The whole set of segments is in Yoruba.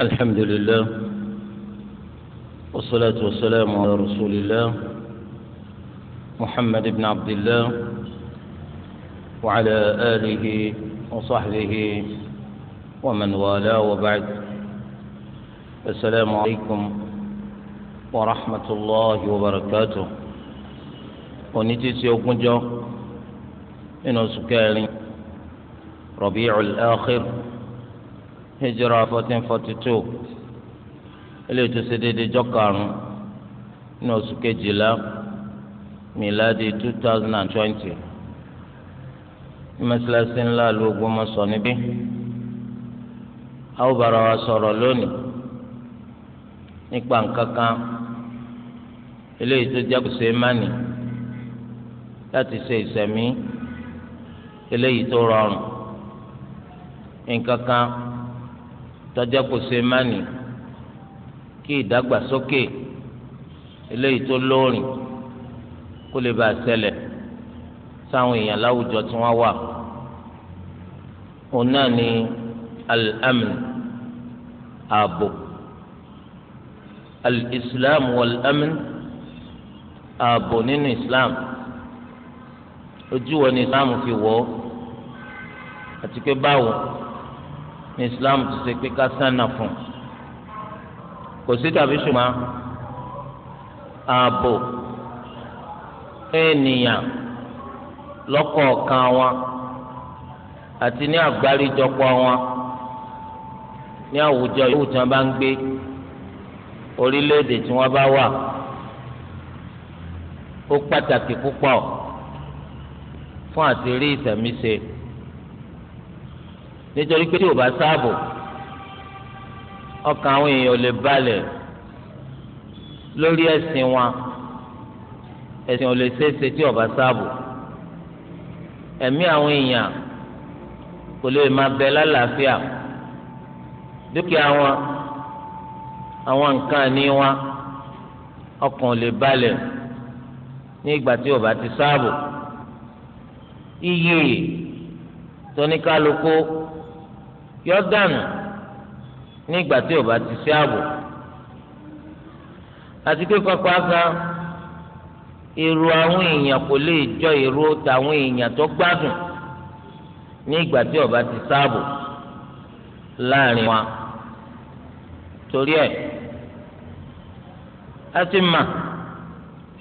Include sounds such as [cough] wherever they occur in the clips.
الحمد لله والصلاة والسلام على رسول الله محمد بن عبد الله وعلى آله وصحبه ومن والاه وبعد السلام عليكم ورحمة الله وبركاته يوم وكنجو إنه سكان ربيع الآخر hijira fourteen forty two eléyìí tó ṣe déédéé jọ́ karùn ní oṣù kejìlá miladi two thousand and twenty mẹsàlásí ńlá ló gbọmọ sọ níbí a ó bára wa sọ̀rọ̀ lónìí nípa nǹkan kan eléyìí tó jẹ́ kó mánì láti ṣe ìsẹ̀mí eléyìí tó rọrùn nǹkan tọ́jà kò ṣe mánì kí ìdàgbàsókè eléyìí tó lóòrìn kó lè bá a ṣẹlẹ̀ sáwọn èèyàn láwùjọ tí wọ́n wà òun náà ni al ààbò al-islam wal-amn ààbò nínú islam ojú wo ni islam fi wọ̀ àti pé báwo ní islam ti ṣe pé ká sánà fún kò sí tàbí ṣùgbọ́n ààbò ènìyàn lọ́kọ̀ọ̀kan wọn àti ní àgbáríjọpọ̀ wọn ní àwùjọ yòówù tí wọ́n bá ń gbé orílẹ̀-èdè tí wọ́n bá wà ó pàtàkì púpọ̀ fún àti rí ìtẹ̀míṣe nítorí pé tí o bá sáàbò ọkàn àwọn èèyàn ò lè balẹ̀ lórí ẹ̀sìn wọn ẹ̀sìn ò lè ṣeéṣe tí o bá sáàbò ẹ̀mí àwọn èèyàn kò lè máa bẹ lálàáfíà dúkìá wọn àwọn nǹkan ní wọn ọkàn ò lè balẹ̀ ní ìgbà tí o bá ti sáàbò iyì tóníkàlùkù yọ dànù ní ìgbà tí ó bá ti sí ààbò àti pé pápá gan èrò àwọn èèyàn kò lè jọ èrò tàwọn èèyàn tó gbádùn ní ìgbà tí ó bá ti sáàbò láàrin wa torí ẹ̀ a ti mà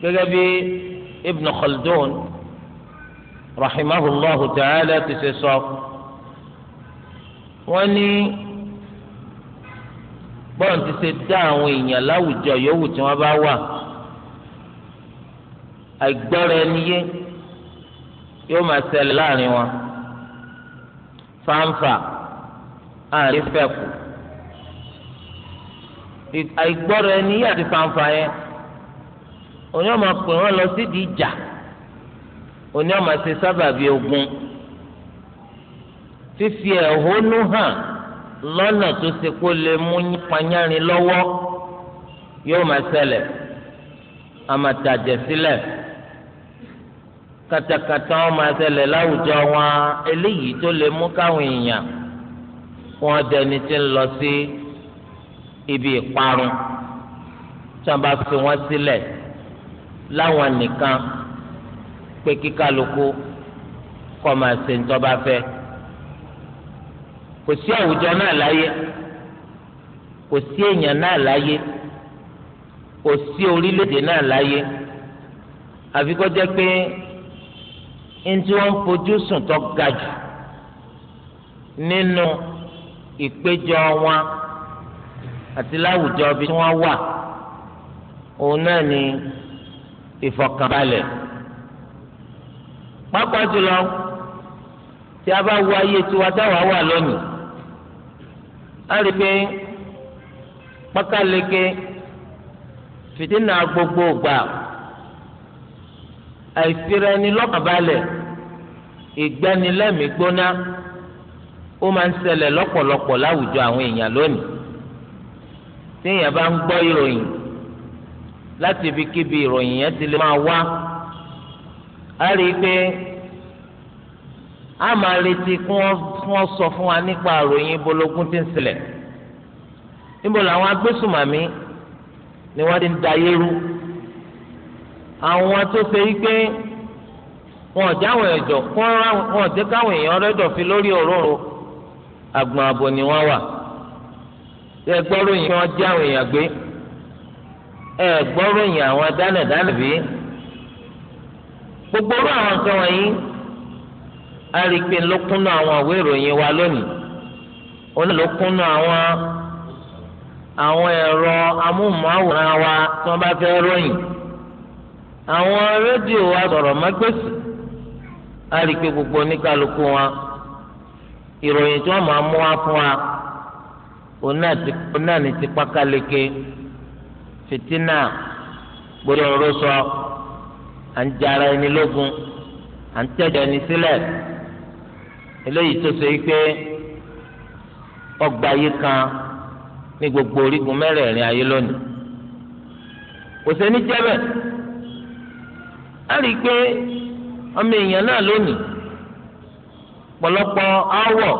gẹ́gẹ́ bí Ibn Khaldun rahimahullahu ta'ala ti ṣe sọ wọ́n ní bọ́ọ̀n ti ṣe dá àwọn èèyàn láwùjọ yòówù tí wọ́n bá wà àìgbọ́ra ẹni yé yóò máa ṣẹlẹ̀ láàrin wọn fáńfà àárín fẹ́kù àìgbọ́ra ẹni yé àti fáńfà yẹn òní ọmọ pè wọ́n lọ sídìí ìjà òní ọmọ ṣe sábàbí ogun fífi ẹ̀hónú hàn lọ́nà tó ṣe kó lè mú panyárin lọ́wọ́ yóò máa ṣẹlẹ̀ àmàtàjẹ̀ sílẹ̀ katakata wọn máa ṣẹlẹ̀ láwùjọ wọn eléyìí tó lè mú káwọn èèyàn wọn dẹni tí ń lọ sí ibi ìparun tí wọn bá fi wọn sílẹ̀ láwọn nìkan pé kíkálukú kọ́ máa ṣe ń tọ́ bá fẹ́ kò sí àwùjọ náà láyé kò sí èèyàn náà láyé kò sí orílẹ̀-èdè náà láyé àfi kó jẹ́ pé ntí wọ́n ń fojú sùn tó ga jù nínú ìpéjọ wọn àti láwùjọ bí wọ́n wà òun náà ni ìfọ̀kànbalẹ̀ pápá jùlọ tí a bá wo ayé tiwa táwa wà lónìí alipẹ kpakaleke fìdínà gbogbo gbà àìfira ẹni lọ́kànbalẹ̀ ìgbanilẹ́mìí gbóná ó máa ń ṣẹlẹ̀ lọ́pọ̀lọpọ̀ láwùjọ àwọn èèyàn lónìí tí èèyàn bá ń gbọ́ ìròyìn láti ibikíbi ìròyìn yẹn ti lè máa wá a rí i pé a máa retí kí wọ́n kí wọ́n sọ fún wa nípa àròyìn bológun tí ń ṣẹlẹ̀ níbo làwọn agbésùmàmí ni ti ń da yérú àwọn tó ṣe wípé wọn ò ẹ̀jọ̀ wọn èèyàn rẹjọ fi lórí òróró a rí i pé ló kúnnú àwọn ìwé ìròyìn wa lónìí òun ló kúnnú àwọn àwọn ẹ̀rọ amóhùnmáwòrán wa tí wọ́n bá fẹ́ ròyìn àwọn rédíò wa sọ̀rọ̀ mọ́gbèsì a rí i pé gbogbo oníkálukú wa ìròyìn tí wọ́n máa mú wá fún wa òun náà ní ti fìtínà gbọdọ̀ ọ̀rọ̀ à ń jara ẹni lógun à ń tẹ̀jọ ẹni sílẹ̀ eléyìí tó ṣe pé ọgbà ayé kan ní gbogbo orígun mẹ́rẹ̀ẹ̀rin ayé lónìí kò sẹ́ni jẹ́bẹ̀ á rí i pé ọmọ èèyàn náà lónìí pọ̀lọpọ̀ áwọ̀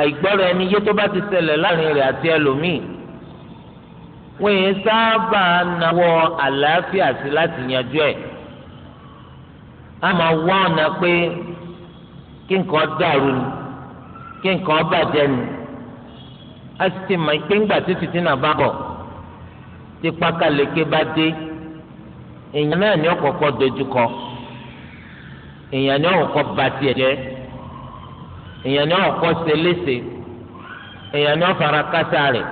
àìgbọ́ra ẹni yé tó bá ti ṣẹlẹ̀ láàrin rẹ̀ àti ẹlòmíì wọ́n yẹn sábà nawọ́ àlàáfíà sí láti yanjú ẹ̀ á máa wá ọ̀nà pé. kí nǹkan dàrú ni kí nǹkan bàjẹ́ ni a sì ti mọ̀ pé ńgbà tí fìtínà bá bọ̀ tí pákàleke bá dé èèyàn náà ní ọ̀kọ̀ọ̀kọ̀ dojúkọ èèyàn ní ọ̀kọ̀ bá tiẹ̀ jẹ́ èèyàn ní ọ̀kọ̀ ṣe léṣe èèyàn ní ọ̀fara kásá rẹ̀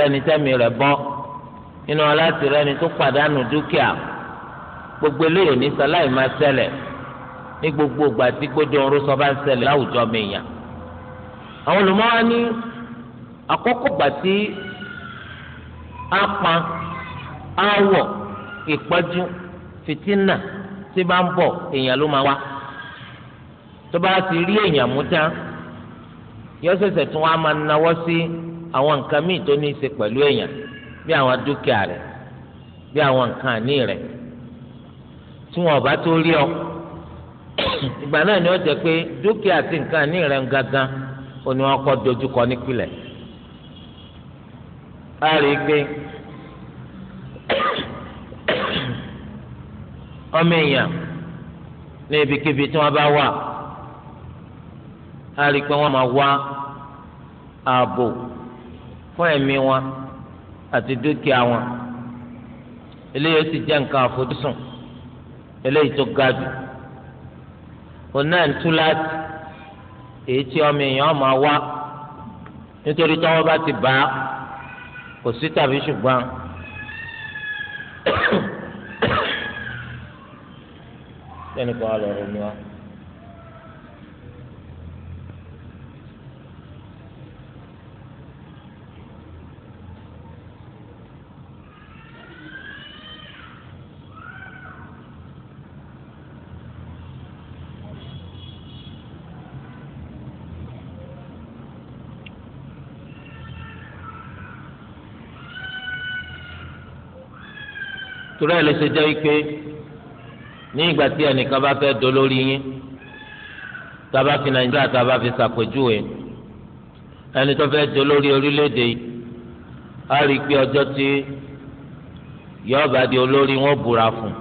rẹ ní tẹ́mi rẹ̀ bọ́ inú wọn láti rẹ ní tó dúkìá gbogbo eléyìí ní ní gbogbo ìgbà tí gbódò ọrùn sọ bá ń ṣẹlẹ̀ láwùjọ mìíyàn àwọn olùmọ́wá ní àkọ́kọ́ gbà tí awọ ìpọ́jú fìtínà tí bá ń bọ̀ èèyàn ló máa wá tó bá ti rí èèyàn mú tán yọ ṣẹ̀ṣẹ̀ máa sí àwọn nǹkan míì tó ní í ṣe pẹ̀lú èèyàn bí àwọn dúkìá rẹ̀ bí àwọn nǹkan àní rẹ̀ tí ọ. ìgbà náà ni ó jẹ pé dúkìá àti nǹkan ní ìrẹ̀ gangan ó ní wọn kọ́ dojúkọ nípìnlẹ̀ a rí i pé ọmọ èèyàn ní ibikíbi tí bá wà a rí i pé wọ́n máa wá ààbò fún wọn àti dúkìá wọn eléyìí ó sì nǹkan àfojúsùn eléyìí òun náà ń tú láti èyí tí ọmọ èèyàn máa wá nítorí tọ́wọ́ bá ti bá kò sí tàbí ṣùgbọ́n [coughs] ẹnì kan lọ rọ mi wá. torí ẹ̀ ló ṣe jẹ́ wípé ní ìgbà tí ẹnìkan bá fẹ́ dolórí yín tába fi nàìjíríà tába fi ṣàpèjúwe ẹni tó fẹ́ dolórí orílẹ̀-èdè yìí á rí i pé ọjọ́ tí yọ̀ọ̀bá di olórí wọn búra fún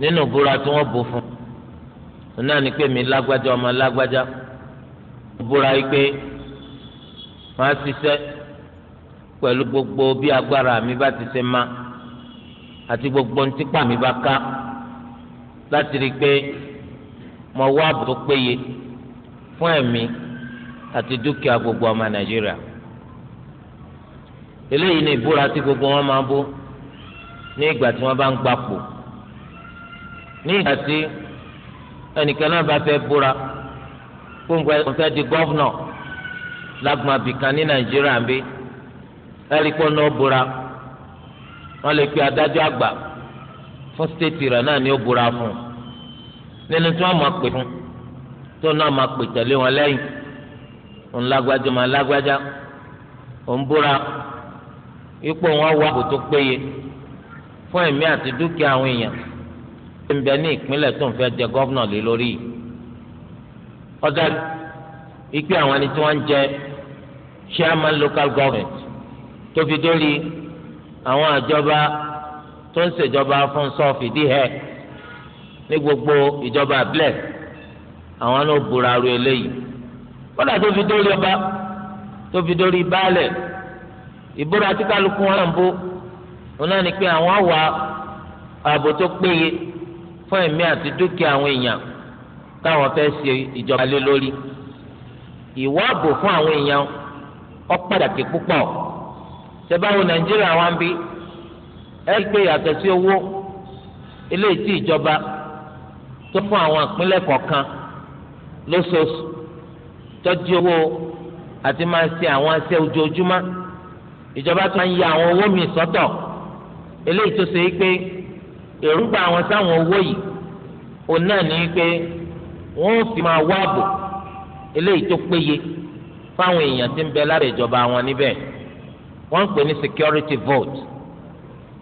nínú búra tí wọ́n bù fún náà ni pé mi lágbájá ọmọ lágbájá búra yìí pé máa ṣiṣẹ́ pẹ̀lú gbogbo bí agbára mi bá ti ṣe máa àti gbogbo ntípa mi bá ká láti rí i pé mo wá ààbò tó péye fún ẹ̀mí àti dúkìá gbogbo ọmọ nàìjíríà eléyìí ni ìbúra tí gbogbo wọn máa bú ní ìgbà tí wọn bá ń gbapò ní ìgbà tí ẹnìkan náà bá fẹ́ búra gbogbo ẹ̀ fẹ́ di gọ́vnọ̀ lágbọ̀n abìkan ní nàìjíríà ń bí ẹ̀rí pọ́n náà búra. wọn lè pe adájọ́ àgbà fún stéètì rẹ̀ náà ní ó búra fún un nínú tí wọ́n máa pè fún tó náà máa pè tẹ̀lé wọn lẹ́yìn òun lágbájá máa lágbájá òun búra ipò wọn wá ààbò tó péye fún ẹ̀mí àti dúkìá àwọn èèyàn ń bẹ ní ìpínlẹ̀ tó ń fẹ́ jẹ lórí yìí àwọn ẹni tí chairman local government tó àwọn àjọba tó ń ṣèjọba fún sọ́ọ̀fìdí ẹ̀ ní gbogbo ìjọba abilẹ̀ àwọn náà búra ru eléyìí kódà tó fi dórí ọba tó fi dórí baálẹ̀ ìbúra tí kálukú wọn náà ń bó wọn náà ní pé àwọn àwa ààbò tó péye fún ẹ̀mí àti dúkìá àwọn èèyàn táwọn fẹ́ ṣe ìjọba lé lórí ìwà ààbò fún àwọn èèyàn ó pàtàkì púpọ̀ sẹ́báwo nàìjíríà wá ń bí ẹ pé yàtọ̀ sí owó eléyìí tí ìjọba tó fún àwọn ìpínlẹ̀ kọ̀ọ̀kan lóṣooṣù tọ́jú owó àti máa ṣe àwọn aṣẹ́ ojoojúmọ́ ìjọba tó máa ń ya àwọn owó mi sọ́tọ̀ eléyìí tó ṣe é èrúgbà àwọn sáwọn owó yìí òun náà ní pé wọ́n fi máa wá ààbò eléyìí tó fáwọn èèyàn tí ń bẹ lábẹ́ ìjọba wọn níbẹ̀ wọ́n ń pè ní security vote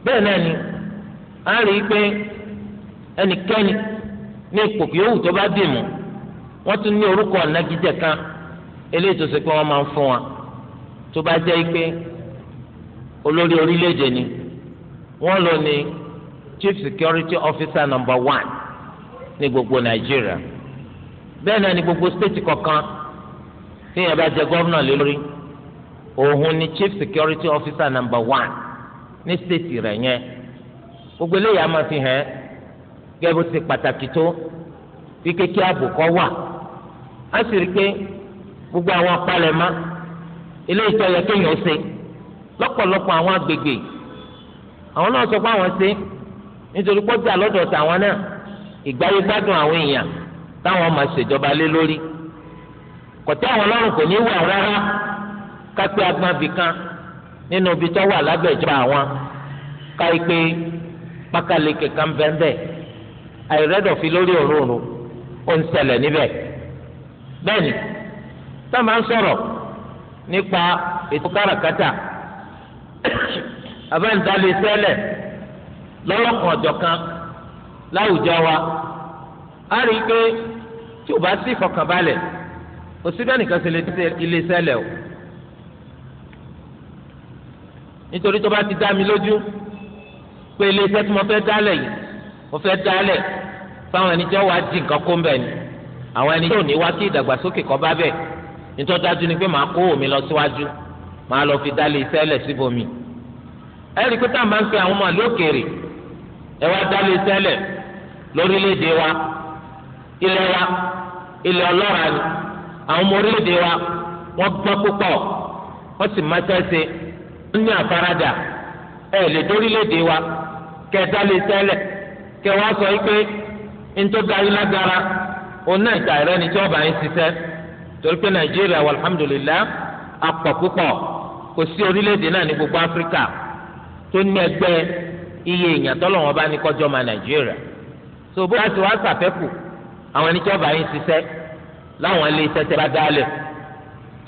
bẹ́ẹ̀ náà ni a rí i pé ẹnikẹ́ni ní ipò yòówù tó bá dì mú wọ́n tún ní orúkọ ọ̀nàgídẹ̀ kan eléyìí tó ṣe pé wọ́n máa ń fún wa tó bá jẹ́ pé olórí orílẹ̀-èdè ni wọ́n lò ní chief security officer number one ní gbogbo nàìjíríà bẹ́ẹ̀ náà ni gbogbo state kọ̀ọ̀kan tí yẹn bá jẹ gọ́vnà lórí ohun ni chief security officer number one ní steeti rẹ̀ yẹn gbogbo eléyàá máa fi hàn gẹ́gẹ́ bó ti pàtàkì tó bí kékeré ààbò kọ́ wà á sì rí i pé gbogbo àwọn apalẹ̀mọ́ eléyìí tó yẹ kéèyàn ṣe lọ́pọ̀lọpọ̀ àwọn agbègbè àwọn náà sọ pé àwọn ṣe nítorí pọ́jà lọ́dọ̀ tàwọn náà ìgbáyé gbádùn àwọn èèyàn táwọn máa ṣèjọba lé lórí kọ̀tẹ́ àwọn ọlọ́run kò ní í kápẹ́ agbábi kan nínú ibi tó wà lábẹ́ ìjọba àwọn káyí pé pákàlẹ́kẹ̀ kan bẹ́ẹ̀ àìrẹ́dọ̀fi lórí òróòrò ó ń ṣẹlẹ̀ níbẹ̀ bẹ́ẹ̀ni tá a máa ń sọ̀rọ̀ nípa ètò káràkátà abẹ́ǹtalẹ̀ sẹ́lẹ̀ lọ́lọ́kan ọ̀jọ̀kan láwùjọ wa a rí i pé tí o bá sí ìfọkànbalẹ̀ òsínbẹ́nìkan sí ilé sẹ́lẹ̀ o nítorí tó bá ti dá mi lójú pé iléeṣẹ́ tí mo fẹ́ dálẹ̀ yìí mo fẹ́ dálẹ̀ fáwọn ẹni tí wọ́n wá di nǹkan kó ń bẹ̀ ni àwọn ẹni tí ò ní wá kí ìdàgbàsókè kọ́ bá bẹ̀ nítorí dájú ni pé màá kó omi lọ síwájú màá lọ fi dálẹ̀ iṣẹ́ lẹ̀ síbòmí. ẹ rí i pé táwọn máa ń pe àwọn ọmọ àlè òkèèrè ẹ wá dálẹ̀ iṣẹ́ lẹ̀ lórílẹ̀‐èdè wa ilẹ̀ wa ilẹ̀ ọlọ́ràá ni àwọn ọmọ orílẹ̀‐èdè wa wọ́n gbọ́ púpọ̀ wọ́n sì máa tẹ́ ní àfaradà ẹ lè torí léde wa kẹta lè tẹlẹ kẹwàá sọ pé ntọ́gayé lágara òun náà ìta rẹ ni tí ọba yẹn ṣiṣẹ́ torí pé nàìjíríà alhamdulilayi apọ̀ púpọ̀ kò sí orílẹ̀-èdè náà ní gbogbo áfíríkà tó ní ẹgbẹ́ iye èèyàn tọ́lọ̀ wọn bá ní kọjọ́ ma nàìjíríà so bó láti wá sàfẹ́kù àwọn ẹni tí ọba yẹn ṣiṣẹ́ láwọn ilé iṣẹ́ tẹ́ bá dálẹ̀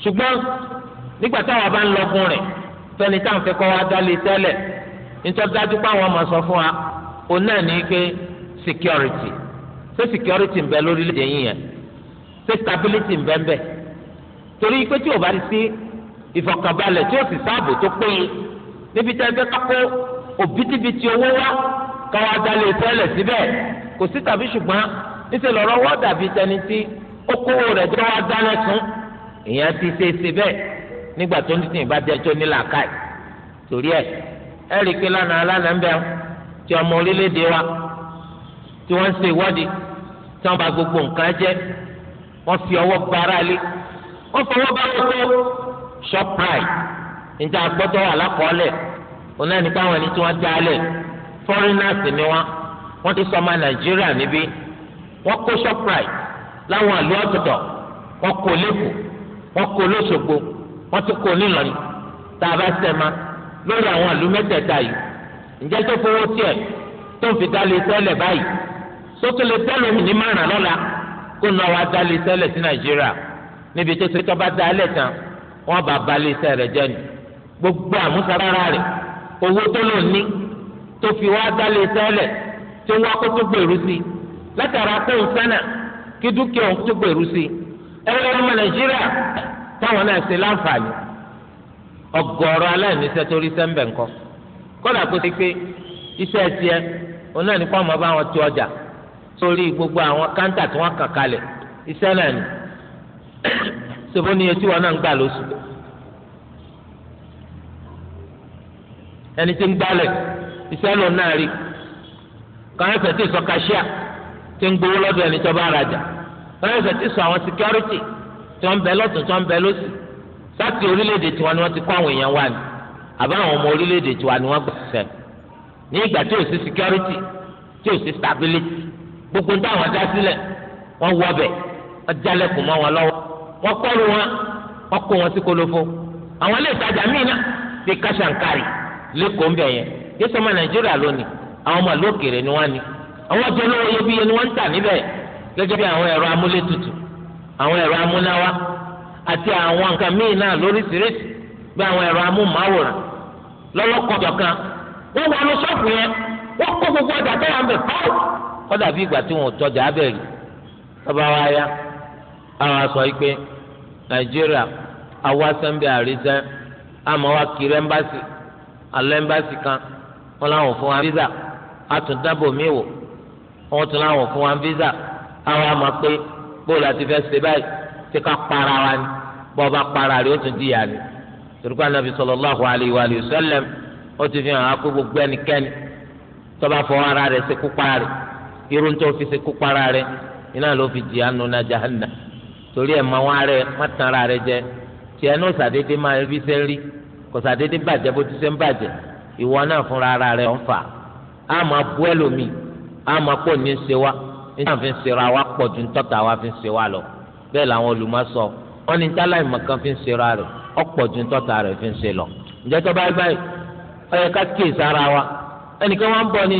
ṣùgbọ́n nígbà táwọn bá ń lọ fún rẹ̀ fẹ́ni tá à ń fẹ́ kọ́ wa dálé tẹ́lẹ̀ nítorí dájú pé àwọn ọmọ sọ fún wa òun náà ní pé security ṣé security ń bẹ lórílẹ̀ yìí yẹn ṣé stability ń bẹ ń bẹ torí pé tí o bá ti sí ìfọ̀kànbalẹ̀ tí o sì sáàbò tó péye níbi tí a fẹ́ kákó òbítíbitì owó wá káwa dálé tẹ́lẹ̀ síbẹ̀ kò sí tàbí ṣùgbọ́n níṣẹ́ lọ́rọ́ wọ́n dàbí tẹni tí ó kówó rẹ̀ tó wá dáná sún ìyẹn ti ṣe é ṣe bẹ́ẹ̀ nígbà tó ń dín ìbá jẹ́ tó ní làákàyè torí ẹ̀ ẹ rí i pé lánàá lánàá ń wa tí wọ́n ń ṣe ìwọ́de tí wọ́n gbogbo nǹkan jẹ́ fi ọwọ́ ba ara lé wọ́n fọwọ́ bá wọn tó shoprite níta gbọ́dọ̀ wà lákọọ́lẹ̀ òun náà nípa àwọn ẹni tí wọ́n dá lẹ̀ foreigners ni wọ́n wọ́n ti sọ ọmọ nàìjíríà níbí wọ́n kó shoprite láwọn wọ́n kó lẹ́kọ̀ọ́ wọ́n kó wọ́n ti kó nílọrin tá a bá sẹ́ma lórí àwọn ìlú mẹ́tẹ̀ẹ̀ta yìí ǹjẹ́ tó fowó tiẹ̀ tó ń fi dálé sẹ́lẹ̀ báyìí sótó lè tẹ́lẹ̀ mi ní márùn-ún lọ́la kó nà wá dálé sẹ́lẹ̀ sí nàìjíríà níbi tó ti tọ́ bá dálé tán wọ́n bá balẹ̀ iṣẹ́ rẹ̀ jẹ́ ni gbogbo àmúṣarára rẹ̀ owó tó lò ní tó fi wá dálé sẹ́lẹ̀ tí wọ́n kó tó gbèrú sí látara kóun sánà kí dúkìá òun tó gbèrú sí ẹ̀rọ ọmọ nàìjíríà táwọn náà ṣe láǹfààní ọ̀gọ̀ọ̀rọ̀ aláìníṣẹ́ torí sẹńbẹ ńkọ́ kódà kó ti pé iṣẹ́ tiẹ̀ òun náà ní kó ọmọ bá wọn ti ọjà sórí gbogbo àwọn káńtà tí wọ́n kàn kalẹ̀ iṣẹ́ náà ni ṣòfò ní etí wọn náà ń gbà lóṣù ẹni tí ń gbálẹ̀ iṣẹ́ lòun náà rí kàwọn ẹsẹ tí sọ kàṣíà tí ń gbowó lọ́dọ̀ ẹni tó bá rajà kàwọn ẹsẹ tí sọ àwọn síkírọtì tó ń bẹ lọ́tún tó ń bẹ lọ́sì sáti orílẹ̀-èdè tiwa ni wọ́n ti kó àwọn èèyàn wá ni àbá àwọn ọmọ orílẹ̀ tiwa ni wọ́n gbà sẹ́ ní ìgbà tí ò sí security tí ò sí stability gbogbo táwọn dá sílẹ̀ wọ́n wọ ọbẹ̀ wọ́n jálẹ̀kùn mọ́ wọn lọ́wọ́ wọ́n kọ́lu wọn wọ́n kó wọn sí kolofo àwọn ilé ìtajà míì náà ti káṣàǹkárì lẹ́kọ̀ọ́ ńbẹ̀ yẹn yé sọ́mọ nàìjíríà lónìí àwọn ọmọ àlókèrè ni wọ́n ni àwọn ọjọ́ lówó iyebíye ni wọ́n ń tà níbẹ̀ gẹ́gẹ́ bí àwọn ẹ̀rọ amúlétutù àwọn ẹ̀rọ amúnáwá àti àwọn nǹkan míì náà lóríṣiríṣi bí àwọn ẹ̀rọ amúmáwòrán lọ́lọ́kọ̀dọ̀ kan wọ́n wà lọ ṣọ́ọ̀bù yẹn wọ́n kó gbogbo ọjà tó wà ń bẹ̀ pọ́ọ̀ kọ́ ìgbà tí wọ́n abẹ́rì wa ya àwọn aṣọ yìí pé nàìjíríà àríṣẹ́ àmọ́ wa kiri alẹ́ kan wọ́n láwọn fún wa àtúndábòmíwò wọ́n tún láwọn fún wa àwọn àmọ́ pé bóòlù àti fẹ́ ṣe báyìí tí ká para wa ni bọ́ọ̀ bá para rẹ̀ ó tún di yàrá torí pé anabi sallallahu alayhi wa sallam ó ti fi hàn ákó gbogbo ẹnikẹ́ni tó bá fọ ara rẹ̀ ṣe kú para rẹ̀ irú tó fi ṣe kú para rẹ̀ iná ló fi di àánú náà jahannam torí ẹ̀ máa wá rẹ̀ má tan ara rẹ̀ jẹ tiẹ̀ ní òsàdédé máa rí sẹ́ rí kò sàdédé bàjẹ́ bó ti ṣe ń bàjẹ́ ìwọ náà fúnra ara rẹ̀ ń fà á máa bú ẹlòmíì á máa pò ní í ṣe wá níta fi ń ṣera wa pọ̀ ju ntọ́ta wa fi ń ṣe wa lọ bẹ́ẹ̀ làwọn olùmọ̀sọ wọn ni ntálà ìmọ̀kan fi ń ṣera rẹ̀ ọ̀pọ̀ ju ntọ́ta rẹ̀ fi ń ṣe lọ. ǹjẹ́ tó báyìí báyìí ó yẹ ká kíyè sára wa ẹnìkan wọn ń bọ̀ ní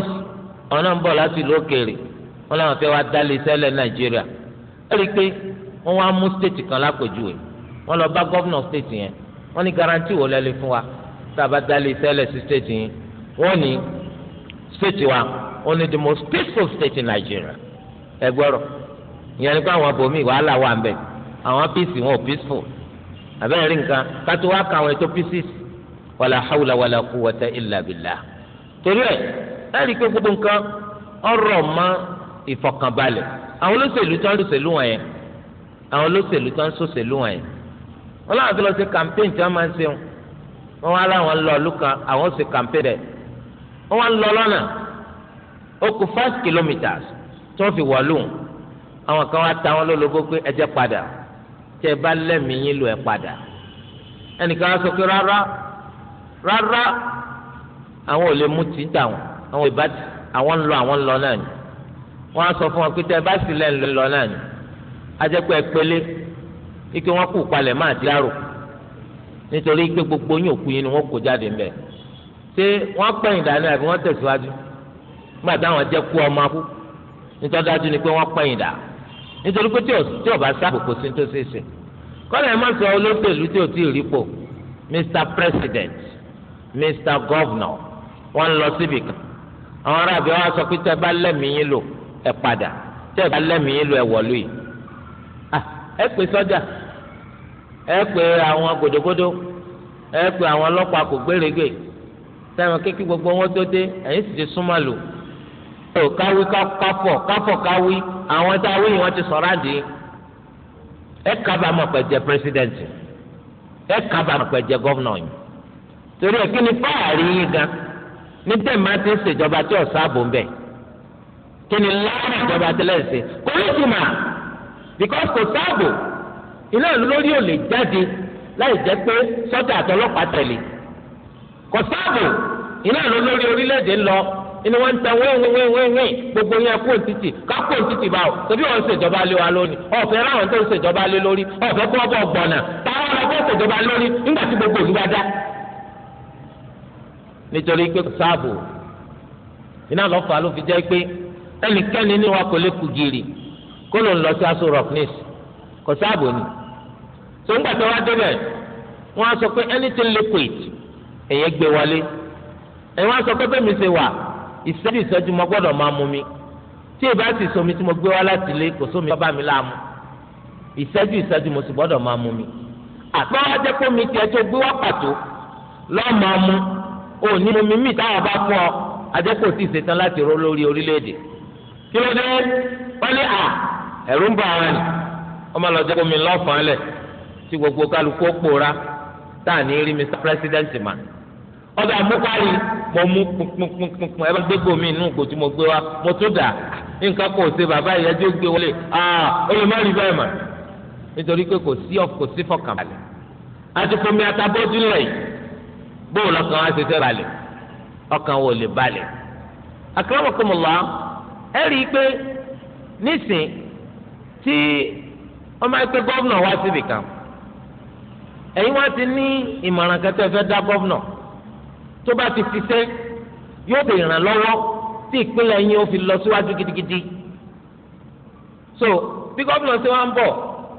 ọ̀n náà ń bọ̀ láti ìlú òkèèrè wọn làwọn fẹ́ wá dálé sẹ́lẹ̀ nàìjíríà ẹ rí i pé wọ́n wá mú stéètì kan lápèjúwe wọ́n lọ bá gọ́vnọ̀ stéètì yẹn wọ́n ní garanti wò lẹ́lẹ́ fún wa tá a bá dálé sẹ́lẹ̀ sí stéètì yẹn wọ́n ní stéètì wa wọ́n ní the most peaceful state in Nigeria ẹgbọrọ ìyẹn ni pé àwọn abòmí wàhálà wà mbẹ àwọn píìsì wọn ò píìsìfò àbẹ́rẹ́ rí nǹkan kátó wá ka àwọn ètò píìsìs wàlà hàwùlà wàlà kú wọ́tẹ́ ìlà bìlà torí ẹ̀ láì rí pé gbogbo nǹkan ọ̀rọ̀ mọ́ ìfọ̀kànbalẹ̀ àwọn olóṣèlú tó ń ṣòṣèlú wọn yẹn àwọn olóṣèlú tó ń ṣòṣèlú wọn yẹn wọn láwọn tó lọ sí kàmpéìn tí wọn máa ń ṣe wọn wá láwọn lọ lùkàn àwọn sì kàmpéìn rẹ wọn wá lọ lọ́nà ó kù five kilometres tó fi wà lóhùn àwọn kan wá ta wọn lólobó pé ẹ jẹ́ padà tẹ́ ẹ bá lẹ́mìí yín lò ẹ padà ẹnìkan á sọ pé rárá rárá àwọn ò lè mú tí ń tà wọn àwọn ìbá àwọn ń lọ àwọn ń lọ náà ni wọn á sọ fún wọn pé tẹ́ ẹ bá sì lẹ́ lọ náà ni á pé ẹ pélé ike wọn kú palẹ̀ máa di àrò nítorí pé gbogbo yín òkú yín ni wọn kó jáde ń ṣé wọn pẹ̀yìn dání àbí wọn tẹ̀síwájú gbàdá wọn jẹ́ kú ọmọ akú nítorí dájú ni pé wọ́n pẹ́yìn dà nítorí pé tí ò bá sábò kò sí tó ṣeéṣe kọ́lá ẹ̀ má sọ olóṣèlú tí ò tí rí pò mr president mr governor wọ́n lọ síbì kan àwọn aráàbí wa sọ pé tẹ́ bá lẹ́mìí lò ẹ padà tẹ́ bá lẹ́mìí lò ẹ wọ̀lú yìí ẹ pè sọ́jà ẹ pè àwọn gòdògòdò ẹ pè àwọn ọlọ́pàá kò gbèrègbè sẹ́wọ̀n kékeré gbogbo wọn tó dé ẹ̀yìn sì ti súnmọ́ lò O ò káwí káfọ̀ káfọ̀ káwí àwọn tá a wí wọn ti sọ̀rọ̀ àdé ẹ kábàámọ̀ pé jẹ́ president ẹ kábàámọ̀ pé jẹ́ governor yìí torí ẹ kí ni fáàrí yín gan ní tẹ̀mí àti ìṣèjọba tí ọ̀sá bò ń bẹ̀ kí ìjọba tẹ́lẹ̀ ṣe kò ní because kò sáàbò iná lórí ò lè jáde láì jẹ́ pé sọ́jà àtọlọ́pàá tẹ̀lé kò sáàbò iná lórí orílẹ̀-èdè ń lọ ni wọ́n ń tan wíwíwíwíwí gbogbo yẹn kó títì ká kó títì báwo torí wọ́n ń ṣèjọba lé wa lónìí ọ̀fẹ́ láwọn tó ń ṣèjọba lé lórí ọ̀fẹ́ gbọ̀nà táwọn ṣèjọba lórí nígbà tí gbogbo dá. nítorí pé iná ló fi jẹ́ pé ẹnikẹ́ni ní wa kò lè kú gírì kó ló ni. So tó wá débẹ̀ wọ́n á sọ pé gbé wọlé ìṣẹ́jú ìṣẹ́jú mo gbọ́dọ̀ máa mu mi tí ìbá sì somi tí mo gbé wá láti ilé kò sómi bá mi láàmú ìṣẹ́jú ìṣẹ́jú mo sì gbọ́dọ̀ máa mu mi àgbà wa jẹ́ kó mi tiẹ̀ tó gbé wá pàtó lọ́ọ́ máa mu ò ní mu mi mí táwọn bá fún ọ ajẹ́kọ̀ọ́ sì ṣetán láti ró lórí orílẹ̀-èdè kí ló dé wọ́n ní à ẹ̀rú ń bọ̀ àwọn ẹ̀ ọmọ lọ jẹ́ kó mi lọ́ọ̀fọ̀ọ́ tí gbogbo kálukú pòórá táà ní rí Mr. President mà ọbẹ̀ àmúkárí mo mú kpọ̀nkpọ̀nkpọ̀n ẹ bá gbégbó mi nínú ìgò tí mo gbé wa mo tó dà nǹkan kò ṣe bàbá yìí ẹjọ́ gbé wọlé aa olùmọ̀lì bẹ́ẹ̀ mà nítorí pé kò sí ọ kò sí fọkànbalẹ̀ àtìkùnmi àtàbọ̀dù lẹ̀ yìí bóòlù ọkàn wa ṣe fẹ́ balẹ̀ ọkàn wo lè balẹ̀ akramakumullah ẹ rí i pé nísìn tí ọmọ ẹgbẹ́ gọ́vnà wá síbìkan ẹ̀yin wá ti ní ìmọ̀ràn kẹtẹ́ fẹ́ dá gọ́vnà tó bá ti fi ṣe yóò ti ràn lọ́wọ́ tí ìpínlẹ̀ yín ó fi lọ síwájú gidigidi so bí gómìnà ṣe wá ń bọ̀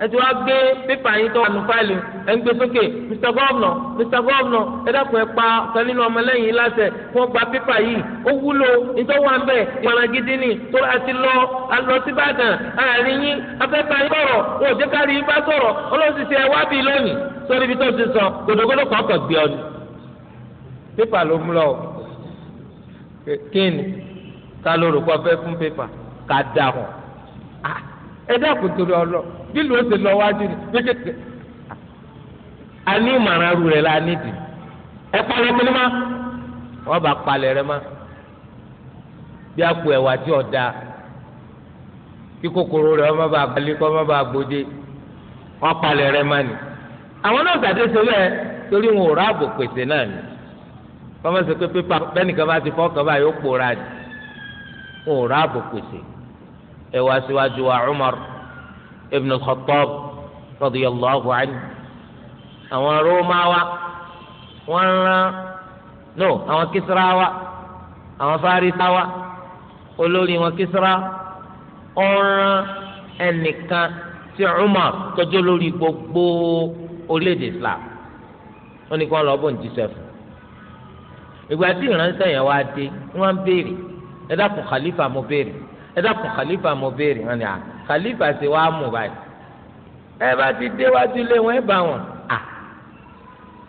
ẹ ti wá gbé pépà yín tó wà nù fáìlì ẹ ń gbé sókè mr gómìnà mr gómìnà ẹ dákun ẹ pa ọ̀kan nínú ọmọlẹ́yìn láṣẹ kí wọ́n gba pépà yìí ó wúlò nítorí wọn bẹ̀ ìmọ̀ràn gidi ni tó a ti lọ a lọ sí Ìbàdàn àárín yín afẹ́fẹ́ yín sọ̀rọ̀ wọn ò jẹ́ ká rí yín bá sọ̀rọ̀ ọlọ́sìn ti ẹ tó ti sọ gbòdògbòdò kọ̀ọ̀kan gbé ọdún pépà ló mú lọ kíni ká ló rò pọ́ fẹ́ fún pépà ká dà hàn ẹ dákun torí ọlọ bí ló ṣe lọ wájú ni pékèké a ní ìmọ̀ràn aru rẹ̀ la nídìí ẹ palẹ̀ mi ni ma wọ́n bá palẹ̀ rẹ̀ ma bí àpò ẹ̀wà tí ọ̀ kí kòkòrò rẹ̀ ọmọ bá gbalẹ̀ kọ́ ọmọ bá gbòde wọ́n palẹ̀ rẹ̀ ma ni àwọn náà sàdé sọ bẹ́ẹ̀ torí wọn ò rà àbò pèsè náà ni kọ́mọ̀ sí pé pépà bẹ́nìkan bá ti fọ́ kọ́ báyìí ó pòórá ni wọn ò rà àbò pèsè ẹ wá síwájú wa Umar ibn al-Khattab radiyallahu anhu àwọn Rómawa wọn rán no àwọn Kisrawa àwọn Farisawa olórí wọn Kisra ọ̀ràn ẹnìkan tí Umar tọ́jú lórí gbogbo orílẹ̀ Islam wọn ni kí wọn lọ bọ̀ ní jísẹ́fù ìgbà tí ìránṣẹ́ yẹn wá dé wọ́n béèrè ẹ dákun khalifa mo béèrè ẹ dákun khalifa mo béèrè wọ́n ní à khalifa ṣe wá mú báyìí ẹ bá ti déwájú lé wọn ẹ bá wọn à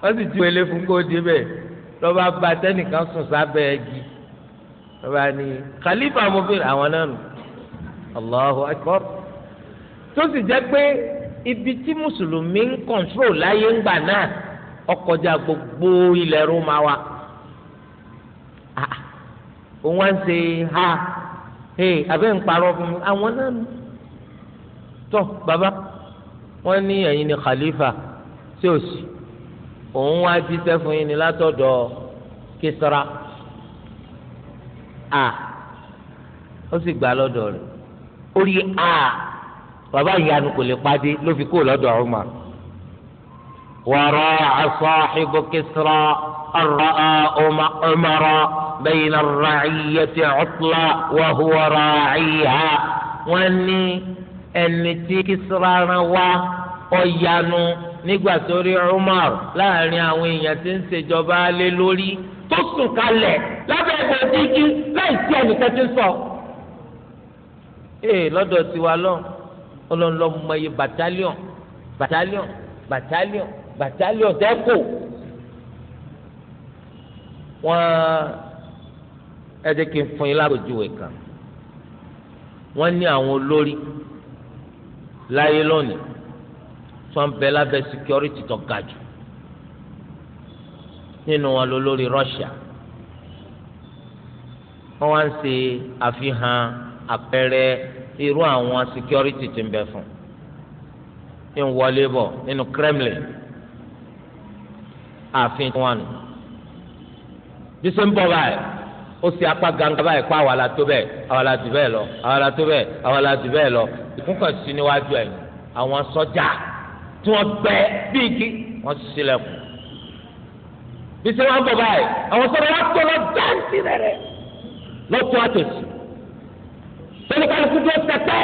wọ́n sì ju ele fún kó débẹ̀ lọ́ba bá tẹ́nìkan sùn sábẹ́ igi lọ́ba ní khalifa mo béèrè àwọn náà nù Allahu akbar tó sì jẹ́ pé ibi tí mùsùlùmí ń kọ̀ntró láyé ńgbà náà ọkọjà gbogbo ilẹ̀ roma wa òun wá ń ṣe ha hey abẹ́ ń parọ́ fún mi àwọn náà nù tọ́ bàbá wọ́n ní ẹ̀yin ni khalifa sí òsì òun wá jíṣẹ́ fún yín ni látọ̀dọ̀ Kisra a ó sì gbà lọ́dọ̀ rẹ̀ orí a bàbá ìyanu kò lè padì ló fi kó lọ́dọ̀ Umar wàrà asọ́hìbù Kisra ọ̀rọ̀ ọmọ بين الرعية عطلا وهو راعيها واني ẹnití Kisra rán wá ọyanu nígbà tó rí Umar láàrin àwọn èèyàn tí ń ṣèjọba lé lórí tó sùn kalẹ̀ lábẹ́ ẹgbẹ́ dígí láì sí ẹnìkan tí ń sọ. ee lọ́dọ̀ tiwa lọ ọlọ́nlọ́ mọ iye batalion batalion batalion batalion dẹ́kọ̀ wọ́n ẹ jẹ́ kí n fún yín lápèjúwe kan wọ́n ní àwọn olórí láyé lónìí tó ń bẹ lábẹ́ security tó ga jù nínú wọn lólórí Russia wọ́n wá ń ṣe àfihàn àpẹẹrẹ irú àwọn security tí ń bẹ fún ń wọlé bọ̀ nínú Kremlin ààfin tí wọ́n bí sẹ́ báyìí ó sì apá ganga báyìí pa àwa la tó bẹ́ẹ̀ àwa la jù bẹ́ẹ̀ lọ àwa la tó bẹ́ẹ̀ àwa la jù bẹ́ẹ̀ lọ ìkúnkàn sí níwájú ẹ̀ àwọn sọ́jà tí wọ́n gbẹ bíi kí wọ́n ṣílẹ̀kùn bí sẹ́wọ́n á bọ̀ báyìí àwọn sọ́jà wọ́n tó lọ dáńtì rẹ̀ rẹ̀ lọ́tọ́ àtòsí tẹlifálukú tó tẹ́tẹ́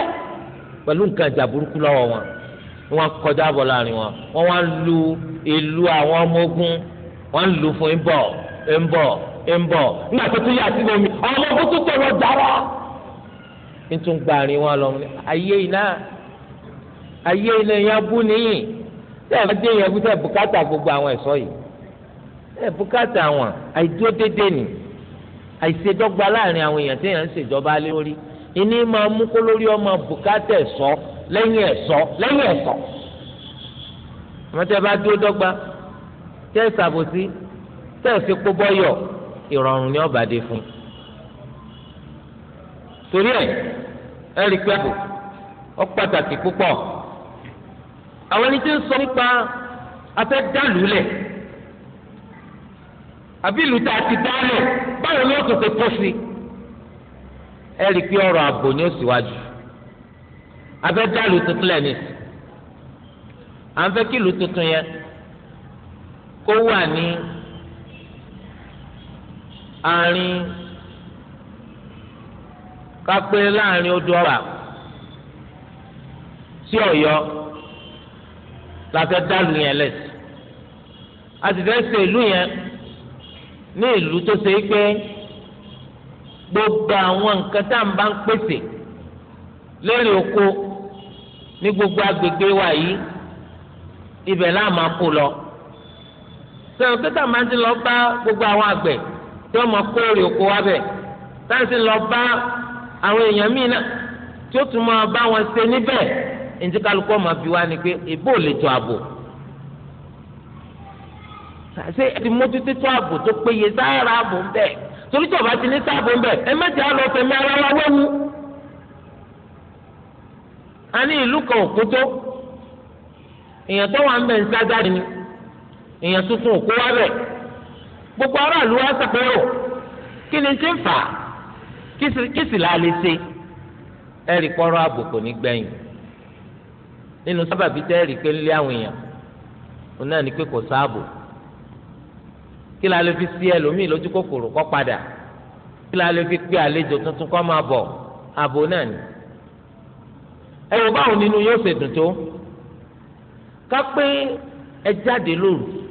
pẹ̀lú nǹkan ìjà burúkú lọ́wọ́ wọn wọ́n kọjá bọ̀ láàrin wọn wọ́n wá lu ìlú àwọn ọmọ ogun wọ́n lu fún ń bọ̀ ń bọ̀ nígbà tó tún yà sí omi ọmọ kó tó tọrọ dára nítorí gbàrin wọn lọ ayé iná ayé iná yẹn bú nìyí tẹ ẹ bá dé yẹn bútẹ bùkátà gbogbo àwọn ẹ̀ṣọ́ yìí ẹ bùkátà wọn àìdúró déédéé ni àìṣedọ́gba láàrin àwọn èèyàn tí èèyàn ń ṣèjọba lórí ìní máa mú kó lórí ọmọ bùkátà ẹ̀ṣọ́ lẹ́yìn ẹ̀ṣọ́ lẹ́yìn ẹ̀ṣọ́ àmọ́ tẹ bá dúró dọ́gba tẹ ẹ ṣàbòsí tẹ ẹ ṣe kó bọ́yọ̀ ìrọ̀rùn ni ọba dé fún torí ẹ ẹ rí ọ pàtàkì púpọ̀ àwọn ẹni tí ń sọ nípa afẹ́ dàlúlẹ̀ àbí ìlú tá a ti dálẹ̀ báwo ni ó tún ṣe kó sí ẹ rí pé ọ̀rọ̀ ààbò ni ó síwájú afẹ́ dàlú tuntun lẹ̀ ní à ń fẹ́ kí ìlú tuntun yẹn kó wà ní. àárín kápé láàrin odò ọ̀rà sí ọ̀yọ́ la fẹ́ dàlù yẹn lẹ́sì a sì fẹ́ ṣe ìlú yẹn ní ìlú tó ṣe é pé gbogbo àwọn nǹkan tá à ń bá ń pèsè lórí oko ní gbogbo agbègbè wa yìí ibẹ̀ láà máa lọ sọ̀rọ̀ pé tá a máa ti lọ bá gbogbo àwọn àgbẹ̀ tí wọ́n máa kórè oko wa bẹ̀ táǹsì lọ bá àwọn èèyàn míì náà tí ó tún máa bá wọn ṣe níbẹ̀ ẹnití kálukú ọmọ bí wa ni pé ìbò lè tó ààbò ṣe ẹ ti mójútó tó ààbò tó péye sáárà ààbò ń bẹ torí tí ọba ti ní sáàbò ń bẹ ẹ mẹ́ta lọ fẹ̀mí ara wa wẹwu a ní ìlú kan òkútó èèyàn tó wà ń bẹ ń sáájà ni èèyàn tuntun òkú wa bẹ gbogbo aráàlú wa sàpérò oh, kí ni ti ń fà kí sì láà lè ṣe ẹ̀rí kọ́rọ́ àbùkù ní gbẹ̀yìn nínú sábàbí tẹ́ ẹ̀rí pé ń lé àwọn èèyàn òun náà ní pé kò sáàbò kí la lè fi sí ẹlòmíì lójú kòkòrò kọ́ padà kí la lè fi pé àlejò tuntun kọ́ máa bọ̀ àbò náà ni ẹ báwo nínú yóò ṣe dùn tó ká pé ẹ jáde lóru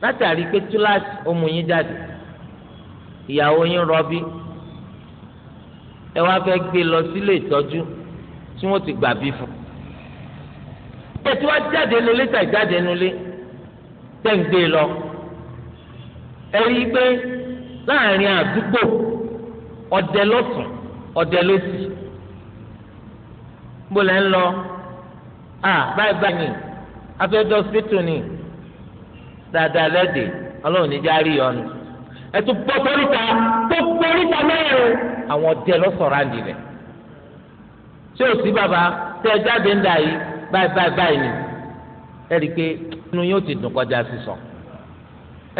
látàrí pé túláàsì ọmọ yín jáde ìyàwó yín rọbí ẹ wá fẹ́ gbé lọ sílé ìtọ́jú tí wọ́n ti gbà bí fún un ètò wa jáde nulẹ tà jáde nulẹ tẹ̀ ń gbé lọ ẹ rí i pé láàrin àdúgbò ọdẹ lọ́sùn ọdẹ lọ́sì bó lẹ́ ń lọ báyìí báyìí ni afẹ́dọ́sítò ni. Ah, bye, bye, dáadáa lẹ́dẹ̀ ọlọ́run níjà rí ọnu ẹtù bọ́ sọ́ríta tó gbóríta mẹ́rin àwọn ọdẹ lọ́sọ̀rọ̀ àǹdí ṣé o sí bàbá tẹ ẹ jáde ń dà yìí báyìí báyìí báyìí ni ẹ rí i pé inú yóò ti dùn kọjá sísọ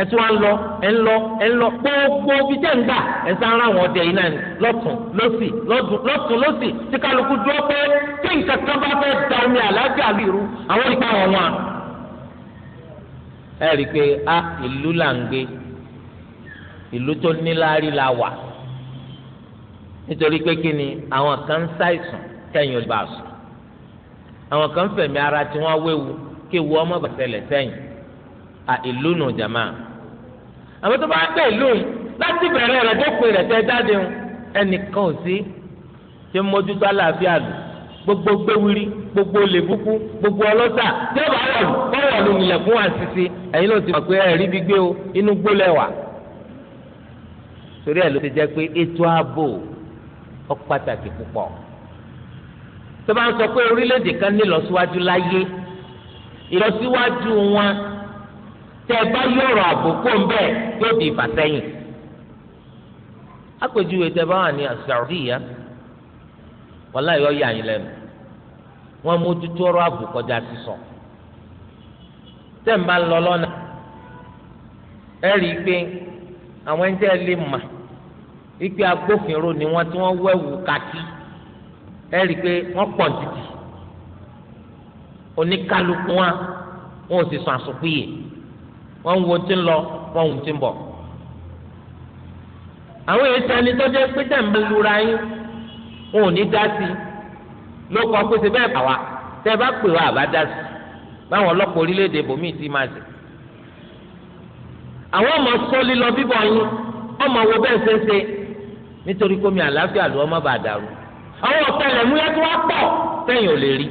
ẹ tún wá ń lọ ẹ ń lọ ẹ ń lọ gbogbo bíi jẹ́ ń gbà ẹ sá ń ra àwọn ọdẹ yìí náà ni lọ́tún lọ́sì lọ́tún lọ́sì tí kálukú dúró pé tí nǹkan kan bá fẹ́ da omi àlàáfíà lè àwọn ìpàwọ̀ wọn ẹ rí i pé a ìlú là ń gbé ìlú tó níláárí la wà nítorí pé kí ni àwọn kan ń ṣàìsàn kẹ́yìn olùbà sùn àwọn kan fẹ̀mí ara tí wọ́n wéwu kí ewu ọmọ bàtẹ́lẹ̀ sẹ́yìn a ìlú nù jàmá àwọn tó bá ń tẹ̀ ìlú láti bẹ̀rẹ̀ rẹ̀ tó pè rẹ̀ tẹ́ jáde ẹnìkan ò sí ṣe mójútó àlàáfíà lò gbogbo gbéwìrì gbogbo olè burúkú gbogbo ọlọ́sà jọba ọ̀rọ̀ ọ̀rọ̀ ló nílẹ̀ fún àṣìṣe ẹ̀yin ló ti mọ̀ pé ẹ̀rí bí gbé o inú gbólẹ̀wà. torí ẹ̀ ló ti jẹ́ pé ètò ààbò ó pàtàkì púpọ̀. tó bá ń sọ pé orílẹ̀-èdè kan ní ìlọsíwájú láyé ìlọsíwájú wọn tẹ́ ẹ bá yọ̀rọ̀ ààbò kó ń bẹ́ẹ̀ yóò di ìfàsẹ́yìn. àpèjúwe tẹ́ bá wà ní Saudiya wọ́n mójútó ọ̀rọ̀ ààbò kọjá sísọ tẹ́ ń bá ń lọ lọ́nà ẹ rí i pé àwọn ẹni lè mà ipe agbófinró ni wọ́n tí wọ́n wẹ̀wù kàkí ẹ rí i pé wọ́n pọ̀ títì oníkálukú wa wọn ò sì sọ àsopìyè wọ́n ń wo tí ń lọ wọ́n ń wo tí ń bọ̀ àwọn èèyàn sani tọ́jú ẹ pé tẹ̀ ń bá lura yín wọn ò ní dá sí i ló kọ pé ṣe bẹ́ẹ̀ bá wa tẹ́ ẹ bá pè wá àbá dá sí báwọn ọlọ́pàá orílẹ̀-èdè bòmíì ti máa ṣe. àwọn ọmọ sọ lílọ bíbọ̀ yín ọmọ wo bẹ́ẹ̀ ṣe ń ṣe nítorí kómi àlàáfíà ló ọmọ bá dàrú. àwọn ọ̀tá ilẹ̀ múlẹ̀ tó wá pọ̀ tẹ̀yìn ò lè rí.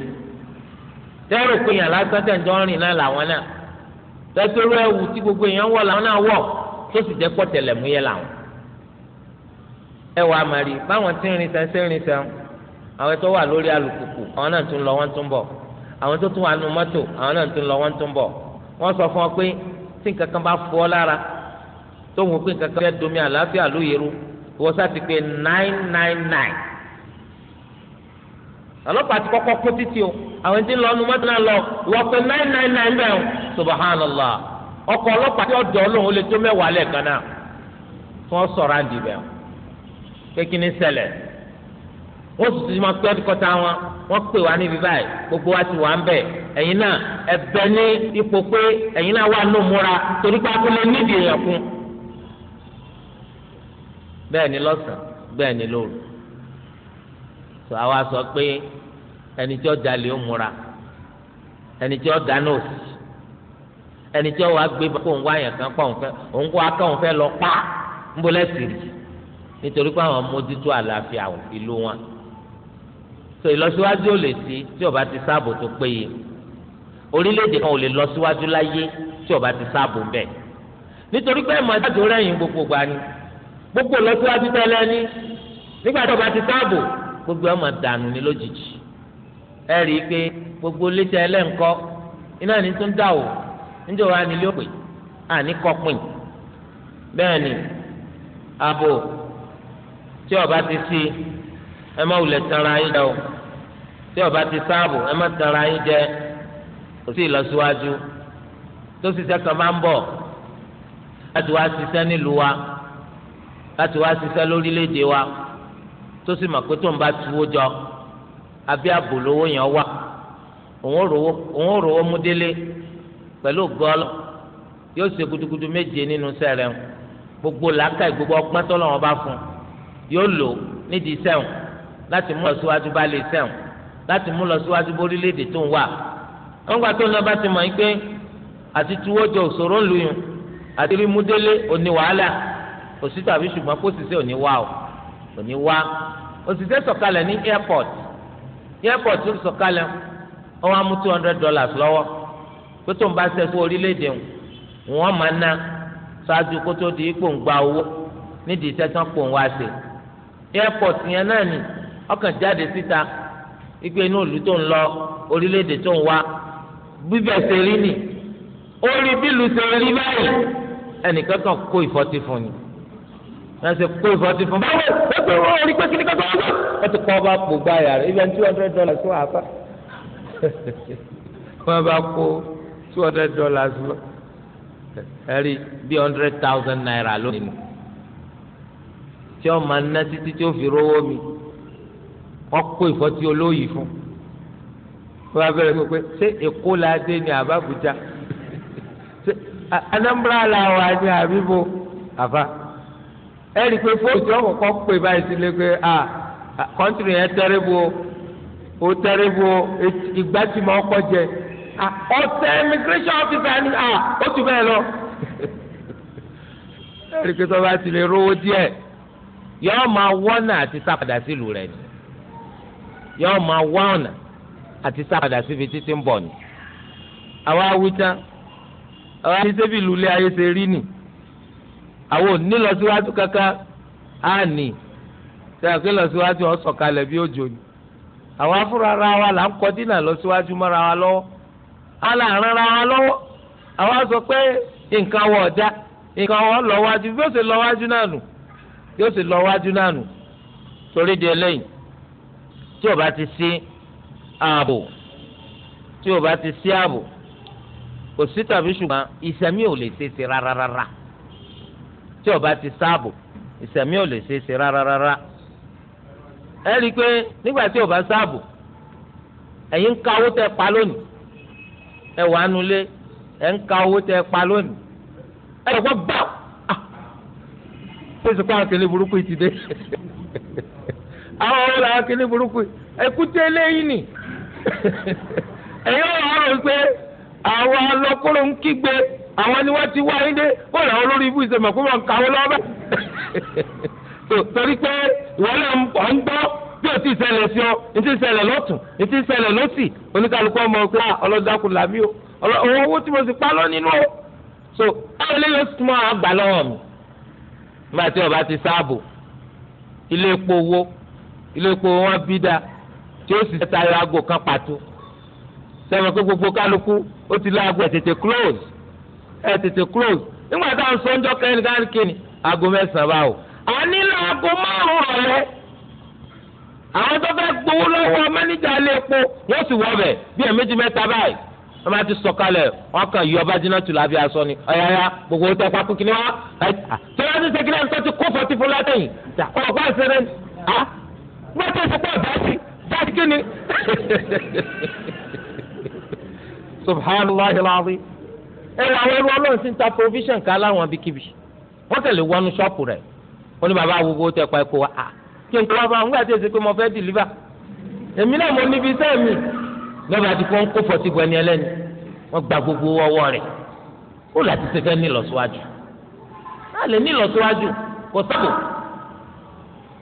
tẹ́rù pé yàn lásán tẹ̀jọ́ rìn náà làwọn náà tẹ́tẹ́rù ẹ̀wù tí gbogbo èèyàn wọ̀ làwọn náà wọ̀ tó sì jẹ́ pọ̀ tẹ̀lẹ̀múyẹ́ làwọn. ẹ wàá màrí báwọn tí ń rin sẹ́ńsẹ́ rin sẹ́ńsẹ́ àwọn tó wà lórí alùpùpù àwọn náà tún lọ wọn tún bọ̀ àwọn tó tún wà nù mọ́tò àwọn náà tún lọ tún sọ fún ọ pé tí nǹkan kan bá ọ lára tó ń wò pé nǹkan kan domi àlàáfíà ti pé nine nine nine ti o àwọn tí ń lọ nu mọ́tò náà lọ wọ́n nine nine nine bẹ́ẹ̀ o subhanallah ọkọ̀ ọlọ́pàá tí ó dọ̀ lóhùn lè wọ́n sì ti máa pẹ́ ọ́dúnkọ́ta wọn wọ́n pè wá gbogbo wa ti wà ń bẹ̀ ẹ̀yin náà ẹ̀bẹ̀ ní ipò pé ẹ̀yin náà wà ní torí pé akúlẹ̀ nídìí èèyàn ni lọ́sàn-án bẹ́ẹ̀ ni lóru sọ àwa sọ pé ẹni tí ó jalè ó múra ẹni tí ó dáná òsì so ìlọsíwájú ò lè sí tí ó bá ti sáàbò tó péye orílẹ̀-èdè kan ò lè lọ síwájú láyé tí ó bá ti sáàbò ń bẹ̀ nítorí pé ẹ̀mọ́ àjò rẹ̀yìn gbogbo gbà ni gbogbo ìlọsíwájú tẹ́lẹ̀ ní nígbà tí ó ti sáàbò gbogbo ọmọ dànù ní lójijì ẹ rí i pé gbogbo létí ẹlẹ́ǹkọ́ iná ní tún dà o níjọ wa nílé òpè àní kọpin bẹ́ẹ̀ ni ààbò tí ó bá ti sí ẹ má wulẹ̀ tán tí ọba ti sáàbù ẹ má tara yín jẹ kò sí ìlọsíwájú tó sì sẹ́kàn máa ń bọ̀ láti wá ṣiṣẹ́ nílùú wa láti wá ṣiṣẹ́ lórílẹ̀‐èdè wa tó sì mọ̀ pé tó ń bá tuwó jọ abẹ́ ààbò lówó yẹn wà òun ò rówó mú délé pẹ̀lú gọ́ọ̀lọ́ yóò ṣe gudugudu méje nínú sẹ́rẹ̀ ń gbogbo làákàyè gbogbo ọgbọ́n tó lọ́wọ́ bá fún yóò lò nídìí sẹ́wọ̀n láti mú ọ̀ṣúwájú bá lè sẹ́wọ̀n láti mú lọ síwájú bórílẹ̀èdè tó ń wà wọn gba tó ń lọ bá ti mọ̀ yín pé àti tuwó jọ òṣòro ń lu yùn àti rí múdélé òní wàhálà òsì tàbí ṣùgbọ́n kó ṣiṣẹ́ òní wá o òní wá òṣìṣẹ́ sọ̀kalẹ̀ ní airport airport tó sọ̀kalẹ̀ wọn wá mú two hundred dollars lọ́wọ́ pé tó ń bá ṣe fún orílẹ̀-èdè wọn máa ná ṣáájú kó tó di ipò ń gba owó nídìí iṣẹ́ pò ń wá ṣe airport yẹn náà ni ọkàn jáde síta ikú inú ìlú tó ń lọ orílẹ̀-èdè tó ń wá bíbẹ̀ ṣe rí nì ó rí bílù ṣe rí báyìí ẹnìkan kan kó ìfọ́tí fún ni wọ́n ṣe kó ìfọ́tí fún báwo ó ti wọ́n rí pé kí ni kankan wọ́n wọ́n ti kọ́ ọba pò gbáyà rẹ̀ ibi ẹni two hundred dollars wà á fà [laughs] wọ́n bá kó two hundred dollars lọ ẹ̀rí bí hundred thousand naira lónìí tí ọ máa ná títí tí ó fi rówó mi ọkọ ìfọtí olóyìí fún wọn bá bẹ̀rẹ̀ pé ṣé èkó la dé ní àbábújá [laughs] Anambra la wà ní àbíbo àfa ẹ rí i pé fóònù tí wọn kọ pé báyìí sílé pé a kọ́ńtìrì yẹn tẹ́rẹ́bù o tẹ́rẹ́bù ìgbà tí mo kọ́ jẹ ọ̀sẹ̀ immigration officer ni a ó tún bẹ́ẹ̀ lọ [laughs] ẹ rí i pé tó bá ti lè rówó díẹ̀ yọọ máa wọ́nà àti sápadà sílùú rẹ̀ ni yọọ ma wá ọ̀nà àti sápadà síbi títí ń bọ̀ ni. àwa awúta àwa ní sẹ́bi lulẹ̀ ayé ṣe rí nì àwọn ò ní lọ́síwájú kankan á nì sẹ́yìn lọ́síwájú ọ̀ sọ̀kalẹ̀ bí òjò ni. àwa fúnra ara wa là ń kọ dínà lọ́síwájú mọ́ra wa lọ́wọ́ á là ń rán wa lọ́wọ́ àwa sọ pé nǹkan wọ̀ ọ̀dà nǹkan wọ̀ lọ́wájú bí ó ṣe lọ́wájú náà nù bí ó ṣe lọ́wájú náà nù torí di eléyìí tí o bá ti sí ààbò tí o bá ti sí ààbò kò sí tàbí ṣùgbọ́n ìsẹ̀mí ò lè ṣe é ṣe o bá ti sáàbò ìsẹ̀mí ò lè ṣe é ṣe rárá ẹ rí i pé nígbà tí o bá sáàbò ẹ̀yin ń ka owó tẹ pa lónìí ẹ wà á nulẹ̀ ń ka owó tẹ pa lónìí ẹ lọ́gbọ́n bá pèsè ti [laughs] àwọn ọ̀rọ̀ làwọn kìíní burúkú ẹ̀kútẹ́ eléyìí nì ẹ̀yọ́ ọ̀rọ̀ pé àwọn alọ́kóró ń kígbe àwọn ni wọ́n ti wá yín dé bọ́ọ̀lù àwọn olórí ibú ìsèmọ̀ kó wọn kàwé lọ́wọ́ torí pé ìwọ́n náà ń gbọ́ bí o ti ṣẹlẹ̀ sí ọ ní ti ṣẹlẹ̀ lọ́tún ní ti ṣẹlẹ̀ lọ́sì oníkálukú ọmọ ọkọ ah, ọlọ́dàkùn làmí o owó owó tí mo sì pa lọ nínú o so àwọn eléyìí ó sì máa gbà lọ́wọ́ mi nígbà tí ọba ti sáàbò ilé epo owó ilé epo wọn bí dáa tí ó sì tayọ aago kan pàtó sẹ́wọ̀n pé gbogbo kálukú ó ti láago ẹ̀ tètè close ẹ̀ tètè close nígbà táwọn sọ́njọ́ kẹ́ni káni kíni aago mẹ́sàn-án báwo. àwọn nílò aago márùn-ún rọ̀lẹ́ àwọn tó fẹ́ gbowó lọ́wọ́ mẹ́nìjà ilé epo yóò sì wọ ọbẹ̀ bí ẹ̀ méjì mẹ́ta báyìí wọ́n máa ti sọ̀kalẹ̀ wọ́n kàn yọ ọba jiná tùlù aṣọ ni ọ̀yàyà gbogbo tẹ pa kúkìní wa tọ́lá ti ṣe kílẹ̀ nǹkan ti kó fọ́tífọ́ látẹ̀yìn ọ̀gbọ́n ìṣẹ̀rẹ̀ wọ́n ti sọ pé ọ̀dà sí dáàdì kí ni. subhanallah alazim ẹ̀rọ àwọn ẹrú ọlọ́run ti ń ta provision ká láwọn ibikíbi wọ́n tẹ̀lé wọnú ṣọ́ọ̀pù rẹ̀ wọ́n ní bàbá agogo tẹ̀ pa ẹ̀kọ́ wa kí n kọ́ wa bá wọn nígbà tí èsì pé mo fẹ́ dìlíbà èmi náà mo níbi iṣẹ́ mi lọ́ba àti kó ń kó fọ́tí bu ẹni ẹlẹ́ni wọ́n gba gbogbo ọwọ́ rẹ̀ ó láti ṣe fẹ́ nílọsíwájú náà lè nílọsíwájú kò sábò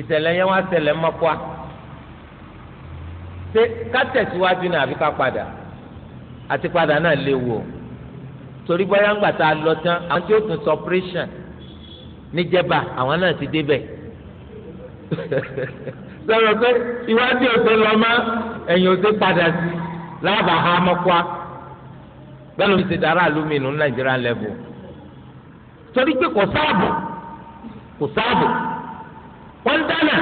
ìṣẹ̀lẹ̀ yẹn wá ṣẹlẹ̀ mọ́kúá ṣé ká tẹ̀síwájú náà padà àti padà náà léwu o torí bóyá ń a lọ tán àwọn tí ó tún sọ níjẹba àwọn náà ti débẹ̀ [laughs] sọ̀rọ̀ pé ìwádìí ò ṣe lọ mọ́ ẹ̀yìn ò padà sí lábàá ha mọ́kúá bẹ́ẹ̀ ló ń ṣe dára nàìjíríà level torí pé kò sáàbò kò wọ́n ń dáná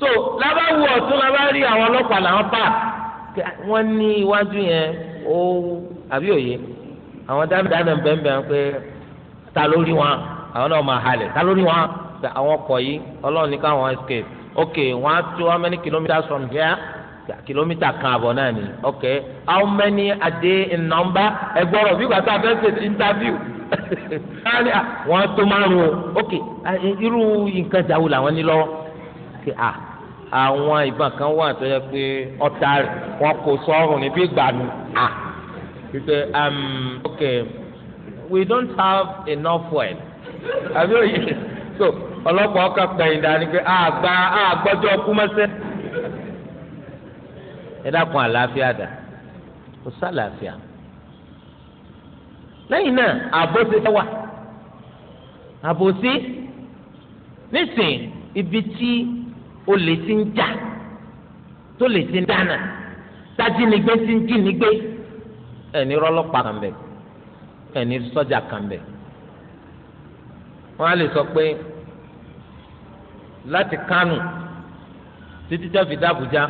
so lábá wo ọ̀tún lábá rí àwọn ọlọ́pàá làwọn bá wọ́n ní iwájú yẹn ó àbí òye àwọn dáadáa bẹ́ẹ̀bẹ́ẹ̀ pé ta ló rí wọn àwọn náà máa halẹ̀ ta ló rí wọn àwọn ọkọ̀ yìí ọlọ́run ní káwọn escape ok wọ́n á tó how many kilometres from here kìlómítà kan àbọ̀ náà ni ok how many a day in number ẹgbọ́rọ̀ bí gbàtà fẹ́ ṣe ti interview káàlì à ah, wọn tó márùn o ok ah, irú nǹkan ìjà wo làwọn ní lọ́wọ́ ok à ah, àwọn ìbọn kan wà tó yẹ pé ọta rẹ wọn kò sọrùn níbí gbàánu à pípẹ um, ok we don't have enough oil. àbí òye so ọlọ́pàá ọkọ̀ pẹ̀yìn dání pé àgbà àgbọ́jọ́ kú mọ́sẹ́ ẹ dákun àlàáfíà dà kò sálàáfíà lẹ́yìn náà àbòsí fẹ́ wà àbòsí nísìn ibi tí olè ti ń jà tó lè ti ń dáná tájínigbé ti ń jínigbé ẹni rọlọ́pàá kan bẹ̀ ẹni sọ́jà kan bẹ̀ wọ́n á lè sọ pé láti Kánò títí tó fi dá Àbújá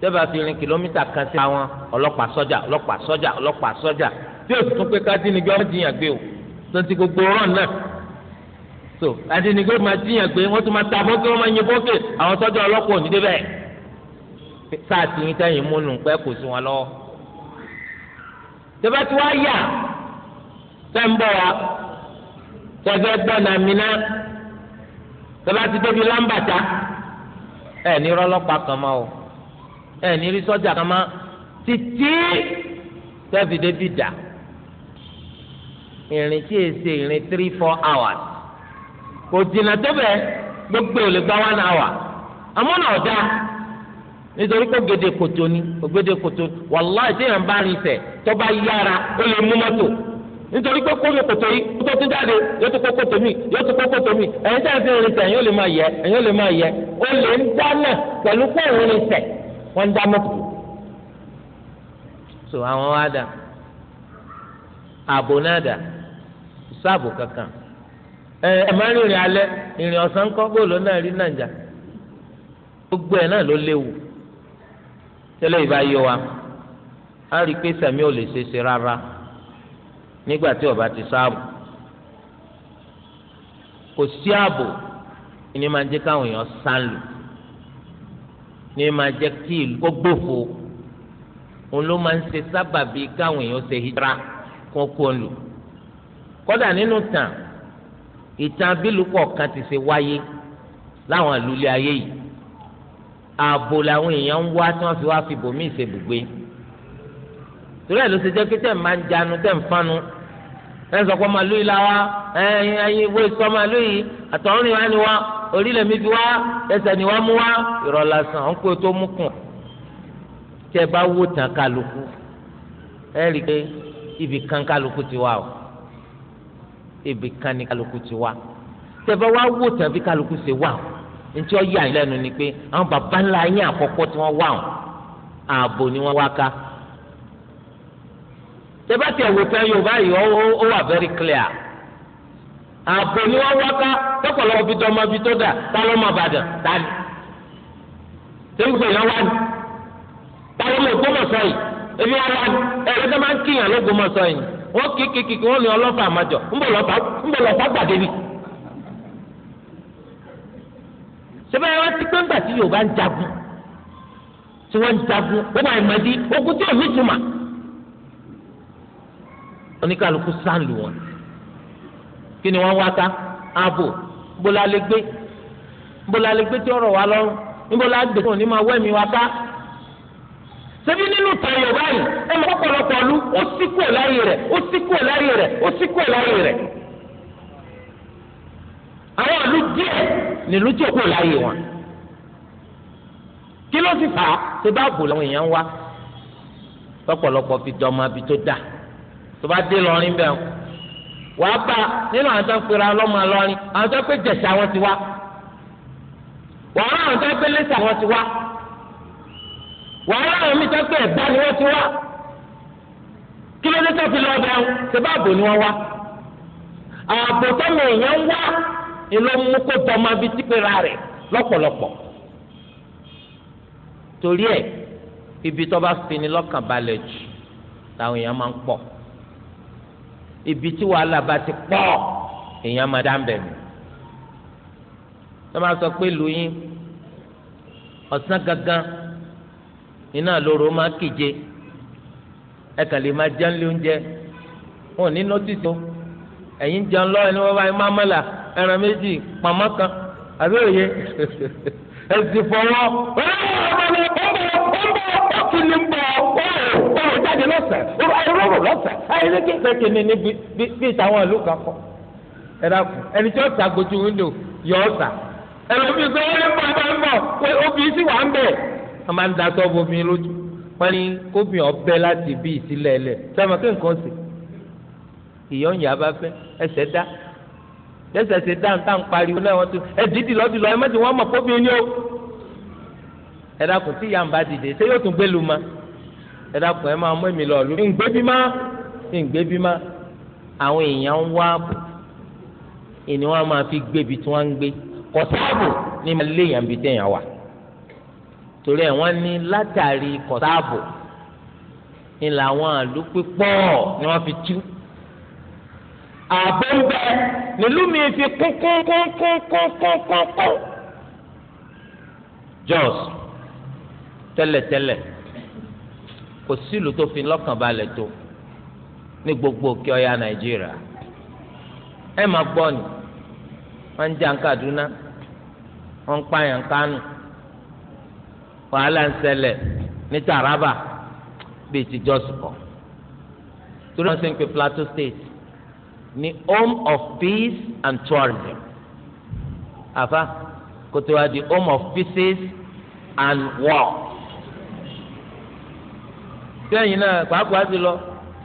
tẹ́bà fi rin kìlómítà kan sí àwọn ọlọ́pàá sọ́jà ọlọ́pàá sọ́jà ọlọ́pàá sọ́jà tí o sì tún pé ká dínigbé ọmọ jiyàn gbé o tonti gbogbo rán náà so adínigbé máa jiyàn gbé wọn tún máa ta bọ́kẹ́ wọn máa yin bọ́kẹ́ àwọn sọ́jà ọlọ́pàá òní débẹ̀ sáà tí yín tẹ̀yìn múnú pẹ́ kò sí wọn lọ́wọ́ tẹ́fẹ́ tí wọ́n á yà tẹ́ ń bọ̀ wá tẹ́fẹ́ gbọ́nà mìíràn tẹ́fẹ́ ti débi lámbàtà ẹ̀ ní rọ́lọ́pàá kan mọ́ o ẹ̀ ní rí sọ́jà kan mọ́ títí tẹ́fì débi dà ìrìn tí èsì ìrìn three four hours kò jìnnà débẹ̀ gbogbo ò gba one hour àmọ́ náà dá nítorí pé ògèdè kòtò ni ògèdè kòtò wàláì tí èèyàn bá rìn sẹ̀ tó bá yára ó lè mú mọ́tò nítorí pé kó kòtò yìí jáde yóò tún kó kòtò mi yóò kó kòtò mi ẹ̀yin tí a ti so àwọn wa dà sáàbù kankan ẹ ẹ máa ń rìnrìn alẹ́ ìrìn ọ̀sán kọ́ bóòlù náà rí nàìjà gbogbo ẹ̀ náà ló léwu tẹ́lẹ̀ ìbá yọ wa á rí i pé sẹ̀mí ò lè ṣe é ṣe rárá nígbà tí ọba ti sáàbù kò sí ààbò ní máa jẹ́ káwọn èèyàn sálù ní máa jẹ́ kí ìlú kó gbòfo òun ló máa ń ṣe sábàbí káwọn èèyàn ṣe hijira kó kó lù kódà nínú tàn ìtàn bílù kọ̀ọ̀kan ti ṣe wáyé láwọn ìlúlé ayé yìí ààbò làwọn èèyàn ń wá tí wọ́n fi wá fi bòmí ìṣèbùgbé torí ẹ̀ ló ṣe jẹ́ pé tẹ̀ ń máa ń janu tẹ̀ ń fanu ẹ̀ ń sọ pé màlúù yìí la wá ẹ̀yìn ẹ̀yìn ìwé sọ màlúù yìí àtọ̀rìn wa ni wá orílẹ̀ mi fi wá ẹsẹ̀ ni wá mú wá irọ́ lásán ọ̀n pé o tó mú kùn tí bá wó tán kálukú ẹ̀ rí i pé ibì kan kálukú ti wá o. ibi kan ni kálukú ti wa tẹ̀bẹ̀ wa wò tàbí kálukú ṣe ntí ọ yà lẹ́nu ni pé àwọn baba ńlá yín àkọ́kọ́ tí wọ́n wà ààbò ni wọ́n wá ká tẹ̀bẹ̀ tẹ̀ wò ó wà very clear ààbò ni wọ́n wá ká tọkọlọ́wọ́ fi dọ́mọ fi tó dà tá mọ̀ bàdàn dání pé èèyàn wá ní táwọn ọmọ yìí wọ́n kékeré wọ́n ní ọlọ́fà àmàjọ ńbọ̀lọ́fà gbàdébì. sẹ́fẹ̀ ẹ wá ti pé ńgbà tí Yorùbá ń jagun tí wọ́n ń jagun wọ́n máa mọ̀ di ogun tí òní túmọ̀. oníkàlùkù sáàlù wọn kí ni wọ́n wá ká ààbò ńbọ̀lá lè gbé ńbọ̀lá lè gbé tí ọ̀rọ̀ wa lọ́rùn ńbọ̀lá òní máa ṣebí nínú tayọ báyìí ẹnì ọ̀pọ̀lọpọ̀ lu ó sì kúrò láyé rẹ̀ ó sì kúrò láyé rẹ̀ ó sì kúrò láyé rẹ̀ àwọn ìlú díẹ̀ nílùú tí ó kúrò láyé wọn kí ló sì fà á ṣe bá bò làwọn èèyàn ń wá lọ́pọ̀lọpọ̀ fi dọmọ abi tó dà tó bá dé lọrin bẹ́ẹ̀ wà á bá nínú àwọn tó ń pera ọlọ́mọ lọrin àwọn tó ń pè jẹ̀sà wọn ti wá wà á rán àwọn tó ń pè lẹ́sà wọn ti wá wàhálà àwọn mi sọ pé ẹ̀dá ni wọ́n ti wá kí ló dé tó fi lọ bẹ́ẹ̀ ṣe bá àbò ni wọ́n wá ààbò tọ́mọ èèyàn wá ìlú mú kó tọmọ bí típera rẹ̀ lọ́pọ̀lọpọ̀ torí ẹ̀ ibi tó bá fini lọ́kàn balẹ̀ jù táwọn èèyàn máa ń pọ̀ ibi tí wàhálà bá ti pọ̀ èèyàn máa dá ń bẹ̀ sọ pé lóyún ọ̀sán gangan. iná lóró máa kìje ẹ lè máa jẹun lé oúnjẹ wọn ò ní nọ́tìsì o ẹ̀yin jẹun lọ́wọ́ ẹni wọ́n bá máa mọ́là ẹran méjì pamọ́ kan àbí òye [laughs] ẹ fọwọ́ kíni ẹni tí ó yọ ọ́ wọ́n máa ń da sọ́ọ̀bù omi lójú wọ́n ní kóbì ọbẹ̀ láti bí ìsílẹ̀ ẹlẹ̀ sọ́ọ̀mù kí nǹkan sì ìyọ̀nyà bá fẹ́ ẹsẹ̀ dá ẹsẹ̀ ṣe dá nǹkan pariwo náà wọ́n tún ẹ dídì lọ́dún lọ ẹ mẹ́tì wọ́n mọ̀ kóbì ní o ẹ dákun tí yàǹbá dìde ṣé yóò tún gbélu ma ẹ dákun ẹ máa mú èmi lọ lù ǹgbébí má ǹgbébí má àwọn èèyàn ń wá ààbò ìní wọn máa fi gbébi tí wọn ń gbé kọ ní ma léèyàn bí téèyàn wà torí ẹ̀ wọ́n ní látàrí kọ̀sáàbò ni làwọn àlù pípọ̀ ni wọ́n fi tú. ààbò ń bẹ nílùú mi fi kún kún kún kún kún kún kún kún. Jos tẹ́lẹ̀tẹ́lẹ̀ kò sílùú tó fi lọ́kàn balẹ̀ tó ní gbogbo òkè ọya Nàìjíríà ẹ máa gbọ́ ni wọ́n ń jà ń Kaduna wọ́n ń pààyàn Kánò wàhálà ń ṣẹlẹ̀ ní Taraba bíi ti Jos kọ́ torí wọn sì ń pè Plateau State ní home of peace and tourism àfa kòtò wa di home of peace and war sẹ́yìn náà pàápàá sí lọ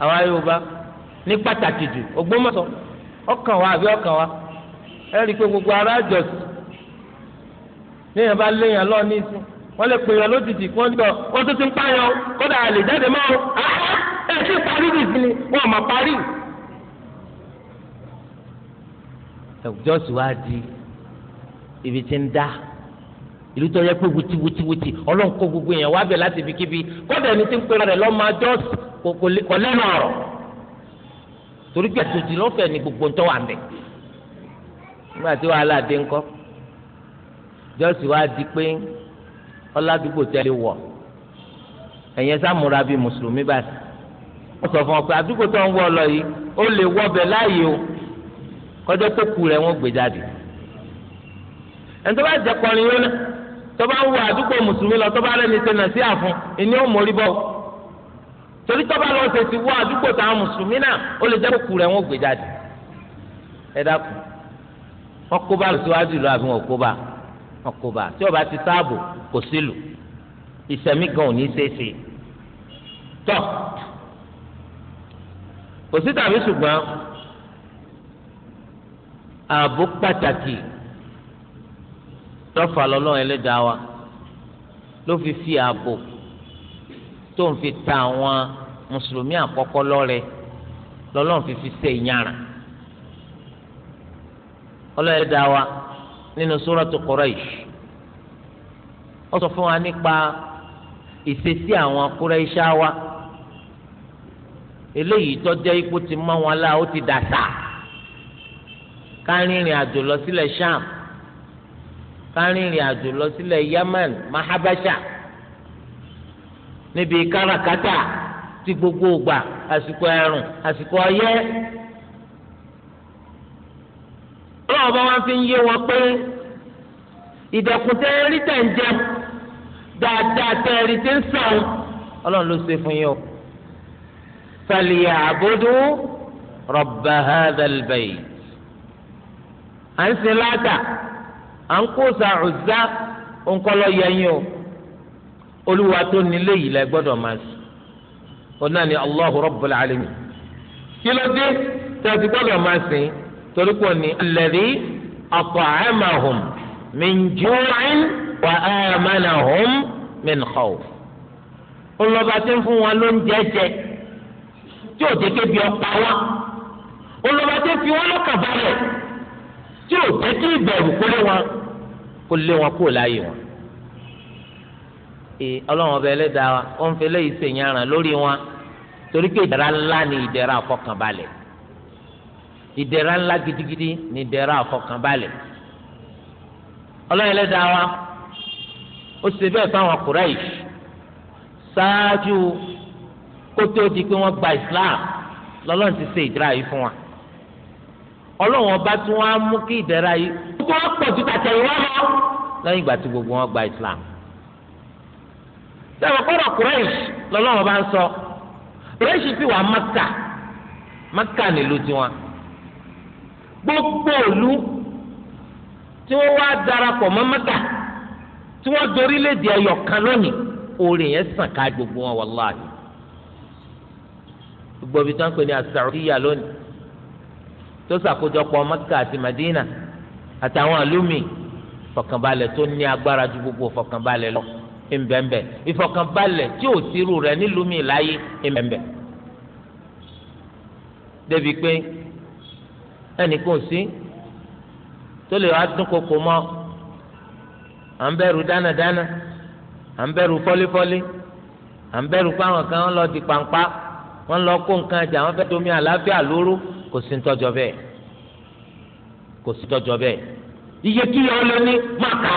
àwa Yorùbá ní pàtàkì jù Ògbómọ̀ṣọ́ ọkàn wa àbí ọkàn wa ẹ rí i pé gbogbo ara jọ̀sìn ní ìyẹn bá léèyàn lọ́ọ́ ní ìsìn wọ́n lè pè yàn lójijì kí wọ́n níbẹ̀ wọ́n tó ti ń pààyàn kódà àlè jáde mọ́ ah, ah, ẹ ṣe parí nìsín ni wọ́n mọ̀ parí. ẹ̀wùjọ́ sì wá di ibi tí ń dá ìlú tó yẹ pé wutiwutiwuti ọlọ́run kó gbogbo èèyàn wá bẹ̀ láti ibikíbi kódà ẹni tí ń pera rẹ̀ lọ́mọ jọ́sì kò lẹ́nu ọ̀rọ̀ torí pé ẹ̀sùn ìdílọ́fẹ̀ ni gbogbo ń tọ́ wà ń nígbà tí wàhálà dé ńkọ́ jọ́sì wá di pé ọládùúgbò tẹ́lẹ̀ wọ̀ ẹ̀yẹn sàmúra bíi mùsùlùmí báyìí wọ́n sọ fún ọ pé àdúgbò tó ń wọ̀ ọ lọ yìí ó lè wọ́ ọbẹ̀ láàyè o kọjọ́ tó kù rẹ̀ wọ́n gbé jáde ẹni tó bá jẹ kọrin yóò ná tó bá ń wọ àdúgbò mùsùlùmí lọ tó bá lẹ́ni tẹ̀nà sí àfún ìní ó mórí bọ́ torí tó bá lọ tètè wọ àdúgbò táwọn mùsùlùmí náà ó lè jẹ́ kó kù rẹ̀ wọ́n gbé jáde ẹ dákun wọ́n kó lọ síwájú lọ àbí wọ́n kó kan kó bá tí ọba ti sáàbò kò sílù ìsẹ̀mí kan ò ní ṣeéṣe tọ́ kò sí tàbí ṣùgbọ́n ààbò pàtàkì tọ́fà lọ́lọ́run ẹlẹ́dàá wa ló fi fi ààbò tó ń fi ta àwọn mùsùlùmí àkọ́kọ́ lọ́rẹ lọ́lọ́run fi fi ṣe ìyára ọlọ́run ẹlẹ́dàá wa nínú suratu Quraysh ó sọ fún wa nípa ìṣesí àwọn Qurayshawa eléyìí tó jẹ́ ipò ti mọ́ wọn lá ó ti dàsà ká rìnrìn àjò lọ sílẹ̀ Sham ká àjò lọ sílẹ̀ Yemen mahabasha níbi káràkátà ti gbogbo ògbà àsìkò ẹ̀rùn àsìkò ọyẹ́ ọlọ́wọ́ bá wọn fi ń yé wọn pé ìdẹ̀kùn tẹ́ rí tẹ̀ ń jẹun dáadáa tẹ́ rí tẹ́ ń sàn ọlọ́run ló ṣe fún yín o. falyabudu rabba hadhal bayt. à ń sin láàtà à ń kó sàrùzá ònkọ́lọ́ yẹyin o. olúwa tó nílé yìí la gbọ́dọ̀ máa sùn. ó náà Allahu rabbul alamin. kí ló dé tẹ̀sí gbọ́dọ̀ máa sìn torí pọ̀ ní alladhi at'amahum min ju'in wa amanahum min khawf. olùlọ́ba ti ń fún wọn lóúnjẹ jẹ tí ò jẹ́ kébi ọ̀pá wa olùlọ́ba ti fi wọn lọ́kàn balẹ̀ tí ò jẹ́ kí ìbẹ̀rù kó lé wọn kó lé wọn kó láàyè wọn. ee ọlọ́run ọba ẹlẹ́dàá wa fi eléyìí sèyàn ràn lórí wọn torí pé ìdẹ̀ra ńlá ni ìdẹ̀ra ọkọ̀kan ìdẹ̀ra ńlá gidigidi ní ìdẹ̀ra àfọkànbalẹ̀ ọlọ́run ẹlẹ́dàá wa ó ṣe bẹ́ẹ̀ fáwọn Quraish ṣáájú kótó di pé wọ́n gba Islam lọ́lọ́run ti ṣe ìdẹ̀ra yìí fún wa ọlọ́run ọba tí wọ́n á mú kí ìdẹ̀ra yìí gbogbo wọn pọ̀ ju tàtẹ̀ ìwọ́ lọ lẹ́yìn ìgbà tí gbogbo wọn gba Islam sẹ́wọ̀n kọ́rọ̀ Quraish lọ́lọ́run ọba ń sọ Quraish fi wà Maka Maka nílùú tiwọn gbogbo òlu tí wọ́n wá darapọ̀ mọ́ Mẹ́kà tí wọ́n dorí léde ẹyọ kan lónìí oore yẹn sàn ká gbogbo wọn wàláhì gbogbo ibi tí wọ́n pè ní asàrúyà lónìí tó ṣàkójọpọ̀ Mẹ́kà àti Madina àtàwọn àlùmí fọkànbalẹ̀ tó ní agbára ju gbogbo fọkànbalẹ̀ lọ ìmbẹ̀mbẹ̀ ìfọkànbalẹ̀ tí ò sírù rẹ̀ nílùú mi láyé ìmbẹ̀mbẹ̀ débi pé ẹnì kò sí tó lè wá dún koko mọ́ à ń bẹ̀rù dánadáná à ń bẹ̀rù fọ́lífọ́lí à ń bẹ̀rù fáwọn kan ń lọ di pàǹpá wọ́n lọ kó nǹkan jà wọ́n fẹ́ domi àlàáfíà lóró kò sí tọ́jọ́ bẹ́ẹ̀ kò sí tọ́jọ́ bẹ́ẹ̀ iye kíyà ọ lọ ní màkà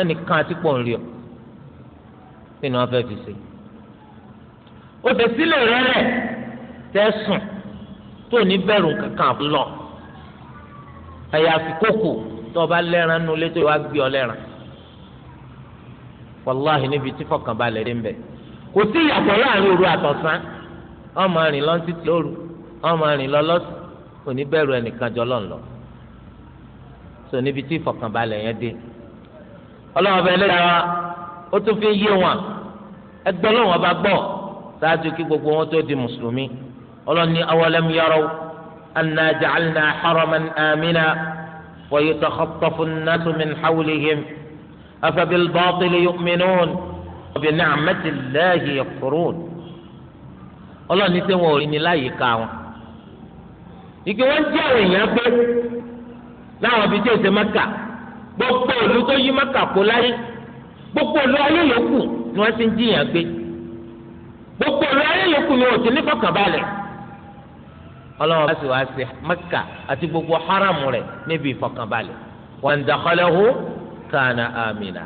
ẹnìkan àti pọ̀ ń rí ọ kí ni wọ́n fẹ́ fi ṣe òfèsílẹ̀ rẹ̀ rẹ̀ tẹ́ sùn tó ní bẹ̀rù kankan lọ àyàfi kókò tó o bá lẹ́ran nu létò wá gbé ọ lẹ́ran wàláhì níbi tí fọkànbalẹ̀ dé ń bẹ̀ kò sí ìyàtọ̀ láàrin òru àtọ̀sán ọmọ rìn lọ títí lóru ọmọ rìn lọ lọ́sùn òní bẹ̀rù ẹnìkan jọ lọ́nlọ́ so níbi tí fọkànbalẹ̀ yẹn dé ọlọ́wọ́ bẹ lẹ́yàrá ó tún fi yé wọn ẹgbẹ́ lọ́wọ́ bá gbọ́ ṣáájú kí gbogbo wọn tó di mùsùlùmí ọlọ́ni awọlẹ́mú yàrá wò. أنا جعلنا حرما آمنا ويتخطف الناس من حولهم أفبالباطل يؤمنون وبنعمة الله يكفرون ọlọ́run ní sẹ́wọ̀n orí ni láàyè ká wọn. ike wọ́n jẹ́ àwọn èèyàn pé láwọn ibi tí èsè mẹ́kà gbogbo òlu tó yí mẹ́kà kó láyé gbogbo òlu ayé yòókù ni wọ́n ti ń jiyàn gbé gbogbo òlu ayé yòókù ni wọ́n ti ní kọ̀kànbalẹ̀ ọlọ́run bá sì wá sí mẹ́kà àti gbogbo haramu rẹ̀ níbi ìfọkànbalẹ̀ wa in dakhalahu kana amina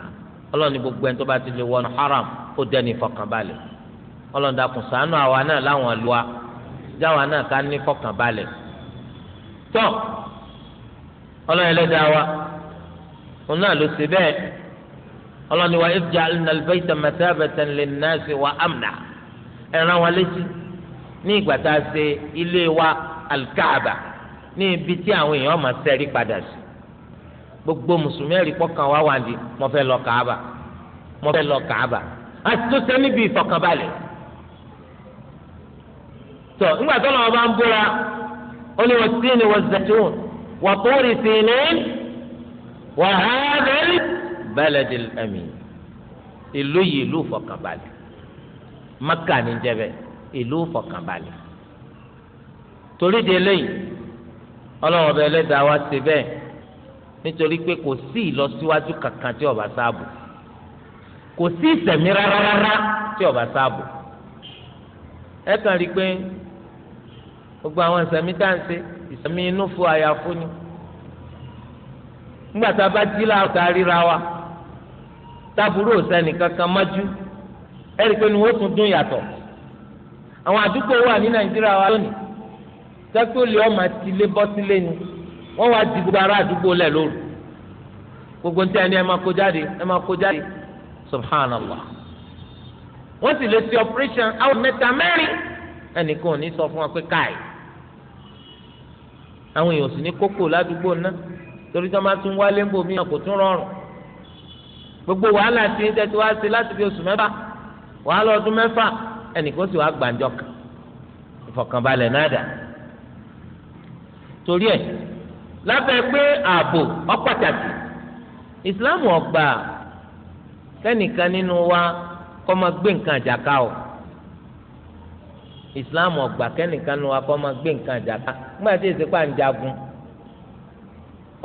ọlọ́run ní gbogbo ẹni tó bá ti lè wọnú haram ó dẹ́ni ìfọkànbalẹ̀ ọlọ́run dákun ṣàánú àwa náà láwọn lu wa jáwa náà ká ní ìfọkànbalẹ̀ tọ́ ọlọ́run ẹlẹ́dàá wa òun náà ló ṣe bẹ́ẹ̀ ọlọ́run ní wa if ja'alna al-bayta mathabatan lin-nasi wa amna ẹ̀ràn wa létí ní ìgbà tá a ṣe ilé wa alikaaba ní ibi tí àwọn èèyàn máa ṣẹ́rí padà sí gbogbo mùsùlùmí ẹ̀rí pọ́kàn wá wà ní mo fẹ́ lọ kaaba mo fẹ́ lọ kaaba a ti tó ṣe níbi ìfọkànbalẹ̀ tó ńgbà tó lọ́wọ́ bá ń búra ó ní wọ́n sí ni wọ́n zẹ̀tún wọ́n tó rí sí ni wọ́n há bẹ́ẹ̀ balẹ̀dì ẹ̀mí ìlú yìí ìlú ìfọkànbalẹ̀ maka ní jẹ́ bẹ́ẹ̀. ìlú fọkànbalẹ̀ torí di eléyìí ọlọ́run ọba ẹlẹ́dàá wa ṣe bẹ́ẹ̀ nítorí pé kò sí ìlọsíwájú kankan tí ọba sáàbò kò sí ìsẹ̀mí rárá tí ọba sáàbò ẹ kàn rí i pé gbogbo àwọn ìsẹ̀mí tá à ń ṣe ìsẹ̀mí inú fún àyà fún ni nígbà tá a bá jí láàkà ríra wa sẹ́ni kankan ẹ rí i pé ni wọ́n tún dún yàtọ̀ àwọn àdúgbò wà ní nàìjíríà wa lónìí sẹ́kúlì ọmọ ti lé bọ́sílẹ̀ ni wọ́n wá di gbogbo ará àdúgbò lẹ̀ lóru gbogbo ntẹ́ ni ẹ máa kó jáde ẹ máa kó jáde subhanallah wọ́n sì lè ṣe operation àwọn mẹ́ta mẹ́rin ẹnìkan ò ní sọ fún wa pé káì àwọn èèyàn sì ní kókò ládùúgbò náà torí tí wọ́n bá tún wálé ń bò mí kò tún rọrùn gbogbo wàhálà tí ń tẹ́tí wá sí láti fi oṣù mẹ́fà wàhálà ọdún mẹ́fà ẹnìkan sì wá gbàǹjọ kan ìfọ̀kànbalẹ̀ náà dà torí ẹ̀ lábẹ́ pé ààbò ó pàtàkì ìsìláàmù ò gbà kẹ́nìkan nínú wa kó máa gbé nǹkan àjàká o ìsìláàmù ò gbà kẹ́nìkan nínú wa kó máa gbé nǹkan àjàká nígbà tí èsì pàǹjagun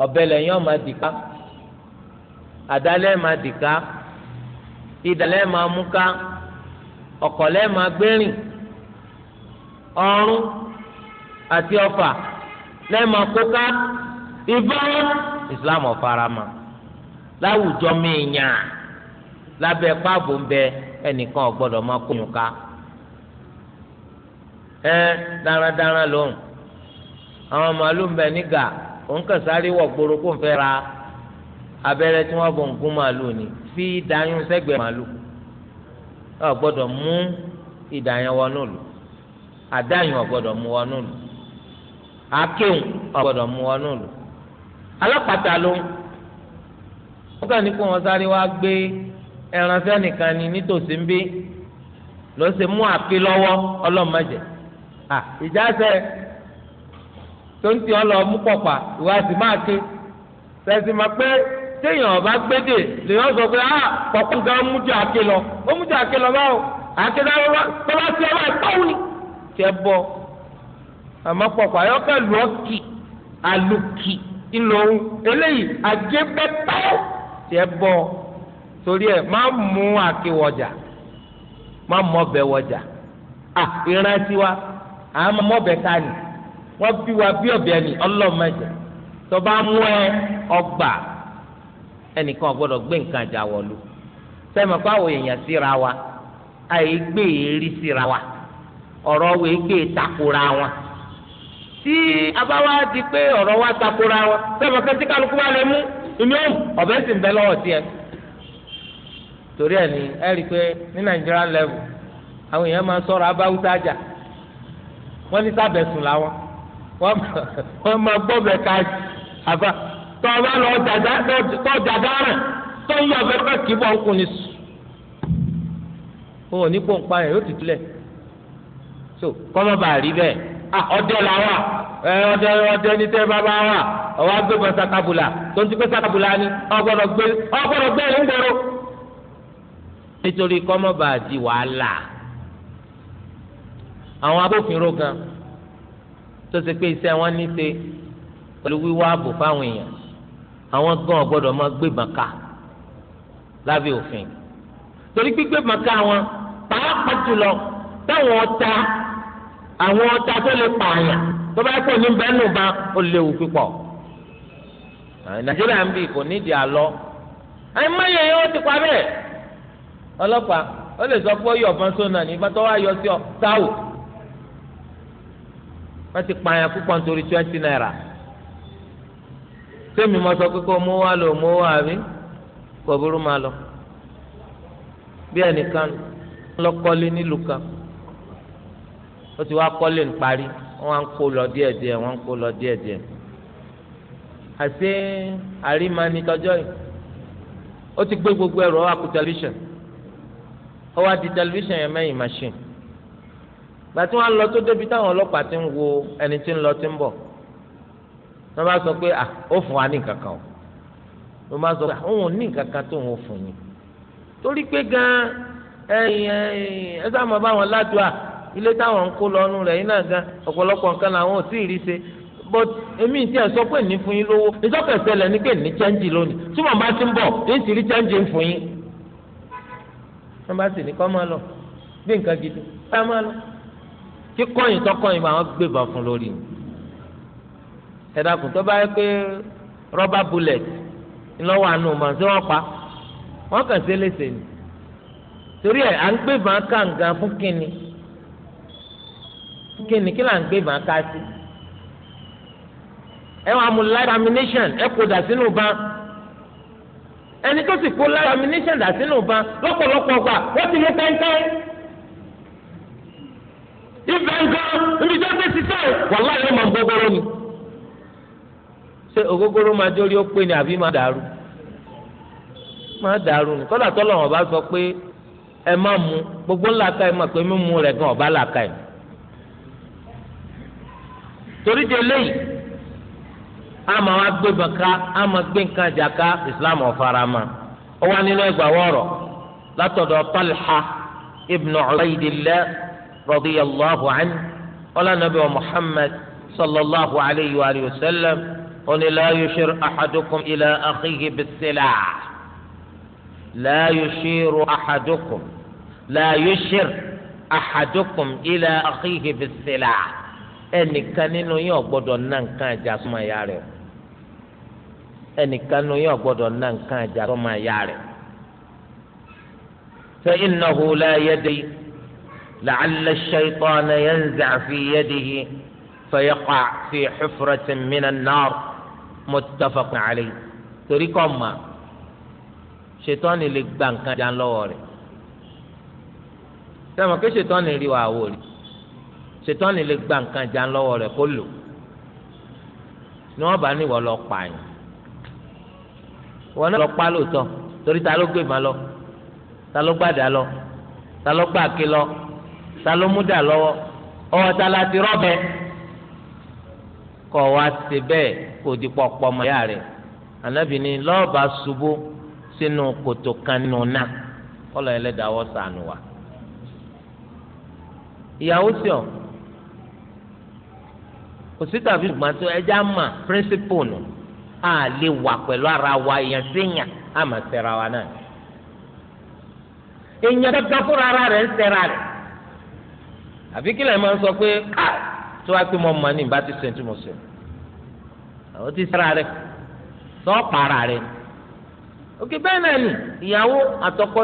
ọ̀bẹ lẹ́yìn ọmọ dìka àdálẹ́ máa dìka ìdálẹ́ máa mú ká. ọ̀kọ̀lẹ́ máa gbẹ́rìn ọ̀run àti ọ̀fà lẹ́ẹ̀ma kóká ìbọn Islam ọ̀farama láwùjọ mìíyàn lábẹ́ páàbò ń bẹ ẹnìkan ọgbọdọ máa kó ẹ darandaran lòun àwọn màálù ń bẹ nígà òun kàn sáré gbòòrò kó ń ra abẹrẹ tí ni fi màálù. ọ gbọ́dọ̀ mú ìdá yẹn wọnú lò àdá yẹn ọ gbọ́dọ̀ mú wọnú lò akéwù ọ gbọ́dọ̀ mú wọnú lò alápàtà ló ń wọ́n kàn ní kó wọn sáré wá gbé ẹran sẹ́nìkan ni nítòsí ń bí ló ṣe mú àpé lọ́wọ́ ọlọ́mọdé à ìjásẹ́ tó ń ti ọ lọ mú pọ̀pà ìwà sì ké sẹ́sì pé téèyàn ọba gbédè lèyàn sọ pé ah kọ̀ọ̀kan gan mú jẹ́ àké lọ ó mú jẹ́ àké lọ báwo àké dáwọ́ wá bàbá tí ọba ìpáwọ́ ni tí ẹ bọ àmọ́ pọ̀pọ̀ ayọ́kẹ́ lù ọ́ kì alùkì ńlọrun eléyìí àjẹbẹ́tọ́ tí ẹ bọ torí ẹ má mú àké wọjà má mọ ọbẹ̀ wọjà ah ìrántí wa àmọ́ mọ́bẹ̀ ká ni wọ́n bí wa bí ọbẹ̀ ni ọlọ́mọdé tọba mú ẹ ọgbà. ẹnìkan ọgbọdọ gbé nǹkan ìjà wọ̀lú sẹ́mi kó àwọn èèyàn síra wa àyè gbé èrí síra wa ọ̀rọ̀ wo gbé e takora wọn tí abáwá di pé ọ̀rọ̀ wa takora wọn sẹ́mi kó kálukú wa lè mú inú ọ̀bẹ sì ń bẹ lọ́wọ́ torí ẹ̀ ní ẹ ní nàìjíríà àwọn èèyàn máa sọ̀rọ̀ wọ́n ní sábẹ̀sùn làwọn wọ́n máa gbọ́ ká àbá tọ́ ọ bá lọ tọ́jà dára tó ń yọ fẹ́fẹ́ kì í ń kun ní sùn. o ní pọ́npá yẹn yóò ti tilẹ̀ so kọ́mọ́ bá rí bẹ́ẹ̀ à ah, ọdẹ la wa, ẹ ọdẹ ọdẹ ní tẹ́ bá bá wà ọwọ́ agbébọn sakabula tó ń ti pé sakabula ni ọgbọ́dọ̀ gbé ọgbọ́dọ̀ gbé ẹ̀ ń gbèrò. nítorí kọ́mọ́ bá di wàhálà àwọn abófinró kan tó ṣe pé iṣẹ́ wọn ní ṣe pẹ̀lú wíwá ààbò fáwọn èèyàn àwọn gan ọgbọ́dọ̀ máa gbé màkà lábẹ́ òfin torí gbígbé màkà wọn pàápàá jùlọ táwọn ọta àwọn ọta tó lè pààyàn tó bá ní ó léwu púpọ̀ nàìjíríà ń bì kò nídìí àlọ́ ẹ yẹn ó ti pa bẹ́ẹ̀ ọlọ́pàá ó lè sọ pé ó yọ ọ̀fọ̀n sóun ní ìbátan yọ sí ọ púpọ̀ nítorí sẹ́mi mo sọ pé kó mú wá lò mú wá àbí kò burú máa lọ bí ẹnìkan lọ́kọ́lé nílùú kan ó ti wá kọ́lé ń parí wọ́n á ń kó lọ díẹ̀díẹ̀ wọ́n á ń kó lọ díẹ̀díẹ̀ àti àrímani tọjọ́ yìí ó ti gbé gbogbo ẹrù ọwọ́ àkú tẹlifíṣàn ọwọ́ àti tẹlifíṣàn yẹn mẹ́yìn machine gbàtí wọ́n á lọ tó débi táwọn ọlọ́pàá ti ń wo ẹni tí ń lọ ti ń bọ̀ wọ́n bá sọ pé ó fún wa ní kankan o wọ́n bá sọ pé òun ní kankan tó ń fún yín torí pé gan ẹyìn ẹyìn ẹ sáà máa bá wọn ládùá ilé táwọn ń kó lọ́nu rẹ̀ yín náà gan ọ̀pọ̀lọpọ̀ nǹkan làwọn ò tí ì rí ṣe but èmi tí ẹ sọ pé ní fún yín lówó ìtọ́kẹ̀sẹ̀lẹ̀ ní pé ní chẹ́ńjì lónìí tí wọ́n bá ti ń bọ̀ èyí ti rí chẹ́ńjì ń fún yín. wọ́n bá sì ní kọ́ máa lọ bí nǹkan gidi ká máa lọ kí kọ́yìn tó kọ́yìn máa fún lórí mi ẹ̀dàkùn tó bá yẹ pé rọ́bà bullet ńlọ́wọ́ àánú mọ̀ sí wọ́n pa wọ́n kàn sí léṣe ni torí ẹ̀ à ń gbé ìbọn kàǹgàn fún kínni kínni kí là ń gbé ìbọn ká sí ẹ wàá mú light ammunition ẹ kó dà sínú ban ẹni tó sì kó light ammunition dà sínú ban lọ́pọ̀lọpọ̀ gbà wọ́n ti mú kẹ́ńkẹ́ ìfẹ́ nǹkan ibi tó ń gbé sísẹ́ wàhálà yóò mọ̀ gbogbo ni. ṣé ògógóró máa dórí ó pé ni àbí máa dàrú máa dàrú ni kọ́lá tọ́lọ̀ wọn bá sọ pé ẹ má mu gbogbo ńlá ka ẹ mọ̀ pé mímu rẹ̀ gan ọ̀bá là ka ẹ̀ torí de léyìí ama wa gbé baka ama gbé nǹkan jaka islam ọ̀farama ó wà nínú ẹgbàá wọ̀rọ̀ látọ̀dọ̀ talha ibn ubaydillah radiyallahu anhu wa muhammad sallallahu alayhi wa sallam. قل لا يشير أحدكم إلى أخيه بالسلاح لا يشير أحدكم لا يشير أحدكم إلى أخيه بالسلاح إن كان yín ò gbọ́dọ̀ جاسما يعرف إن كان ìyá rẹ̀ ẹnìkan جاسما يعرف فإنه لا يدري لعل الشيطان ينزع في يده فيقع في حفرة من النار muttafaqun alayhi torí kọ́ ma ṣètọ́ni lè gba nǹkan jà lọ́wọ́ rẹ̀ sẹ́wọ̀n kí ṣètọ́ni rí wa wò rí ṣètọ́ni lè gba nǹkan jà lọ́wọ́ rẹ̀ kó lò ni wọ́n bá níwọ̀ lọ pààyàn wọn náà lọ pa lóòótọ́ torí ta ló gbé ma lọ ta ló gbàdá lọ ta ló gbàké lọ ta ló mú dà lọ́wọ́ ọwọ́ ta la ti rọ́bẹ kọ̀ wá ti bẹ́ẹ̀. kó di pọpọ mọ ìyá rẹ anabi ni lọọba ṣubú sínú kòtò kan nùnà kọlọ sànù wa ìyàwó sí ọ kò tàbí tó mà píríncípù pẹ̀lú ara wa èèyàn séèyàn á mà ṣẹ̀ra wa náà èèyàn gẹ́gẹ́ fúnra ara rẹ̀ ń ṣẹ̀ra rẹ̀ àbí kílẹ̀ sọ pé ní ah, ìbá ó ti sára rẹ sọ́ọ̀pù ara rẹ òkè bẹ́ẹ̀ náà nì ìyàwó àtọkọ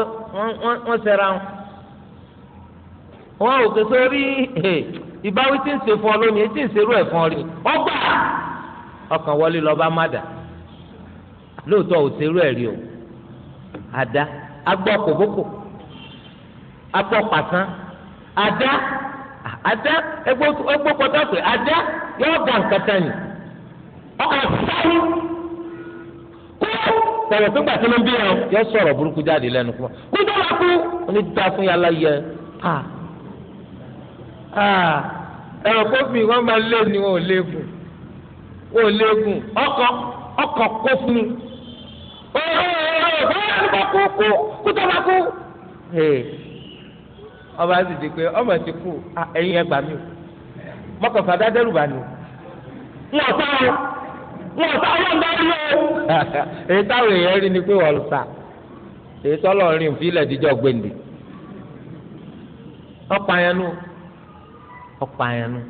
wọ́n sẹ́ra wọn wọn ò ké sórí ìbáwí tí ń ṣe fún ọ lónìí tí ń ṣerú ẹ̀ fún ọ rí ọgbà ọkàn wọlé lọ́ba má dà lóòótọ́ ò ṣerú ẹ̀ rí o àdá agbọ́ kòbókò agbọ́ pàṣán àdá àdá ẹgbẹ́ pọtọ́ àdá yóò gà nǹkan tán ọkọ̀ sáré kú tó gbà ló ń burúkú jáde fún wa tó kú fún yàrá yẹ ẹ̀rọ wọn máa lé wọn ò léegun wọn ò léegun kú tó kú ọba di pé ọmọ ti kú ẹgbàá mi mọ́kànfà bá ní wọn ò wọn sá wọn bá [laughs] èyí táwọn èèyàn rí ni pé wọ́n sà èyí tọ́lọ̀ rí nfi ilẹ̀ ìdíjọ́ gbèǹdì. ọ̀pá yẹn nù ọ̀pá yẹn nù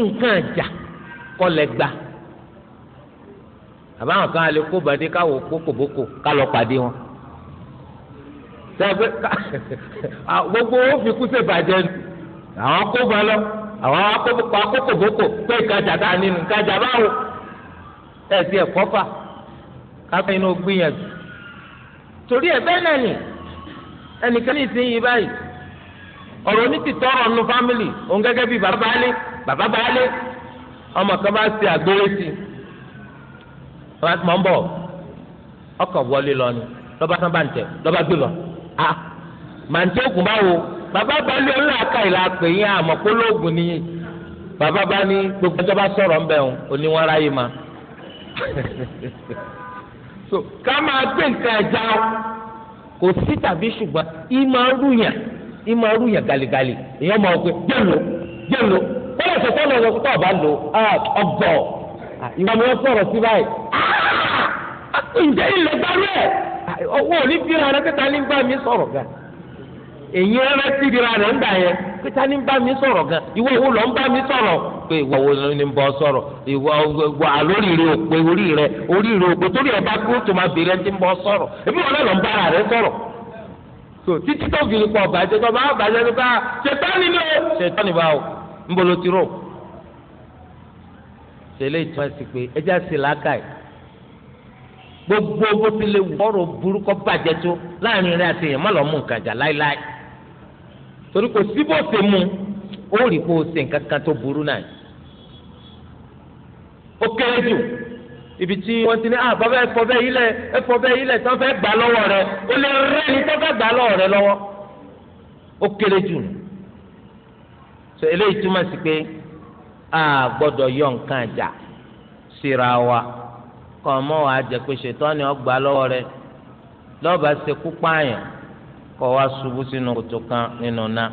nǹkan àjà kọ́lẹ̀ gbà àbáwọn kan alẹ́ kó bàdé káwọ kókòbókò pàdé wọn. sẹ́gbẹ́ [laughs] gbogbo owó fi kú sèbàjẹ́ àwọn kó bọ́ lọ àwọn akókòbókò pé ìkàjà a nínú ìkàjà báwo. ẹ̀sìn ẹ̀kọ́ fà káfíń inú gbìyànjú torí ẹ̀ bẹ́ẹ̀ náà nì ẹnìkan ní ìsinyìí báyìí ọ̀rọ̀ ní ti tọrọ nu fámìlì òun gẹ́gẹ́ bíi bàbá baálé bàbá baálé ọmọ kan bá ṣe àgbèrè sí i mọ̀ ń bọ̀ ọkọ̀ wọlé lọ ni lọ́ba tán bá ń tẹ̀ lọ́ba gbé lọ. a màá tí oògùn báwo bàbá baálé ọlọ́ àká ìlà pè yín àmọ́ kó lóògùn ni bàbá bá ní gbogbo ẹjọ́ bá sọ̀rọ̀ ń bẹ̀ òun òní wọn máa. so ká máa gbé nǹkan ẹja kò sí tàbí ṣùgbọ́n ìmọ̀ rúyàn ìmọ̀ rúyàn gàlígàlí èèyàn máa pé jẹ́lo jẹ́lo kọ́lá ìṣẹ̀kọ́ náà lọ́kọ́ ọ̀bá lò ọgbọ̀ ìwà mi wọ́n sọ̀rọ̀ sí báyìí ilẹ̀ gbárù ẹ̀ ọwọ́ fi hàn ẹ́ mi sọ̀rọ̀ pé ta ni ń bá mi sọ̀rọ̀ gan ìwọ wo lọ ń bá mi sọ̀rọ̀ pé ìwọ wo ni ń bọ́ sọ̀rọ̀ ìwọ wà lórí òpè orí rẹ òpè torí ẹ bá kú tó máa bèrè ẹni ń bọ́ sọ̀rọ̀ èmi wọn náà lọ ń bá ara rẹ sọ̀rọ̀ so títí tó fi ah, o ń bolo ti torí kò sí bó ṣe mu ó rí kó o ṣe nǹkan kan tó burú náà ó kéré jù ibi tí wọ́n ti ní à ah, bàbá ẹ fọ bẹ́ẹ̀ ilẹ̀ ẹ fọ tí wọ́n fẹ́ gbà lọ́wọ́ rẹ ó lè rẹ́ ẹni tó gbà lọ́wọ́ rẹ lọ́wọ́ ó kéré jù so eléyìí túmọ̀ sí pé a gbọ́dọ̀ yọ nǹkan àjà síra wa kọ́ ọ mọ́ wàá jẹ́ pé ṣètọ́ ni ọ gbà lọ́wọ́ rẹ lọ́ọ̀bà ṣekú pààyàn kọ́ wa ṣubú sínú kòtò kan nínú náà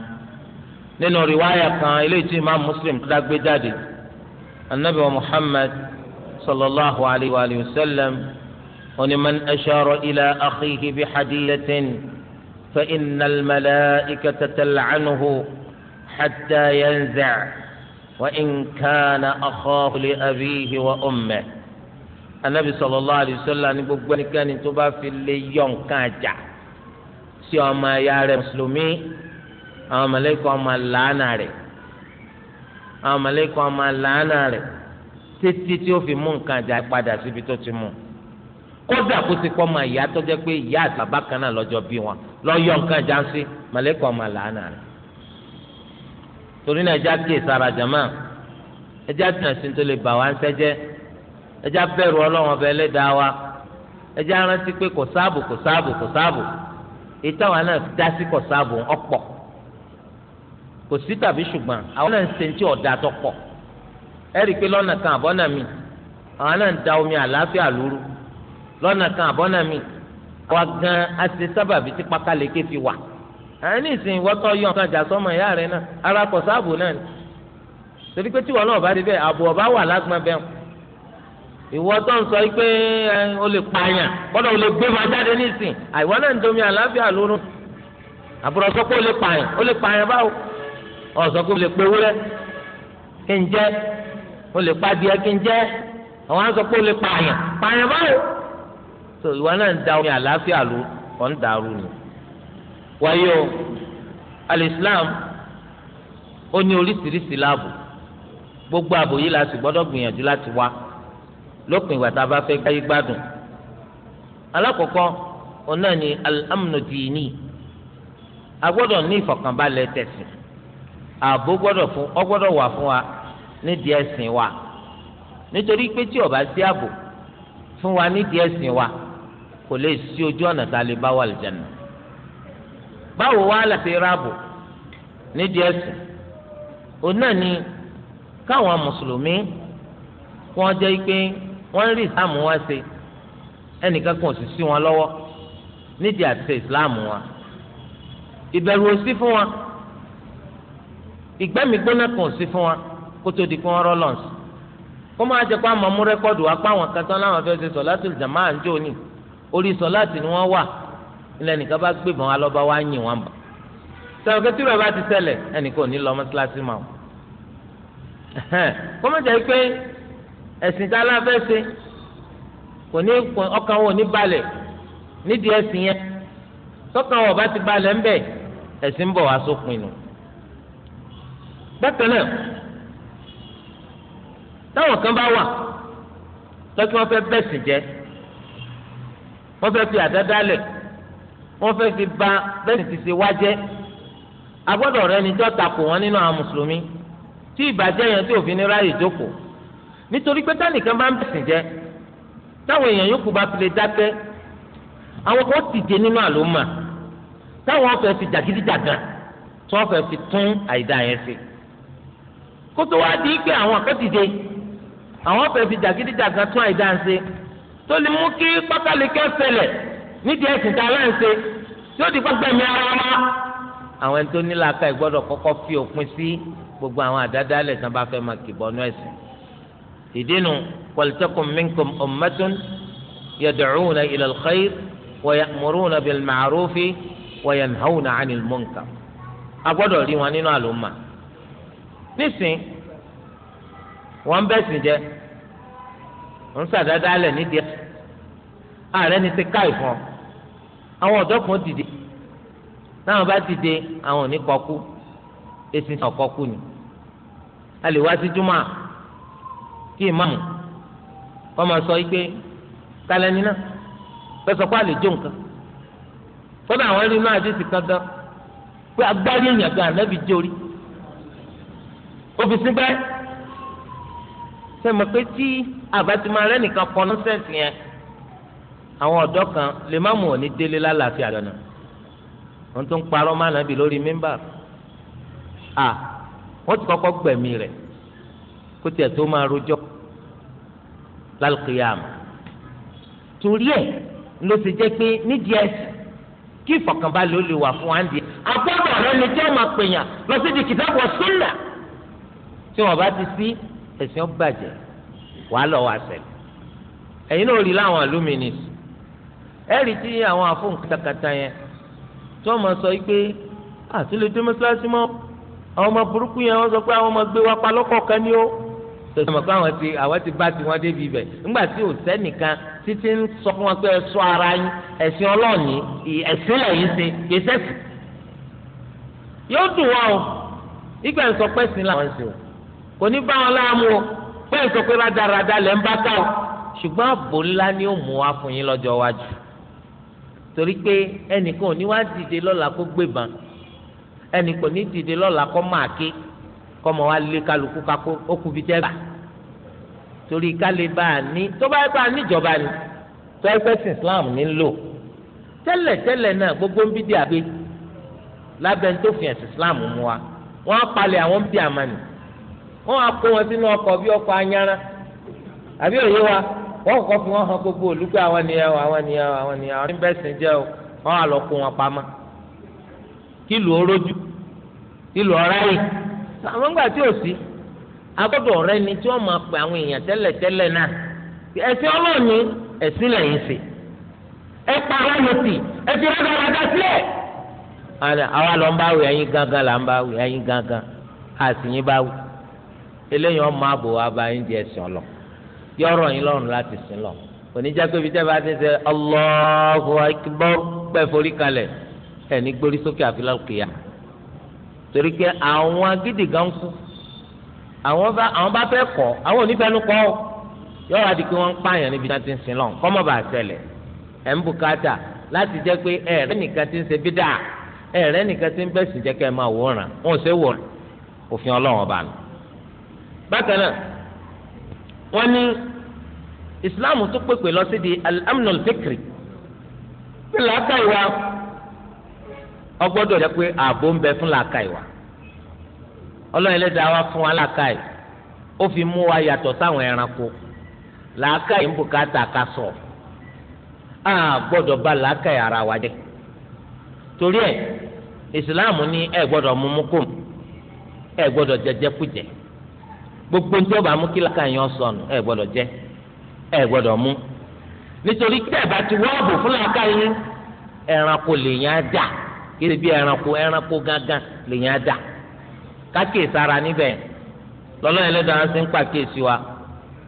nínú riwaayà kan eléyìí tí imam muslim tó dágbé jáde anabi wa muhammad sallallahu alayhi wa sallam oni man asharo ila akhihi bi hadiyatin fa inna almalaa'ikata talcanuhu hatta yanzac wa in kana akhaahu li wa ummeh anabi sallallahu alayhi wa sallam gbogbo ẹnikẹ́ni tó bá fi lè yọ nǹkan tí ọmọ ẹ̀yà rẹ̀ mùsùlùmí àwọn mọ̀lẹ́kọ̀ ọmọ làánà rẹ̀ àwọn mọ̀lẹ́kọ̀ ọmọ làánà rẹ̀ títí tí ó fi mú nǹkan àjà padà síbi tó ti mú kódà kó ti pọ́ ọmọ ìyá tó jẹ́ pé ìyá àti bàbá kan náà lọ́jọ́ bí wọn lọ́yọ̀ nǹkan àjà ń sí mọ̀lẹ́kọ̀ ọmọ làánà rẹ̀ torí náà ẹja kí èsì arajàmá ẹja tìǹà sí tó lè bà wá ń sẹ́jẹ́ ẹja bẹ̀rù ọlọ́run ọbẹ̀ ẹlẹ́dàá wa ẹja rántí pé kò sáàbù kò sáàbù kò sáàbù ètò àwọn náà dásí kọ sáàbù ọ̀pọ̀ kò sí tàbí ṣùgbọ́n àwọn náà ń ṣe tí ọ̀dà tó pọ̀ ẹ rí i pé lọ́nà kan àbọ́nà mi àwọn náà ń da omi àlàáfíà lóru lọ́nà kan àbọ́nà mi wọ́n gan àti sábàbí tí pákáleke fi wà àwọn ìsìn ìwọ́tọ́ yọ̀ kan jà sọ́mọ ìyá rẹ náà ara kọ náà ni torí pé tí wọn náà bá rí bẹ́ẹ̀ ààbò ọ̀bá wà lágbọ́n bẹ́ẹ̀ ìwọ tó ń sọ pé o lè pààyàn kọ́dọ̀ o lè gbé ma jáde nísìn àìwọ náà ń domi àlàáfíà lórun àbúrò sọ pé o lè pààyàn o lè pààyàn báwo ọ sọ pé o lè pe ewúrẹ́ kí n jẹ o lè pa díẹ̀ kí n jẹ àwọn á sọ pé o lè pààyàn pààyàn báwo so ìwọ náà ń da omi àlàáfíà ló ọ̀ ń dàrú ni wáyé o alìsílám ó ní oríṣiríṣi láàbò gbogbo àbò la sì gbọ́dọ̀ gbìyànjú láti wá lópin ìgbà tá a bá fẹ́ káyé gbádùn alákọ̀ọ́kọ́ ọ̀nà ni al-amnu dini a gbọ́dọ̀ ní ìfọ̀kànbalẹ̀ tẹ̀sìn ààbò gbọ́dọ̀ fún ọ gbọ́dọ̀ wà fún wa nídìí ẹ̀sìn wa nítorí pé tí ó bá sí ààbò fún wa nídìí ẹ̀sìn wa kò lè sí ojú ọ̀nà tá a lè bá wà lìjẹ̀nà báwo wá láti ráàbò nídìí ẹ̀sìn ọ̀nà ni káwọn mùsùlùmí kí jẹ́ pé wọ́n rí islam wa ṣe ẹnìkan kan sì sí wọn lọ́wọ́ nídìí àti islam wa ìbẹ̀rù ò sí fún wa ìgbẹ́mi gbóná kan ò sí fún wa kó tó di kó wọ́n rọ́lọ́ǹsì kó máa jẹ́ kó a máa mú rẹ́kọ́dù wa pa àwọn kan tán láwọn fẹ́ẹ́ ṣe sọ̀láàtì jàmáà ń jò ní orí sọ̀láàtì ni wọ́n wà ilẹ̀ nìkan bá gbébọn wa wa yìn wọn bá sọ̀rọ̀ kẹ́tí rẹ̀ bá ti ṣẹlẹ̀ ẹnìkan ò ní lọ mọ́sálásí máa kó má jẹ́ pé ẹ̀sìn tá a lá fẹ́ ṣe kò ní ọkàn wọn ò ní balẹ̀ nídìí ẹ̀sìn yẹn tọkàn wọn ò bá ti balẹ̀ ńbẹ ẹ̀sìn ń bọ̀ wá sópin nù. bákan náà táwọn kan bá wà lọ́sí wọ́n fẹ́ bẹ̀sìn jẹ́ wọ́n fẹ́ fi àdádálẹ̀ wọ́n fẹ́ fi ba bẹ́sìn ti ṣe wá jẹ́ agbọ́dọ̀ rẹ níjọ́ takò wọn nínú àwọn mùsùlùmí tí ìbàjẹ́ yẹn tí òfin ní ráàyè jókòó nítorí pé tánìkan bá ń bẹ̀sìn jẹ́ táwọn èèyàn yòókù bá fi lè dákẹ́ àwọn kan ti dé nínú àlòmà táwọn fẹ́ fi jàgídíjàgan tí wọ́n fẹ́ fi tún àìdá yẹn ṣe kótó wá di pé àwọn kan ti dé àwọn fẹ́ fi jàgídíjàgan tún àìdá yẹn ṣe tó lè mú kí pákáleke ṣẹlẹ̀ nídìí ẹ̀sìn tá a láǹ ṣe tí ó di gbàgbẹ́mí ara wa àwọn ẹni tó nílò aka ìgbọ́dọ̀ kọ́kọ́ fi òpin sí gbogbo àwọn àdádálẹ̀ tí wọ́n bá fẹ́ máa kìbọnú ẹ̀sìn ìdínú wàlítẹ́kùn minkum ummatun yad'una ila alkhayr wa ya'muruna bil ma'rufi wa yanhauna 'anil munkar agbọ́dọ̀ rí wọn nínú àlùmà nísìn wọn bẹ sìn jẹ ń sàdáadáa lẹ nídìí ààrẹ ni ti ká ìfọn àwọn ọ̀dọ́ kan dìde táwọn bá dìde àwọn ò ní kọkú èsì ọkọkú ni a lè wá sí júmọ kí ìmáàmù kọ́ máa sọ pé kálẹ́ni náà fẹ́ sọ pé àlè jó nǹkan kódà àwọn ẹni náà àdéhùn kan dán pé agbárí èèyàn gan ànábì jórí òfìsí bẹ́ẹ̀ sẹ́mi pé tí àbátimá rẹ nìkan kọ́ nọ́sẹ̀sì yẹn àwọn ọ̀dọ́ kan lè má mú òní délé lálàáfíà lọ́nà wọn tún parọ́ má nàbì lórí mímbà à wọ́n ti kọ́kọ́ gbẹ̀mí rẹ̀ kó tiẹ̀ tó máa rojọ́ lálùkìyàmù torí ẹ̀ ló ti jẹ́ pé nídìí ẹ̀sìn kí ìfọ̀kànbalẹ̀ ó lè wà fún àǹdí àgbọ̀dọ̀ rẹ ni jẹ́ ọmọ pèèyàn lọ sí di kìtàbù sunna tí wọn bá ti sí ẹ̀sìn ọgbàjẹ́ wàá lọ wá ṣẹlẹ̀ ẹ̀yin náà rí láwọn alúmínì ẹ̀rí tí àwọn afọ́nkàtàkàtà yẹn tí wọ́n máa sọ pé àti lè dé àwọn ọmọ burúkú yẹn wọ́n sọ pé àwọn ọmọ gbé wa pa lọ́kọ̀ọ̀kan ni ó tòṣì mọ̀ pé àwọn ti àwọn ti bá tiwọn débi ibẹ̀ nígbà tí ò sẹ́nìkan títí ń sọ fún wọn pé ẹ sọ ara yín ẹ̀sìn ọlọ́ọ̀ni ẹ̀sìn lẹ́yìn ṣe kìí sẹ́sì. yóò dùn wọn o ìgbà ń sọ pé ẹ̀sìn làwọn ń ṣe o kò ní bá wọn láàmú o pé ń sọ pé rádaràda lẹ́ ń bá ká o ṣùgbọ́n àbò ńlá ni ó mú wa fún yín lọ́jọ́ iwájú torí pé ẹnìkan ò ní wá dìde lọ́la kó gbébọn ẹnìkan ò ní dìde lọ́la kó máa ké kọ́mọ wa lé kálukú kakó ó kú fi tẹ́ bà torí kálíbà ní tó bá yẹ kó àníjọba ni tó yẹ pé sin Islam ní lò tẹ́lẹ̀ tẹ́lẹ̀ náà gbogbo ń bí di àgbé lábẹ́ tó fi ẹ̀sìn Islam mu wa wọ́n á palẹ̀ àwọn bí àmàlì wọ́n á kó wọn sínú ọkọ̀ bí ọkọ̀ anyára àbí òye wa wọ́n kọ́kọ́ fi wọ́n hàn gbogbo olùgbé àwọn nìyẹn àwọn nìyẹn àwọn nìyẹn àwọn níbẹ̀ sìn jẹ́ o wọ́n á lọ àwọn gbà tí ò sí agbọ́dọ̀ rẹ ni tí wọ́n máa pè àwọn èèyàn tẹ́lẹ̀ tẹ́lẹ̀ náà ẹ̀sìn ọlọ́ọ̀ni ẹ̀sìn lẹ́yìn sí ẹ pa aláyọ̀ sí ẹ fi rẹ́gbẹ̀ wá àwa lọ ń bá wí ẹyin gángan là ń bá wí ẹyin gángan àsìyìn bá wí eléyìí ọmọ àbò wa bá yín di ẹ̀sìn ọlọ yọrọ yín lọ́rùn láti sìn lọ oníjà pé ibi ti sẹ forí kalẹ̀ gbórí sókè torí pé àwọn agídì gan kú àwọn bá àwọn bá fẹ́ kọ́ àwọn onífẹ́nu kọ́ yọ̀rọ̀ àti pé wọ́n ń pààyàn níbi náà ti ń sin lọ kọ́mọ̀ bá ṣẹlẹ̀ ẹ̀ ń bùkátà láti jẹ́ pé ẹ̀rẹ́ nìkan ti ń ṣe bídà ẹ̀rẹ́ nìkan ti ń bẹ̀sìn jẹ́ kẹ́ ẹ máa wòran wọn ò ṣe wò òfin ọlọ́run ọba nù. bákan náà wọ́n ní ìsìláàmù tó pèpè lọ sí di al-amnul fikri pé làákàyè wa. ọgbọ́dọ̀ jẹ́ pé ààbò ń bẹ fún làákàyè wa ọlọ́run ẹlẹ́dàá wa fún wa làákàyè ó fi mú wa yàtọ̀ sáwọn ẹranko làákàyè ń bùkátà ká sọ a bá làákàyè ara wa torí ẹ̀ ìsìláàmù ní ẹ gbọ́dọ̀ mú mú ẹ jẹjẹ kújẹ gbogbo ní ọba mú kí làákàyè yẹn sọnù ẹ jẹ ẹ mú nítorí bá ti wọ́ọ̀bù fún làákàyè ẹranko lè yẹn á dà. kìí ṣe bí ẹranko ẹranko gángan lèyìn ada kákìí sára níbẹ̀ lọ́lọ́ yẹn lọ́dọ̀ àwọn ṣe ń pàkíyèsí wa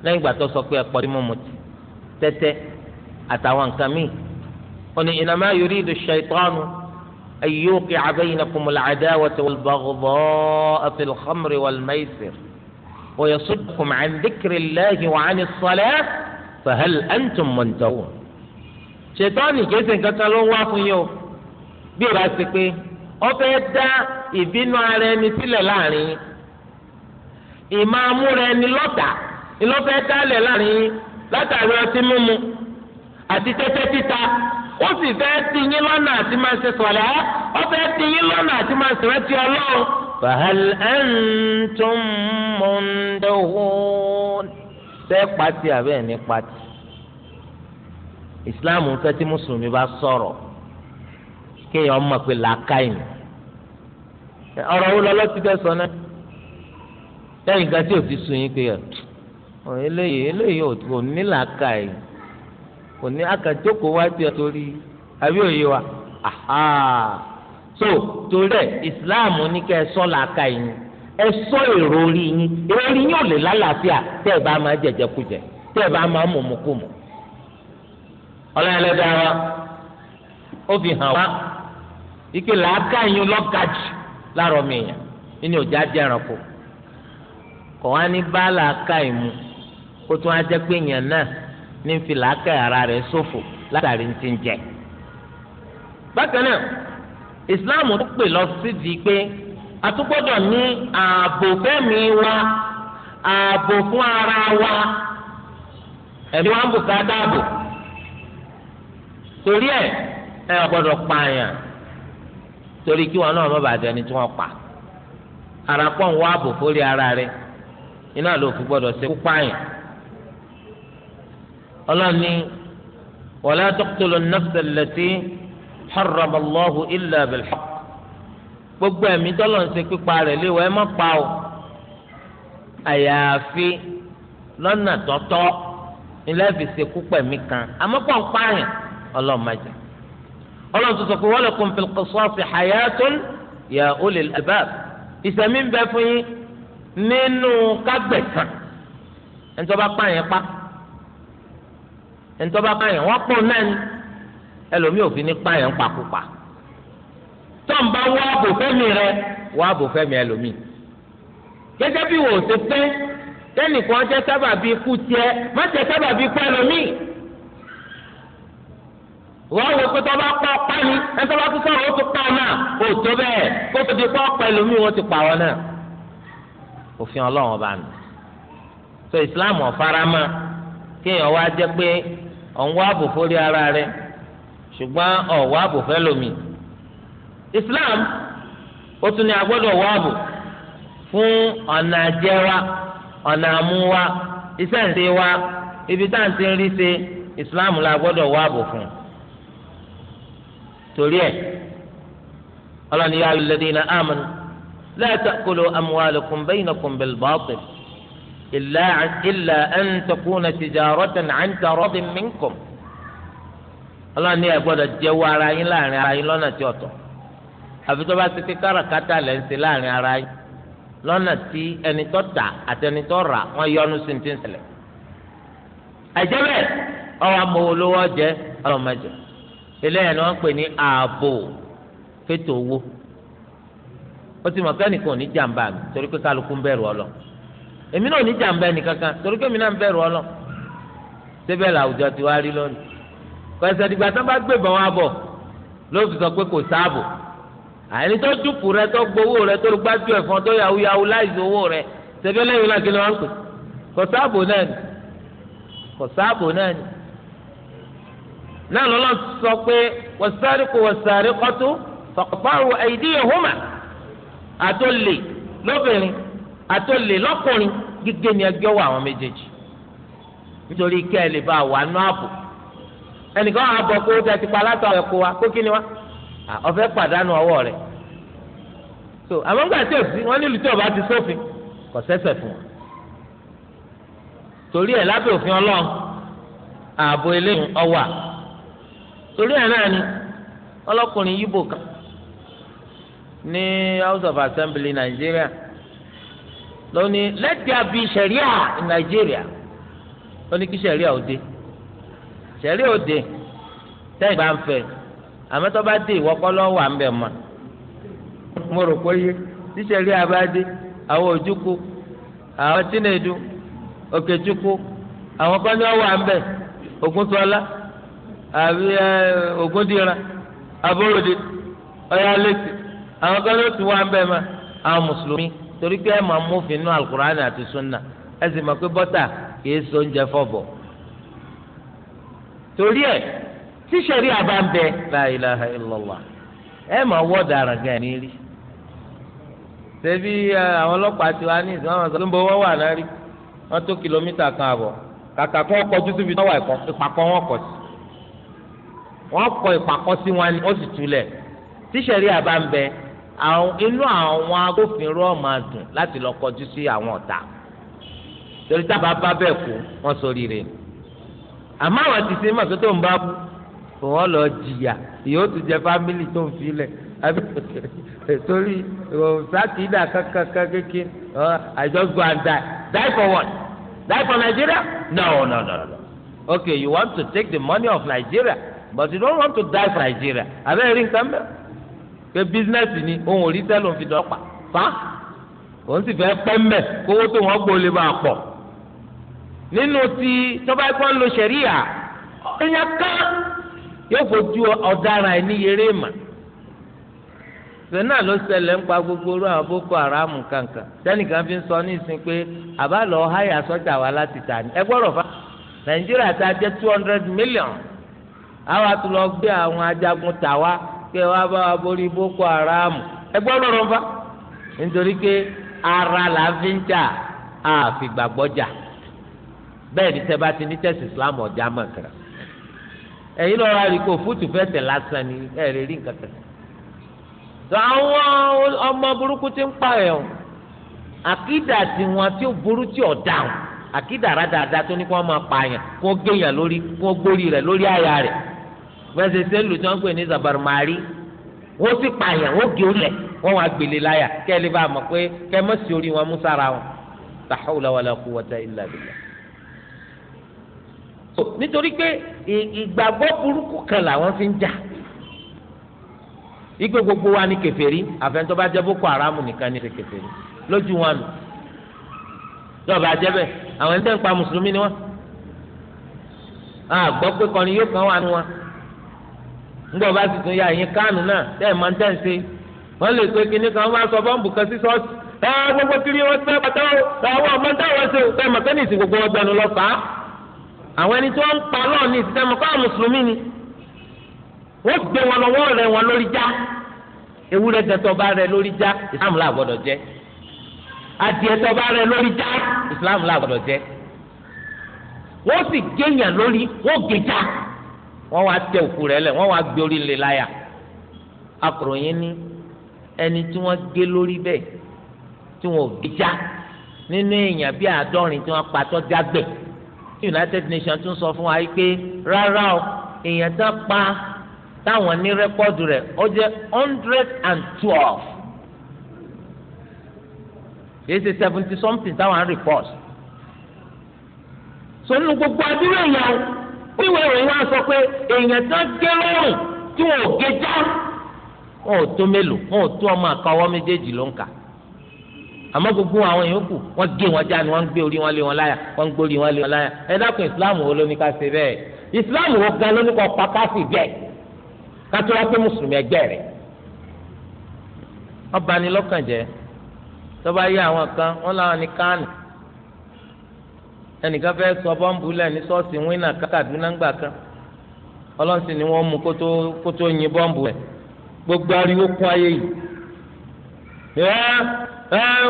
lẹ́yìn ìgbà tó sọ pé ẹ̀pọ̀ tí mo mú ti tẹ́tẹ́ àtàwọn nǹkan míì ó ní innama yuridu ash-shaytanu an yuqi'a baynakum al-'adawata wal-baghdha'a fil khamri wal-maysir wa yasuddakum 'an dhikrillahi wa 'ani s-salati fa hal antum muntahun. ṣètọ́ni kìí ṣe nǹkan kan ló ń wá fún yín bí o bá ṣe pé ọfẹ dá ìbínú ara ẹni sílẹ̀ láàrin ìmàmúra ẹni lọ́tà ìlọfẹ dálẹ̀ láàrin látàrí ọtí mímu àti tẹ́tẹ́ títa ó sì fẹ́ ti yín lọ́nà àti máa ṣe sọ̀lá ó fẹ́ ti yín lọ́nà àti máa ṣe rántí ọlọ́run. fahal antum mundahun. pati àbẹ́ ní pati. ìsìláàmù fẹ́ tí mùsùlùmí bá kéèyàn ọmọ pé làákàyìn ọ̀rọ̀ wo lọ lọ́tí bẹ́ẹ̀ sọ náà lẹ́yìn kan tí ò sun yín pé ọ̀ eléyìí eléyìí ò ní làákàyìn kò ní wá bí torí àbí òye wa so torí ẹ Islam ní kẹ́ ẹ sọ làákàyìn ẹ sọ èrò orí yín èrò orí yín ò lè lálàáfíà tẹ́ ẹ bá máa ẹ bá máa ó fi hàn wá. ike làákà yín lọ́gàjì láàrọ̀ mìíràn nínú ọjà jẹ́ ẹranko kọ̀ wá ní bá làákà yín mu kó tún á jẹ́ pé èèyàn náà ní fi làákà ara rẹ̀ látàrí ti ń jẹ. bákan náà islam tó pè lọ sídìí pé a ní ààbò wa ààbò fún ara wa ẹ̀mí wa ń bùkátà ààbò torí ẹ̀ ẹ̀ torí kí wọn náà má bàa dẹni tí wọn pa ara pọ̀ ń wá ààbò fórí ara rẹ iná ló fi gbọdọ̀ ṣe kópa yẹn ọlọ́ni wala taqtulu an-nafsa allati harrama Allahu illa bil-haqq gbogbo ẹ̀mí tọ́lọ̀ ń ṣe pípa rẹ̀ léwọ́ ẹ má pa o àyàfi lọ́nà tọ́tọ́ ilé ìfìsèkú pẹ̀mí kan àmọ́ pọ̀ ń pààyàn ọlọ́ọ̀ má jẹ́ ọlọ́run tó sọ pé walakum fil qisasi hayatun ya ulil albab ìsẹ̀mí ń bẹ fún yín nínú kágbẹ̀sán ẹni tó bá pààyàn pa ẹni tó bá pààyàn wọ́n pọ̀ náà ni ẹlòmíì òfin ní pààyàn pakópa tọ́ǹba wọ́ àbòfẹ́mi rẹ wọ́ àbòfẹ́mi ẹlòmíì gẹ́gẹ́ bí wò ó ṣe fẹ́ kẹ́nìkan jẹ́ sábàbí ikú tiẹ̀ má jẹ́ sábàbí ikú ẹlòmíì wọ́n wọ pé tọ́ bá pọ̀ pa ni ẹni tọ́ bá tún sọ̀rọ̀ ó tún pa ọ náà ó tó bẹ́ẹ̀ kó tó di pọ̀ pẹ̀lú mi wọ́n ti pa ọ náà òfin ọlọ́run ọba nù so islam ọ̀farama kéèyàn wá jẹ́ pé ọ̀hún wá bò fórí ara rẹ ṣùgbọ́n ọ̀wọ́ àbò lomi islam ó tún ní agbọ́dọ̀ wọ́ àbò fún ọ̀nà àjẹwà ọ̀nà àmúwá iṣẹ́ ìṣe wa ibi tá à ń ti rí ṣe islam la gbọ́dọ̀ wọ́ àbò fún un torí ẹ̀ ọlọ́ni yá alladhina amanu la ta'kulu amwalakum baynakum bil batil illa an takuna tijaratan an taradin minkum ọlọ́ni ẹ̀ gbọ́dọ̀ jẹ́wọ́ ara yín láàrin ara yín lọ́nà tí ọ̀tọ̀ àfi tó bá ti fi káràkátà lẹ́ ń láàrin ara yín lọ́nà tí ẹni tó tà yọnu sí ti ń ṣẹlẹ̀ àìjẹ́ bẹ́ẹ̀ ọwọ́ eléyà ni wọ́n pè ní ààbò fétò owó ó ti mọ̀ kẹ́nìkan ò ní jàǹbá mi torí pé kálukú ń bẹ̀rù ọlọ èmi náà ò ní jàǹbá ẹnì kankan torí pé èmi náà ń bẹ̀rù ọlọ síbẹ̀ làwùjọ ti wá rí lónìí pẹ̀sẹ̀ dìgbà tó bá gbébọn wá bọ̀ ló fi sọ pé kò sáàbò àyẹ̀ni tó dùpù rẹ tó gbowó rẹ tó gbájú ẹ̀fọn tó yàwó yàwó láìsí owó rẹ síbẹ̀ lẹ́yìn lákìlẹ̀ wọn kò sáàbò náà ni kò sáàbò náà ni náà lọ́lọ́ sọ pé was-sariqu was-sariqatu faqta'u aydiyahuma àtòlè lóbìnrin àtòlè lọ́kùnrin gígé ni ẹgbẹ́ wọ àwọn méjèèjì nítorí kí ẹ lè bá wà nù ààbò ẹnìkan á bọ̀ pé ó tẹ́ ti pa látọ̀ ẹ̀kọ́ wa kó kí ni wa ọ̀fẹ́ pàdánù ọwọ́ rẹ̀ so àwọn gbà tí òsì wọn nílùú tí ọba ti sófin kò sẹ́sẹ̀ fún wọn torí ẹ̀ lábẹ́ òfin ọlọ́run ààbò eléyìí ọwà torí ẹ̀ náà ni ọlọ́kùnrin yíbò kan ní house of assembly Nigeria. lónìí let there be sẹ̀ríà in nàìjíríà ó ní kí sẹ̀ríà ó dé sẹ̀ríà ó dé tẹ́yìn bá ń fẹ́ àmọ́tọ́ bá dé ìwọ́kọ́ lọ́wọ́ à ń bẹ̀ mọ́ mo rò pé yé tí sẹ̀ríà bá dé àwọn òjúkú àwọn tínédu òkèjúkú àwọn kan ní ọwọ́ à ń bẹ̀ ògúntọ́lá. àbí ògúndìran abóròde ọ̀yà lẹ́sì àwọn kan ló ti wá ń bẹ́ẹ̀ ma àwọn mùsùlùmí torí pé ẹ̀ àti sunna ẹ̀ sì mọ̀ pé bọ́tà kìí so oúnjẹ fọ̀bọ̀ torí tí sẹ́rí àbá ilaha wọ́ dara gan ní rí ṣebí àwọn ọlọ́pàá ti wá ní ìsìn àwọn ń wọ́n wà náà rí wọ́n tó kìlómítà kan àbọ̀ wọ́n kọ ìpàkọ́ sí wọn ó sì túlẹ̀ tíṣẹ̀rí àbá inú àwọn agbófinró ọ̀ máa láti lọ kọjú sí àwọn ọ̀tá torí tábà bá bẹ́ẹ̀ kú wọ́n sórí rẹ̀ àmọ́ àwọn ti ṣe é tó ń bá kú wọ́n lọ jìyà ìyóò tún jẹ fámìlì tó ń filẹ̀ torí sákìdá kankan kékeré I just die for what die for Nigeria no no no no okay you want to take the money of Nigeria. but you don't want to die for Nigeria abẹ́ rí nǹkan pé bísínẹ́sì ni òun ò rí sẹ́lò ń fi dọ́pà fa òun sì fẹ́ pẹ́ kówó tó wọ́n gbó lè bá a pọ̀ nínú ti tọ́ba ẹ̀kọ́ ń lo sẹ̀ríyà ẹ̀yà kan yóò fojú ọ̀daràn ẹ̀ yẹrẹ mà sẹ́nà ló ṣẹlẹ̀ ń pa gbogbo orú àwọn boko haram kankan sẹ́nìkan fi ń sọ ní ìsìn pé àbá háyà sọ́jà wa láti tà ní ẹgbọ́rọ̀ fa Nàìjíríà ta jẹ́ two hundred million àwọn àtúlọ̀ gbé àwọn ajagun tà wá kí wọ́n boko haram ẹgbọ́n lọ́rọ̀ bá nítorí pé ara là ń fi ń jà bẹ́ẹ̀ ni ti ní islam ọ̀já mọ̀kàrà ẹ̀yin lọ́ọ́ ra rí fẹsẹ̀ lásán ni ẹ̀ lè rí nǹkan kan tó àwọn ọmọ burúkú ti ń pa ẹ̀ àkídà tiwọn tí ó burú tí dáhùn àkídà tó ní bẹ́sẹ̀ ṣe ń lù tí wọ́n ń pè ní zabarumari wọ́n sì pààyàn wọ́n gé olè wọ́n wá gbélé láyà kẹ́ ẹ lè bá a mọ̀ pé kẹ́ ẹ mọ̀ sí orí wọn mú sára wọn la hawla wala quwwata illa billah. nítorí pé ìgbàgbọ́ burúkú kan làwọn fi ń jà igbe gbogbo wa ni kèfèrí àfẹnutọ́ bá jẹ́ boko haram nìkan ní kèfèrí lójú wọn nù lọ́ọ̀bà jẹ́bẹ̀ àwọn ẹni tẹ́ ń pa mùsùlùmí ni wọ́n àgbọ́ pé kọ́ni yóò kàn wà nù wọn ńgbọ́ bá sì tún ya ẹ̀yin kánù náà tẹ́ ẹ̀ máa ń tẹ̀sí wọ́n lè pé kinní kan wọ́n á sọ bọ́ǹbù kan sí sọ́ọ̀sì ẹ gbogbo kiri wọn ti fẹ́ pàtó àwọn ọmọ táwọn ṣe òkè mọ̀kẹ́nìsì gbogbo ọgbẹ́nu lọ fà á àwọn ẹni tó ń pa náà ní ìsìtẹ́ mọ̀ káwọn mùsùlùmí ni wọ́n ti gbé wọn lọ wọ́n rẹ̀ wọn lórí já ewúrẹ́ tẹ tọ́ bá rẹ̀ lórí já ìsìlámù là gbọ́dọ̀ jẹ́ adìẹ tọ́ bá rẹ̀ lórí já ìsìlámù là gbọ́dọ̀ já wọ́n wá tẹ òkú rẹ̀ lẹ̀ wọ́n wá gbé orí lè láyà akọ̀ròyìn ní ẹni tí wọ́n gé lórí bẹ́ẹ̀ tí wọ́n ò gbé já nínú èèyàn bíi àádọ́rin tí wọ́n patọ́ jágbẹ̀ United Nations tún sọ fún wa pé rárá o èèyàn tán pa táwọn ní rẹ́kọ́dù rẹ̀ ó jẹ́ hundred and twelve kì ṣe seventy something táwọn report sọ nínú gbogbo àdúrà èèyàn o wíwẹ̀ rẹ̀ wá sọ pé èèyàn tó gé lọ́rùn tí wọn ò gé já wọn ò tó mélòó wọn ò tó ọmọ àkàwọ́ méjèèjì ló ń kà àmọ́ gbogbo àwọn èèyàn kù wọ́n gé wọn já ni wọ́n ń gbé orí wọn lé wọn láyà wọ́n ń gbórí wọn lé wọn láyà ẹ dákun ìsìláàmù wo ló ní ká ṣe bẹ́ẹ̀ ìsìláàmù wo gan ló ní kọ́ pa káfí bẹ́ẹ̀ kátó wá pé mùsùlùmí ẹgbẹ́ rẹ̀ ọba ni lọ́kànjẹ́ tó yé àwọn kan wọ́n láwọn ní kánù ẹnìkan fẹ́ sọ bọ́ǹbùlẹ̀ ní sọ́ọ̀sì wínà ńgbà kan ọlọ́sìn ni wọ́n mú kótó kótó yin bọ́ǹbù rẹ̀ gbogbo ariwo kún ayé yìí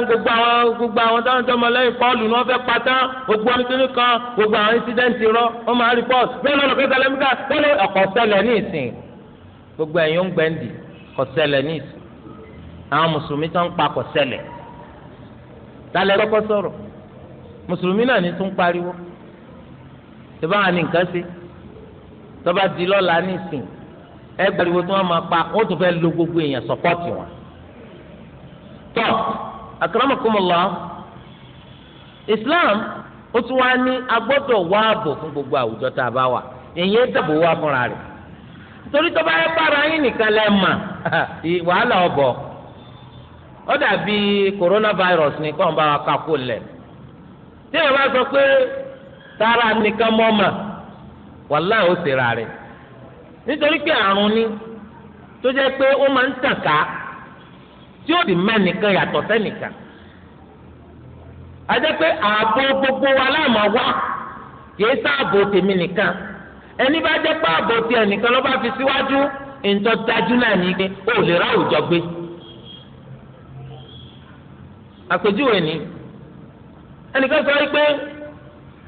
gbogbo àwọn gbogbo àwọn táwọn tó pọ́ọ̀lù ni wọ́n fẹ́ pátá gbogbo àwọn tó ní kan gbogbo àwọn rọ wọ́n mùsùlùmí náà ní tún pariwo ìbá wa ní nǹkan ṣe tọ́ba di lọ́la nísìn ẹ gbàdúgbò tí wọ́n máa pa wọ́n tún fẹ́ lo gbogbo èèyàn sọ́pọ́ọ̀tì wọn. tọ́ akramakumullah Islam ó tún wá ní agbọ́dọ̀ wá ààbò fún gbogbo àwùjọ tá a bá wà èèyàn dàbò wá fúnra rẹ̀ torí tọ́ba ẹ bára yín nìkan lẹ́ mà [laughs] wàhálà ọ̀bọ̀ ó dàbí coronavirus nìkan bá wa kakó lẹ̀ tí bá sọ pé tara nìkan mọ mà wàhálà ó sì rẹ nítorí pé àrùn ni tó jẹ́ pé ó máa ń tàn ká tí ó sì mẹ́nìkan yàtọ̀ sẹ́nìkan a jẹ́ pé ààbò gbogbo wa láàmú wá kìí sáàbò tèmi nìkan ẹni bá pé ààbò nìkan fi síwájú ìtọ́ dájú náà ní ike ó lè ráwùjọ gbé ẹnìkan sọ wípé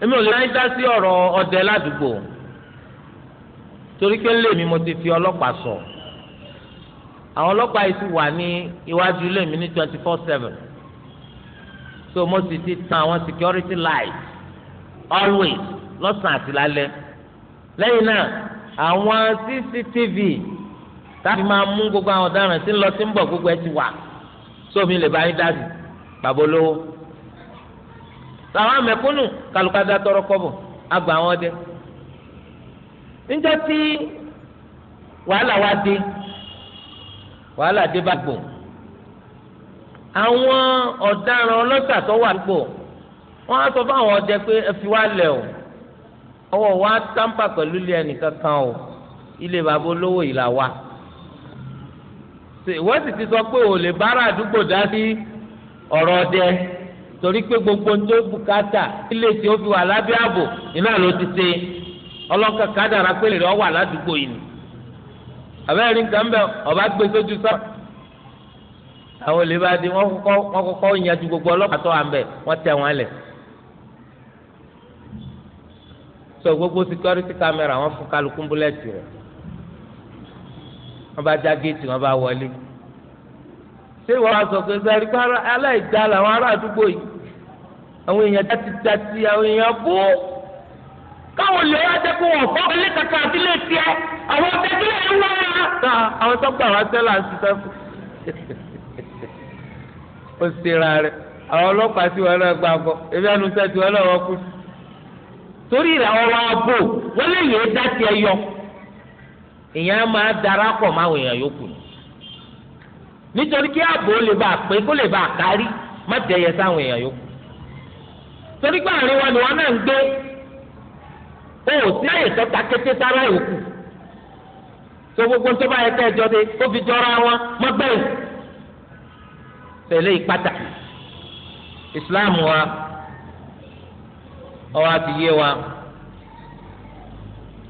èmi ò lè máa ń dá sí ọ̀rọ̀ ọdẹ ládùúgbò torí pé ńlé mi mo ti fi ọlọ́pàá sọ àwọn ọlọ́pàá yìí ti wà ní iwájú ilé mi ní twenty four seven so mo sì ti tan àwọn security light always lọ́sàn-án àti lálẹ́ lẹ́yìn náà àwọn cctv táfi máa mú gbogbo àwọn ọ̀daràn tí ń lọ sí ń bọ̀ gbogbo ẹ ti wà sómi lè bá yín dá sí bàbá olówó làwọn amẹ̀kúnnù kàlùkàdà tọrọ kọ́bọ̀ àgbà wọn dẹ níjọ́ tí wàhálà wa dé wàhálà dé bá gbò àwọn ọ̀daràn ọlọ́ṣà tó wà gbò wọ́n á sọ fáwọn ọdẹ pé ẹ fi wá lẹ̀ o ọwọ́ wa táǹpà pẹ̀lú ilé ẹnìkan kan o ilé bàbá olówó yìí là wà ìwọ́n sì ti sọ pé o lè bára àdúgbò dá sí ọ̀rọ̀ ọdẹ torí pé gbogbo tó bùkátà ilé tí ó fi wà lábẹ́ ààbò iná ló ti ṣe ọlọ́kà kádàrá pé lè wà ládùúgbò yìí àbẹ́rẹ́ nǹkan bẹ́ẹ̀ ọba gbé sójú sọ́ọ̀ àwọn olè bá di wọn kọ́kọ́ yanjú gbogbo ọlọ́pàá tó wà ń bẹ wọ́n tẹ̀ wọ́n lẹ̀ sọ gbogbo security camera wọ́n fún kálukú búlẹ̀tì rẹ̀ wọ́n bá já géètì wọ́n bá wọlé ṣé ìwọ wa sọ pé sẹ́rí pé aláìdá làwọn ará àdúgbò yìí àwọn èèyàn dá ti dá ti àwọn èèyàn bú káwọn lè wá dẹ́kun wọn fọ́ ilé kàkà àti ilé àwọn ọ̀tẹ́tílẹ̀ ń wá wa. àwọn tó gbà wá sẹ́là ń ṣiṣẹ́ fún ó ṣera rẹ̀ àwọn ọlọ́pàá tí wọn náà gbà bọ̀ ebi ànúṣẹ́ tí wọn náà wọ́n kú torí rẹ̀ ọ̀rọ̀ ààbò wọ́n lè yẹ dá tiẹ̀ yọ èèyàn máa darapọ̀ máwọn èèyàn yòókù ni nítorí kí ààbò lè bá a pé kó lè bá a kárí má dẹ̀yẹ sáwọn èèyàn yòókù. torí pé àárín wa ni wọn náà ń gbé o ò sí àyè sọta kété sára ìwòkù tó gbogbo tó bá yẹ ká ẹjọ dé ó fi jọra wọn mọgbẹyìn tẹlẹ ìpàtà ìsìláàmù wa ọwọ àti yé wa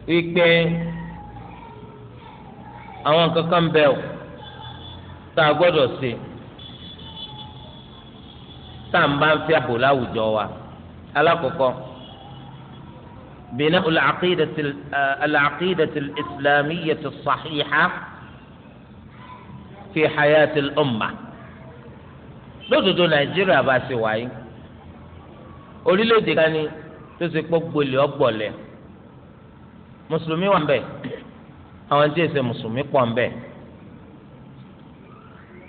wípé àwọn kankan bẹ ọ tá a gbọ́dọ̀ ṣe tá a bá ń fi àbò láwùjọ wa. alakoko bina alaqidati eh, islamiyati saxiixa fi hayati umma lódodo nàìjíríà bá ṣe wáyé orílẹ̀-èdè kan ní tó ṣe pọ́ gbolè ọgbọ̀lẹ̀ mùsùlùmí wà ń bẹ̀ àwọn tí èsè mùsùlùmí pọ̀ ń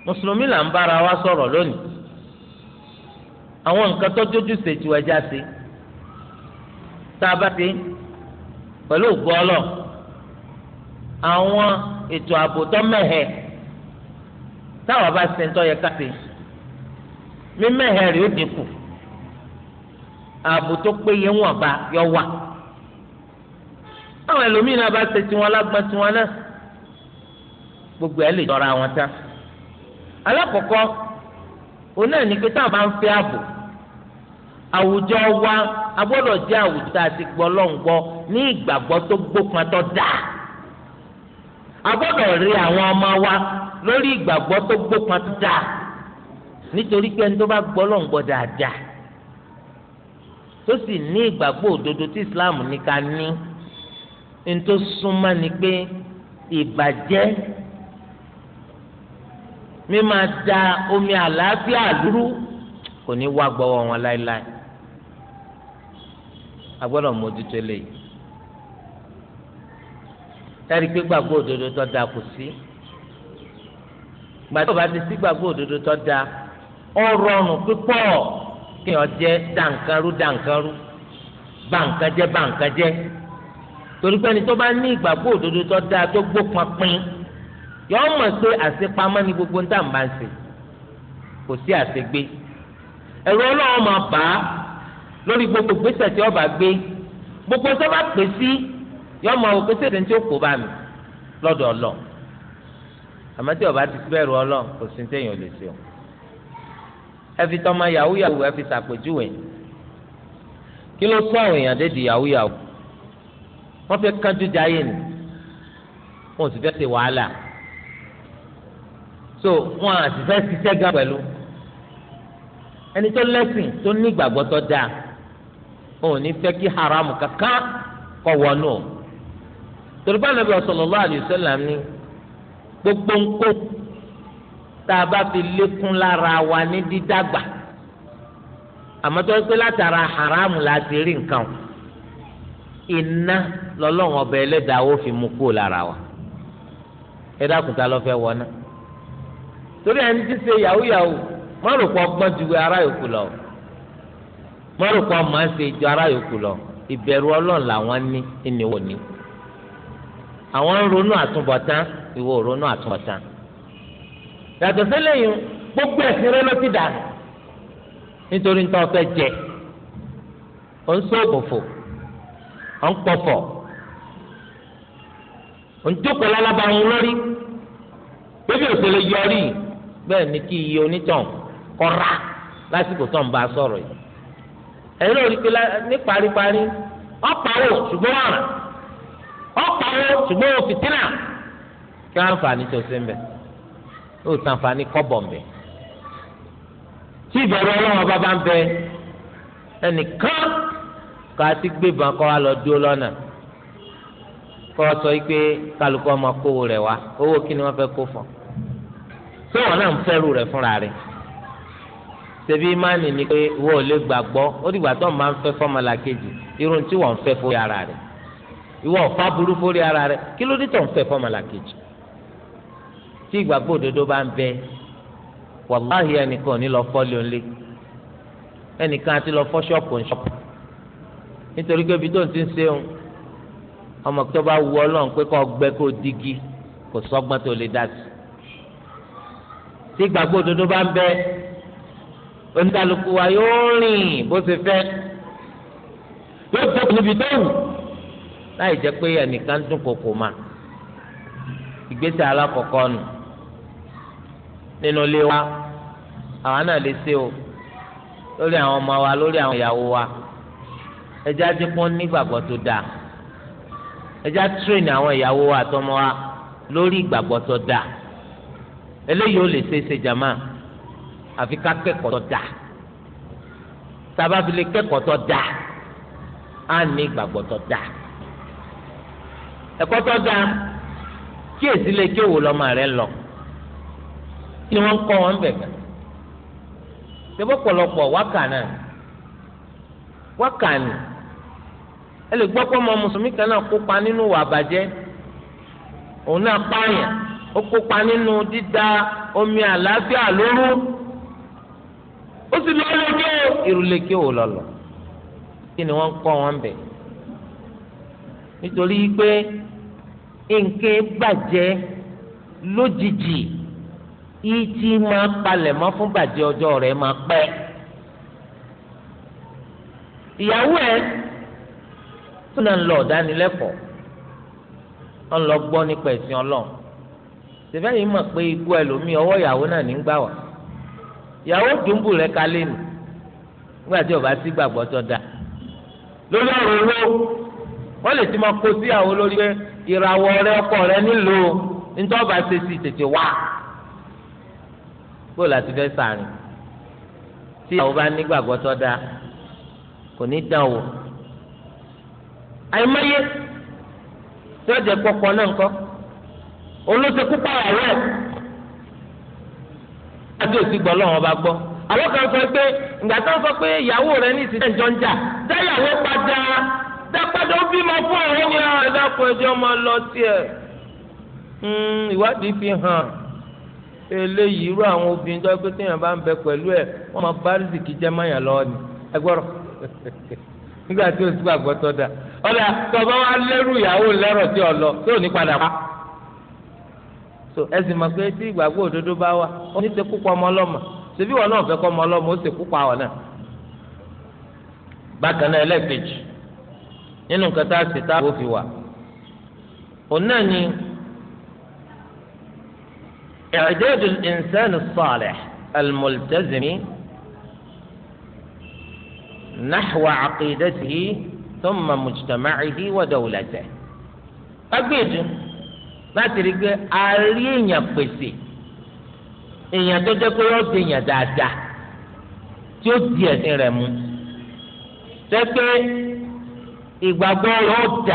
mùsùlùmí là ń bára wa sọ̀rọ̀ lónìí àwọn nǹkan tó jójú ṣètì ẹja ṣe tá a bá ṣe pẹ̀lú ògbọ́lọ̀ àwọn ètò ààbò tó mẹ́hẹ̀ táwa bá ṣe ń tọ́ yẹ ká ṣe mímẹ́hẹ̀ rí ó dínkù ààbò tó péye wọn bá yọ wà àwọn ẹlòmíín náà bá ṣe tiwọn lágbọn tiwọn náà gbogbo ẹ lè jọra wọn ta alákọ̀ọ́kọ́ òun náà ní pé táwọn bá ń fẹ́ ààbò àwùjọ wa a gbọ́dọ̀ jẹ́ àwùjọ àti gbọ́lọ́ǹgbọ́ ní ìgbàgbọ́ tó gbópọn tó dáa a gbọ́dọ̀ rí àwọn ọmọ wa lórí ìgbàgbọ́ tó gbópọn tó dáa nítorí pé ẹni tó bá gbọ́lọ́ǹgbọ́ dáadáa tó sì ní ìgbàgbọ́ òdodo tí Islam ní ká ní ní tó súnmọ́ ni pé ìbàjẹ́ mímáa da omi àlàáfíà lúrú kò ní wá gbọ́wọ́ wọn láéláé a gbọ́dọ̀ mójútó eléyìí táyì pé gbàgbọ́ òdodo tó da kò sí gbàtí ọba ti sí gbàgbọ́ òdodo tó da ọ rọrùn pípọ̀ kéèyàn jẹ́ dànkanrú dànkanrú bànkanjẹ́ torí pé ẹni tó bá ní òdodo da gbogbo ń tà ń bá ń kò sí lórí gbogbo gbèsè tí ọba gbé gbogbo tó bá pè sí yọọ mọ òkè sèdè tí ó kó bá mi lọ́dọ̀ ọlọ àmọ́ tí ọba ti bẹ̀rù ọlọ kò sí téèyàn lè ṣe o ẹ fi tọmọ yahoo yahoo ẹ fi ṣàpèjúwe kí ló sọ àwọn èèyàn dédìí yahoo yahoo wọ́n fẹ́ kánjú jayé ni wọ́n sì fẹ́ ṣe wàhálà so wọ́n àti fẹ́ ṣiṣẹ́ gan pẹ̀lú ẹni tó lẹ́sìn tó ní ìgbàgbọ́ tó dáa òun ní fẹ́ kí haram kankan kọ́ wọnú o tòlúbà nàbí sallallahu alaihi wasallam ní gbogbo ńkó tá a bá fi lékún lára wa ní dídàgbà àmọ́ tó ń pẹ́ látara haram la ti rí nǹkan o iná lọ́lọ́run ọbẹ̀ ẹlẹ́dàá ó fi mú kúrò lára wa ẹ dákun ta wọná torí ẹni tí ṣe yahoo yahoo má rò pọ̀ gbọ́n ju ara yòókù lọ mọ́rùkọ́ máa ń ṣe ìjọ ara yòókù lọ ìbẹ̀rù ọlọ́run làwọn ní ìníwò ní. àwọn ń ronú àtúbọ̀tán ìwọ ronú àtúbọ̀tán. yàtọ̀ gbogbo ẹ̀sìn rẹ ló ti dà nítorí ọ̀fẹ́ jẹ ò ń sóògùn fò ò ń pọ̀fọ̀ ò ń jókòó lálábàáhùn lórí bébí òṣèlú yọrí bẹ́ẹ̀ ni kí iye onítàn kọ́ra lásìkò ẹ̀yin lórí pé ní paripari ọ̀pàwò ṣùgbọ́n ọ̀ràn ọ̀pàwò ṣùgbọ́n òfìtínà kí wọ́n àǹfààní tó ṣe ń bẹ̀ yóò san àǹfààní kọ́bọ̀ ń bẹ̀ tí ìbẹ̀rù ọlọ́wọ́n bá bá ń bẹ ẹnìkan ká ti gbé ìbọn kọ́ wa lọ dúró lọ́nà kọ́ sọ pé kálukọ́ ọmọ kówó rẹ̀ wá owó kí ni wọ́n fẹ́ kó fún un tí wọn náà ń fẹ́rù rẹ̀ fúnra rẹ̀ ṣebí imáàni ni pé wọ́n ò lè gbàgbọ́ ó dìgbà tó máa ń fẹ́ fọ́mọlá kejì irun tí wọ́n ń fẹ́ fórí ara rẹ̀ ìwọ ọ̀fà burú fórí ara rẹ̀ kí ló dé tó ń fẹ́ fọ́mọlá kejì tí ìgbàgbọ́ òdodo bá ń bẹ wàláhì ẹnìkan ò ní lọ fọ́ lónìí ẹnìkan àti lọ fọ́ ṣọ́ọ̀pù ṣọ́ọ̀pù nítorí pé ibi tó ń ti ń ṣeun ọmọ tó bá wu ọlọ́run pé kó gbẹ kó digi kò sọ́gbọ́n tó lè dá sí tí ìgbàgbọ́ òdodo bá ń bẹ onídàlùkù wa yóò rìn bó ṣe fẹ́ yóò tó níbi tó wù láì jẹ́ pé ẹnìkan dún kòkò mà ìgbésẹ̀ alákọ̀ọ́kọ́ nù nínú ilé wa àwa náà lè ṣe o lórí àwọn ọmọ wa lórí àwọn ìyàwó wa ẹjẹ́ adínkùn nígbàgbọ́ tó dáa ẹjẹ́ atírèèni àwọn ìyàwó wa àtọmọ wa lórí ìgbàgbọ́ tó dáa eléyìí ó lè ṣe é ṣe jàmáà àfi ká kẹ́kọ̀ọ́ tó dáa sábà fi lè kẹ́kọ̀ọ́ tó dáa á ní ìgbàgbọ́ tó dáa ẹ̀kọ́ tó dáa kí èsì lè kéwò lọ́mọ rẹ lọ kí wọ́n kọ́ wọn bẹ̀ gan ṣebí pọ̀lọpọ̀ wákà náà wákà ni ẹ lè gbọ́ pé ọmọ mùsùlùmí kan náà kópa nínú ìwà àbàjẹ́ òun náà pààyàn ó kópa nínú dídá omi àlàáfíà lóru ó sì lọ lẹkẹ o ìrùlẹkẹ ò lọlọ kí ni wọ́n kọ́ wọn bẹ̀ nítorí pé nǹkan bàjẹ́ lójijì ìtì máa palẹ̀ mọ́ fún bàjẹ́ ọjọ́ rẹ̀ máa pẹ́ ìyàwó ẹ̀ tó náà ń lọ ọ̀dánilẹ́kọ̀ọ́ ń lọ gbọ́ nípa ẹ̀sìn ọlọ́run ṣèfẹ́ yìí mọ̀ pé ikú ẹlòmíì ọwọ́ ìyàwó náà ní gbà wá ìyàwó dùnbù rẹ kalẹ̀ nù nígbà tí o sí gbàgbọ́ tó da lórí ọ̀rọ̀ owó wọ́n lè ti máa kó sí àwọn olórí pé ìràwọ̀ rẹ ọkọ rẹ nílò nítorí ọba ṣe sí tètè wá bó fẹ́ tí ìyàwó bá ní gbàgbọ́ tó da kò ní o tí adé òsì gbọ́ lọ́wọ́ bá gbọ́ àwọn kan sọ pé ìgbà tó ń sọ pé ìyàwó rẹ ní ìsìn ìjọ ń jà dáyàwó padà dápadà ó bímọ fún àwọn ní ẹ̀dákun ẹjọ́ máa lọ tiẹ̀ hmm, ìwádìí fi hàn eléyìí irú àwọn obìnrin tó pé téèyàn bá ń bẹ pẹ̀lú ẹ̀ wọ́n máa bá rìsìkì jẹ́ máyà lọ́wọ́ ni ẹ gbọ́rọ̀ [laughs] nígbà tí o gbàgbọ́ tọ́ da ọ̀dà so ẹ sì mọ̀ pé tí ìgbàgbọ́ òdodo bá wà ó ní sekú kọ́ ọmọ ọlọ́mọ ṣebí wọn náà fẹ́ kọ́ ọmọ ọlọ́mọ ó sekú pa wọn bákan náà ẹlẹ́ẹ̀kejì nínú nǹkan tá a sì tá a fi wà òun náà ni i'dadu al-insan as-salih al-multazim nahwa aqidatihi thumma mujtama'ihi wa dawlatihi agbèdùn. láti rí i pé a rí èèyàn pèsè èèyàn tó jẹ́ pé di èèyàn dáadáa tí ó di ẹ̀sìn rẹ̀ mú jẹ́ pé ìgbàgbọ́ rẹ̀ ó tí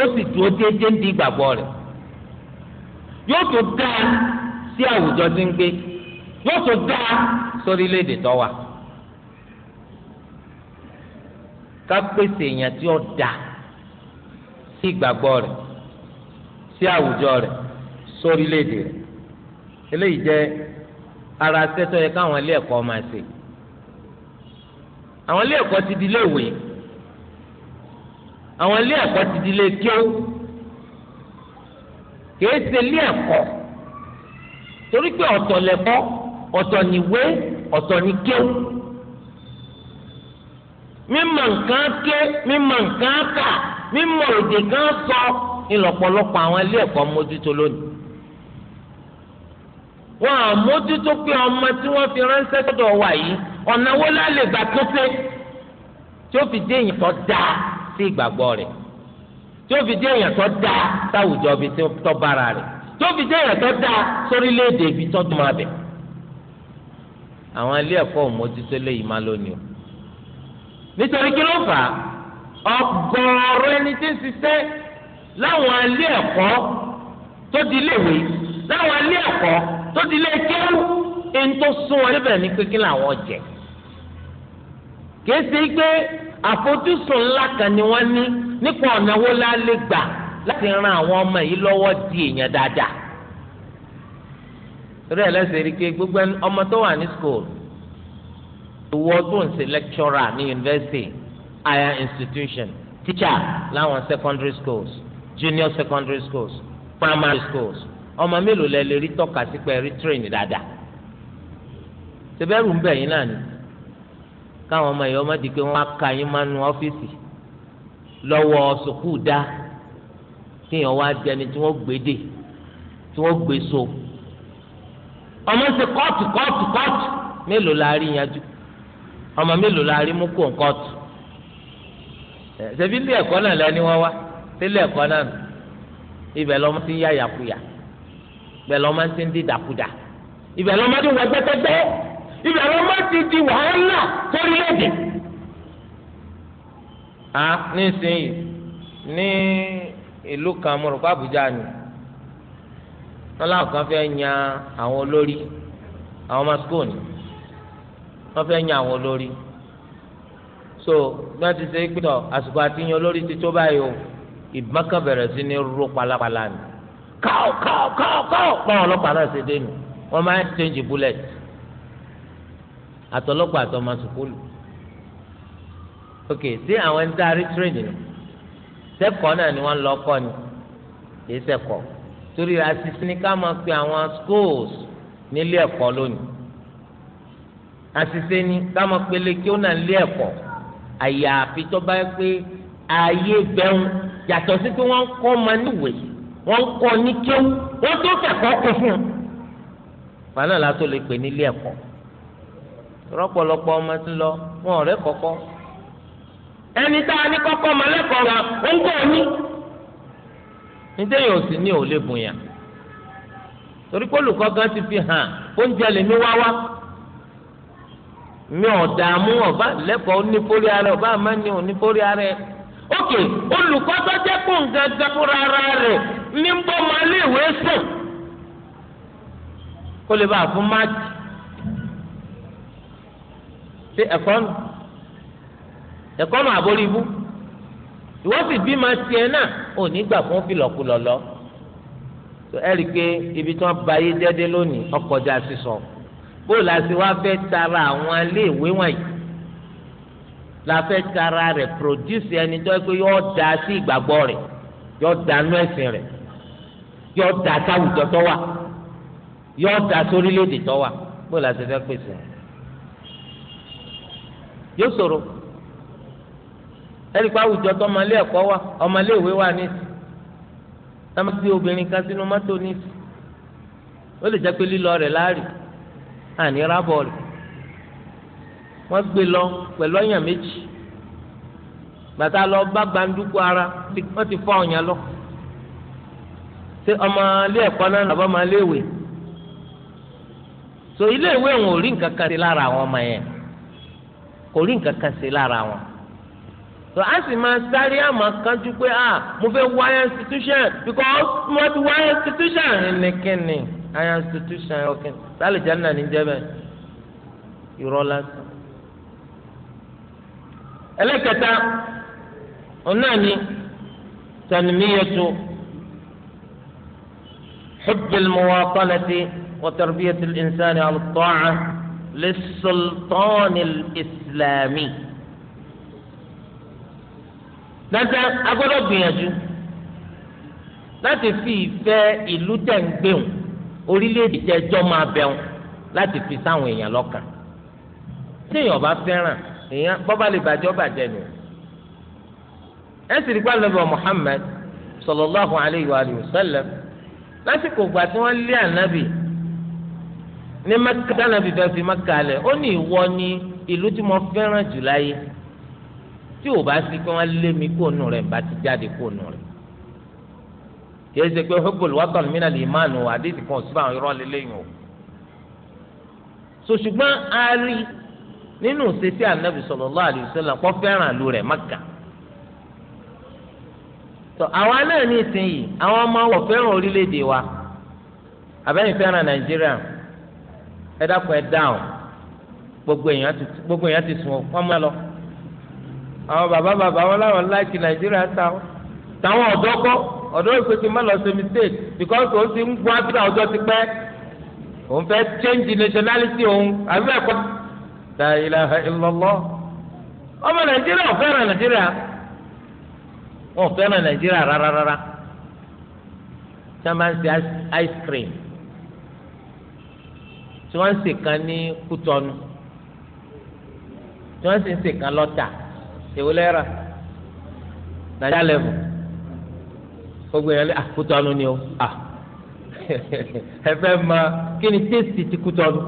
ó sì dúró ń di ìgbàgbọ́ rẹ̀ yóò tó dá sí àwùjọ tí ń gbé yóò tó dá tó sí àwùjọ rẹ̀ sórílẹ̀èdè rẹ̀ eléyìí jẹ́ ara sẹtọ yẹ káwọn ilé ẹ̀kọ́ máa ṣe àwọn ilé ẹ̀kọ́ ti di ilé ìwé àwọn ilé ẹkọ ti di ilé kíó kìí ṣe ilé ẹ̀kọ́ torí pé ọ̀tọ̀ lẹ̀kọ́ ọtọ níwé ọtọ ní kíó mímọ̀ nǹkan ké mímọ̀ nǹkan kà mímọ̀ èdè kan sọ. So ńlọ́pọ̀lọpọ̀ àwọn ilé ẹ̀kọ́ mójútó lónìí wọn à mójútó pé ọmọ tí wọ́n fi ránṣẹ́ tọ̀dọ̀ wà yìí ọ̀nà wo la lè gbà tó pé tí ó fi dé èèyàn tó dáa sí ìgbàgbọ́ rẹ̀ tí ó fi dé èèyàn tó dáa sáwùjọ ibi tó bára rẹ̀ tí ó fi dé èèyàn tó dáa sórílẹ̀-èdè tó dùn abẹ̀. àwọn ilé ẹ̀kọ́ òmójútó léyìí má lónìí o nítorí kí ló fà á ọgọ́rọ̀ ẹni tí ń ṣiṣẹ́ láwọn alé ẹ̀kọ́ tó di léwe láwọn alé ẹ̀kọ́ tó di lé kéwú ẹni tó sún wọn níbẹ̀ ní pé kí làwọn jẹ kìí ṣe àfojúsùn ńlá kan ni wọ́n ní nípa ọ̀nà wo la lè gbà láti ran àwọn ọmọ yìí lọ́wọ́ di èèyàn dáadáa torí ẹ lẹ́sẹ̀ rí i pé gbogbo ọmọ tó wà ní school ìwọ tó ń ṣe lecturer ní higher institution teacher láwọn junior secondary schools primary schools ọmọ mélòó lẹ lè rí tọ́ka sí pé rí train dáadáa tẹ́bẹ́rù ń bẹ̀ yín náà ni káwọn ọmọ yìí ọmọ di pé wọ́n á ka yín mánu ọ́fíìsì lọ́wọ́ sùkúù dá kéèyàn wá jẹni tí wọ́n gbé dè tí wọ́n gbé so ọmọ ń ṣe kóòtù kóòtù kóòtù mélòó la rí yanjú ọmọ mélòó la rí mú kó ń kóòtù ṣèbí ilé ẹ̀kọ́ náà lẹ́ni wọ́n wá sílẹ̀ ẹ̀kọ́ náà nù ibẹ̀ lọ́mọ ti ń yá yàkuyà ibẹ̀ lọ́mọ ti ń di dàkudà ibẹ̀ lọ́mọ ti wọ gbẹ́tẹ́gbẹ́ ibẹ̀ lọ́mọ ti di wàhálà sórílẹ̀-èdè. a nísìnyí ní ìlú kan mo rò pé Àbújá ni wọn láwọn kan fẹ́ yan àwọn olórí àwọn ọmọ skool ni wọn fẹ́ yan àwọn olórí so bí wọn ti ṣe é pé tọ àsìkò àti yan olórí ti tó báyìí o ìgbọ́nkàn bẹ̀rẹ̀ sí ní rú palapala ni káò káò káò káò báwọn ọlọ́pàá náà ṣe dé nu wọ́n máa ń change bullet àtọlọ́pàá àtọmọ sùkúlù ok sí àwọn ẹni tá a rí train nù sẹ́kọ̀ọ́ náà ni wọ́n lọ kọ́ ni kì í sẹ́kọ̀ọ́ torí asisi ni ká máa pe àwọn schools nílé ẹ̀kọ́ lónìí asisi ni ká máa pele kí ó náà lé ẹ̀kọ́ àyàfi tó bá yẹ pé ayé bẹ́ẹ̀ ń yàtọ̀ sí pé wọ́n ń kọ́ ọmọ níwèé wọ́n ń kọ́ ní kéwú wọ́n tó kẹ́kọ̀ọ́ kún fún un. wàhálà látó lè pè nílé ẹ̀kọ́ rọ́pọ̀lọpọ̀ ọmọ ti lọ wọn ọ̀rẹ́ kọ̀kọ́ ẹni tá a ní kọ́kọ́ ọmọ lẹ́kọ̀ọ́ wa ó ń kọ́ ọ ní. nítorí òsì ní òun lè torí pé gan ti fi hàn oúnjẹ lèmi wá wá mi ò dààmú ọ̀bá lẹ́kọ̀ọ́ onífórí ara ọ̀bá àmọ́ ni onífórí ara ẹ̀ ókè olùkọ́ tó jẹ́ kó nǹkan fúnra ara rẹ̀ ní bọ́ máa lé ìwé sùn kó lè bá a fún máàkì ṣe ẹ̀kọ́ nù ẹ̀kọ́ nù àbórí ibú ìwọ sì bí máa tiẹ̀ náà ò ní gbà fún fìlọ̀kulọ̀ lọ ẹ pé ibi tí wọ́n ba ayé jẹ́dé lónìí ọkọjà sísọ bóòlù àti wá fẹ́ tara àwọn iléèwé wọ̀nyí la fẹ́ tara rẹ̀ produce ẹni tó yẹ pé yọ da sí ìgbàgbọ́ rẹ̀ yọ da nú ẹ̀sìn rẹ̀ yọ da sáwùjọ tó wà yọ da sórílẹ̀èdè tó wà bó la ṣe fẹ́ pèsè yóò sọ̀rọ̀ ẹni pé àwùjọ tó ọmọlé ẹ̀kọ́ wà ọmọlé ìwé wà ní ìsìn táwọn gbé obìnrin kan sínú mọ́tò ní ìsìn ó lè jẹ́ pé lílọ rẹ̀ láàrì àní rábọ̀ rẹ̀ wọ́n gbé lọ pẹ̀lú ọ̀yàn méjì bàtà lọ bá gbàǹdùkú ara wọ́n ti fọ́ ọ̀yàn lọ ṣé ọmọ ilé ẹ̀kọ́ náà làbọ̀ ọmọ ilé ìwé so ilé ìwé wọn ò rí nǹkan kan sí lára àwọn ọmọ yẹn kò rí nǹkan kan sí lára wọn so a sì máa sáré àmọ́ kánjú pé ah mo fẹ́ wáyà institution because mo ti wáyà institution nìkíni àyà institution ọ̀kìn sálẹ̀ jẹ́ nàní jẹ́ bẹ́ẹ̀ irọ́ lásán ẹlẹ́kẹta ọ̀nà ni tanmiyatu حب المواطنة وتربية الإنسان على الطاعة للسلطان الإسلامي dandan agbọ́dọ̀ gbìyànjú láti fi ìfẹ́ ìlú tẹǹgbẹ̀hùn orílẹ̀-èdè tẹjọ máa bẹun láti fi sáwọn èèyàn lọ́kàn téèyàn bá fẹ́ràn èèyàn bọ́bá lè bàjẹ́ ọba jẹ nù. ẹ sì rí pàlọ́ bọ̀ Muhammad sallallahu alayhi wa sallam lásìkò ìgbà tí wọ́n lé ànábì ní mẹ́kà tánàbì fẹ́ fi mẹ́kà lẹ̀ ó ní ìwọ ni ìlú tí mo fẹ́ràn jù láyé tí ò bá sí pé wọ́n lé mi kó nù rẹ̀ bá ti jáde kó nù rẹ̀ kì ṣe pé hubbul watan mina al-iman àdéhìí kan sí báwọn irọ́ lélẹ́yìn o. sòṣùgbọ́n a rí nínú sisi anabi sallallahu alaihi wasallam kò fẹ́ràn ìlú rẹ̀ awa na àwa náà ní ìsinyìí àwọn ọmọ wọ fẹ́ràn orílẹ̀ wa àbẹ́yìn fẹ́ràn Nàìjíríà ẹ dákun ẹ dáhùn gbogbo èèyàn ti gbogbo èèyàn ti sùn wọn mọ lọ àwọn bàbá bàbá wọn Ta láìkì Nàìjíríà táwọn táwọn ọ̀dọ́ kọ́ ọ̀dọ́ ìpèsè má lọ ṣe mistake because òun ti ń gbọ́ àbúrò ọjọ́ ti pẹ́ òun fẹ́ nationality òun àbí bẹ́ẹ̀ kọ́. la ilaha illallah ọmọ nàìjíríà ò fẹ́ràn nàìjíríà wọn ò fẹ́ràn nàìjíríà rárá rárá tí wọ́n máa ń ṣe ice cream tí wọ́n ń ṣe kan ní kútọ́nù tí wọ́n sì ń ṣe kan lọ́tà èwo lẹ́ra nàìjíríà lẹ́bù gbogbo yẹn lé àkútọ́nù ah, ni o ah. [laughs] ẹ fẹ́ mọ̀ kí ni tẹ́sì ti kútọ́nù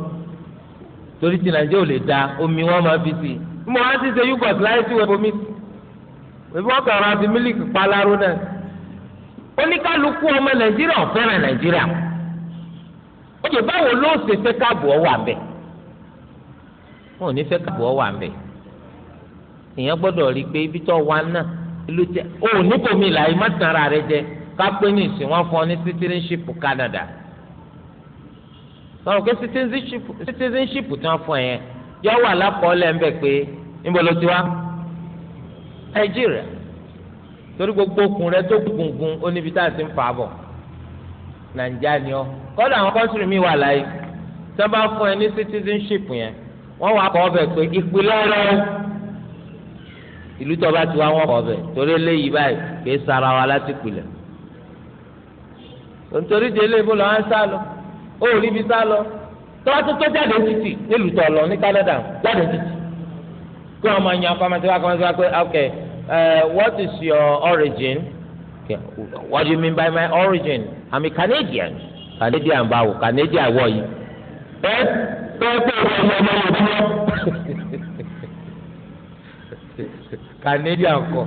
torí ti nàìjíríà ò lè da omi wọn máa fi sí i mo wá sí ṣe yúgọt láyé tí wọn bomi sí ìbí wọn kàn ra fi mílíkì palaro náà oníkálukú ọmọ nàìjíríà ò fẹ́ràn nàìjíríà ó yẹ báwo ló ṣe fẹ́ káàbù ọ wà bẹ́ẹ̀ wọn ò ní fẹ́ káàbù ọ wà bẹ́ẹ̀ èèyàn gbọ́dọ̀ rí i pé ibi tó wà náà ìlú tẹ ó ní kò là yìí má tàn ara rẹ jẹ ká pé ní ìsìn wọn fún ní citizenship Canada báwo ké citizenship tí wọ́n fún ẹ yẹn yọ wà lápọ̀ọ́lẹ̀ ń bẹ̀ pé níbo ló ti wá nàìjíríà torí gbogbo okùn rẹ tó gungun ó níbi tá a ti ń fà á bọ̀ nàìjíríà ni ọ kọ́dà àwọn kọ́ńtìrì mi wà láyé tí wọ́n bá fún ẹ ní citizenship yẹn wọ́n wà kọ́ ọbẹ̀ pé ìpínlẹ̀ rẹ ìlú tó bá ti wá wọn kọ́ ọbẹ̀ torí eléyìí báyìí kì í sara wa láti pilẹ̀ nítorí délé bó lọ́wọ́ ń sá lọ ó rí ibi sá lọ tọ́wọ́ tó tó jáde títì nílùú tọ̀ lọ ní Canada jáde títì kí wọ́n máa yan pharmacy wa pharmacy wa pé okay what is your origin okay. what do you mean by my origin I'm a Canadian Canadian báwo Canadian wọ̀ yìí ẹ tọ́wọ́ tó wọ ọmọ ọmọ ọmọ Canadian kọ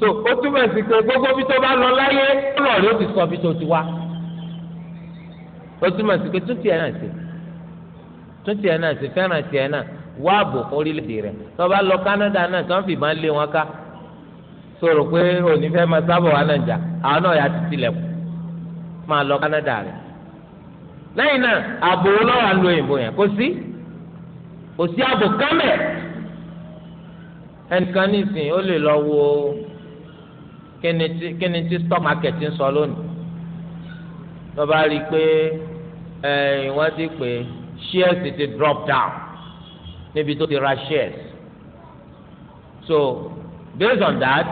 so ó túmọ̀ sí pé gbogbo bí tó bá lọ láyé ó lọ rí ó ti sọ bí tó ti wá ó túmọ̀ sí pé tún tiẹ̀ náà ṣe tún tiẹ̀ náà ṣe fẹ́ràn tiẹ̀ náà wá ààbò orílẹ̀-èdè rẹ̀ tó bá lọ Canada náà tó ń fìbọn lé wọn ká sọ̀rọ̀ pé òní fẹ́ máa sábọ̀ wà náà jà àwọn náà yà á ti tilẹ̀kùn máa lọ Canada rẹ̀ lẹ́yìn náà ààbò lọ́wọ́ àlọ́ òyìnbó yẹn kò sí kò sí ààbò kámẹ́ ẹnìkan nísìnyí ó lè lọ wo kíni tí stock market ń sọ lónìí lọ́ba rí i pé ẹ̀yìn wọ́n ti pè shares ti drop down níbi tó ti ra shares so based on that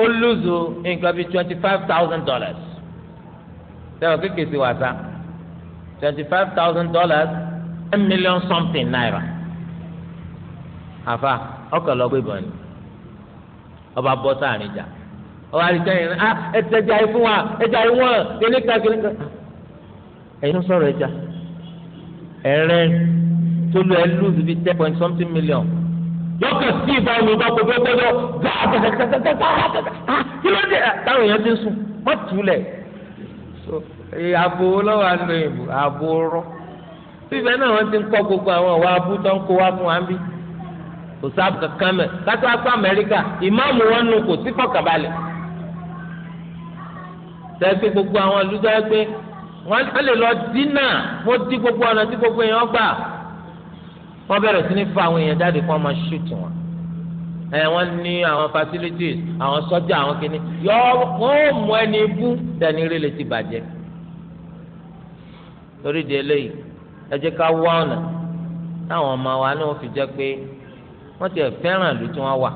ó lùzù nǹkan bíi twenty five thousand dollars sẹ́wọ̀n kékeré sí wàsá twenty five thousand dollars ten million something naira àfa ọkọ̀ lọ́gbé bọ̀ ni ọba bọ́ sáàrin jà ọba àti sẹ́yìn ah, ẹ tẹ̀jà ẹ fún wa ẹ jà ẹ wọ́n kíníkà kíníkà ẹ̀yin sọ̀rọ̀ ẹja ẹ̀rẹ́ tó lu ẹ lùzù bíi ten point something million lọ́kàn sí ìbá mi bá gbogbo gbogbo gbàgbàgbàgbàgbà kí ló dé táwọn èèyàn ti ń sùn wọ́n tù ú lẹ̀ so ààbò lọ́wọ́ àlọ́ ìbò ààbò rọ́ bíbẹ̀ náà wọ́n ti ń kọ́ gbogbo àwọn ọ̀wá abú tó ń kó wá fún wa ń bí kò sáàbù kankan mẹ́ kátó akọ Amẹ́ríkà ìmáàmù wọn nù kò sí fọkàbalẹ̀ tẹ́ pé gbogbo àwọn àlùjọ wọ́n lè lọ dínà wọ́n dí gbogbo ọ̀nà tí gbogbo èèyàn gbà wọ́n bẹ̀rẹ̀ sí ní fa àwọn èèyàn jáde kí wọ́n máa ṣùtù wọn ẹ wọ́n ní àwọn facilities àwọn sọ́jà àwọn kìíní yọ wọ́n mú ẹni bú dání rẹ̀ lè ti bàjẹ́ torí di eléyìí ẹ jẹ́ ká wá ọ̀nà táwọn ọmọ wa náà fi jẹ́ pé wọ́n ti fẹ́ràn ìlú tí wọ́n wà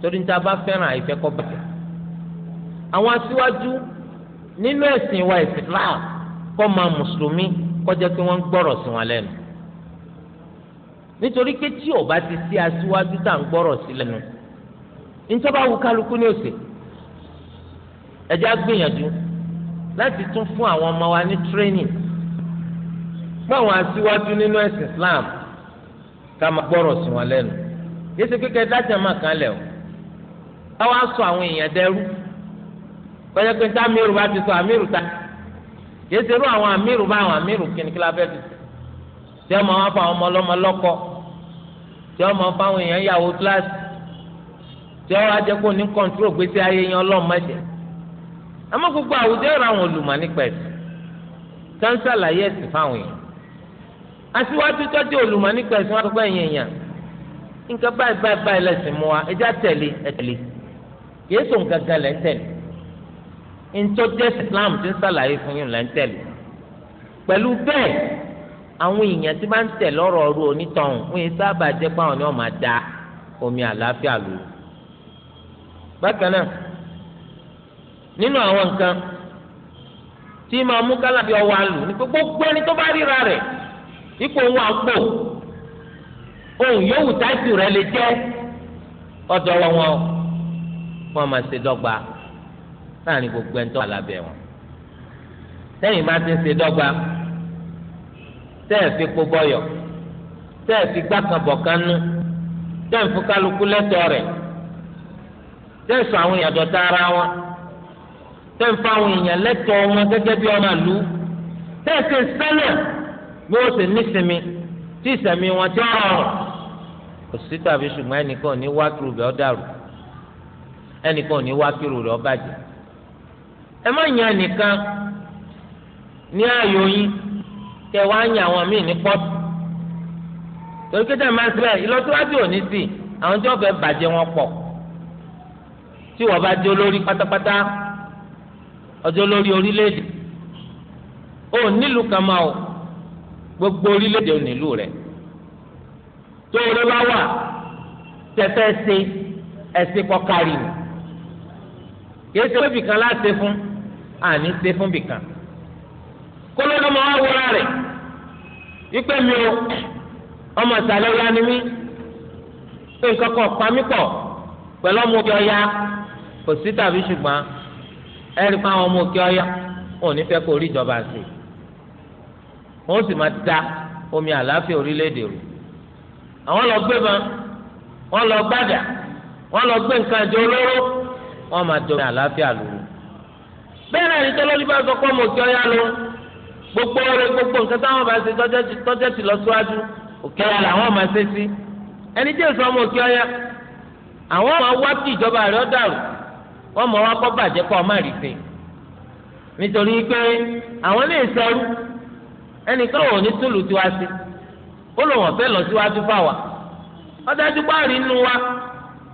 torí níta bá fẹ́ràn àìfẹ́ kọ́ bàjẹ́ àwọn aṣíwájú. nínú ẹ̀sìn wa Islam kọ́ máa mùsùlùmí kọjá pé wọ́n ń gbọ́rọ̀ sí wọn lẹ́nu nítorí ọba ti sí aṣíwájú tá à ń gbọ́rọ̀ sí lẹ́nu níjọba wu kálukú ní òsè ẹ̀jẹ̀ á gbìyànjú láti tún fún àwọn ọmọ wa ní báwọn aṣíwájú nínú ẹ̀sìn Islam ká máa gbọ́rọ̀ sí wọn lẹ́nu yéṣe kékeré dájà máa kan lẹ̀ o báwa sọ àwọn pẹlẹ pé tá amírù bá ti sọ amírù ta kìí ṣe irú àwọn amírù bá àwọn amírù kí ni kí la fẹ́ ti sè tí ọmọ wọn fa àwọn ọmọ ọlọ́mọ lọ́kọ tí ọmọ fáwọn èèyàn yàwó kíláàsì tí ọwọ́ ajẹ́ kó ní kọ́ńtúrò gbèsè ayé yẹn ọlọ́mọdé àmọ́ gbogbo àwùjọ ìrọ̀ àwọn olùmọ̀ nípa ẹ̀sìn tó ń ṣàlàyé ẹ̀sìn fáwọn èèyàn aṣíwájú tọ́jú olùmọ̀ nípa ẹ̀sìn wọn gbọ́ ẹ̀yìn nǹkan báyìí báyìí báyìí mú wa ẹjá tẹ̀lé ẹ̀tẹ̀lé kìí sùn gangan lẹ́tẹ̀lé ntọ́jẹ́ islam ti ń sàlàyé fún yín lẹ́ńtẹ̀lì pẹ̀lú bẹ́ẹ̀ àwọn èèyàn tí bá ń tẹ̀ lọ́rọ̀ ọ̀rú onítọ̀hún fún yín sábà jẹ́ pé àwọn ni wọ́n máa da omi àlàáfíà lò bákan náà nínú àwọn nǹkan tí máa mú kálábì ọwọ́ àlù ní pé gbogbo ẹni tó bá ríra rẹ̀ ipò òun àpò òun yóò táìpì rẹ̀ lè jẹ́ ọ̀dọ̀ wọn wọn máa ṣe dọ́gba láàrin gbogbo ẹni tó wà lábẹ́ wọn. sẹ́yìn bá ti ń ṣe dọ́gba tẹ́ ẹ̀ fi kó bọ́yọ̀ tẹ́ ẹ̀ fi gbàkànbọ̀kan nú tẹ́ ẹ̀ fi kálukú lẹ́tọ̀ọ́ rẹ̀ tẹ́ ẹ̀ sọ àwọn èèyàn dọ̀tá ara wọn tẹ́ ẹ̀ fi àwọn èèyàn lẹ́tọ̀ọ́ wọn gẹ́gẹ́ bí ọmọ àlú tẹ́ ẹ̀ sì sẹ́lẹ̀ bí wọ́n sì nísinmi tí ìsẹ̀mí wọn jẹ́ ọ̀rọ̀ kò tàbí ṣùgbọ́n ẹnìkan ò ní wá kiri rẹ̀ ọ́ dàrú ẹnìkan ò ní wá kiri rẹ̀ ọ́ bàjẹ́ ẹ má yàn nìkan ní ààyò yín kẹ wá yàn àwọn míì ní pọ́ọ̀tù torí kí tẹ̀mí àṣìbẹ̀ ìlọsíwájú ò ní sí àwọn tí wọ́n fẹ́ bàjẹ́ wọn pọ̀ tí wọ́n bá di olórí pátápátá ọjọ́ lórí orílẹ̀-èdè ó nílùú kan máa o gbogbo orílẹ̀-èdè ò nílùú rẹ̀ tó o lè bá wà tẹ́tẹ́ ṣe ẹ̀sìn kọkàrì kì í ṣe pébì láti fún àní ṣe fún bìkan kólódó máa wúra rẹ̀ wípé mi ò ọmọ ìsàlẹ̀ ọ̀la ni mí pé nǹkan kan pa mí pọ̀ pẹ̀lú ọmọ òkè ọya kò sí tàbí ṣùgbọ́n ẹ̀rí pa àwọn ọmọ òkè ọya wọn ò ní fẹ́ kó orí ìjọba sí i wọn sì máa da omi àlàáfíà orílẹ̀-èdè rò àwọn lọ gbé wọn wọn lọ gbàdà wọn lọ gbé nǹkan ìjọ olóró wọn máa dọ̀ omi àlàáfíà lò bẹ́ẹ̀ náà ní tọ́lọ́lí bá sọ pé ọmọ òkè ọ̀yá ló gbogbo gbogbo nǹkan táwọn bá ṣe ti lọ síwájú òkè ọ̀yá làwọn máa ṣe sí ẹni tí èso ọmọ òkè àwọn ọmọ wá kí ìjọba rẹ̀ ọ́ dàrú wọ́n mọ̀ wá kọ́ bàjẹ́ kọ́ ọmọ àrìsè nítorí àwọn lè ní túlù tí wá sí ó lò wọ́n fẹ́ lọ síwájú fáwa ọ̀dájú bá rí wa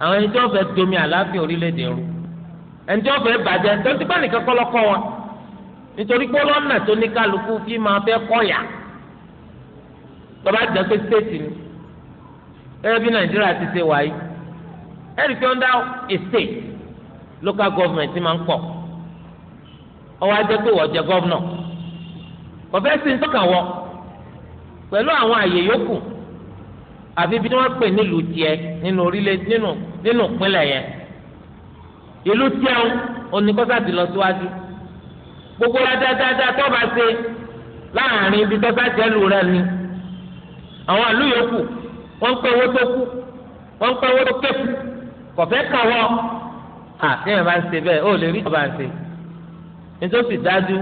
àwọn ẹni ẹni tí wọ́n fẹ́ bàjẹ́ tó ti bá nìkan kọ́ lọ́kọ́ wọn nítorí pé lọ́nà tó ní kálukú fi máa fẹ́ kọ́yà tọ́ba jẹ́ pé stéètì ni gẹ́gẹ́ bí nàìjíríà ti ṣe wáyé ẹ̀rí pé under a state local government máa ń pọ̀ ọwọ́ ajẹ́ pé wọ́n jẹ́ governor kọ̀fẹ́ sí ní tọ́ka wọ́n pẹ̀lú àwọn àyè yòókù àfi bí wọ́n pè nílùú tiẹ̀ nínú orílẹ̀ nínú nínú ìpínlẹ̀ yẹn ìlú tẹ́wọ́ oníkọ́sá ti lọ síwájú gbogbo la dáadáa tó bá ṣe láàrin ibi tọ́sá jẹ́ lù rẹ̀ ni àwọn àlú yòókù wọ́n ń pẹ́ owó tó kú wọ́n ń pẹ́ owó tó kẹ́kù kọ̀fẹ́ kàwọ́ àtẹ̀yìn bá ń ṣe bẹ́ẹ̀ ó lè rí ìjọba ṣe nítòsí dájú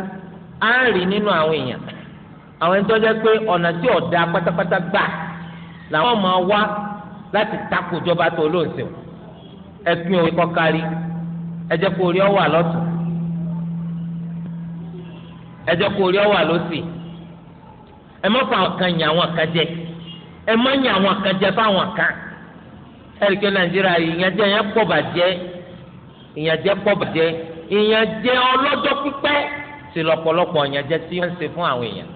á rí nínú àwọn èèyàn àwọn ẹni tó jẹ́ pé ọ̀nà tí ọ̀dà pátápátá gbà làwọn máa wá láti takò ìjọba tó lóun ṣe ẹ̀sìn òwe kọ́kárí ẹ jẹ́ kó orí ọ wà lọ́tún ẹ jẹ́ kó orí ọ wà lọ́sì ẹ má fa àwọn kan yàn àwọn kan jẹ ẹ má yàn àwọn kan jẹ fáwọn kan ẹ̀ríkẹ́ nàìjíríà ìyànjẹ yẹn pọ̀ bàjẹ́ ìyànjẹ pọ̀ bàjẹ́ ìyànjẹ ọlọ́jọ́ pípẹ́ sí lọ́pọ̀lọpọ̀ ìyànjẹ tí wọ́n ṣe fún àwọn èèyàn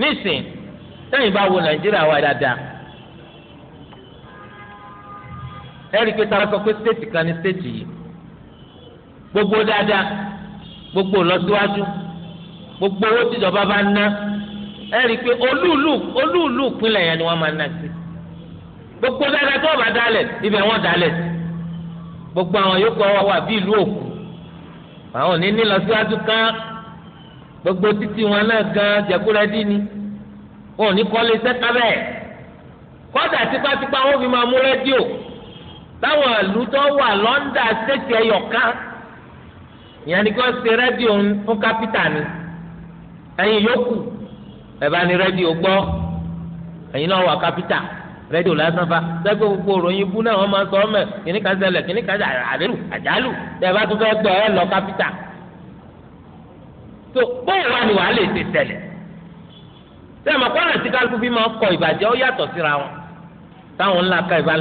nísìn lẹ́yìn bá wo nàìjíríà wa dáadáa ẹ̀ríkẹ́ tá a sọ pé stéètì kan ní stéètì yìí gbogbo dáadáa gbogbo lọsíwájú gbogbo owó tìjọba bá ná ẹ rí i pé olúùlú olúùlú ìpínlẹ̀ yẹn ni wọ́n máa ná sí gbogbo dáadáa tó bá dálẹ̀ ibẹ̀ wọ́n dálẹ̀ gbogbo àwọn yòókù ọwọ́ wà bí ìlú òkú àwọn òní ní lọsíwájú kan gbogbo títí wọn náà gan jẹkúrẹ́dì ni wọn ò ní kọ́lé sẹ́ka bẹ́ẹ̀ kọ́dà tipátipá wọn fi máa mú rédíò táwọn ìlú wà lọ́ndà ṣèṣì ẹyọ kan ìyẹn ni kí wọ́n ṣe rédíò fún kápítà ni ẹ̀yin yòókù ẹ̀ bá ní rédíò gbọ́ ẹ̀yin náà wà kápítà rédíò lásán fa sẹ́gbẹ́ gbogbo òròyìn bú náà wọ́n máa sọ ọ́mẹ̀ kìnní kan ṣẹlẹ̀ kìnní kan àdélù àjálù tẹ̀ bá tún fẹ́ gbọ́ ẹ lọ kápítà. tó bóyá wà ní wàá lè ṣe ṣẹlẹ̀ sẹ́mi ọ̀pọ̀lọ̀ tí kálukú fi máa kọ ìbàjẹ́ ó yàtọ̀ síra wọn táwọn ńlá ka ìbá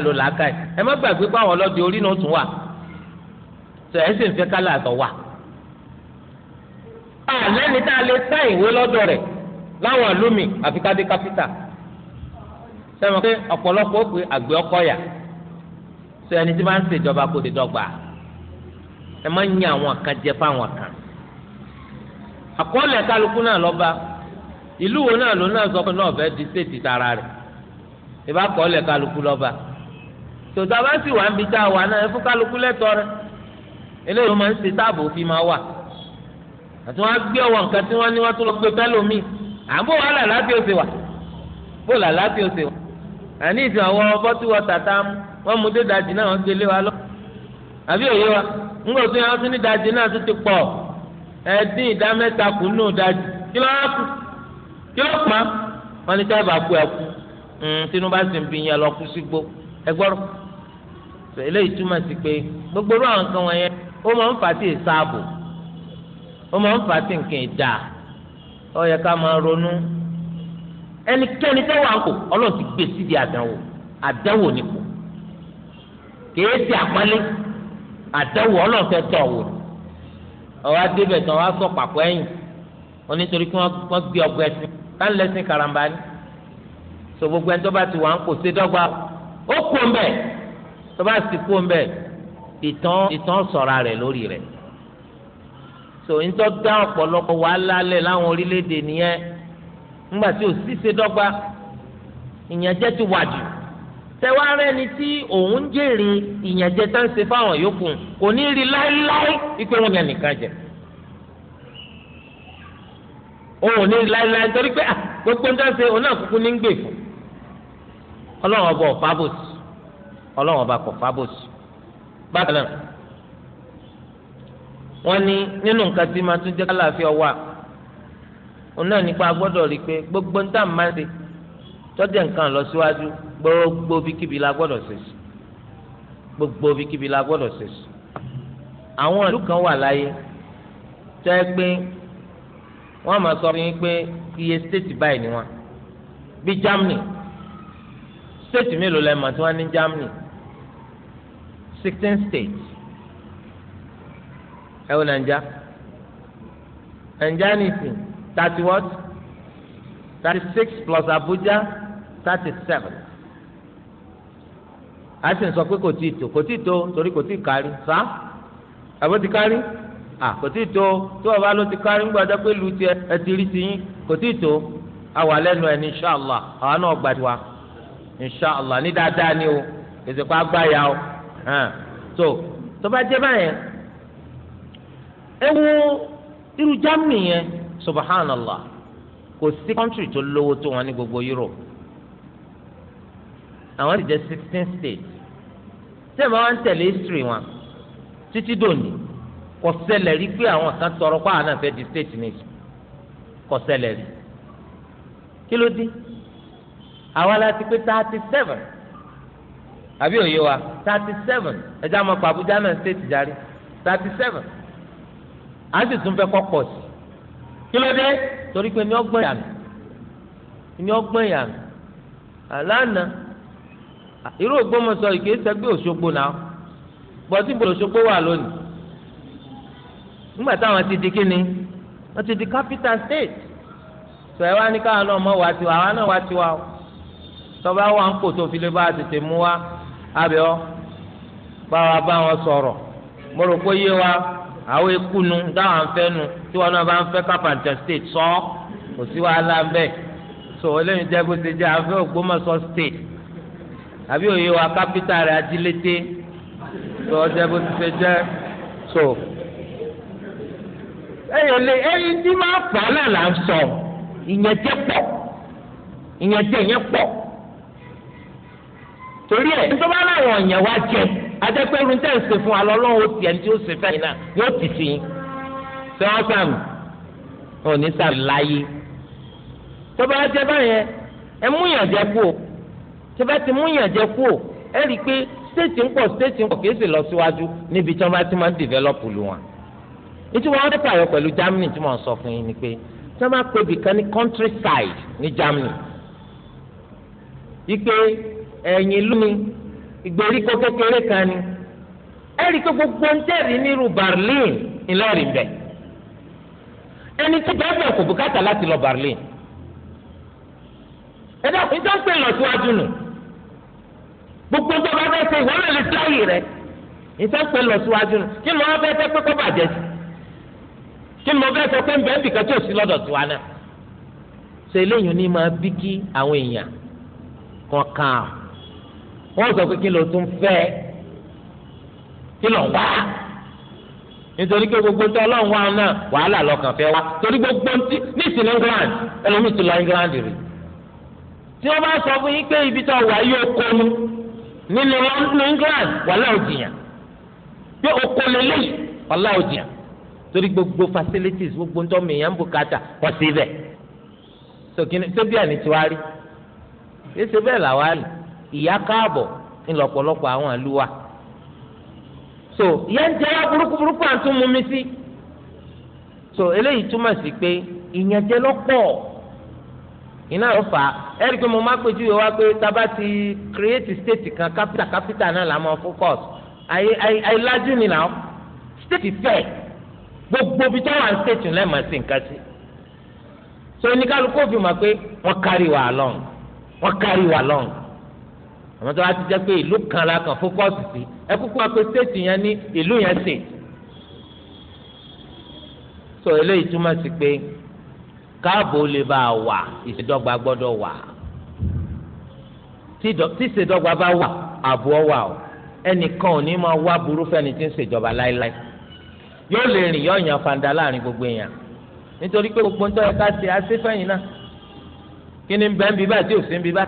ń àlẹ́ni tá a lè sá ìwé lọ́dọ̀ rẹ̀ láwọn àlùmí àfi ká kápítà sẹ́wọ̀n pé ọ̀pọ̀lọpọ̀ pé àgbẹ̀ ọkọ yà sọ ẹni tí máa ń ṣèjọba kò dé dọ́gba ẹ má ń yan àwọn kan jẹ fáwọn kan àkọọ́lẹ̀ kálukú náà ìlú wo náà ló náà sọ pé náà fẹ́ di séètì tara rẹ̀ ìbá kọ́ọ́lẹ̀ kálukú lọ́ba tòtò abá sì wà ń bi tá a wà náà ẹ fún kálukú lẹ́tọ́ rẹ̀ eléyìí ló máa ń ṣe táàbù òfin máa wà. àti wọn gbé ọwọ́ nǹkan tí wọn ní wọn tó lọ gbé bẹlómi à ń bò wà làlàáfíà ó ṣe wà bò làlàáfíà ó ṣe wà àní ìsìn àwọn bọ́tù wọ tàtà wọn mú dé dajì náà wọn gbélé wa lọ àbí òye wa ńgbà tó yẹ wọn tún ní dajì náà tó ti pọ̀ ẹ̀ẹ́dín ìdá mẹ́ta kù nù dajì kí ló kù kí ló pa wọn ní tábà kú ẹ kú hmm, tinubu sì ń bí yẹn lọ kú sígbó ẹ gbọ́rọ̀ eléyìí túmọ̀ sí pé gbogbo ó máa ń fà á sí nǹkan ìjà ó yẹ ká máa ronú ẹnikẹ́ni tó wà ń kò ọlọ́run ti gbé sídi àdánwò àdánwò ni kò kìí ṣe àpọ́nlé àdánwò ọlọ́run fẹ́ tọ̀ wò ọwọ́ adébẹ̀ tán wá sọ pàpọ̀ ẹ̀yìn wọn nítorí kí wọ́n gbé ọgbẹ́ ẹ̀sìn táwọn lẹ́sìn karamba ni so gbogbo ẹni tó bá ti wà ń kò ṣe dọ́gba ó kú ń tó bá sì kú ń ìtàn ìtàn sọ̀ra rẹ̀ lórí rẹ̀ so ńtọ́ dá ọ̀pọ̀lọpọ̀ wàhálà lẹ̀ láwọn orílẹ̀-èdè nìyẹn ńgbà tí ò sí ṣe dọ́gba ìyànjẹ ti wà jù tẹwàá rẹ ni tí òun jèrè ìyànjẹ tá ń ṣe fáwọn yòókù kò ní rí láéláé ipe wọn yẹn nìkan jẹ òun ò ní rí láéláé nítorí pé gbogbo ń ṣe òun náà kúkú ní ń gbè fún ọlọ́run ọba ọ̀fábòsì ọlọ́run ọba kọ̀ bákan náà wọ́n ní nínú nǹkan tí máa tún jẹ́ kálàáfíà wà òun náà nípa gbọ́dọ̀ rí i pé gbogbo ń tà máa ń ṣe tọ́jà nǹkan lọ síwájú gbogbo bíkíbi la gbọ́dọ̀ ṣe sí gbogbo bíkíbi la gbọ́dọ̀ ṣe sí. àwọn ìlú kan wà láyé tẹ́ pé wọ́n máa sọ fún yín pé iye stéètì báyìí ni wọ́n bí Germany stéètì mélòó lẹ́ẹ̀ tí wọ́n ní Germany sixteen states ẹ Naija: nàìjà nàìjà nìsín thirty what plus Abuja thirty seven a sì ń sọ pé kò tí ì tó kò tí ì tó torí kò tí ì kárí ti kárí à kò tí ì tó tó ọba ló ti kárí ńgbà pé lu ẹ ti rí ti yín kò tí ì tó ní inṣàlá náà ni o o so tó bá ẹ iru irú germany yẹn subhanallah kò sí kọ́ńtì tó lówó tó wọn ní gbogbo europe àwọn ti jẹ́ sixteen states tí ẹ̀ máa history wọn títí dòní kò ṣẹlẹ̀ rí pé àwọn kan tọrọ di state nation kò ṣẹlẹ̀ rí kí ló dé àwa la ti pé thirty seven àbí òye wa thirty seven pa Abuja state thirty à ń sì tún fẹ́ kọ́ pọ̀ sí kí ló dé torí pé ní ọgbọ́n yàrá ní ọgbọ́n yàrá àlànà irú Ògbómọ̀ṣọ́ yìí kìí ṣẹgbẹ́ Òṣogbo náà bọ́tí bọ́lá Òṣogbo wà lónìí nígbà táwọn ti di kíni wọ́n ti di capital state tọ́ ẹ wá ní káwọn náà mọ̀ wá tiwa àwọn náà wá tiwa o tọ́ba wà ń kò tó fi lè bá a tètè mú wa abẹ́ ọ bá wa bá wọn sọ̀rọ̀ mo rò pé yé wa àwọn ekunu táwọn afẹnu tí wọn náà bá ń fẹ́ kápẹntà state sọ kò sí wàhálà ń bẹ so eléyìí jẹ bó ṣe jẹ afẹ Ògbómọ̀ṣọ́ state àbí òye wa kápítà rẹ adílété so ọjẹ bó ti ṣe jẹ so. ẹyìn lè ẹyìn tí máa pọ̀ náà là ń sọ ìyẹn jẹ pọ̀ ìyẹn jẹ yẹn pọ̀ torí ẹ̀ nítorí wọn làwọn ọ̀yàn wa jẹ adẹ́pẹ́ irun tẹ́ ń ṣe fún alọ́lọ́wọ́ ó ti ẹni tí ó ṣe fẹ́ yín náà yóò ti sí yín ṣé wọ́n sàmì ò ní sàmì láyé tó bá jẹ́ báyẹn ẹ mú yàn jẹ kú o tó bá ti mú yàn jẹ kú o ẹ rí i pé stéètì ń pọ̀ stéètì ń pọ̀ kì í sì lọ síwájú níbi tí wọ́n bá ti máa ń dìvẹ́lọ́pù lu wọn ìtumọ̀ wọn dẹ́pọ̀ àyọ̀ pẹ̀lú Germany tí mo sọ fún yín ni pé tí wọ́n bá pe ibìkan ní countryside ní Germany ipe ẹ̀yìn ìlú ìgbèríko kékeré kan ni ẹ̀rí pé gbogbo ń tẹ̀rí nírú Berlin ńlọrin bẹ̀ ẹni tí bẹ́ẹ̀ kò bùkátà láti lọ Berlin ẹ̀dá kò tó ń pè lọ síwájú nù gbogbo ń tọ́ba bẹ́ẹ̀ ṣe ìwọ́n lè sáyè rẹ̀ ìtọ́ pè lọ síwájú nù kí ni wọ́n bẹ́ẹ̀ fẹ́ pé kó bàjẹ́ sí kí ni mo bẹ́ẹ̀ sọ pé ń bẹ́ẹ̀ bìkan tí ò sí lọ́dọ̀ tiwa náà ṣe eléyìí ni máa bí kí àwọn èèyàn kọ̀ọ̀kan wọ́n sọ pé kí ló tún fẹ́ kí ló ń wá nítorí pé gbogbo tó ọlọ́run wá náà wàhálà lọ́kàn fẹ́ wá torí gbogbo nísìnyí England ẹlòmíì ti lọ England rè tí wọ́n bá sọ fún yín pé ibi tó wà yóò kọlu nínú England wàhálà òjìyàn pé okòlè lẹ́yìn wàhálà òjìyàn torí gbogbo facilities gbogbo ń tọ́ mìíràn bùkátà kọ́ síbẹ̀ sókè tó bí àní tiwárí èsì bẹ́ẹ̀ làwọn ìyá káàbọ̀ ńlọ́pọ̀lọpọ̀ àwọn àlùwà so ìyá ń jẹ wá burúkú burúkú à ń tún mú mi sí so eléyìí túmọ̀ sí pé ìyẹn jẹ lọ́pọ̀ iná ló fà á ẹ̀rí pé mo má pèjú yìí wá pé tábà ti create state kan capital capital náà la máa focus àìlájú ni náà state fẹ́ gbogbo ibi tó wà ní state lẹ́ẹ̀mọ́ sí nǹkan sí so oníkálukú òfin mà pé wọ́n kárí wà lọ́n wọ́n kárí wà lọ́n àmọ́ tó bá ti jẹ́ pé ìlú kan la kàn fókọ́sì sí ẹ kúkú máa pe stéètì yẹn ní ìlú yẹn sè. sọ eléyìí túmọ̀ sí pé káàbò lè bá a wà ìṣèdọ́gba gbọ́dọ̀ wà tí ìṣèdọ́gba bá wà ààbò wà o ẹnìkan ò ní máa wá burú fẹ́ni tí ń ṣèjọba láéláé yóò lè rìn yóò yàn fanda láàrin gbogbo èèyàn nítorí pé gbogbo ń tọ́ ẹ ká ṣe aṣẹ́fẹ́yìn náà kí ni bẹ́ẹ̀ bíbá tí ò sí bíbá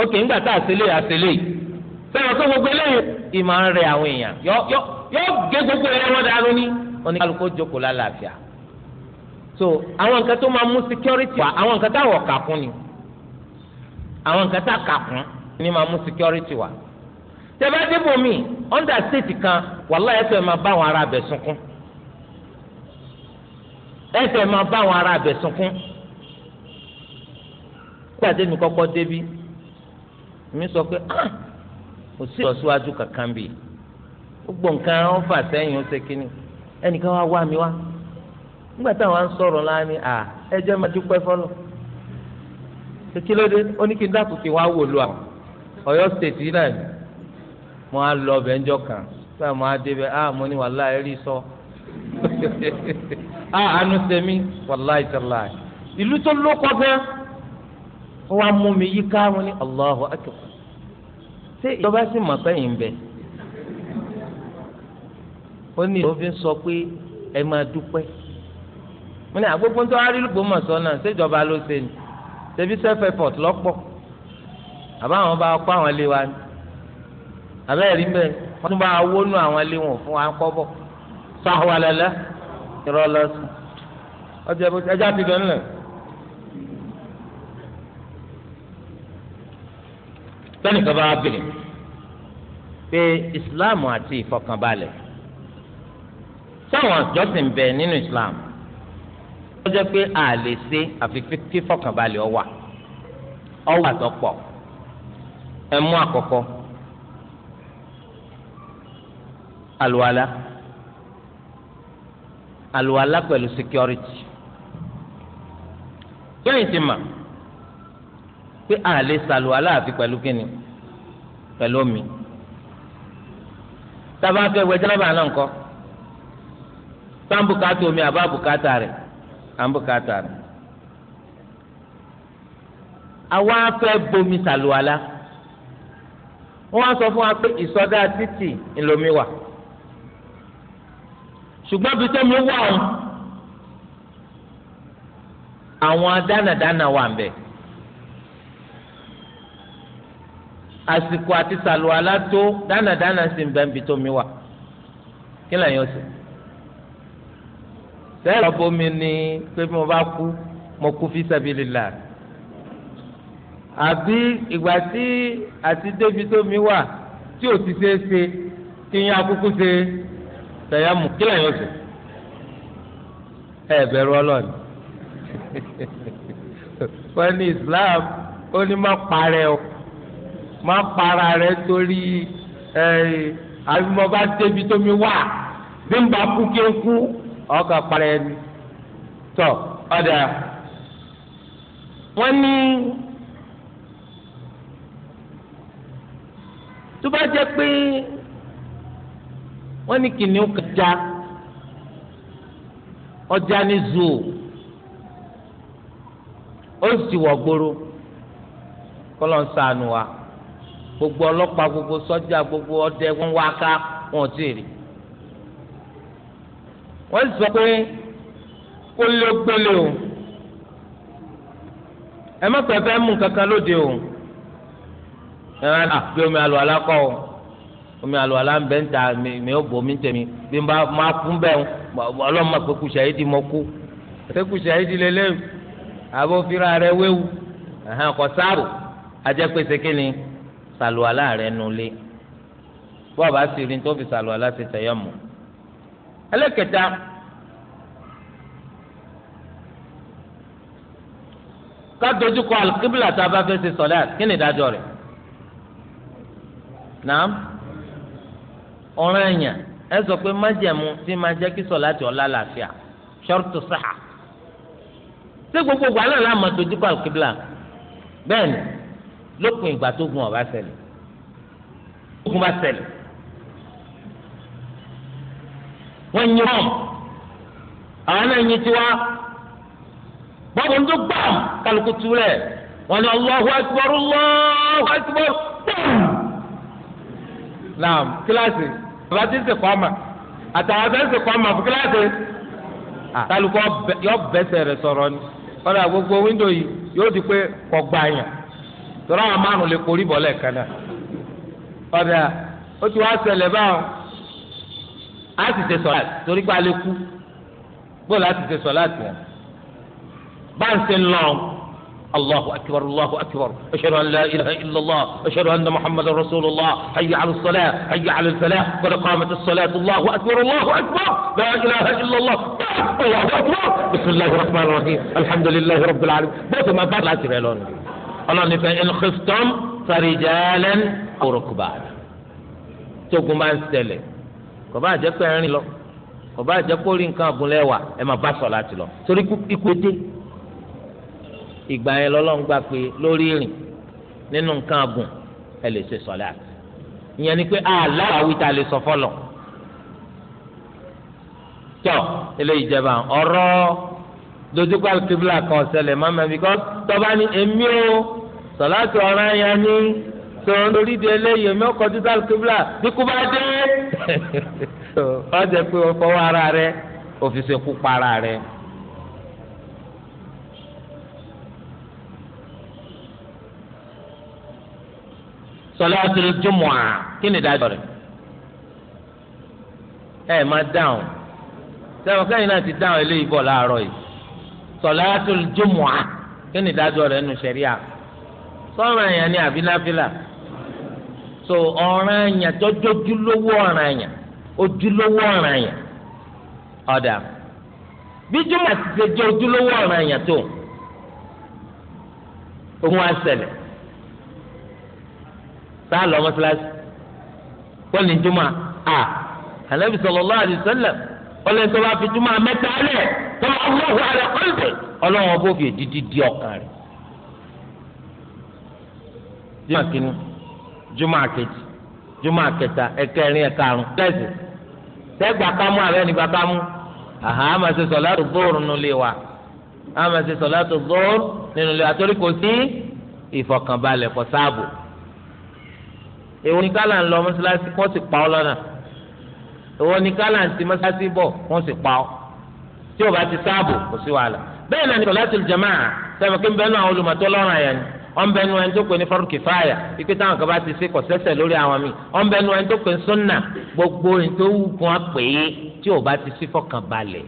ókè ńgbà tá àṣẹlẹ àṣẹlẹ sẹ́wọ̀n tó gbogbo eléyìí ìmọ̀ ń rẹ àwọn èèyàn yọ yọ yọ gé gbogbo ẹ̀rọ dànù ní wọn ni kálukó jókòó lálàáfíà so àwọn nǹkan tó máa mú security wá àwọn nǹkan táwọ̀ kà kún ni àwọn nǹkan tá kà kún ni máa mú security wá tẹ̀bá débò mi under state kan wàhálà ẹsẹ̀ máa bá àwọn ará abẹ sunkún ẹsẹ̀ máa bá àwọn ará abẹ sunkún. kọ́kọ́ débi èmi sọ pé ah kò sí ìlọsíwájú kankan bì gbogbo nǹkan wọn fà sẹ́yìn ó ṣe kínní ẹnìkan wá wá mi wá nígbà táwọn á ń sọ̀rọ̀ láàá ni à ẹ jẹ́ máa dúpẹ́ fọ́lọ́ kí ló dé ó ní kí n dákun kí wàá wò lu àwọn Ọ̀yọ́ stéètì náà ni mo á lọ ọbẹ̀ ńjọ kan báyìí mo á débẹ̀ á mo ní wàhálà ẹ rí sọ á [laughs] àánú sẹ́mi wàhálà ìtàlá ìlú tó lókọ gan-an wọ́n wá mú mi yíká wọn ní Allahu akbar ṣé ìjọba sì mọ̀ pẹ́yìn ń bẹ̀ ó ní òfin sọ pé ẹ máa dúpẹ́ mo ní àgbógbó tó wá rí lùgbòmọ̀sọ náà ṣèjọba ló ṣe ni ṣebí self effort lọ́pọ̀ àbá àwọn bá kọ́ àwọn ilé wa ni àbẹ́ rí bẹ́ẹ̀ wọ́n tún bá wónú àwọn ilé wọn fún wa kọ́ bọ̀ sọ àwọn alẹ́ lẹ́ ìrọ̀lọ́sùn ọjọ́ ẹja ti bẹ́ẹ̀ nílẹ̀. tẹ́nìkan bá bèrè pé ìsìláàmù àti ìfọkànbalẹ̀ sáwọn àjọsìn bẹ nínú islam ó jẹ́ pé a ṣe àfi fífọkànbalẹ̀ ọwà ọwà tó pọ̀ ẹ mú àkọ́kọ́ àlùwàlá àlùwàlá pẹ̀lú security lẹ́yìn tí mà. pé a lè sàlù aláàfin pẹ̀lú kíni pẹ̀lú omi tábà fẹ́ wẹ̀ jábà náà ńkọ́ sáǹbùkátà omi àbá bùkátà rẹ̀ àǹbùkátà rẹ̀ àwa fẹ́ bomi sàlù alá wọ́n á sọ fún wa pé ìsọdá títì ńlọmi wà ṣùgbọ́n bí sẹ́mi wà ọ́n àwọn adánadánà wà ń bẹ̀ẹ́. àsìkò àti sàlùwàlá tó dana sì ń bẹ níbi tó mi wà kí lẹ́yìn ọ̀sẹ̀ sẹ́yìn lọ́bọ̀ mi ni pé mo bá kú mo kú fi sabilillah àbí ìgbà tí àti débi tó mi wà tí ò ti ṣeé ṣe kí n yá kúkú ṣe tẹ̀yàmù kí lẹ́yìn ọ̀sẹ̀ ẹ bẹ̀rù ọlọ́ọ̀ni [laughs] wọ́n ní Islam ó ní má parẹ́ o. máa para rẹ̀ torí àbí mo bá débi tó mi wà bí n bá kú kí n kú ọkà para ẹni tọ ọdà wọn ní tó bá jẹ́ pé wọn ní kìnìún kan já ọjà ní zoo ó sì wọ gbòòrò kọlọ̀ ń sànù wa. gbogbo ọlọ́pàá gbogbo sọ́jà gbogbo ọdẹ wọn wá ká wọn ò tí ì rí. wọ́n sọ pé kó lé gbélé o ẹ má pẹ́ fẹ́ mú kankan lóde o ẹ má dà pé omi àlọ́ alákọ̀ o omi àlọ́ alá ń bẹ́ ń ta mi ò bò mí tèmi bí n bá má kún bẹ́ẹ̀ ọlọ́mọ pé kùsà yìí di mọ kú pé kùsà yìí di lélẹ́yìn àbófinra rẹ wéwu kọ̀ sáàrò ajẹ́pẹ́sẹ̀ kínni sàlùwàlá rẹ̀ nulẹ̀ bọ́ọ̀ bá sì rí tó fi sàlùwàlá ti tẹ̀yọ̀ mọ́ ẹlẹ́kẹta ká dojúkọ alikibla tá a bá fẹ́ ṣe sọ̀lá kí ni ìdájọ́ rẹ̀ nàám ọ̀ràn ẹ̀yàn ẹ sọ pé májẹ̀mú tí máa jẹ́ kí sọ̀lá ti ọ̀la làáfíà ṣọ́ọ̀tù sáà ṣé gbogbo gbàlá làá dojúkọ alikibla bẹ́ẹ̀ ni lópin ìgbà tó gun ọba ṣẹlẹ̀ ogun bá ṣẹlẹ̀ wọ́n yin mọ́ àwọn náà yin tiwa bọ́ọ̀bù ń tó gbà kálukú túlẹ̀ wọ́n ní Allahu Akbar Allahu Akbar naam kíláàsì bàbá tí ń sèkọ́ ọmọ àtàwọn tó ń sèkọ́ ọmọ fún kíláàsì kálukú yọ bẹsẹ̀ rẹ̀ sọ̀rọ̀ ni kọ́dà gbogbo wíńdò yìí yóò di pé kọ́ gbà tọ́lá àwọn márùn lè korí bọ́ lẹ́ẹ̀kan náà ọ̀dà ó ti wá ṣẹlẹ̀ báwọn á sì ṣe sọ̀lá torí pé a lè kú bóòlù á sì ṣe sọ̀lá tiẹ̀ bá ń ṣe ń lọ allahu akbar allahu akbar ashhadu an la ilaha illallah ashhadu anna muhammadan rasulullah hayya ala salah hayya ala salah qad qamat as-salat allahu akbar allahu akbar la ilaha illallah allahu akbar bismillahir rahmanir rahim alhamdulillahi rabbil alamin bó ma bá láti rẹ lọ́nà ọlọ́ni fẹ́ ẹn xistọ́m farijalẹ́n àwòrán-kùbà tógun bá ń ṣẹlẹ̀ kò bá jẹ́ pé ẹ̀rín lọ kò bá jẹ́ pé orí nǹkan àgùnlẹ̀ wà ẹ̀ máa bá sọ̀ láti lọ torí ikú dé ìgbà yẹn lọ́lọ́run gbà pé lórí ìrìn nínú nǹkan àgùn ẹ̀ lè ṣe sọ̀lá ìyẹn ni pé aláwáwí ta lè sọ fọlọ̀ tọ́ eléyìí jẹba ọ̀rọ̀ dojúkọ alikibla kan ọsẹlẹ mama because tọba ni èmi o sọláàtì ọ̀ràn yẹn ni sọ̀rọ̀ lórí di eléyìí èmi ọkọ̀ dojúkọ alikibla bíkú bá dé ọjà [laughs] pé o fọwọ́ ara rẹ òfìsè kú para rẹ. sọláàtì jùmọ̀ à kí ni dájọ́ rẹ̀ ẹ̀ máa dáhùn sẹ́wọ̀n kẹ́yìn náà ti dáhùn eléyìí bọ̀ láàárọ̀ yìí sọláàtò jùmùà kí ni ìdájọ́ rẹ̀ nù sẹríà sọ̀rọ̀ àyàn ni àbí náfìlà so ọ̀ràn àyàn tó dójúlówó ọ̀ràn àyàn ojúlówó ọ̀ràn àyàn ọ̀dà bí jùmùà ti ṣe jẹ́ ojúlówó ọ̀ràn àyàn tó òun á ṣẹlẹ̀ sáà lọ mọ́sálásí wọ́n ní à ànábì sallallahu alaihi ọlọ́run tó bá fi júmọ́ mẹ́ta lẹ̀ tó bá wọ́wọ́ rẹ̀ kọ́lẹ̀ ọlọ́run bó fi èdìdí di ọkàn rẹ̀. júmọ́ kínní júmọ́ àkejì júmọ́ àkẹta ẹ̀kẹrin ẹ̀karùn lẹ́sìn tẹ́gbà kámú àbẹ́ nígbà kámú àhà á máa ṣe sọ̀lá tó dóòrù nínú ilé wa á máa ṣe sọ̀lá tó dóòrù nínú ilé wa torí kò sí ìfọ̀kànbalẹ̀ kọ sáàbò èwo ni kálá ń lọ mọ́ṣáláṣí ìwọ ni kálàǹtì mọ́sáàsì bọ̀ wọ́n sì pa ọ́ tí o bá ti sáàbò kò sí wàhálà bẹ́ẹ̀ náà ni sọ̀láṣìlì jamaa sẹ́mi kí n bẹ́ẹ̀ náà olùmọ̀tò lọ́rùn àyàn ni ọ̀n bẹ́ẹ̀ nu ẹni tó pè ní fardu kifaya ikú táwọn kan bá ti ṣe kọ̀sẹ́sẹ̀ lórí àwọn mi ọ̀n bẹ́ẹ̀ nu ẹni tó pè ní sunna gbogbo ẹni tó wù kún apè é tí o bá ti sí fọkànbalẹ̀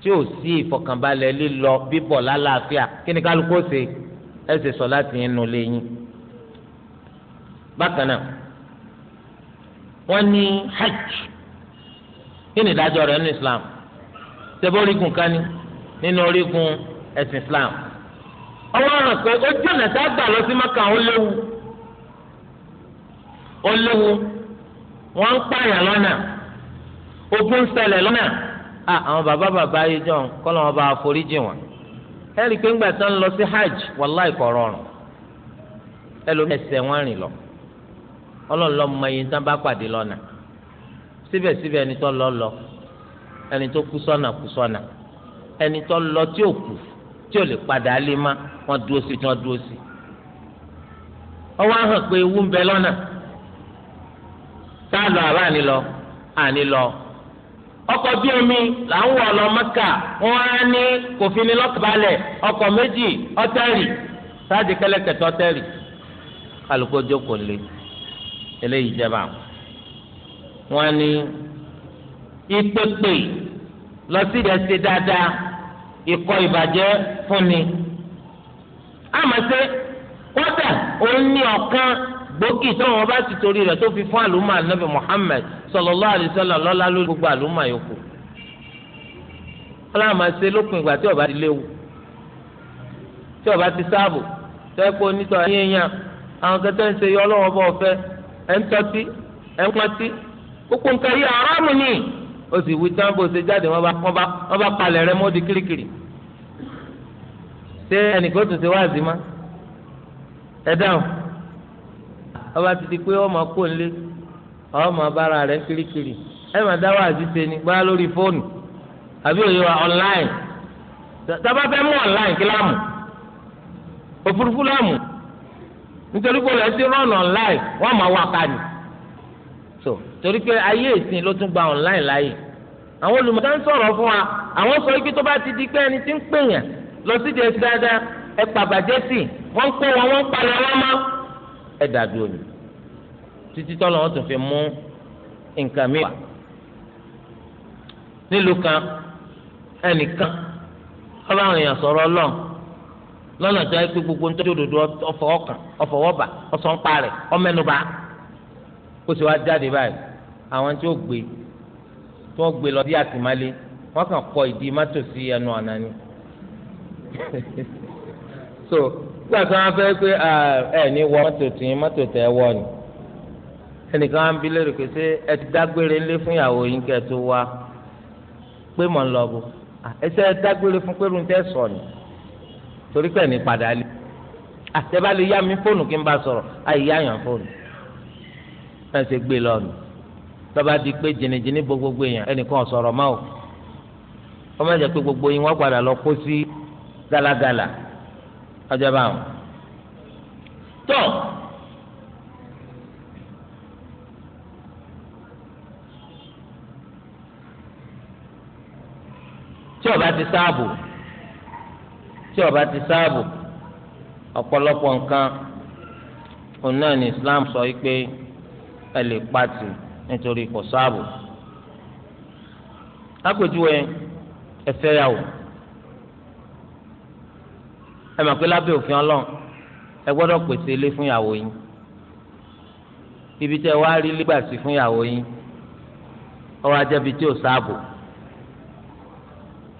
tí o sí ìfọkànbalẹ̀ lílọ bíbọ̀ lálàáfíà kí ni kálukú ṣe ẹ ṣe sọ̀láṣì yẹn nù lẹ́yìn bákan náà wọ́n ní hajj kí ni ìdájọ́ rẹ̀ nínú islam ṣebí orígun kan ní nínú orígun ẹ̀sìn islam ọwọ́ hàn pé ó jẹ́ nàta gbà lọ sí maka ó léwu ó léwu wọ́n ń pààyàn lọ́nà ogun ń ṣẹlẹ̀ lọ́nà àwọn bàbá bàbá yìí jọ̀ kọ́lọ́ wọn bá foríjì wọn ẹ̀rí pé ńgbà tí wọ́n lọ sí hajj wàláì kọ̀ rọrùn ẹlòmíì ẹsẹ̀ wọn rìn lọ. ọlọlọ mọ iye tán bá pàdé lọ́nà síbẹ̀síbẹ̀ ẹni tó lọ lọ ẹni tó kú kú ẹni lọ tí ò kú tí ò lè padà lé má wọ́n dúró sí tí dúró sí. ọwọ́ hàn pé ewu ń a lọ àbá ni lọ lọ omi là ń lọ maka, wọ́n á ní lọ́kàbalẹ̀ méjì eléyìí jẹba wọn ni ìpèpè lọ sí ìdẹ́sí dáadáa ìkọ̀ ìbàjẹ́ fúnni àmọ́sẹ́ kódà òun ní ọ̀kan gbòógì tó wọn bá ti torí rẹ̀ tó fi fún àlùmọ́ ànábì Muhammad sallallahu alaihi wasallam lọ́lá lórí gbogbo àlùmọ́ yòókù aláàmọ́sẹ́ lópin ìgbà tí ọba ti léwu tí ọba ti sáàbò tẹ́kọ̀ onítọ̀ ayé yẹn àwọn kẹtẹ́ ń ṣe yọ ọlọ́wọ́ bọ́ ọ fẹ́ ẹ̀ ń tọ́tí ẹ̀ ń pọ́tí kókó nǹkan yìí àrámù ni ó sì wí tán bó ṣe jáde wọ́n bá wọ́n bá palẹ̀ rẹ mọ́ di kirikiri ṣé ẹnìkan ó tún ṣe wáàzì má ẹ dáhùn ọba ti di pé ọmọ kò ń lé ọmọ bára rẹ kirikiri ẹ má dá wáàzì ṣe ni gbá lórí fóònù àbí òye wa online tábà fẹ́ mú online kí láàmù òfurufú láàmù nítorí pé olùsí run online wọ́n máa wá ká ni so torí pé ayé ìsìn ló tún gba online láàyè àwọn olùmọ̀tá ń sọ̀rọ̀ fún wa àwọn sọ ibi tó bá ti di pé ẹni tí ń pèèyàn lọ sídìí ẹsẹ̀ dáadáa ẹ pàbàjẹ́ sí wọ́n ń pè wọn wọ́n ń palẹ̀ wọn mọ́ ẹ dàbí olù títí tọ́lọ́ wọn tún fi mú nǹkan mi wá nílùú kan ẹnìkan ọlọ́run èèyàn sọ̀rọ̀ ọlọ́run lọ́nà tó yẹ pé gbogbo ń tọ́jú òdodo ọfọwọ́kàn ọfọwọ́bà ọsànparẹ̀ ọmẹnuba kó sì wá jáde báyìí àwọn tí ó gbé tí wọ́n gbé lọ sí àtìmálé wọ́n kàn kọ ìdí mọ́tò sí ẹnu ọ̀nà ni [laughs] so gbà tí wọ́n fẹ́ pé ẹ ní wọ mọ́tò tì í mọ́tò tẹ̀ ẹ wọ ni ẹnìkan á ń bi lérò pé ṣé ẹ ti dágbére ńlé fún ìyàwó yín kẹ́ ẹ tó wá pé mọ̀ ń lọ bò ẹsẹ̀ dágbére fún pé runtẹ́ sọ̀ ni torí pé ní padà lé àtẹ̀bá ah, lè yá mi fóònù kí n bá sọ̀rọ̀ àyè yá yàn fóònù náà ṣe gbé lọ́nu tọ́ba di pé jìnnìjìnnì gbogbogbò èèyàn ẹnìkan sọ̀rọ̀ máa o wọ́n má jẹ́ pé gbogbo yín wọ́n padà lọ kó sí gàlàgàlà ọjọ́ bá wọn. tọ́ tí ọba ti sáàbù tí ọba ti sáàbù ọ̀pọ̀lọpọ̀ nǹkan òun náà ní Islam sọ pé ẹ lè pàtì nítorí kò sáàbù. lápèjúwe ẹ fẹ́ yàwó ẹ mọ̀ pé lábẹ́ òfin ọlọ́run ẹ gbọ́dọ̀ pèsè ilé fún ìyàwó yín ibi tẹ wá rí lígbàsí fún ìyàwó yín ọwọ́ ajẹ́bi tí ò sáàbù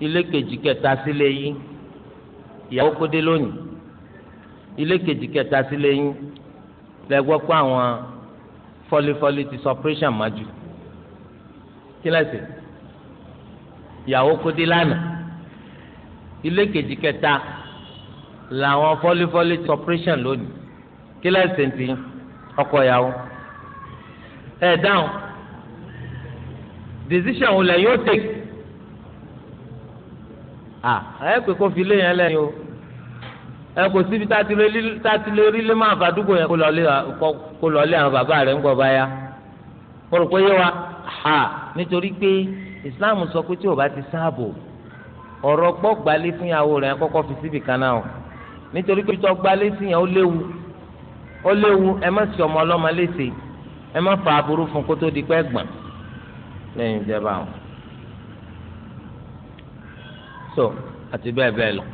ilé kejì kẹta sílé yín ìyàwó kó dé lónìí ilé kejì kẹta sí lẹ́yìn lẹ gbọ́ pé àwọn fọlifọli ti sọ pírẹsàn májú kí lẹsẹ ìyàwó kó dé lánàá ilé kejì kẹta làwọn fọlifọli ti sọ pírẹsàn lónìí kí lẹsẹ ti ọkọ ìyàwó ẹ dáhùn decision wo lẹ yóò take ẹ pé kó fi lé yẹn lẹ́yìn o ẹ kò síbi tá a ti lè rí lé máa fàdúgbò yẹn kó lọ lé àwọn bàbá rẹ̀ ń gbọ́ báyà mo rò pé yé wa nítorí pé Islam sọ pé tí o bá ti sáàbò ọ̀rọ̀ gbọ́ gbalé fún ìyàwó rẹ̀ kọ́kọ́ fi síbi kan náà o nítorí pé tó gbalé sí yẹn ó léwu ó léwu ẹ má sì ọmọ ọlọ́mọ léṣe ẹ má fa aburú fún kótó di pẹ́ gbọ̀n lẹ́yìn ìjẹba o so àti bẹ́ẹ̀ bẹ́ẹ̀ lọ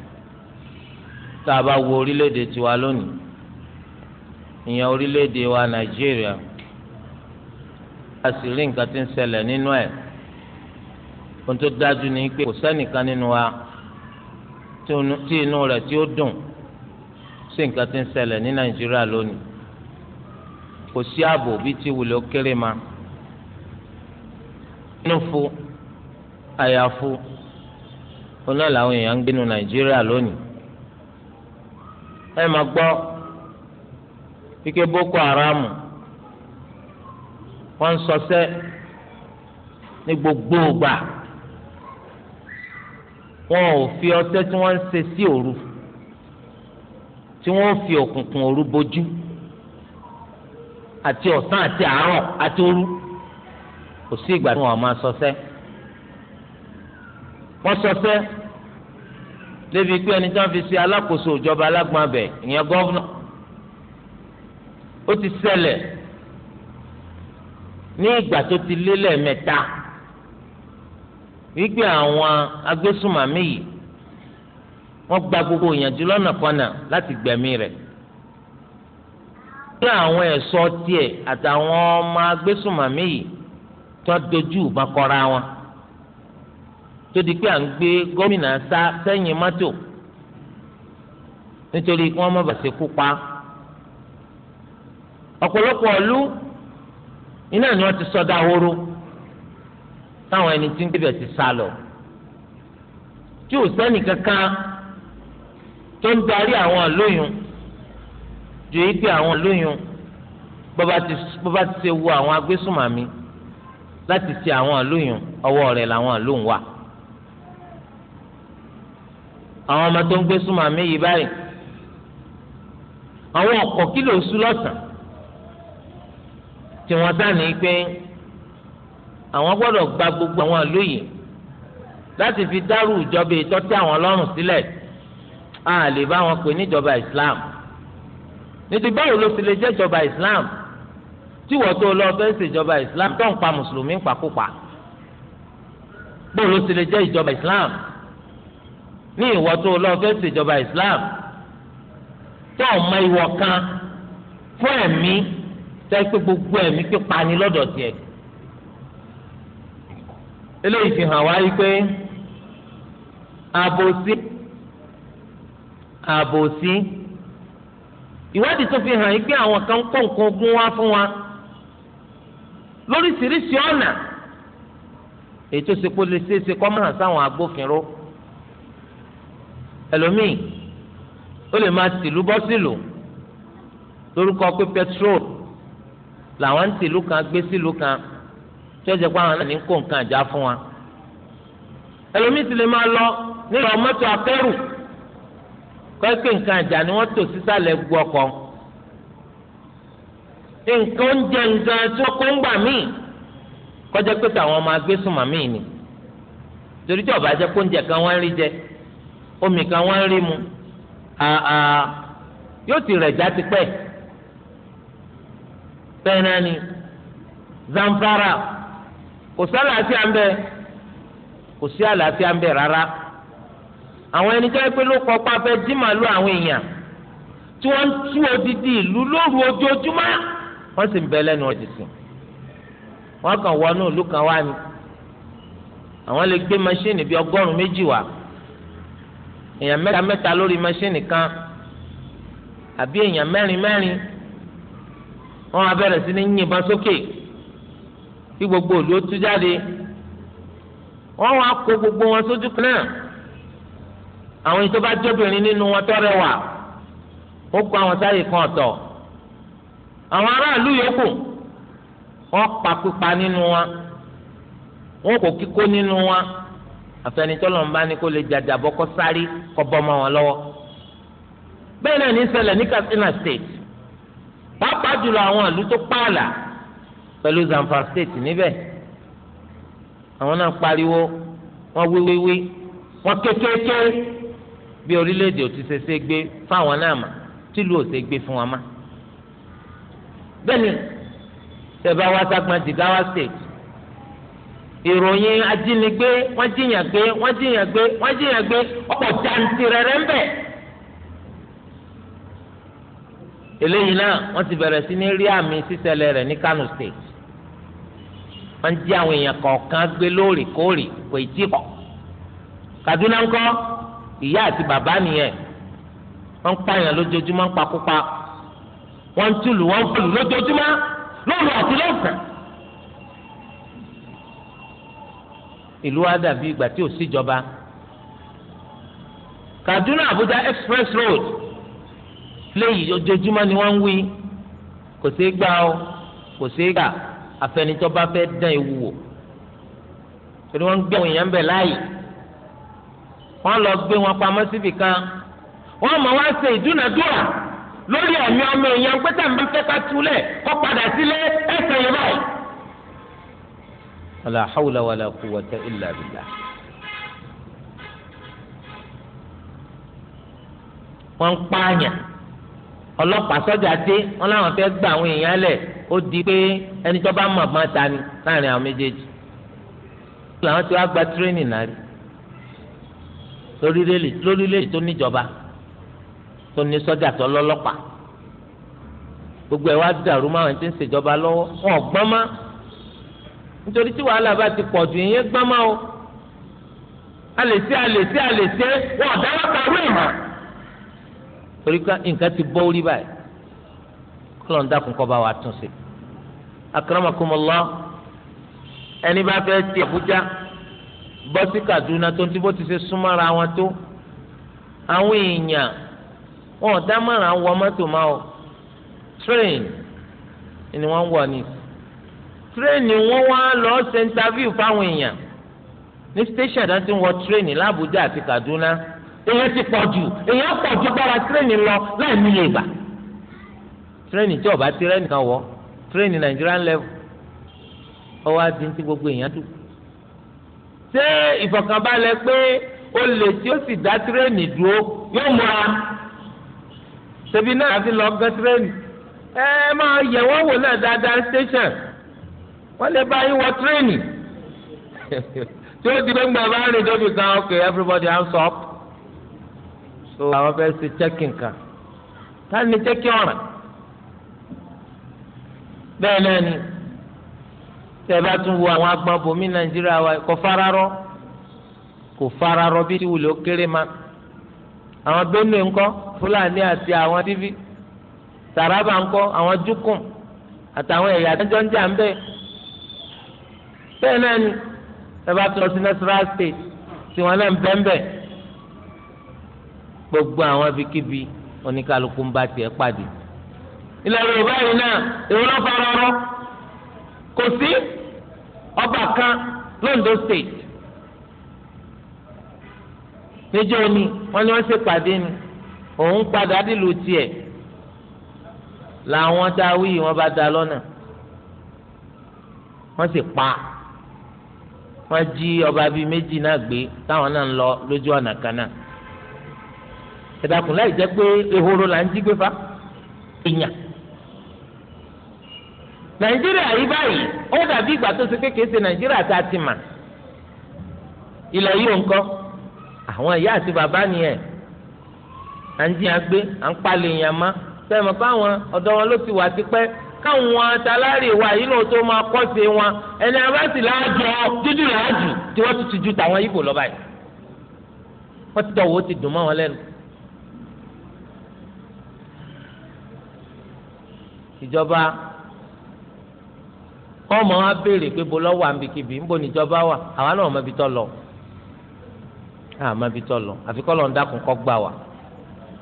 tá a bá wo orílẹ̀-èdè tiwa lónìí ìyẹn orílẹ̀-èdè wa nàìjíríà a sì rí nǹkan tí ń ṣẹlẹ̀ nínú ẹ̀ ohun tó dájú ni pé kò sẹ́nìkan nínú wa tí inú rẹ̀ tí ó dùn sí nǹkan tí ń ṣẹlẹ̀ ní nàìjíríà lónìí kò sí ààbò bíi ti wùlé ó kéré ma nínú fún àyàfu. wọn náà làwọn èèyàn ń gbénu nàìjíríà lónìí ẹ máa gbọ́ wíkẹ́ boko haram wọ́n ń sọsẹ́ ní gbogbo ìgbà wọn ò fi ọṣẹ tí wọ́n ń ṣe sí òru tí wọ́n fi òkùnkùn òru bojú àti ọ̀sán àti àárọ̀ àti òru kò sí ìgbà tí wọ́n máa sọsẹ́. So wọ́n sọ sẹ́ débi pé ẹni tí wọ́n fi ṣe alákòóso ìjọba alágbọ̀nbẹ̀ ìyẹn gọ́vnà ó ti ṣẹlẹ̀ ní ìgbà tó ti lélẹ̀ mẹ́ta wípé àwọn agbésùnmàmí yìí wọ́n gba gbogbo ìyànjú lọ́nà kọ́nà láti gbẹ̀mí rẹ̀ ní àwọn ẹ̀ṣọ́ tiẹ̀ àtàwọn ọmọ agbésùnmàmí yìí tó dojú ìbọn kọra wọn tó di pé à ń gbé gómìnà sá sẹ́yìn mọ́tò nítorí kí wọ́n má bàa ṣekú pa ọ̀pọ̀lọpọ̀ ọ̀lú iná ni wọ́n ti sọdá horo táwọn ẹni tí ń gbébẹ̀ ti sá lọ tí ò sẹ́ni kankan tó ń darí àwọn àlóyún ju èyí àwọn àlóyún bọ́ba ti ṣe wo àwọn agbésùnmàmí láti ṣe àwọn àlóyún ọwọ́ rẹ̀ làwọn àlóhùn wà àwọn ọmọ tó ń gbé súnmọ́ àmì yìí báyìí àwọn ọ̀kọ̀ kìlò sú lọ́sàn tí wọ́n dání pé àwọn gbọ́dọ̀ gba gbogbo àwọn àlú yìí láti fi dárú ìjọba ìtọ́tí àwọn ọlọ́run sílẹ̀ a lè bá wọn pè níjọba Islam nítorí báwo ló ti lè jẹ́ ìjọba Islam tí wọ́n tó lọ fẹ́ ṣèjọba Islam tó ń pa mùsùlùmí pàkópa báwo ló ti lè jẹ́ ìjọba Islam ní ìwọ tó lọ fẹ́ ṣèjọba Islam tó ọmọ ìwọ kan fún ẹ̀mí tẹ́ pé gbogbo ẹ̀mí pípa ni lọ́dọ̀ tiẹ̀ eléyìí fi hàn wá yí pé àbòsí àbòsí ìwádìí tó fi hàn yí pé àwọn kan kó nǹkan ogun wá fún wa lóríṣiríṣi ọ̀nà èyí tó ṣe kó lè ṣeé ṣe kọ́ máa sáwọn agbófinró ẹlòmíì ó lè máa tìlú bọ́ sílùú lórúkọ pé petrol làwọn ń tìlú kan gbé sílùú kan tí ó jẹ́ pé àwọn náà ní kó nǹkan àjà fún wa ẹlòmíì sì lè máa lọ nílò mọ́tò akẹ́rù kọ́ẹ́kẹ́ nǹkan àjà ni wọ́n tò sísàlẹ̀ gbọ́ ọkọ̀ nǹkan oúnjẹ nǹkan tí wọ́n kó ń gbà míì kọjá pé tàwọn máa gbé míì ni torí tí ọ̀bà jẹ́ kó oúnjẹ kan wọ́n rí jẹ omi kan wọ́n rí mu yóò ti rẹ̀ já tipẹ́ bẹ́ẹ̀ náà ni zamfara kò sí àlàáfíà ń bẹ kò sí àlàáfíà ń bẹ rárá àwọn ẹni tó yẹ pé ló kọ́ pápẹ́ dín màlúù àwọn èèyàn tí wọ́n ń tú odidi ìlú lóru ojoojúmọ́ wọ́n sì ń bẹ lẹ́nu ọ̀dì sùn wọ́n kàn wọnú ìlú kan wá ni àwọn lè gbé maṣíìnì bíi ọgọ́rùn-ún méjì wá èèyàn mẹ́ta mẹ́ta lórí mẹṣíìnì kan àbí èèyàn mẹ́rin mẹ́rin wọn á bẹ̀rẹ̀ sí ní yìnbọn sókè kí gbogbo òlú ó tú jáde wọn wá kó gbogbo wọn sójú kan náà àwọn yìí tó bá jọbìnrin nínú wọn tó rẹwà ó kó àwọn sáyè kan ọ̀tọ̀ àwọn aráàlú yòókù wọn pa pípa nínú wọn wọn kò kíkó nínú wọn àfẹnitọ́lọ̀ ń bá ní kó lè jàjàbọ́ kọ́ sáré kọ́ bọ́ mọ́ wọn lọ́wọ́ bẹ́ẹ̀ náà ní ṣẹlẹ̀ ní Katsina state pàápàá jùlọ àwọn ìlú tó pààlà pẹ̀lú Zamfara state níbẹ̀ àwọn náà pariwo wọ́n wíwíwí wọ́n kékeré bí orílẹ̀-èdè ò ti ṣe ṣe gbé fáwọn náà mà tìlú ò ṣe gbé fún wa má bẹ́ẹ̀ ni bá wá sagbọn ti Jigawa state ìròyìn ajínigbé wọn jiyàn gbé wọ́n jiyàn gbé wọ́n jiyàn gbé ń bẹ. eléyìí náà wọ́n ti bẹ̀rẹ̀ sí ní rí àmì sísẹ̀lẹ̀ rẹ̀ ní Kano State wọ́n jí àwọn èèyàn kọ̀ọ̀kan gbé lóòrèkóòrè kò ì tí Kaduna ìyá àti bàbá nìyẹn pààyàn ń ń túlù ń ìlú wa dàbí ìgbà tí ò síjọba Kaduna Abuja express road léyìí ojoojúmọ́ ni wọ́n ń wí kò sí gbà ó kò sí gbà afẹnitọ́ bá fẹ́ dán ewu wò torí wọ́n ń gbé àwọn èèyàn bẹ̀ láàyè wọ́n lọ gbé wọn pamọ́ síbi kan wọ́n mọ̀ wá ṣe ìdúnàdúrà lórí ẹ̀mí ọmọ èèyàn pé tàbí fẹ́ ká túlẹ̀ kó padà sílé ẹ̀sẹ̀ yìí báyìí. ولا حول ولا قوة إلا بالله. wọ́n ń pààyàn ọlọ́pàá sọ́jà dé wọ́n láwọn fẹ́ẹ́ gba àwọn èèyàn lẹ̀ ó di pé ẹni tó bá mọ̀ máa ta ni láàrin àwọn méjèèjì làwọn ti wá gba tírénì náà rí lórílẹ̀ tó níjọba tó ní sọ́jà tó lọ́lọ́pàá gbogbo ẹ̀ wá dàrú máa ń ti ń ṣèjọba lọ́wọ́ wọn ò gbọ́n má nítorí tí wàhálà bá ti pọ̀ jù ìyẹn gbọ́n máa o alèsè alèsè alèsè wọn ọ̀dà wọn kàwé ìmọ̀ torí ká nǹkan ti bọ́ orí báyìí kọ́lọ̀ ń dákun kọ́ bá wa tún sí akramakumullah ẹni bá fẹ́ ti Àbújá bọ́ sí Kaduna tó ń tí bó ti ṣe súnmọ́ra wọn tó àwọn èèyàn wọn ọ̀dà márùn wọ mọ́tò máa o train ni wọ́n ń wọ̀ nìyí tírẹ́ẹ̀nì wọn wá lọ ṣe ńtàfíù fáwọn èèyàn ní stéṣàn náà ti ń wọ tírẹ́ẹ̀nì lábújá àti Kaduna èèyàn ti pọ̀ jù èèyàn pọ̀ jù gbára tírẹ́ẹ̀nì lọ láì níye ìgbà tírẹ́ẹ̀nì tí ọba tírẹ́ẹ̀nì kan wọ tírẹ́ẹ̀nì Nigerian level ọwọ́ adi ti gbogbo èèyàn dùn ṣé ìfọ̀kànbalẹ̀ pé olè tí ó sì dá tírẹ́ẹ̀nì dúró yóò múra ṣebí náà àfi lọ gán tírẹ́ẹ̀nì ẹ máa yẹ̀ wọ́n wò náà dáadáa station wọ́n lè bá yín wọ tírénì tí ó di pé gbọ̀n bá rìn débi kan ok everybody hands up so àwọn fẹ́ ṣe checking kan táà ní checking ọ̀ràn bẹ́ẹ̀ náà ni tẹ́ bá tún wo àwọn agbábọ́mí nàìjíríà wa kò fararọ́ kò fararọ́ bí ti wùlé ó kéré ma àwọn Benue ńkọ́ Fúlàní àti àwọn tífì Taraba ńkọ́ àwọn Jukun àtàwọn ẹ̀yà àtẹjọ ń jà ń bẹ́ẹ̀ bẹ́ẹ̀ náà ni ẹ bá tún lọ sí Nasarawa state tí wọn náà ń bẹ́ńbẹ́ gbogbo àwọn ibikíbi oníkálukú ń bá tiẹ̀ pàdé ilẹ̀ Yorùbá yìí náà èwo ló fara rọ kò sí ọba kan londo state níjọ́ ni wọ́n ní wọ́n ṣèpàdé ni òun padà nílùú tiẹ̀ làwọn dáwí wọ́n bá dá lọ́nà wọ́n sì pa á. wọ́n jí ọba bíi méjì náà gbé táwọn náà ń lọ lójú ọ̀nà kan náà ẹ láì jẹ́ pé ehoro là ń jí gbé fa èèyàn nàìjíríà yìí báyìí ó dàbí ìgbà tó ṣe kékeré ṣe nàìjíríà tá a ti mà ilẹ̀ yìí ò ń kọ́ àwọn ìyá àti bàbá nìyẹn à ń jí àgbé à ń palè èèyàn má sẹ́yìn mọ̀ pé àwọn ọ̀dọ́ wọn ló ti wà tipẹ́ káwọn atalárí wa yìí náà tó máa kọ́ sí wọn ẹni abáàsì láàjọ dúdú làájù tí wọ́n ti tìjú tàwọn yìí kò lọ báyìí wọ́n ti tọ̀wọ́ ti dùn mọ́ wọn lẹ́nu. ìjọba ọmọ wa béèrè pé bó lọ́wọ́ àǹbìkìbì ńbọ níjọba wà àwa náà mọ̀ ibi tọ́ lọ àmọ́ ibi tọ́ lọ àfi kọ́ lọ́n dákun kọ́ gbà wá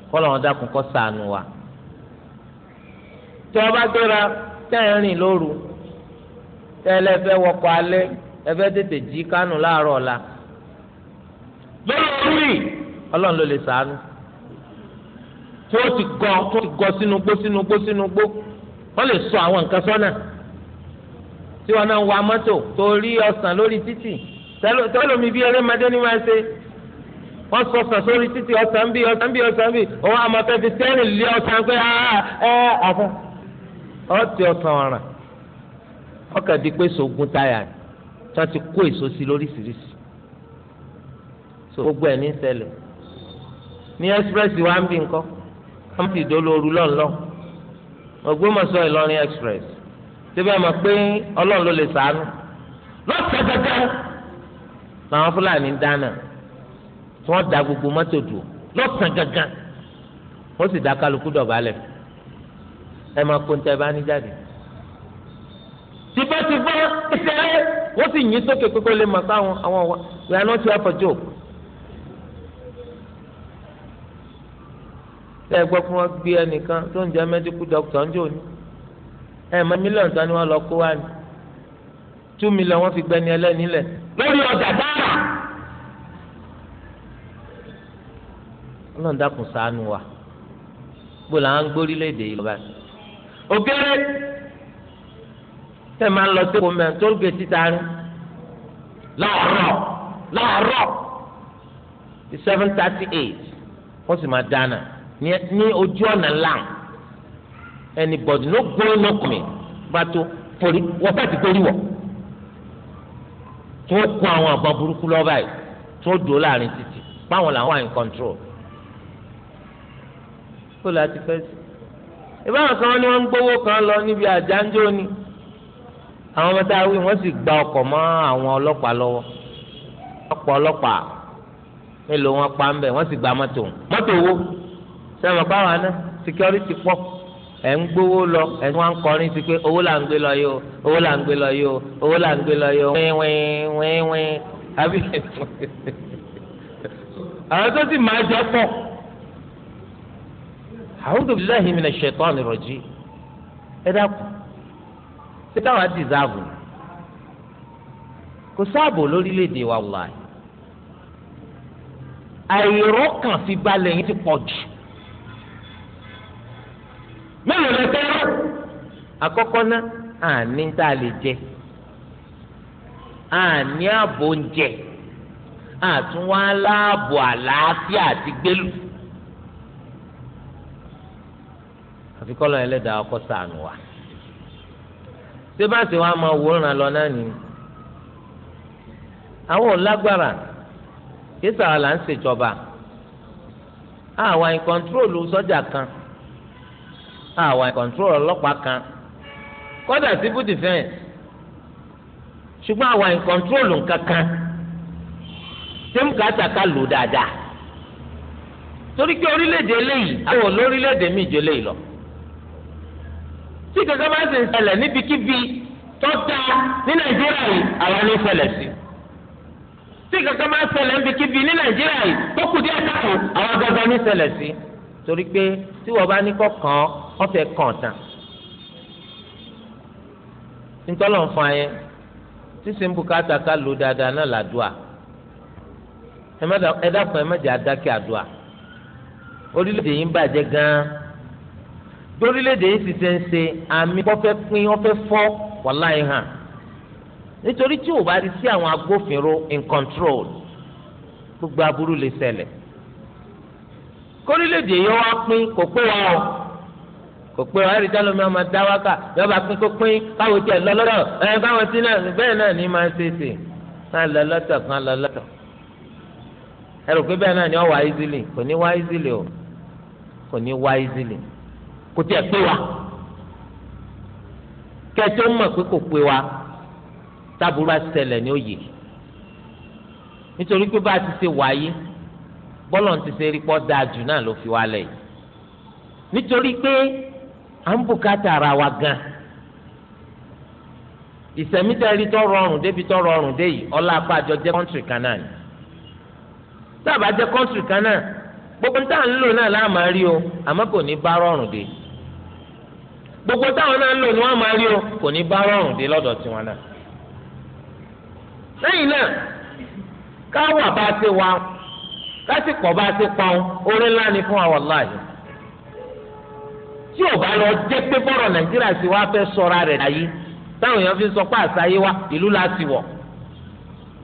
kọ́ lọ́n dákun kọ́ ṣàánú wa tí wọ́n bá gbéra tẹ́ẹ̀rìn lóru tẹ́lẹ̀ fẹ́ wọkọ̀ alẹ́ ẹ fẹ́ tètè jí kánù láàárọ̀ ọ̀la lórí orí ọlọ́run ló lè sàánú tí ó ti gọ tó ti gọ sínú gbó sínú gbó sínú gbó wọ́n lè sọ àwọn nǹkan sọ́nà tí wọn náà wa mọ́tò tó rí ọ̀sán lórí títì tẹ́lómi bí erémadé ni wọ́n ṣe wọ́n sọ ọ̀sán sórí títì ọ̀sán bí ọ̀sán bí ọ̀sán bí òun àmọ́ fi sẹ́rìn lé ọ̀sán pé ẹ ah, àfẹ́. Ah, ah, ọtí ọsàn ọràn ọkà di pé sògùn táyà ni tí wọn ti kó èso sí lóríṣiríṣi so gbogbo ẹ ní ṣẹlẹ̀ ní express wa ń bì ńkọ wọn ti dolóoru lọ́nlọ́ Ògbómọ̀ṣọ́ Ìlọrin express síbẹ̀ mọ̀ pé Ọlọ́run ló lè sàánú lọ́sẹ̀ gẹ́gẹ́ làwọn Fúlàní dáná tí wọ́n da gbogbo mọ́tò dùn lọ́sẹ̀ wọ́n sì dá kálukú dọ̀bálẹ̀ fún ẹ máa kó níta ẹ bá ní jáde. tìbátìbá ìṣẹ̀lẹ̀ wọ́n sì yín sókè pé kó lè mọ̀ pé àwọn àwọn we are not here for joke. ṣé ẹ gbọ́ pé wọ́n gbé ẹnìkan tó ń jẹ́ medical doctor ń jò ní. ẹ mọ mílíọ̀nù tán ni wọ́n lọ kó wá ní. two million wọ́n fi gbẹ́ni ẹlẹ́ni lẹ̀. lórí ọjà dára. ọlọ́run dákun ṣàánú wa bó la ń gbórílẹ̀ èdè yìí lọ́ba yìí ògèrè tẹ máa ń lọ sí kòmẹ tóògè títa rí láàárọ̀ láàárọ̀ ti seven thirty eight wọ́n sì máa dáná ní ojú ọ̀nà lam anybody no go no come bá tó forí wọ́n bá ti torí wọ̀ tí wọ́n kó àwọn àbọ̀ burúkú lọ́ba yìí tí wọ́n dòó láàrin títì báwọn làwọn wà in control kó láti fẹ́ sí ìbáwọn kan ni wọ́n ń gbowó kan lọ níbi àjánjó ni àwọn ọmọ tá a wí wọ́n sì gba ọkọ̀ mọ́ àwọn ọlọ́pàá lọ́wọ́ ọ̀pọ̀ ọlọ́pàá mélòó wọn pa ń bẹ̀ wọ́n sì gba mọ́tò mọ́tò wo sẹ́wọ̀n mọ̀ páwọn náà security pọ̀ ẹ̀ ń gbowó lọ ẹ̀ ń wá ń kọrin sí pé owó là ń gbé lọ yìí o owó là ń gbé lọ yìí o owó là ń gbé lọ yìí o wíwín wíwín àbí [laughs] àwọn tó sì máa jọ pọ̀ a'udhu billahi minash shaitanir rajim ẹ dákun ṣé táwọn á dìsáàbù kò sáàbò lórílẹ̀‐èdè wa wà yìí àìrọ́kàn fi balẹ̀ yín ti pọ̀ jù mélòó lẹ́tẹ́ àkọ́kọ́ náà àní tá a lè jẹ àní ààbò ń jẹ àtúnwá aláàbò àlàáfíà àti gbélùú àfi kọ́ lọ́yìn ẹlẹ́dàá kọ́ sànù wa ṣé bá sì wàá máa wòran lọ náà ni àwọn ò lágbára là ń ṣèjọba àwa ń kan àwa ń kọ́ńtírólù ọlọ́pàá kan kọ́dà síbú dìfẹ́ǹsì ṣùgbọ́n àwa ń kọ́ńtírólù kankan ṣé ká lò dáadáa torí pé orílẹ̀-èdè eléyìí àwọn olórílẹ̀-èdè míì eléyìí lọ. tí kankan bá sì ń ṣẹlẹ̀ níbikíbi tó dáa ní nàìjíríà yìí àwa ló ṣẹlẹ̀ sí tí kankan bá ṣẹlẹ̀ níbikíbi ní nàìjíríà yìí tó kù díẹ̀ káàkó àwa gangan ní ṣẹlẹ̀ sí torí pé tí wọ́n bá ní kọ́ kàn ọ́ fẹ́ kàn tán nítorí wọn fún ayé sísè ń bùkátà ká lò dáadáa náà làdúà ẹ dákun ẹ má jẹ adákẹ́ àdúà orílẹ̀-èdè yìí ń bàjẹ́ gan-an torílẹ̀èdè yìí ti sẹ́ńsẹ́ àmì kọ́fẹ́ pín ọ́fẹ́ fọ́ wàláhì hàn nítorí tí ò bá rí sí àwọn agbófinró in control gbogbo aburú lè ṣẹlẹ̀ kórílẹ̀èdè yìí wá pín kò pé wa o kò pé wa ẹ̀rí dálómi ọmọ dá wákà yóò bá pín kó pín káwọn tiẹ̀ lọ lọ́dọ̀ ẹ̀ báwọn ti náà bẹ́ẹ̀ náà ní máa ń ṣe ṣe náà lọ lọ́tọ̀ kan lọ lọ́tọ̀ ẹ rò pé bẹ́ẹ̀ náà ni ọ wá easily kò ní wá easily o kò ní wá easily. kò tiẹ̀ pé wa kẹtọ mọ̀ pé kò pé wa táburú nítorí pé bá a ti ṣe wáyé bọ́lọ̀ ti ṣe rí pọ́ dáa jù náà fi wá lẹ̀ yìí nítorí pé à ń bùkátà ara wa gan ìsẹ̀mítẹ́rí tó rọrùn débi tó rọrùn dé yìí ọlá apájọ jẹ́ kọ́ńtìrì kan náà ni tábà jẹ́ kọ́ńtìrì kan náà gbogbo ń lò náà gbogbo táwọn náà ń lò ní wọn máa rí o kò ní bá rọrùn dé lọ́dọ̀ tiwọn náà. lẹ́yìn náà káwà bá ti wá lásìkò bá ti pa ọ́n orí ńlá ni fún àwọn láàyè. tí ò bá lọ jẹ́ pé bọ́rọ̀ nàìjíríà sì wá fẹ́ sọra rẹ̀ láyé táwọn èèyàn fi sọ pé àṣàyé wa ìlú láti wọ̀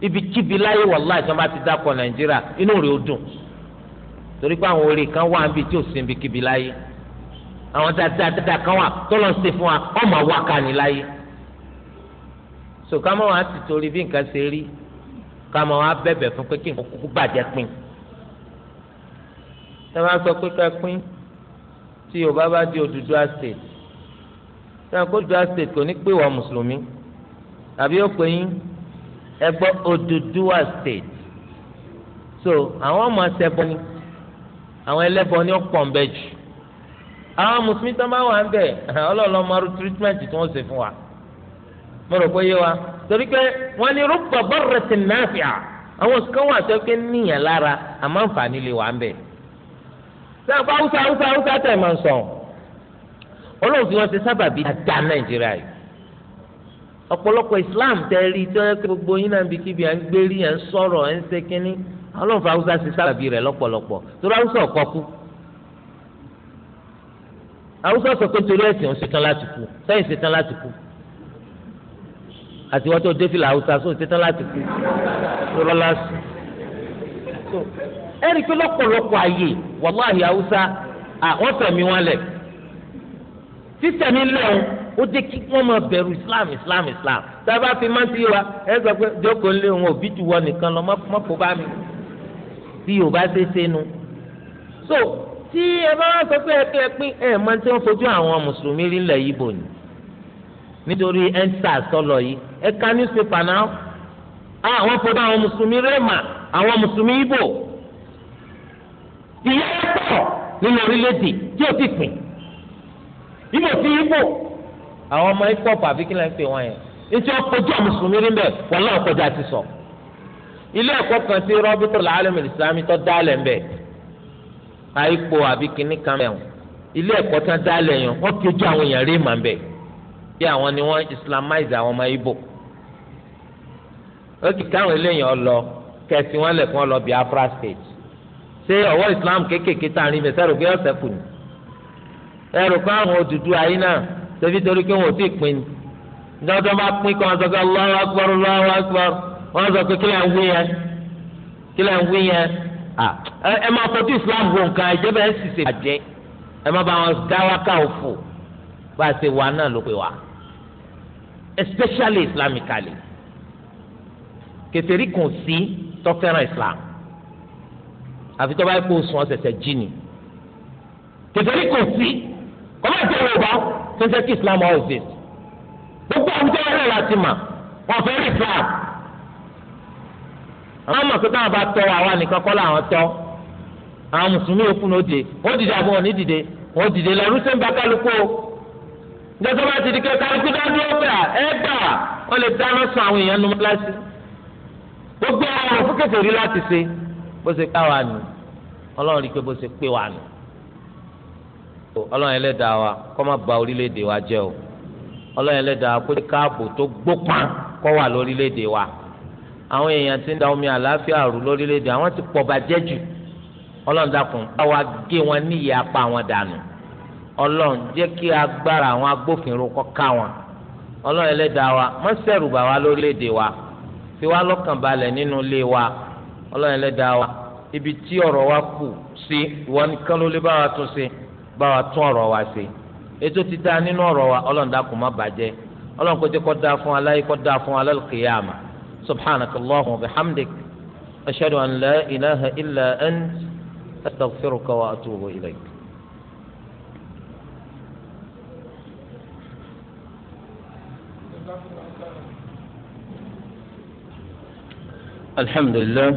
ibikíbi láyé wàláì tí bá ti dákọ̀ nàìjíríà inú rẹ̀ ó dùn torí pé àwọn orí kan wà níbi tí ò sí ibikíbi láyé àwọn dáadáa kan wà tọ́lọ̀ ń ṣe fún wa ọmọ àwa kan ní láyé sòkámọ́ wa ti torí bí nǹkan ṣe rí kámọ́ wa bẹ̀bẹ̀ fún pé kí nǹkan kúkú bàjẹ́ pín tẹ́ bá sọ pé ká pín tí Yorùbá bá di Odùduwà state tẹ́ kó Odùduwà state kò ní pè wá mùsùlùmí tàbí ó pè yín ẹ gbọ́ Odùduwà state so àwọn ọmọ ṣẹbọ ni àwọn ẹlẹ́bọ ni ó pọ̀ ń bẹ jù àwọn mùsùlùmí tó máa wà ń bẹ ọlọ́ọ̀lọ́ máa rú tírítímẹ́ǹtì tí wọ́n ṣe fún wa mo rò pé yé wa torí pé wọ́n ní rúbọ̀ bọ́ọ̀rẹ̀ tì náà fìyà àwọn kan wà tó pé níyàn lára àmọ́ nfààní lè wà ń bẹ. sáà fún haúsá haúsá haúsá tẹ̀ máa ń sọ ọlọ́run fi wọn ṣe sábàbí àdá nàìjíríà yìí ọ̀pọ̀lọpọ̀ islam tẹ́ rí tó yẹ kó gbogbo yín náà bíkíbi à ń gbérí à ń sọ̀rọ̀ à ń ṣe kínní ọlọ́run fi haúsá ṣe sábàbí rẹ̀ lọ́pọ̀lọpọ̀ torí haúsá ọ̀kọ́kú haúsá sọ pé torí ẹ̀sìn ṣetán láti kú sẹ́yìn ṣetán láti kú àti wọ́n tó dé fìlà haúsá sọ ṣetán láti kú lọ́lá lásì. ẹ̀rí pé lọ́pọ̀lọpọ̀ àyè wàláhì haúsá àwọn tẹ̀mí wọn lẹ̀ títẹ̀mí lẹ́hìn ó jẹ́ kí wọ́n máa bẹ̀rù islam islam islam tá a bá fi máa ń ti wa ẹ sọ pé jókòó lé wọn òbí tu wọn nìkan lọ mọ́kò bá mi tí yorùbá ṣe ṣe nu. so tí ẹ bá wá sọ pé ẹ pé ẹ pín ẹ máa ń tí wọ́n fojú àwọn mùsùlùmí rí ńlẹ̀ yìí bò ní nítorí ẹnsa sọlọ yìí ẹka newspaper náà àwọn fojú àwọn mùsùlùmí rẹ́mà àwọn mùsùlùmí Ìgbò ìyá ẹ̀pọ̀ nínú orílẹ̀-èdè tí ò ti pín Ìgbò sí Ìgbò àwọn ọmọ ikọ̀ àbí kí lẹ́yìn pé wọ́n yẹn nítorí wọ́n fojú àwọn mùsùlùmí rí ńbẹ̀ wọ́n náà kọjá ti sọ ilé ẹ̀kọ́ kan tí rọ́bìtì làálẹ̀ mẹ́lìsàmì àìpò àbí kínní kan mẹ́wọ̀n ilé ẹ̀kọ́ tán dálẹ̀ yẹn wọ́n fi ojú àwọn èèyàn rí màá bẹ̀ bí àwọn ni wọ́n islamize àwọn ọmọ Ìgbò ó kì káwọn eléyìí ọlọ kẹsì wọn lẹ fún ọlọ Biafra state ṣé ọwọ́ Islam kéékèèké tá a rí bẹ̀ sẹ́rù pé ọ̀sẹ̀ kù ní ẹrù kọ́ àwọn òdùdú ayé náà ṣẹbi torí pé wọn ò tí ì pin ní ọjọ́ bá pín kan sọ pé Allahu Akbar Allahu Akbar wọ́n sọ pé kílẹ̀ ń wí yẹn kílẹ̀ ń wí yẹn Ah. ẹ máa fojú islam wo nǹkan ẹjẹ bẹ́ẹ̀ sì ṣe bàjẹ́ ẹ má bá wọn dáwàkà òfò bá a ṣe wà náà ló pé wà especially islamically kètèrí kò sí tó islam àfi tó bá yẹ kó o sùn ọ̀sẹ̀sẹ̀ jí ni kètèrí kò sí kọ́mọ̀ ìjọba ìwà tó ń jẹ́ kí islam all exist gbogbo àwọn ìjọba ìwà ti mà wọ́n fẹ́ràn islam àwọn mọ̀ pé táwọn bá tọ́ àwa nìkan kọ́ làwọn tọ́ àwọn mùsùlùmí yòókù ní òdìdè wọ́n dìde àbọ̀ wọn ní dìde wọ́n dìde lọ rúṣẹ́ ń bá kálukú o jẹ́sọ́ bá ti di kẹ́ kálukú dájú ọ̀gbà ẹ̀gbà wọ́n lè dáná sun àwọn èèyàn numu láti gbogbo ọ̀rọ̀ fún kèfèrí láti ṣe bó ṣe ká wa nù ọlọ́run rí i pé bó ṣe pé wa nù ọlọ́run ẹlẹ́dàá wa kó má ba orílẹ̀-èdè wa jẹ́ o ọlọ́run ẹlẹ́dàá wa kó káàbò wa àwọn èèyàn ti ń da omi àlàáfíà rú lórílẹ̀‐èdè àwọn ti pọ̀ bàjẹ́ jù ọlọ́run dákun báwa gé wọn níyì apá wọn dànù ọlọ́run jẹ́ kí agbára àwọn agbófinró kọ́ ká wọn ọlọ́run ẹlẹ́dàá wa má ṣẹ̀rù bà wá lórílẹ̀‐èdè wa fi wá lọ́kàn balẹ̀ nínú ilé wa ọlọ́run ẹlẹ́dàá wa ibi tí ọ̀rọ̀ wa kù sí ìwọ nìkan ló lè bá wa tún ṣe bá wa tún ọ̀rọ̀ wa ṣe ètò ti dáa nínú ọ̀rọ̀ wa ọlọ́run má bàjẹ́ ọlọ́run kó jẹ́ kó dáa fún aláyé kó dáa fún alálùkìyàmà سبحانك اللهم وبحمدك أشهد أن لا إله إلا أنت أستغفرك وأتوب إليك الحمد لله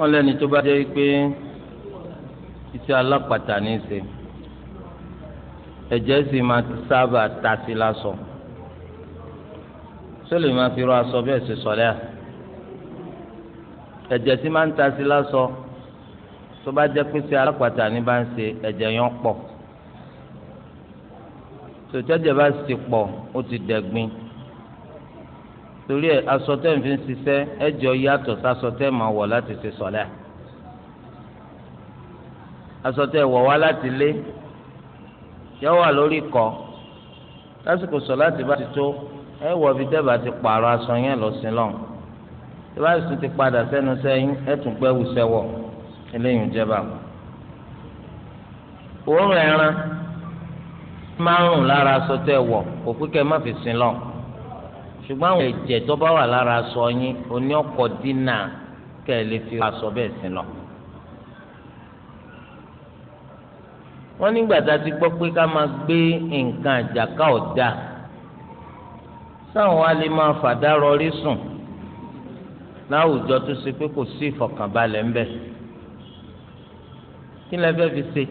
wọ́n lẹ́ni tó bá jẹ́ pé iṣẹ́ alápàtà ní í ṣe ẹ̀jẹ̀ sì máa sábà tasí lásán. tó ma máa fi rọ aṣọ bẹ́ẹ̀ ṣe sọ̀lẹ́ à ẹ̀jẹ̀ tí máa ń ta sí lásọ tó bá jẹ́ pé sí alápàtà ní bá ń ṣe ẹ̀jẹ̀ yẹn pọ̀ tòtẹ́jẹ̀ bá sì pọ̀ ó ti dẹ̀gbin torí ẹ̀ aṣọ tẹ́ ń fi ṣiṣẹ́ ẹ̀jọ̀ yàtọ̀ sáṣọ tẹ́ máa wọ̀ láti ṣe sọ̀lẹ́ à aṣọ tẹ́ wọ̀ wá láti lé yọ wà lórí kọ́ lásìkò sọ láti bá ti tó ẹ wọ bí dẹ́bà ti pààrọ̀ aṣọ yẹn lọ sí lọ́n tí bá sì ti padà sẹ́nu sẹ́yìn ẹ tún pẹ́ wù sẹ́wọ̀ eléyìí ń jẹba. òórùn ẹran máa ń rùn lára aṣọ tẹ wọ̀ kò pé kẹ́ má fi sin lọ́n ṣùgbọ́n àwọn ẹ̀jẹ̀ tó bá wà lára aṣọ yín oní ọkọ̀ dínà kẹ́ lè fi aṣọ bẹ́ẹ̀ sin lọ. wọ́n nígbà tá a ti gbọ́ pé ká máa gbé nǹkan àjàká ọ̀dà sáwọn wa lè máa fàdárọrí sùn láwùjọ tó ṣe pé kò sí ìfọ̀kànbalẹ̀ ńbẹ kí lẹ fẹ́ fi ṣe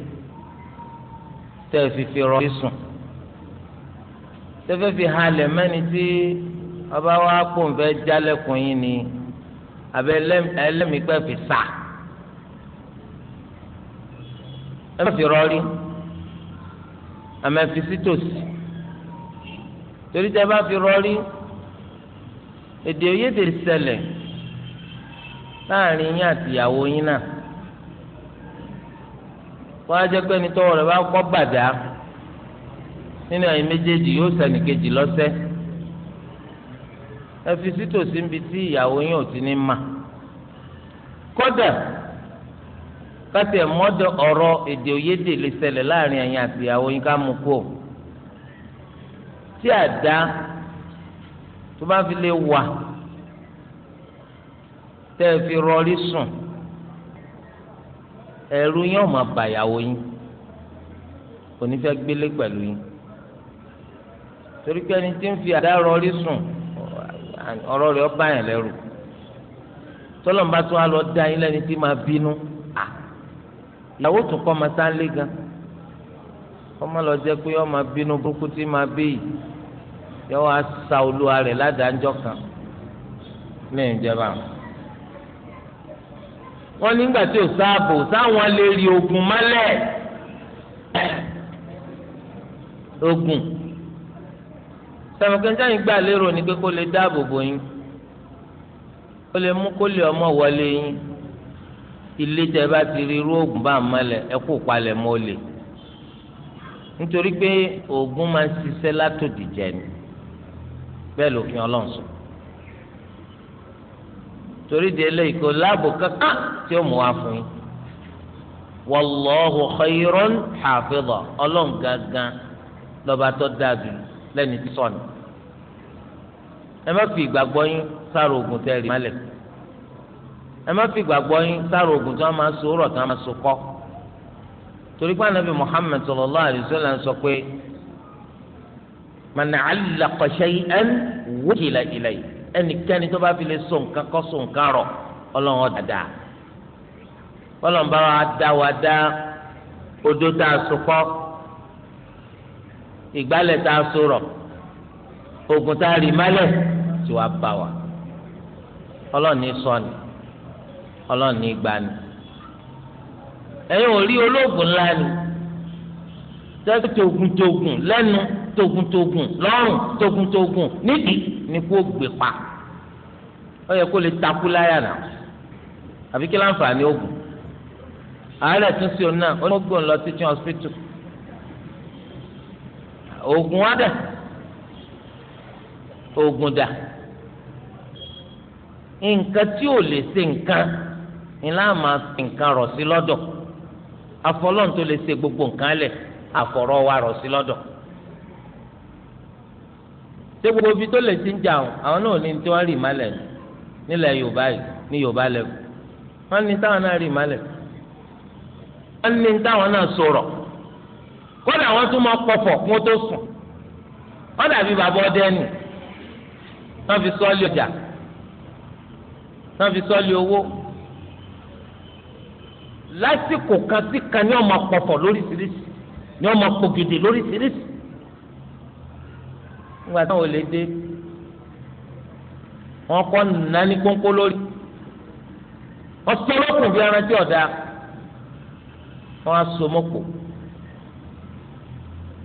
tẹ́ ẹ fi fi rọrí sùn tẹ́ fẹ́ fi halẹ̀ mẹ́ni tí ọba wa kò ń fẹ́ jálẹ̀kùn yín ni abẹ́ ẹlẹ́mìí pẹ́ fi sà ẹ má fi rọrí àmọ́ ẹ fi torí tẹ́ bá fi rọrí èdè òyedè ṣẹlẹ̀ láàrin yín àtìyàwó yín náà wọ́n á jẹ́ pé ẹni tọ́wọ́ rẹ̀ bá kọ́ gbàdá nínú ẹ̀yin méjèèjì yóò sẹ́ni kejì lọ́sẹ̀ ẹ fi sítòsí níbi tí ìyàwó yín ò ti ní mà kódà káti ẹ̀ mọ́dọ̀ èdè òyedè lè ṣẹlẹ̀ láàrin ẹ̀yin àtìyàwó yín ká mú kó o tí àdá tó bá fi lè wà tẹ́ ẹ fi rọrí sùn ẹ̀rù yẹn ò máa bàyàwó yín kò ní fẹ́ gbélé pẹ̀lú yín torí pé ẹni tí ń fi àdá rọrí sùn ọ̀rọ̀ rẹ̀ ọba yẹn lẹ́rù tọ́lọ́mùbá tó wà lọ da yín lẹ́ni tí máa bínú à ìyàwó tó kọ́ máa sá lé gan ọmọ lọ jẹ́ pé ọmọ bínú burúkú tí máa bí yìí yọ wá sa olúwa rẹ̀ ládàájọ́ kan lẹ́yìn ìjọba wọn nígbà tí ò sáàbò sáwọn lè rí ogun mọ́lẹ̀ ogun sàmùkẹ́ńtà yìí gbà lérò ni pé kó lè dáàbò bò yín kó lè mú kó lè ọmọ wọlé yín ilé tẹ bá ti rí irú oògùn bá mọ́lẹ̀ ẹ kó palẹ̀ mọ́ lè nítorí pé oògùn máa ń ṣiṣẹ́ látòdì ni bẹ́ẹ̀ lòfin ọlọ́run sọ torí di eléyìí kò láàbò kankan tí ó mú wa fún yín wallahu khayrun hafiza ọlọ́run lọ́ba tó dáa lẹ́ni tí ẹ má fi ìgbàgbọ́ yín sára oògùn tẹ́ rí malẹ̀ ẹ má fi ìgbàgbọ́ yín sára oògùn tí wọ́n máa so rọ̀ man allaqa shay'an wukila ilayhi ẹnikẹ́ni tó bá fi lè so nǹkan kọ́ so nǹkan rọ̀ ọlọ́run dada ọlọ́run bá wa dá wa dá odó tá a so kọ́ ìgbálẹ̀ tá a so rọ̀ oògùn tá rì málẹ̀ tí wàá bá wa ọlọ́run ní sọ́ni ọlọ́run ní gbani ẹ̀yin ò rí olóògùn ńlá ni tẹ́tí togun togun lẹ́nu. togun-togun lọ́rùn togun-togun nídìí ni kó gbé pa ó yẹ kó lè takú láyà náà àbí kí láǹfààní oògùn àárẹ̀ tún sí òun náà ó ní ó gbóòn lọ títí hospital oògùn wá dà oògùn dà nǹkan tí ò lè ṣe nǹkan ni láà máa fi nǹkan rọ̀ sí lọ́dọ̀ afọlọ́n lè gbogbo nǹkan lẹ̀ àfọ̀rọ̀ wa rọ̀ sí lọ́dọ̀. ṣé gbogbo ibi tó lè ti ń jà ọ àwọn náà ní tí wọ́n rì malẹ̀ nílẹ̀ yorùbá yìí ní yorùbá lẹ́kù wọ́n ní táwọn náà rì malẹ̀ wọ́n ní táwọn náà sọ̀rọ̀ kódà wọ́n tún máa pọ̀pọ̀ kó tó sùn wọ́n dàbí bàbá ọdẹ nù wọ́n fi sọ́ọ̀lì ọjà wọ́n fi sọ́ọ̀lì owó lásìkò kan sí kan ní ọmọ pọ̀pọ̀ lóríṣiríṣi ní ọmọ pògìdì lóríṣiríṣi nígbà táwọn olè dé wọn kọ́ nání kónkó lórí ọsọlọ́kùn bíi arántí ọ̀dà wọn á so mọ́kò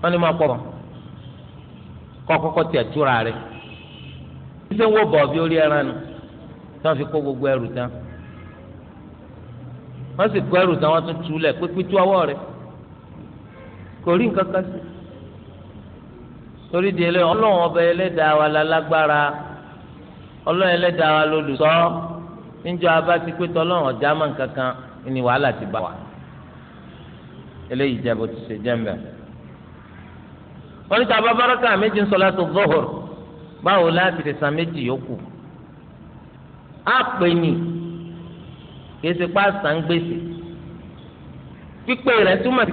wọn ni máa pọ̀ mọ́ kọ́ kọ́kọ́ tiẹ̀ túra rẹ̀ ṣíṣe ń wò bọ̀ bí orí ẹran nu tí wọ́n fi kó gbogbo ẹrù tán wọ́n sì kó ẹrù tán wọ́n tún túlẹ̀ pípítú ọwọ́ rẹ̀ kò rí nǹkan kan sí i. torí di ọlọ́run ọba ẹlẹ́dàá wa lálágbára ọlọ́run ẹlẹ́dàá wa lólùsọ níjọ abá ti pé tọ́lọ́run ọ̀já mọ̀ kankan ni wàhálà ti bá wa eléyìí jẹ́ bó ṣe jẹ́ wọ́n ní tàbá méjì ń báwo láti esi pa pípé rẹ̀ túmọ̀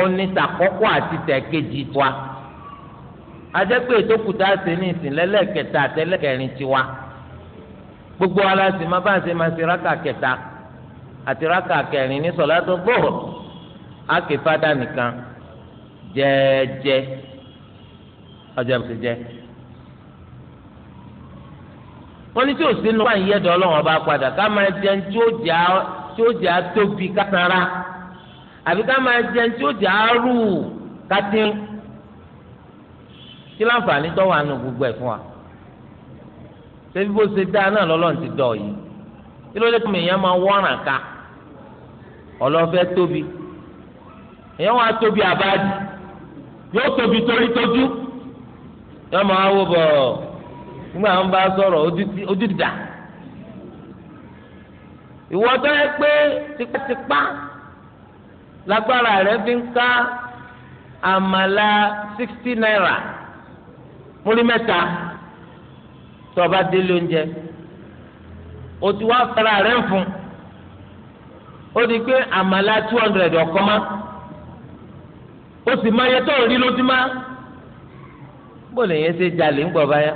onítàkọ́kọ́ àti tẹ̀kejì tiwa adẹ́pẹ́ ìtókùtà sí ní ìsìnlẹ́lẹ̀ kẹta àtẹlẹ́kẹrin tiwa gbogbo ala sì máa bá ṣe máa ṣe rákà kẹta àti rákà kẹrin ní sọ̀látò gbòòrò àkèfádà nìkan jẹ́ẹ́jẹ́ ọjọ́ bó ṣe jẹ́ wọ́n ní tí ò sínú wáyé ẹ̀dọ́ ọlọ́run ọba padà ká máa jẹun tí ó jẹ́ àtóbi kátàrà. àbí ká máa jẹun tí ó jẹ ka kátí kí láǹfààní tó wà gbogbo ẹ̀ fún wa ṣé bó ṣe dáa náà lọ́lọ́run ti dọ̀ yìí kí ló dé tó tobi èèyàn máa wọ́ràn ká ọlọ́fẹ́ tóbi èèyàn wá tóbi àbájì yóò tóbi torí tójú yóò máa nígbà lágbára rẹ̀ fi ń ká àmàlà sixty naira múlí mẹ́ta tó bá délé oúnjẹ o ti wá fara rẹ̀ ń fún o di pé àmàlà two hundred ọ̀kan má ó sì máa yẹ tó rí lójúmọ́ bó lè yẹn ṣe jalè ń gbọ̀ báyà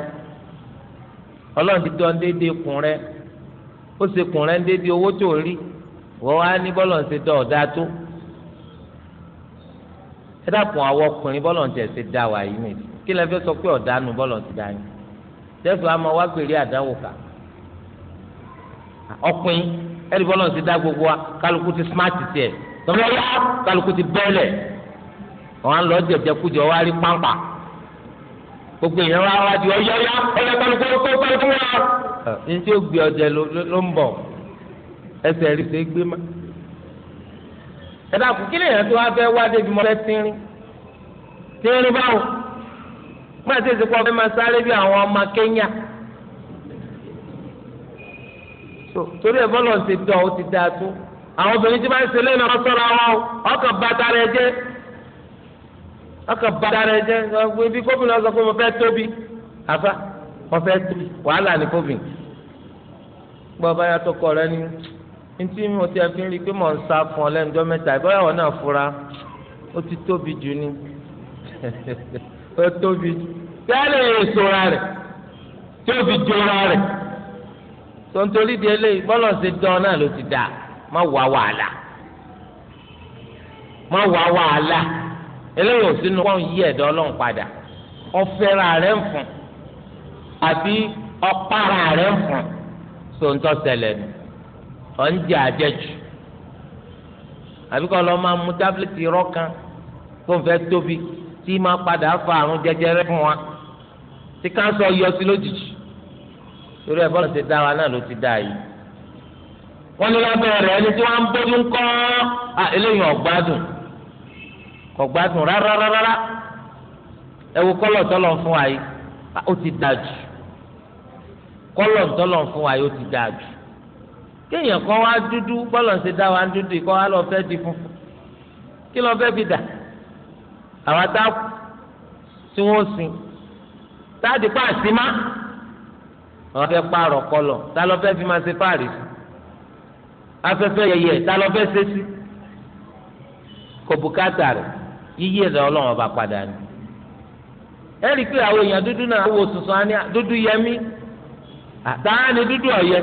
ọlọ́run ti dán déédéé kùn rẹ ó ṣe kùn rẹ déédéé owó tó rí wọ́n wá ní bọ́lọ̀ ń ṣe dán ọ̀dá tó ẹ dàpọ̀ àwọn ọkùnrin bọ́lọ̀ ti ẹ̀ ṣe dá wa yìí nìyí kí lẹ fẹ́ sọ pé ọ̀dánù bọ́lọ̀ ti dá yín tẹ́sán àmọ́ wá gbèrè àdánwò kà ọkùnrin ẹ̀rí bọ́lọ̀ ti dá gbogbo wa kálukú ti smart tiẹ̀ tọ́lọ́ yá kálukú ti bẹ́ẹ̀lẹ̀ wọn lọ jẹjẹkújẹ wa rí pàmpà gbogbo ìyẹn wa wá di ọyọ yá ọyọ kálukú kó kálukú wa. ní tí ó gbé ọjà ló ń bọ̀ ẹsẹ̀ rí ṣe gbé máa. ẹ̀dá kù kí lèèyàn tó wá fẹ́ wá débi mọ́ fẹ́ tínrín tínrín báwo máa tètè kọ́ fẹ́ máa sáré bí àwọn ọmọ Kẹ́nyà torí ẹ̀ ṣe ọ ti dáa tó àwọn obìnrin tí bá ń ṣe lẹ́nu ọ̀sọ́ra wa o ọkàn bàtà rẹ̀ jẹ́ ọkàn jẹ́ ibi gómìnà sọ pé mo fẹ́ tóbi àfa mo fẹ́ tóbi wàhálà ní ntí mo ti fi ń rí i pé mo ń sá fún ọ lẹ́nu mẹ́ta ìbára wọn náà fura ó ti tóbi jù ni [laughs] ó tóbi jù tẹ́lẹ̀ èsòra rẹ̀ tóbi jọra rẹ̀ tontori di eléyìí bọ́lọ̀ ṣe dán náà ló ti dà má wà wàhálà má wà wàhálà eléyìí ò sínú wọn yí ẹ̀dọ́ ọlọ́run padà ọ̀fẹ́ra rẹ̀ ń fún àbí ọ̀pára rẹ̀ ń fún sọ̀ńtọ́ sẹlẹ̀ nù ọ̀ ń jẹ àjẹjù àbí kọ́ lọ́ máa mu tábìlìtì irọ́ kan kó n fẹ́ tóbi tí máa padà fa àrùn jẹjẹrẹ fún wa tí káńsọ̀ yọ sí lójijì torí ẹ̀ bọ́lá ti dá wa náà ló ti dá yìí wọ́n ní lábẹ́ ẹni tí wọ́n ń bójú ń kọ́ eléyìí ọ̀gbádùn ọ̀gbádùn rárárárá ẹ wo kọ́lọ̀ tọ́lọ̀ fún wa yìí ó ti dájú kọ́lọ̀ tọ́lọ̀ fún wa yìí ó ti dájú kéèyàn kọ́ wá dúdú bọ́lọ̀ ṣe dá wa dúdú kọ́ wá lọ fẹ́ di funfun kí lọ fẹ́ fi dà àwọn atákù tí wọ́n sìn táàdì pa àsìmá àwọn fẹ́ pààrọ̀ kọlọ̀ tá lọ fẹ́ fi máa ṣe fáàrí sí afẹ́fẹ́ yẹyẹ tá lọ fẹ́ ṣe sí kò bùkátà yíyí ẹ̀dá ọlọ́run ọba padà ni ẹ pé àwọn èèyàn dúdú náà wò sùn á ní dúdú yẹmí àtàwọn ni dúdú ọ̀yẹ́.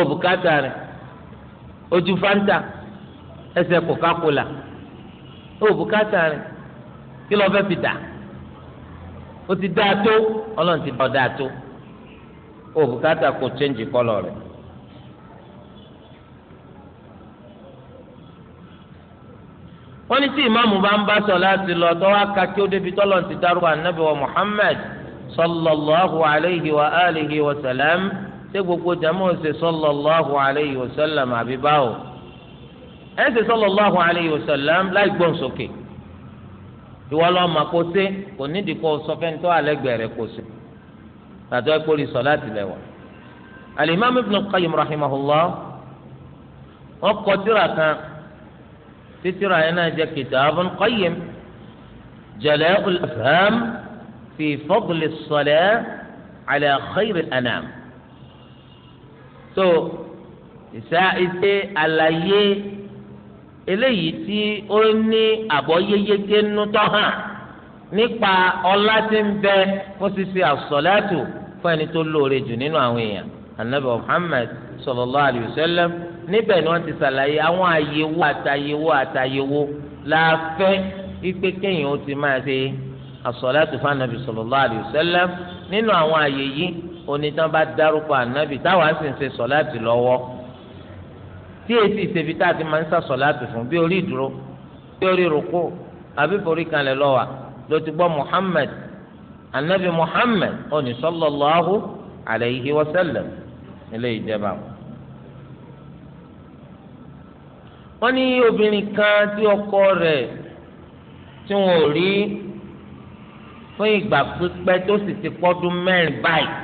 ó bùkátà rẹ̀ ojú fanta ẹsẹ̀ Coca-Cola ó bùkátà rẹ̀ kí lọ́ọ́ fẹ́ fi ti dáa tó ọlọ́run ti bá ọ dáa tó ó bùkátà chẹ́ǹjì kọ́lọ̀ rẹ̀. wọ́n ní tí ìmáàmù bá ń bá sọ láti lọ tọ́wọ́ aka kí ó débi ti dárúkọ ànábì Muhammad sallallahu wa alihi wa ṣé gbogbo jama ṣe sallallahu alayhi wa sallam àbí báwo ẹ ṣe sallallahu alayhi wa sallam láì gbọ́n sókè ìwọ lọ mà kó sé kò nídìí kó sọfẹ́ntọ́ alẹ́gbẹ̀rẹ̀ kó sé tàtọ́ ẹ kórìí sọ láti lẹ́wọ̀ alimami ibn qayyim rahimahullah wọn kọ tírà kan tí tírà yẹn náà jẹ́ kitabun qayyim jala'ul afham fi fadli as-salah ala anam so ìṣá ìṣe àlàyé eléyìí tí ó ní àbọ̀ yéyéké nú tọ́ hàn nípa ọlá tí ń bẹ fún ṣíṣe àsọ̀lẹ́tù fún ẹni tó lóore jù nínú àwọn èèyàn anabi muhammed sallallahu alayhi wa sallam níbẹ̀ ni wọ́n ti ṣàlàyé àwọn àyẹ̀wò àtàyẹ̀wò àtàyẹ̀wò láàfẹ́ ipe kéèyàn ó ti máa ṣe àsọ̀lẹ́tù fún anabi sallallahu alayhi wa sallam nínú àwọn àyè yìí onítàn bá dárúkọ ànábì táwa sì ń ṣe sọláàtì lọ́wọ́ tí èsì ìṣèbí tá a ti máa ń sá sọláàtì fún bí orí ìdúró bí orí rúkú àbí forí kanlẹ̀ lọ́wọ́ ló ti gbọ́ Muhammad ànábì Muhammad oní sallallahu alayhi wa ilé ìjẹba. wọ́n ní obìnrin kan tí ọkọ rẹ̀ tí wọn rí fún ìgbà pípẹ́ tó sì ti pọ́dún mẹ́rin báyìí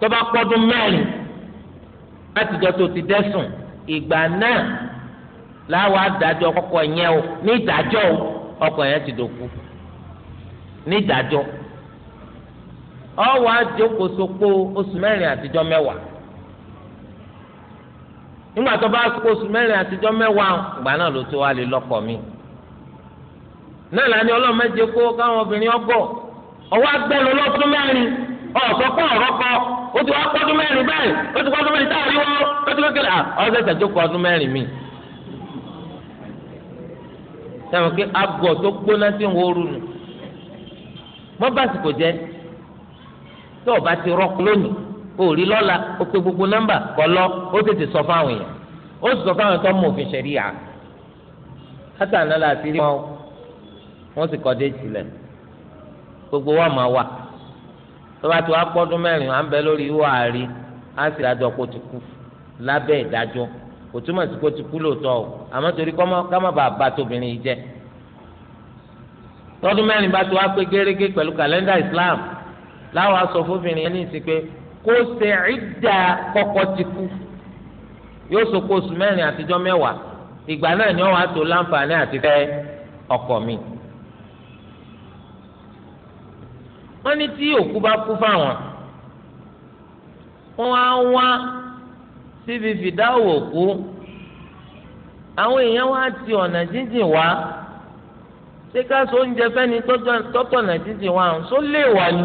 tó bá pọ́dún mẹ́rin láti jọ tó ti dẹ́sùn ìgbà náà láwọn adájọ́ kọ́kọ́ yẹn o ní ìdájọ́ o ọkọ yẹn ti dòkú ní ìdájọ́ ọwọ́ àjòkòsókò oṣù mẹ́rin àtijọ́ mẹ́wàá nígbà tó bá kó oṣù mẹ́rin àtijọ́ mẹ́wàá ìgbà náà ló tó wá lè lọ́kọ mi náà làní ọlọ́run mẹ́jẹ kó káwọn obìnrin ọgọ́ ọwọ́ agbẹ́lu lọ́tún mẹ́rin ọ̀sọ́kọ́ ọ̀rọ́kọ́ ó ti wá pọ́dún mẹ́rin báyìí ó ti pọ́dún mẹ́rin táwọn ariwo ó ti kékeré à ah, ọ̀sẹ̀ ìṣàjókòó ọdún mẹ́rin mi. sẹ́wọ̀n pé abọ́ tó gbóná sí wóoru nù mọ́ básìkò jẹ́ tó o bá ti rọ́ọ̀kú lónìí o rí lọ́la o pe gbogbo nọ́mbà kọ́ lọ ó tètè sọ fáwọn èèyàn ó sọ fáwọn tó mọ òfin ṣẹ̀rí à látàná la ti rí wọn wọ́n sì kọ́ dé sílẹ̀ gbogbo wa máa wà. tọ́ba tí wàá pọ́dún mẹ́rin à ń bẹ lórí ìwọ àárí á sì ti kú lábẹ́ ìdájọ́ kò túmọ̀ ti kú lóòótọ́ o àmọ́ torí ká má bàa bá tóbìnrin yìí jẹ́ tọ́dún mẹ́rin bá Islam láwọn aṣọ fóbìnrin yẹn ní pé kó ṣe ìdá kọ́kọ́ ti kú yóò sọ kó oṣù mẹ́rin àtijọ́ mẹ́wàá ìgbà náà ni wọ́n ní tí òkú bá kú fáwọn wọ́n á wá síbi fìdáwò òkú àwọn èèyàn wá ti ọ̀nà jíjìn wá ṣé ká so oúnjẹ fẹ́ni tọ́tọ̀nà jíjìn wá àwọn só lè wà ní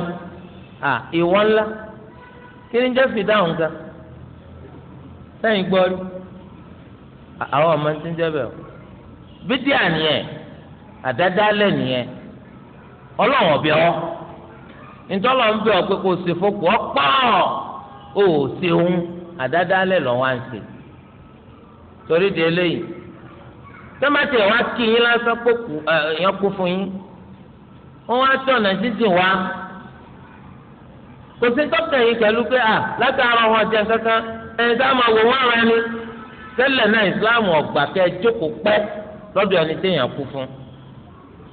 ìwọ ńlá kí ni jẹ́ fìdáhùn ga sẹ́yìn gbọ́ rí àwọn ọmọ tí ń jẹ́ bẹ́ẹ̀ bídíà nìyẹn àdádálẹ̀ nìyẹn ọlọ́wọ̀n bí ọ́ ntọ́lọ̀ ń bẹ̀ ọ́ pé kò sí fokù ọ̀pọ̀ ò ṣeun àdádálẹ̀ lọ́ wá ń ṣe torí de eléyìí tẹ́mátì ẹ̀ wá kí yín lásán kó kù ẹ̀yán kú fún yín wọ́n wá tọ̀nà sísìn wá kò sí tọ́kàn yìí pẹ̀lú pé à látara ọ̀hún ọ̀jẹ̀ kankan ẹ̀yìn tá a máa wò wọ́n ara ni tẹ́lẹ̀ náà ìsìláàmù ọ̀gbà kẹ́ ẹ jókòó pẹ́ lọ́dọ̀ ẹni téèyàn kú fún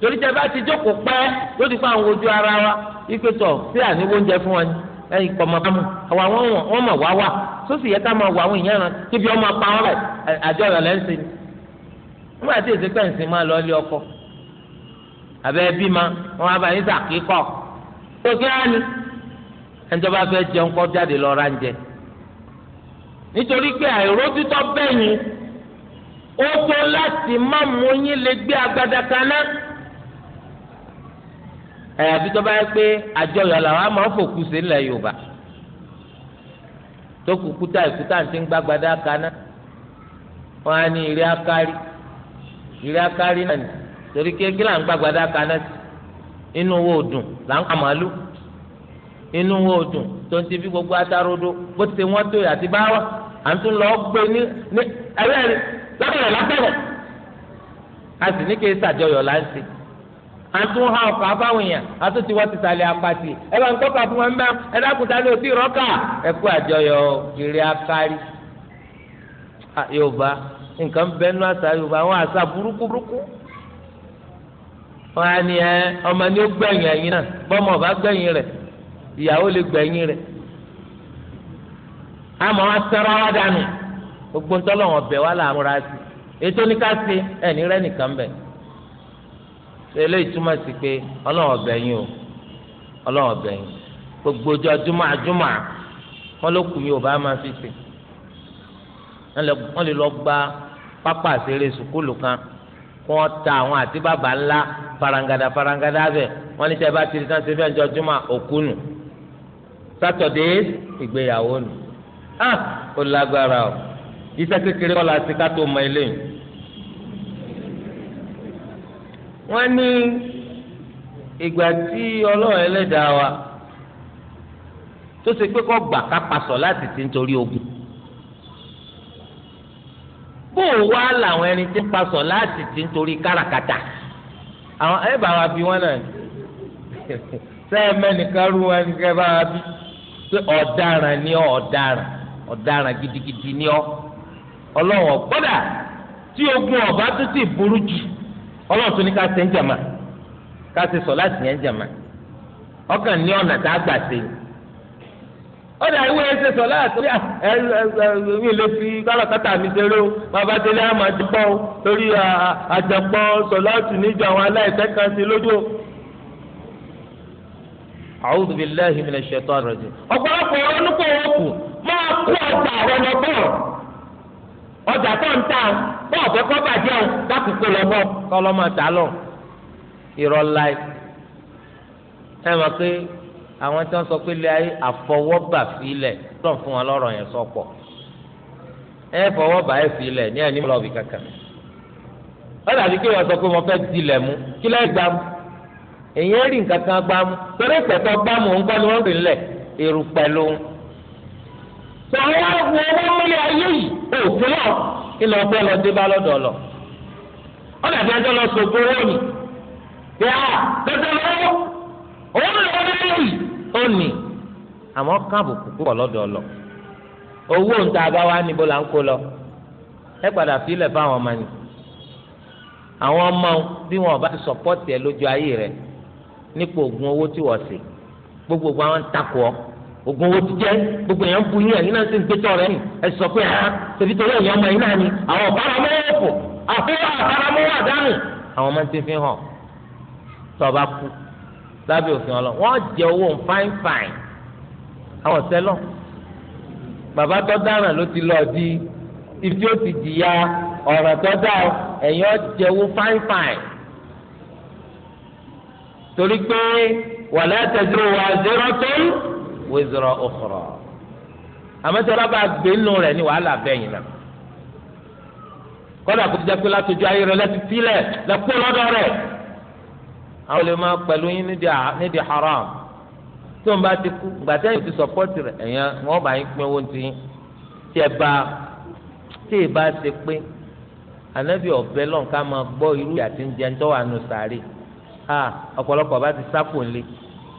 torí tẹ bá ti jókòó pẹ́ yóò ti pa àwọn ojú ara wa ipe tọ̀ sí àníwó oúnjẹ fún wọn ẹyin pọmọ bá mu àwọn àwọn wọn mọ wá wà sósì yẹ ká máa wọ àwọn èèyàn rán kíbi ọmọ pa wọn rẹ àjọ rẹ lẹ́sìn nígbà tí èsì pẹ̀nsì máa lọ ilé ọkọ àbẹ bí ma wọn bá yín sàkíkọ tó kí á ní ẹnjọba fẹ́ jẹun kọ jáde lọ ra ń jẹ nítorí pé àìrójútọ bẹyìn ó tó láti má mú yín lè gbé agbada kaná. àyàfi tó bá yẹ pé àjọyọ̀ làwọn á máa fòkù sí ilẹ̀ yorùbá tó kù kúta ìkúta ti ń gbàgbádá kaná wọn á ní ìrí akárí ìrí akárí náà ní torí kéèké là ń kaná sí inú là ń kà ti fi gbogbo atarodo bó ti wọ́n tó yà ti bá wà à ń tún lọ gbé ní ẹ̀rẹ́ a sì àtún ha ọkọ abáwọn èèyàn àtún tiwọ tìtàlẹ apàtì ẹ bá ń kọ́ kàfún wọn bá ẹ dákúta ní òsì rọ́kà ẹ kú àjọyọ̀ kiri akárí. yorùbá nǹkan bẹnu àṣà yorùbá àwọn àṣà burúkú burúkú wọn á ní ẹ ọmọ ní ó gbẹ̀yìn ẹ̀yìn náà bọ́mọ ọba gbẹ̀yìn rẹ̀ ìyàwó lè gbẹ̀yìn rẹ̀ àmọ́ wọn sẹ́rọ̀ wá dànù gbogbo ntọ́lọ́wọ̀n bẹ̀ wá làmúra sí ètò oníkàsí ẹ̀ ní nìkan bẹ̀ eléyìí túmọ̀ sí pé ọlọ́run ọbẹ̀ yín o ọlọ́run ọbẹ̀ yín gbogbo ọjọ́ júmọ̀ àjúmọ̀ wọn ló kù yín ò bá máa fi sè wọn lè lọ gba pápá àṣeré sùkúlù kan kí wọn ta àwọn àti bàbá ńlá farangada farangada bẹ wọn ní bá ti di tán ṣe fẹ́ òkú nù sátọ̀dé ìgbéyàwó nù ah ó lágbára o iṣẹ́ kékeré kọ́ la ti ká tó mọ eléyìí. wọ́n ní ìgbà tí ọlọ́run ẹlẹ́dàá wa tó ṣe pé kọ́ gbà ká pasọ̀ láti ti nítorí ogun bó wá làwọn ẹni tí ń pasọ̀ láti ti nítorí káràkátà àwọn ẹ bá wa bí wọn náà sẹ́ẹ̀ [laughs] mẹ́nìkan rú wọn nìkan bá wa bí pé ọ̀daràn ni ọ́ ọ̀daràn ọ̀daràn gidigidi ni ọ́ ọlọ́run ọ̀gbọ́dà tí ogun ọ̀bá tó ti burú jù ọlọ́run tún ní ká ṣe ń jàmà ká ṣe sọ láti yẹn ń jàmà ọkàn ní ọ̀nà tá a gbà ṣe ọ̀dà ìwé ẹsẹ̀ sọ láti ẹ ẹ mi lè fi kálọ̀kátà mi ṣeré o bàbá délé àmà ti gbọ́ o torí àjẹpọ̀ sọ láti níjọ àwọn aláìsẹ́ kan sí lójú o. A'udhu billahi minash shaitani rajim. ọ̀pọ̀lọpọ̀ ọlọ́nùkọ̀ wọ́pù máa kó ọjà rẹ̀ lọ́gbọ̀n ọjà tó ń ta bọ́ ọ̀fẹ́ kọ́ bàjẹ́ o dákòókò lọ́mọ kọ́ lọ́mọ tà lọ. irọ́ láì ẹ mọ̀ pé àwọn tí wọ́n sọ pé ilé ayé àfọwọ́bà filẹ̀ lọ́ fún wọn lọ́rọ̀ yẹn sọ́pọ̀ ẹ fọwọ́bà ẹ filẹ̀ ní ẹni lọ́ọ̀bì kankan. ó dàbí kí wọ́n sọ pé mo fẹ́ dilẹ̀ mú kí lẹ́ẹ̀ gbá mú èyí ń rí nǹkan kan gbá mú torí pẹ̀tọ́ gbá mú ń kọ́ ni wọ́n rìn lẹ̀ èrò pẹ̀lú. sọ̀rọ̀ wọn wọ́n mílíọ̀nù ayé yìí òfin náà ilẹ̀ ọgbẹ́ lọ dé bá lọ́dọ̀ lọ. wọ́n dàbí ẹjọ́ lọ sọ̀gbọ́n owó ni pé a gbẹ̀sẹ̀ ni wọ́n lé yìí ó nì àmọ́ káàbù púpọ̀ lọ́dọ̀ lọ. owó ń ni wọn bá oògùn owó ti jẹ́ gbogbo èèyàn ń bu yín ẹ̀yin náà sì ń gbẹ́tọ̀ rẹ̀ nì ẹ sọ pé ha ah, ṣèbí torí ẹ̀yin ọmọ yín náà ni àwọn ọ̀báramọ́wọ́pọ̀ àfihàn àbáramọ́wọ́ àdánù àwọn máa ti fi hàn tó kú lábẹ́ òfin ọlọ wọ́n jẹ owó fine fine àwọn sẹ́lọ̀ bàbá tó dáràn ló ti lọ di ibi tí ó ti jìyà ọ̀ràn tó dá ẹ̀yin ọ̀jẹ̀ owó fine fine torí pé wàlẹ́ àtẹ̀síwò wà zero two wizra ukhra àmọ́tẹ́rọ bá gbé nù rẹ̀ ní wàhálà bẹ́yìn náà kọ́dà kó ti jẹ́ pé látọjú ayé rẹ̀ lẹ́ti sílẹ̀ lẹ́kọ́ lọ́dọ̀ rẹ̀ àwọn lè máa pẹ̀lú yín nídìí haram tó ń bá ti kú gbàtẹ́ yìí ti sọ̀pọ́tì rẹ̀ ẹ̀yàn wọ́n bá yín pín owó ti yín tí ẹ bá tí ì bá ṣe pé ànábì ọ̀bẹ lọ́n ká máa gbọ́ irú ìyá tí ń jẹ ńtọ́ wà nù sàárè ọ̀pọ̀lọpọ̀ bá ti sápò ńlẹ̀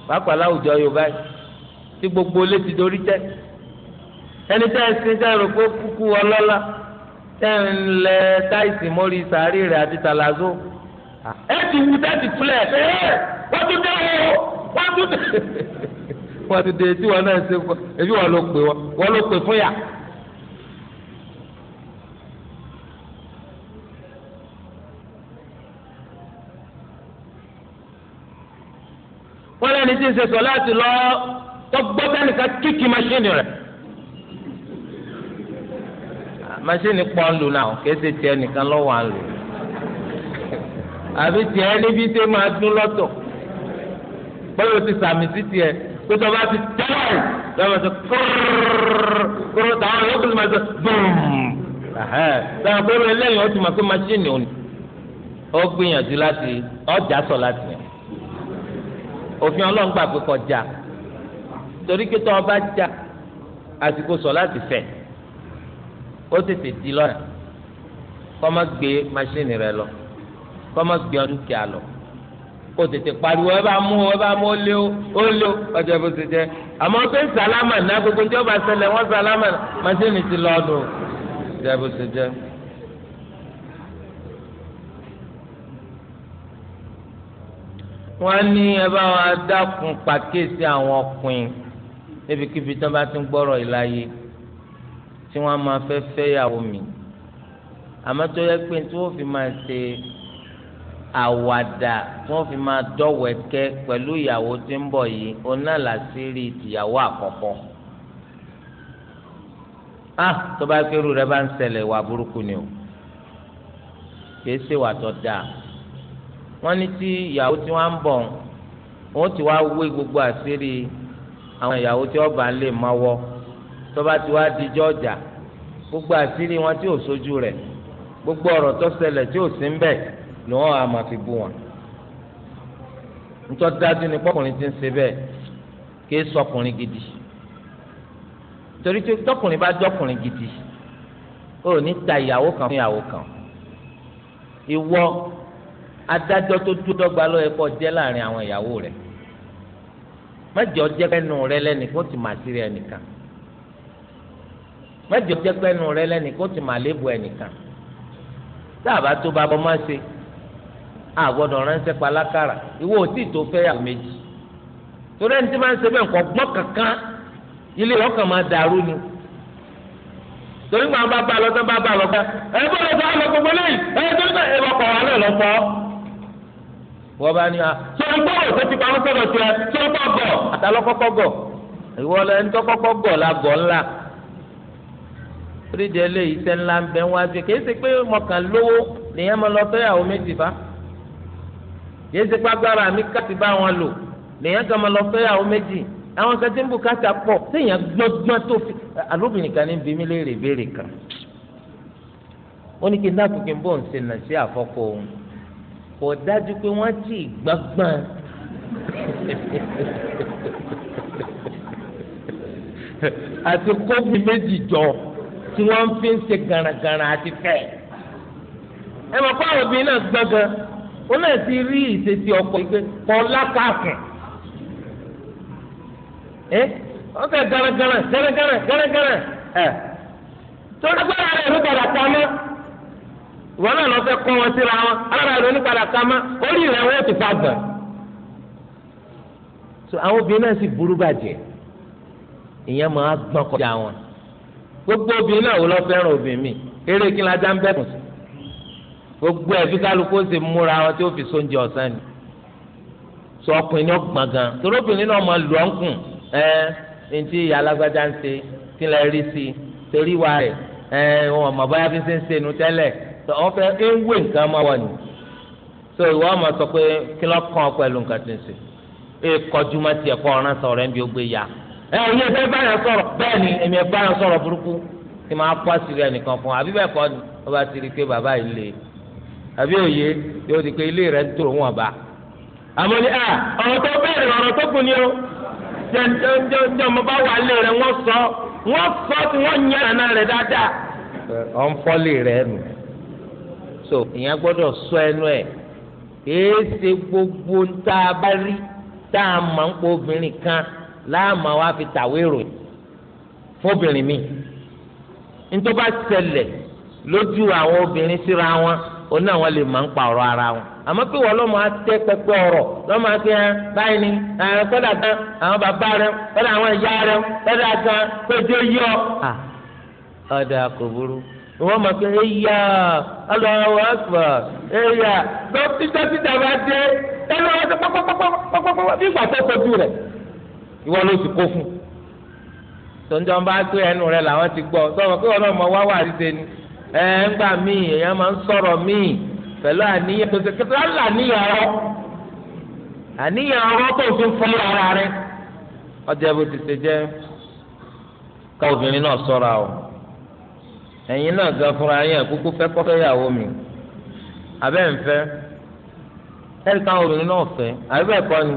pàápàá láwùjọ Yorùbá yìí tí gbogbo ilé ti dorí tẹ ẹni tẹ ẹsìn tẹ rò pé kúkú ọlọ́lá tẹ ń lẹ táìsì mórí sàárì rẹ àti tàlàzó ẹ ti wú tẹ́tì fúlẹ̀ ẹ wọ́n tún dé o wọ́n tún dé [laughs] wọ́n tún dé tí wọ́n náà ṣe fún ẹbí wọ́n ló pè wọ́n ló pè fún yà. wọ́n lẹ́ni tí ń ṣe sọ láti lọ́ọ́. tọgbọ́ sẹ́nìkan kíkì mọ́ṣíìnì rẹ mọ́ṣíìnì pọ́n lù náà kéésì tiẹ̀ nìkan lọ́wọ́ à àbí tiẹ̀ níbi tẹ́ máa dún lọ́tọ̀ bọ́lá ti sàmì sí bá ti sọ táwọn yóò máa sọ bùm ó ti máa òní ó gbìyànjú ọjà sọ láti yàn òfin ọlọ́run torí pé tó o bá jà àsìkò sọ láti fẹ̀ ó tètè di lọ́nà kọ́ má gbé maṣíìnì rẹ lọ kọ́ má gbé ọdún kìá lọ kó tètè pariwo ẹ bá mú ẹ bá mú ó lé ó ó lé ó ọjọ́ bó ti jẹ́ àmọ́ pé sàlámà náà gbogbo ní ọba ṣẹlẹ̀ wọ́n sàlámà màṣíìnì ti lọ ọdún ọjọ́ bó ti jẹ́. wọ́n ní ẹ bá wa dákun pàkíyèsí àwọn ọkùnrin níbikíbi tí wọ́n bá ti ń gbọ́rọ̀ ìláyé tí wọ́n máa fẹ́ fẹ́yàwó mi àmọ́ tó yẹ pé tí wọ́n fi máa ṣe àwàdà tí wọ́n fi máa dọ̀wẹ̀kẹ́ pẹ̀lú ìyàwó tí ń bọ̀ yìí onálàsírí tìyàwó àkọ́kọ́ ah tó bá kérú rẹ bá ń ṣẹlẹ̀ wà burúkú ni o kìí ṣe wà tó dáa wọ́n ní tí ìyàwó tí wọ́n ń bọ̀ wọ́n ti wá wé gbogbo àṣírí àwọn ìyàwó tí ọba lè máa wọ tọ́ba tí wàá dijọ́ ọjà gbogbo àṣírí wọn tí ò sójú rẹ̀ gbogbo ọ̀rọ̀ tó ṣẹlẹ̀ tí ò sí ń bẹ̀ ni wọ́n á máa fi bú wọn. nítorí dájú ni pọ́kùnrin ti ń ṣe bẹ́ẹ̀ kí é sọkùnrin gidi torí tí tọkùnrin bá jọkùnrin gidi ó ní ta ìyàwó kan fún ìyàwó kan ìwọ adájọ́ tó dúdọ́gba ló yẹ kó jẹ́ láàrin àwọn ìyàwó rẹ̀ mẹjọ jẹ pẹnu rẹ lẹnìkan ti mà sí rẹ nìkan mẹjọ jẹ pẹnu rẹ ti mà lébu ẹnìkan tá a tó bá bọ́ má ṣe a gbọ́dọ̀ ránṣẹ́ palákàrà ìwọ òtí tó fẹ́ yàwó méjì torí ẹni tí máa ṣe bẹ́ẹ̀ nǹkan kankan ilé ọkàn máa dàrú ni torí bá bá bá bá ẹ bọ́ gbogbo lẹ́yìn wọ́n bá ní wa ṣé ń gbọ́ òṣè ti pamọ́ sọ̀rọ̀ tiẹ̀ ṣé ń gbọ́ àtàlọ́kọ́kọ́ gọ̀ ìwọ lẹ ń tọ́kọ́kọ́ gọ̀ la gọ̀ ńlá orídìí eléyìí iṣẹ́ ńlá ń bẹ wá sí kìí ṣe pé mọ̀kàn lówó nìyẹn mo lọ fẹ́yàwó méjì bá kìí ṣe pé agbára mi ká ti bá wọn lò nìyẹn kan mo lọ fẹ́yàwó méjì àwọn kan tí ń bù káta pọ̀ téèyàn gbọ́ngbọ́n tó fi kò dájú pé wọ́n ti gbọ́ngbọ́n àti kófì méjì jọ tí wọ́n fi ń ṣe gara àti fẹ́. ẹ mọ̀ fáwọn obìnrin náà gbọ́ngàn ó náà ti rí ìṣesí ọkọ̀ ìgbẹ́ kọ́ lákàkùn. ẹ ọ fẹ́ gara gara gara ẹ tó lágbára rẹ̀ ló gbọ́dọ̀ pa ìwọ náà lọ fẹ́ kọ́ wọn síra wọn alára rẹ onípadà ká orí rẹ wọn ti fa gbọ̀n. so àwọn obìnrin náà sì burú bàjẹ́ ìyẹn máa gbọ́n kọjá wọn gbogbo obìnrin náà wò lọ fẹ́ràn obìnrin mi eré kí n lajá ń bẹ̀kùn sí gbogbo ẹ̀ fi kálukú sì múra wọn tí ó fi sóúnjẹ ọ̀sán ni sọ ọkùnrin náà gbọ̀n gan torí obìnrin náà máa lù ọ́nkùn ẹ ẹ ntí ìyá alágbájá ń ṣe kí n lè rí sí i torí wa rẹ̀ ẹ wọn mọ̀ báyà fi ṣe ń ṣe nu tẹ́lẹ̀ tó wọn fẹ́ ewé nǹkan máa wà ní so ìwọ ọmọ sọ pé kí lọ kàn ọ pẹ̀lú nǹkan tí ń sè é kọjú má tiẹ̀ kọ ọ̀ràn sọ̀rọ̀ ẹni ó gbé ya ẹ ẹ yẹ fẹ́ báyọ sọ̀rọ̀ bẹ́ẹ̀ ni èmi ẹ báyọ sọ̀rọ̀ burúkú kí máa kó àṣírí ẹnìkan fún àbí bẹ́ẹ̀ kọ́ ni wọ́n bá ti rí i pé bàbá yìí lè àbí òye yóò di pé ilé rẹ̀ ń tòrò wọn bá àmọ́ ni ọ̀rọ̀ tó bẹ̀rẹ̀ ọ̀rọ̀ tó kù ni o jẹjẹjẹ ọmọ bá wà lé rẹ̀ wọ́n sọ wọ́n sọ so ìyẹn gbọdọ sọ ẹnu ẹ eze gbogbo tá a bá rí tá a obìnrin kan láàmà wá fi tàwé ròyìn fóbìnrin mi nítorí bá ṣẹlẹ̀ lójú àwọn obìnrin síra wọn òun náà lè máa ń pa ọrọ ara wọn àmọ́ pé wọ́n lọ́mọ atẹ́ pẹpẹ ọ̀rọ̀ lọ́mọ atẹ́ ẹ báyìí ni ẹ kan àwọn bàbá wọ́n máa pe eya aláwọ̀ àgbà eya dókítà títà bá dé ẹnu ti pọpọpọpọpọpọ bí rẹ tọ́jú rẹ̀ ìwọ ló ti kó fún tọ́njọ́ bá pé ẹnu rẹ làwọn ti gbọ́ sọ̀rọ̀ pé wá wà ni ń gbà èèyàn máa ń sọ̀rọ̀ pẹ̀lú àníyàn tó ṣe kí wọ́n là níyàn ọ̀rọ̀ àníyàn ọ̀rọ̀ tó ara ọjà ti Enyi náà gan fúnra yín àkókò fẹ́ kọ́ fẹ́yàwó mi abẹ́ ń fẹ́ ẹ̀rí obìnrin náà ni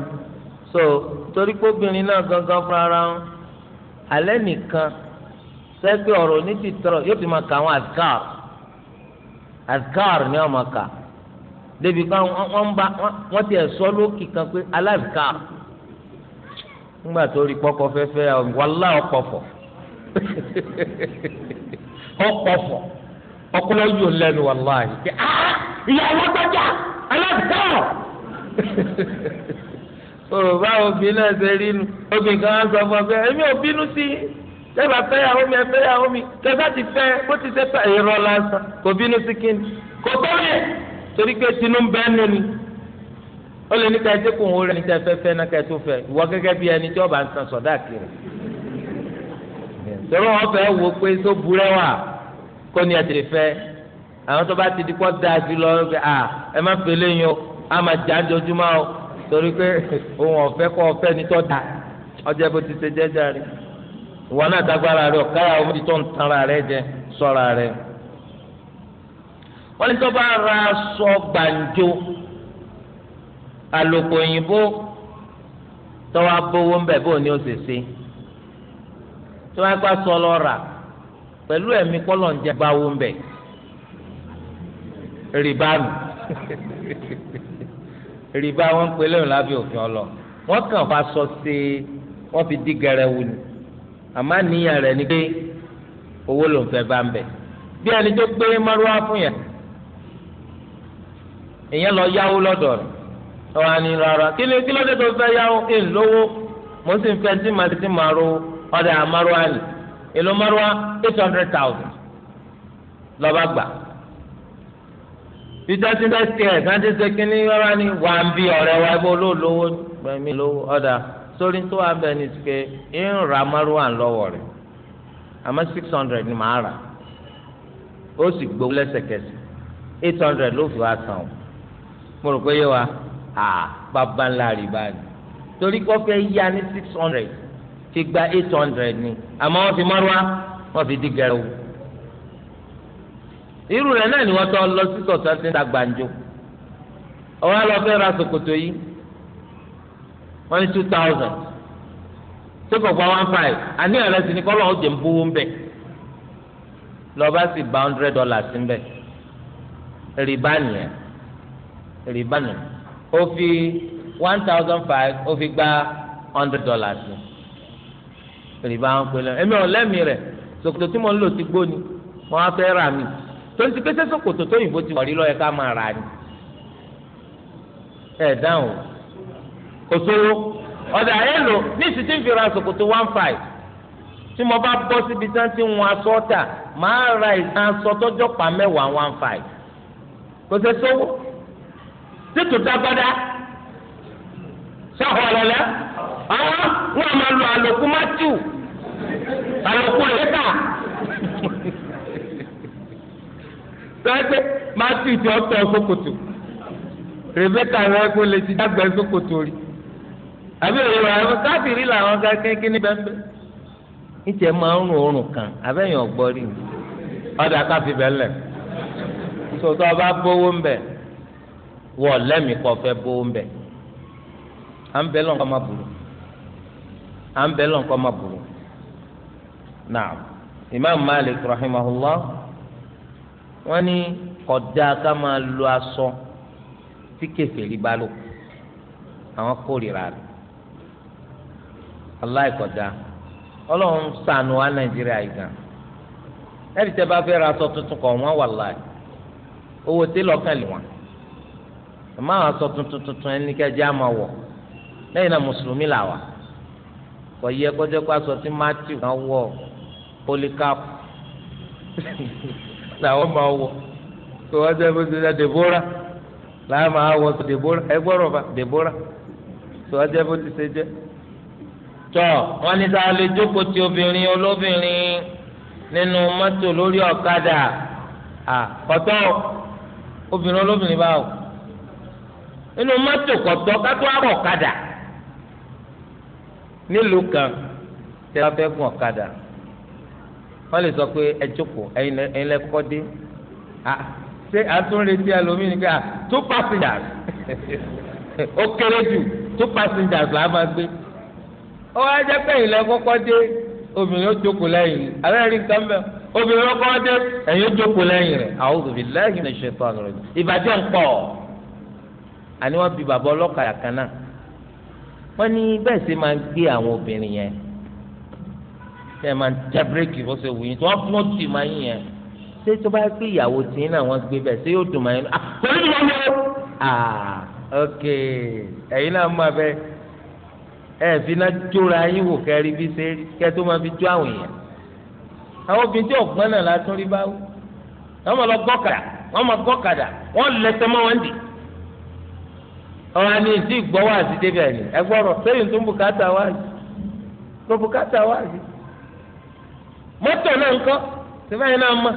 so torí pé obìnrin náà gangan fúnra ara wọn alẹ́ nìkan sẹ́gbẹ́ ọ̀rọ̀ onítìtọ́rọ̀ yóò ti máa kà àwọn azkar azkar ni máa kà débi bá lókì kan pé [laughs] ọ̀pọ̀fọ̀ ọkùnrin yóò lẹ́nu wàláhì pé ah ìyá alágbájá alágbájá òrùba obìnrin náà ṣe rí nu obìnrin kan á sọ fún ọ pé èmi ò bínú sí i tẹ́lá fẹ́yàwó mi ẹ̀fẹ́yàwó mi tẹ́lá ti fẹ́ bó ti ṣe fẹ́ èrò lásán kò bínú sí kíni kò tó yẹ torí pé tinú ń bẹ́ nù ni ó lè ní ká ẹjẹ́ kó ń wọlé ní ká ẹfẹ́ fẹ́ náà ká ẹ tó fẹ́ ìwọ gẹ́gẹ́ bí ẹni tí ọba ń san sọ̀dá kiri tẹ́lá wọn fẹ́ wo pé tó burẹ́ wà kó ní ẹtìrì fẹ́ àwọn tó bá ti di kọ́ da sí lọ à ẹ má fẹ́ lẹ́yìn o á máa jà ń dojúmọ́ o torí pé òun [laughs] ọ̀fẹ́ kọ́ ọ̀fẹ́ ní tọ́ da ọjọ́ bó ti ṣe jẹ́jà rí ìwọ náà dágbára rẹ ọ̀káyà omi ti tó ń tanra rẹ jẹ sọ́ra rẹ. wọ́n ní tó bá ra aṣọ gbàǹjo àlòkù òyìnbó tọ́wọ́ abówó ń bẹ̀ bóun ni ó ṣe ṣe tí wọ́n á gbà sọ lọ́ọ́ rà pẹ̀lú ẹ̀mí kọ́lọ̀ ń jẹ́ gbáwó ń bẹ̀ rìbá nù rìbá wọn ń pelé òun lábẹ́ òfin ọlọ wọn kàn fa sọ sí i wọn fi dí gẹrẹ wù ní àmọ́ níyàn rẹ̀ ni pé owó ló ń fẹ́ bá ń bẹ̀ bí ẹni tó gbé márùwá fún yẹn ìyẹn lọ yáwó lọ́dọ̀ rẹ̀ ọ̀rọ̀ àní rárá kí ni kí ló tó fẹ́ yáwó kí n lówó mo sì ń fẹ́ tí màá ti máa ro ọ̀dà àmárùwá nì èlò márùwá eight hundred thousand lọ́ba gbà peter sinai square santi sekini yọra ni wà ń bí ọ̀rẹ́ wa ibo ló lówó gbẹmí lówó ọ̀dà sórí tó wà bẹ́ẹ̀ ni sike ń ra márùwá lọ́wọ́ rẹ̀ àmọ́ six hundred ni màá rà ó sì gbowó lẹ́sẹ̀kẹsẹ̀ eight hundred ló fi wá san o mo rò pé yé wa à bàbá ńlá rìbá ni torí kọ́ fẹ́ yá ní six hundred ti gba eight hundred ni àmọ́ wọ́n fi mọ́rùwá wọ́n fi di gẹ̀rẹ́wò. irú rẹ̀ náà ni wọ́n tọ́ lọ sí sọ̀tọ́ tí ń ta gbàǹjo ọ̀wá lọ fẹ́ ra ṣòkòtò yìí wọ́n ní two thousand tó kọ̀ gba one five àníyàn rẹ̀ sì ni kọ́lọ́ ọ̀jẹ̀ ń bówó ń bẹ̀ lọ́ba sì gba hundred dollars ń bẹ̀ rìbá nìyẹn rìbá nìyẹn ó fi one thousand five ó fi gba hundred dollars ni rìbá ń pè lọ ẹ̀mí ọ̀lẹ́mì rẹ̀ ṣòkòtò tí mo ń lò ti gbó ni mo á fẹ́ rà mí torí ti pèsè ṣòkòtò tó yìnbó ti wọ̀rí lọ́yẹ ká máa rà ni. ẹ dáhùn kò sówó ọ̀dà ẹ lò ní ìsìtì ń fi ra ṣòkòtò one five tí mo bá bọ́ síbi tí wọ́n ti ń wọn aṣọ tà máa ra ìtàn aṣọ tọ́jọ́ pa mẹ́wàá one five kò sẹ́ sówó tètò dágbádá. sọ̀rọ̀ lẹ́lẹ́ àwọn wọn máa lo àlòkù mátìù àlòkù lẹ́tà sọ́yẹ́pẹ́ mátìù ti ọ̀tọ̀ sókòtò rèbékà rẹ̀ kó lè ti dàgbẹ́ sókòtò rí àbí òyìnbó àwọn káfíìrì làwọn ga kékeré bẹ́ẹ̀ níjẹ́ máa ń rún oorun kan abẹ́yìn ọ̀gbọ́rí ọ̀dà káfíìrì bẹ́ẹ̀ lẹ̀ sọ̀tọ̀ ọba bówó ń bẹ̀ wọ̀ lẹ́mìí kọ́ fẹ́ bówó ń bẹ̀. à ń ma buru máa imam malik rahimahullah wọ́n ní kódà ká máa lo aṣọ tí kèfèrí bá lò àwọn kórìíra rẹ̀ aláìkọjá ọlọ́run ṣàánú wa nàìjíríà yìí gan O tẹ́ bá fẹ́ ra aṣọ tuntun wà láì owó lẹ́yìn náà mùsùlùmí là wà kò yẹ kọjọ kó aṣọ tí matthew náà wọ polycarp [laughs] làwọn máa wọ kó wọ́n sọ fún ṣẹṣẹ Deborah làwọn máa wọ sọ Deborah ẹ gbọ́dọ̀ bá Deborah kó wọ́n sọ fún ti ṣe jẹ́ tọ́ wọ́n ní sáà lè jókòó ti obìnrin olóbìnrin nínú mọ́tò lórí ọ̀kadà àkọ́tọ́ obìnrin olóbìnrin báwo nínú mọ́tò kọ̀tọ́ kátó àrọ̀ ọ̀kadà nílùú kan tí wọ́n fẹ́ gun ọ̀kadà wọ́n lè sọ pé ẹ jókòó ẹ̀yin lẹ kọ́kọ́ dé ṣé àtúnretí ẹlòmíín nígbà two passengers [laughs] ó kéré jù two passengers là á máa gbé ó wá jẹ́ pé ẹ̀yin lẹ kọ́kọ́ dé obìnrin ó jókòó lẹ́yìn alẹ́ rí nǹkan bẹ́ẹ̀ obìnrin ó kọ́kọ́ dé ẹ̀yin ó jókòó lẹ́yìn rẹ̀ a'udhu billahi minash shaitanir rajim ìbàjẹ́ ń pọ̀ àní wọ́n bàbá ọlọ́kadà kan náà wọ́n ní bẹ́ẹ̀ sì máa ń gbé àwọn obìnrin yẹn bẹ́ẹ̀ máa ń tẹ bírèkì bó ṣe wù yín tí wọ́n fún ọtí máa yín yẹn ṣé tó bá gbé ìyàwó tí náà wọ́n gbé bẹ́ẹ̀ ṣé yóò dùn máa yín náà pẹ̀lú ìwọ́n mi o. ok ẹ̀yin náà máa bẹ ẹ fi náà jóra yín wò kẹrí bí ṣe kẹ́ tó máa fi jó àwọn èèyàn àwọn obìnrin tí ọ̀gbọ́n náà látún rí báwò wọ́n máa lọ gbọ́kàdà wọ́n máa gbọ́kàdà wọ́n lẹ́sẹ̀ mọ́ wọn dì ọ̀rọ̀ àmì ìdí ìgbọ́ wà sí débẹ̀ ni ẹgbọ́rọ̀ sẹ́yìn tó ń bùkátà wá sí tó bùkátà wá sí. mọ́tò náà ń kọ́ síbáyìí náà mọ̀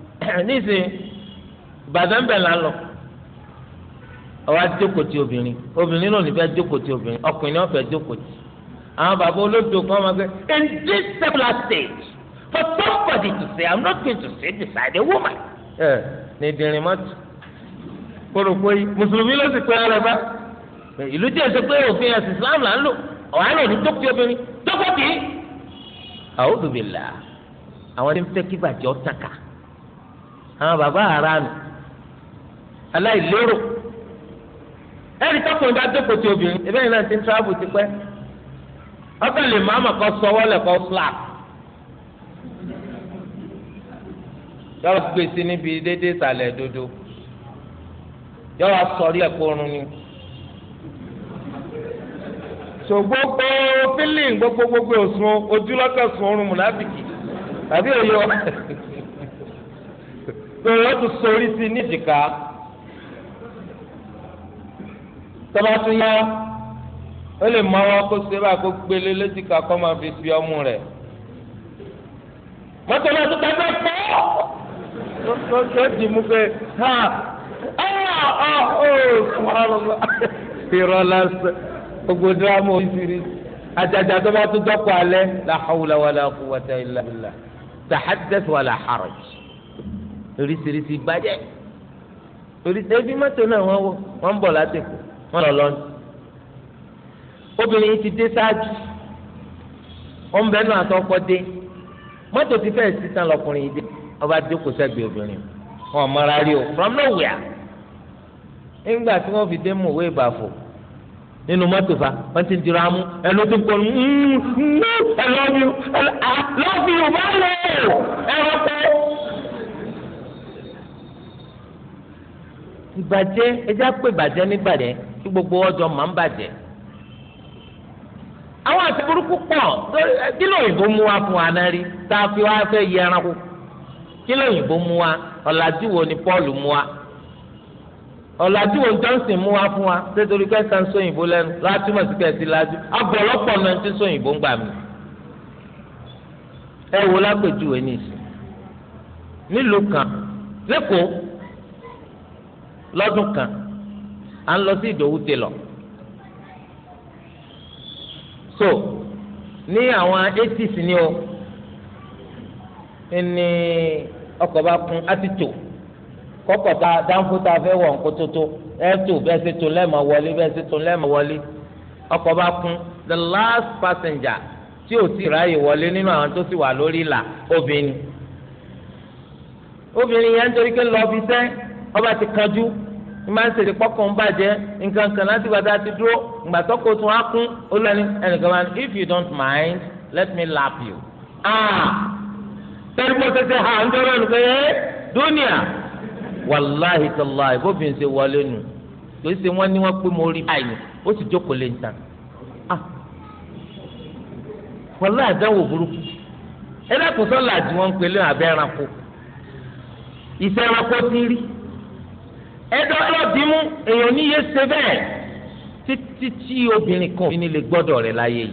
[clears throat] nísìnyí Ìbàdàn là ń lọ. ọwọ́ adókòó obìnrin obìnrin náà nífẹ̀ẹ́ adókòó obìnrin ọkùnrin náà fẹ́ adókòó àwọn bàbá olódò kan máa gbé in this secular stage for somebody to say I'm not going to say beside a woman. ẹ ní ìdìrín mọ́tò kóró pé mùsùlùmí ló sì pé ara bá ìlú tí èso pé òfin ẹ̀sìn islam là ń lò ọ̀hán náà ní tókùtì obìnrin tókùtì. a'udhu billah àwọn tí ń fẹ́ kí bàjẹ́ ọ́ tàkà àwọn bàbá ara nù aláìlérò ẹni tọkùnrin bá dókòó ti obìnrin ebe yìí náà ti ń tíráàbù tipẹ́ ọkàn lè máa mà kọ́ sọwọ́ lẹ̀kọ́ slap yọ̀ọ́ gbèsè níbi déédéé sàlẹ̀ dodo yọ wá sọrí ẹ̀kọ́ ọ̀run ni. so gbogbo fílìn gbogbo gbogbo òsùn ojúlọ́kọ̀ sùn ọ̀run mùnàfíkì tàbí òyò pèrè ọ̀tún sọrí sí níjìká tọ́ba tún yá ó lè mọ àwọn kó ṣe báyìí kó gbélé létíkà kó máa fi fi ọmú rẹ̀ mọ́tò náà tó tẹ́tẹ́ pọ̀ tó tó tó dì mú pé hàn. [laughs] irọ́ lásán gbogbo dírámù oníṣirí àjàjà tó bá tún dọ́kọ̀ alẹ́ la hawla wala quwwata illa billah tahaddath wala haraj oríṣiríṣi bàjẹ́ oríṣiríṣi ebi mọ́tò náà wọ́n wọ́ wọ́n ń bọ̀ láti kù wọ́n lọ lọ́nù obìnrin ti dé ṣáájú wọ́n bẹ́ẹ̀ náà àtọ́kọ́ mọ́tò ti fẹ́ẹ̀ sí tán lọkùnrin yìí dé ọba jókòó sẹ́gbẹ̀ẹ́ obìnrin wọn mọ́ra rí o from nowhere nígbà tí wọ́n fi dé mọ̀wé ìbàfọ̀ nínú mọ́tò fa wọ́n ti ń dira mú ẹnu tó ń pọ̀ nù ẹ lọ́ọ̀bì lọ́ọ̀bì ò bá lọ ẹ̀rọ pẹ́. ìbàjẹ́ ẹja pé ìbàjẹ́ nígbàdẹ́ kí gbogbo ọjọ́ máa ń bàjẹ́. àwọn àti burúkú pọ̀ kí lóyìnbó mú wa fún wa náà rí tá a fi wá fẹ́ yẹ ẹranko kí lóyìnbó mú wa ọ̀làjú wo ni Pọ́ọ̀lù mú wa ọ̀la tí wọ́n johnson mú wá fún wa nítorí kẹsàn án sóyìnbó lẹ́nu látúmọ̀ sí kẹsì lájú abọ̀lọ́pọ̀ náà ti sóyìnbó ń gbà mí. ẹ wo lápèjúwe ní ìsìn nílùú kan lẹ́kọ̀ọ́ lọ́dún kan à ń lọ sí ìdòwú ti lọ. so ní àwọn eighties ni o ẹni ọkọ̀ bá kún á ti tò kọ́kọ́ ta dáńfó ta fẹ́ wọ̀ nkotótó sì tún lẹ́ẹ̀mọ wọlé bẹ́ẹ̀ sì tún lẹ́ẹ̀mọ wọlé ọkọ̀ bá kún the last passenger tí ò sì ráàyè wọlé nínú àwọn tó sì wà lórí ìlà obìnrin obìnrin yẹn ń torí pé lọ fi sẹ́ ọba ti kanjú ní máa ń ṣèlè pọ́kàn ń bàjẹ́ nǹkan kan láti gbàdá ti dúró ìgbà tọ́kọ tún á kún olùwẹ̀ni ẹnìkan máa ń if you don't mind let me lap you. ah tẹ́lifíṣẹ́ ṣe hàn ń dọ́rọ̀ nìkan yẹn dúnìá wàláhì tàláhì bófin ṣe wọlé nù kò ṣe wọ́n ní wọ́n pé mo rí báyìí ó sì jókòó lè ń tàn ah. wàláhì àdáwò burúkú ẹlẹ́kùn sọ́la jù wọ́n ń pelé abẹ́ ẹranko ìṣẹ́ ẹranko ti rí ẹ̀dọ́ ọlọ́dìmú èèyàn níye ṣe bẹ́ẹ̀ títí tí obìnrin kan òfin lè gbọ́dọ̀ rẹ̀ láyé yìí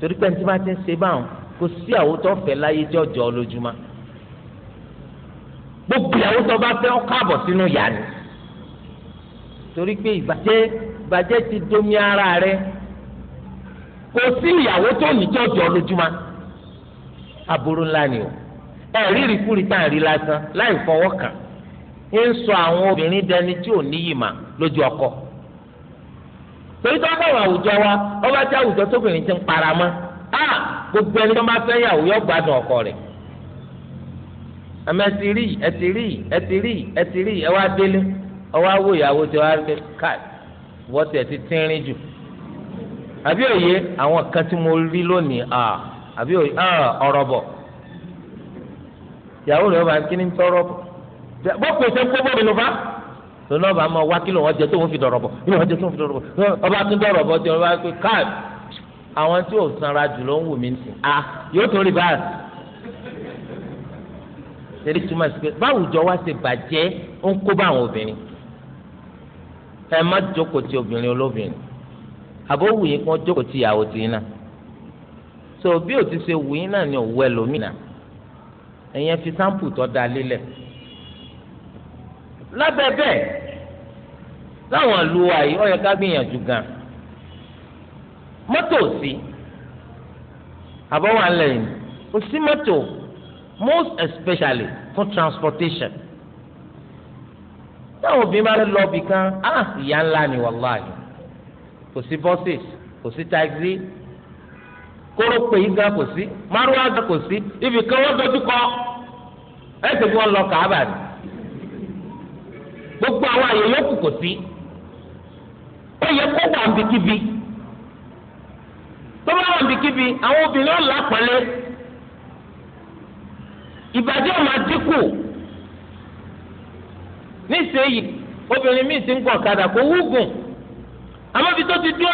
torí pé ní tí wọ́n ti ń ṣe báwọn kò sí àwòtọ́ fẹ́ láyé jọjọ́ lójúmọ́ gbogbo ìyàwó tó bá fẹ́ ọkọ àbọ̀ sínú ìyá ni torí pé ìbàjẹ́ ìbàjẹ́ ti domi ara rẹ kò sí ìyàwó tó níjọ́jọ́ lójúmọ́ aburú ńlá ni o ẹ rírì kúrì tá à ń rí lásán láì fọwọ́ kàn ń sọ àwọn obìnrin dẹni tí ò níyì mà lójú ọkọ torí tó bá wà àwùjọ wa ọba tí àwùjọ tóbìnrin ti ń para mọ́ gbogbo ẹni tó bá fẹ́ yàwó yọ gbádùn ọkọ rẹ̀ àmì ẹtì rí ẹtì rí ẹtì rí ẹtì rí ẹ wá délé ẹ wá wò ìyàwó tí wàá gbé káì wọ́tẹ̀ ti tínrín jù àbí òye àwọn kan tí mo rí lónìí àbí òye ọ̀rọ̀ bọ̀ ìyàwó rẹ̀ máa ń kíní tọrọ bọ̀ bọ́pẹ̀ ṣe ń kó bómi ló bá lọ́nà ọba máa wá kílò wọn jẹ tó wọn fi dọ̀rọ̀ bọ̀ kílò wọn tó wọn fi dọ̀rọ̀ bọ̀ ọba tún dọ̀rọ̀ bọ̀ tí wọn bá pé káàdì àwọn tí ò sanra jù ló ń wù mí nìsín à yóò tó rí báyìí tẹ̀lé túmọ̀ sí pé báwùjọ wa ṣe bàjẹ́ ó ń kó bá àwọn obìnrin ẹ má jókòó ti obìnrin olóbìnrin àbó wù yín jókòó ti ìyàwó ti yín so bí ò ti ṣe wù yín náà ni òwú ẹlòmínà ẹ̀yẹn fi sáǹpù tó da lélẹ̀ lábẹ́ bẹ́ẹ̀ láwọn ìlú wa yìí ká gbìyànjú gan mọ́tò sí àbọ̀wọ̀ alẹ́ yìí kò sí mọ́tò most especially for transportation táwọn obìnrin bá lọ ibì kan ah ìyá ńlá ni wàláhì kò sí buses kò sí taxi kórópè yìí gan kò sí márùwá gan kò sí ibì kan wọ́n dojú kọ ẹsẹ̀ bí wọ́n lọ kàábà ni gbogbo àwọn àyè yòókù kò sí ó yẹ kó wà níbikíbi tó bá wà níbikíbi àwọn obìnrin ó là pẹ́lẹ́. ìbàjẹ́ ọ̀ máa dínkù nísìnyí obìnrin míì ti ń kadà kó wúgùn àmọ́ ibi tó ti dúró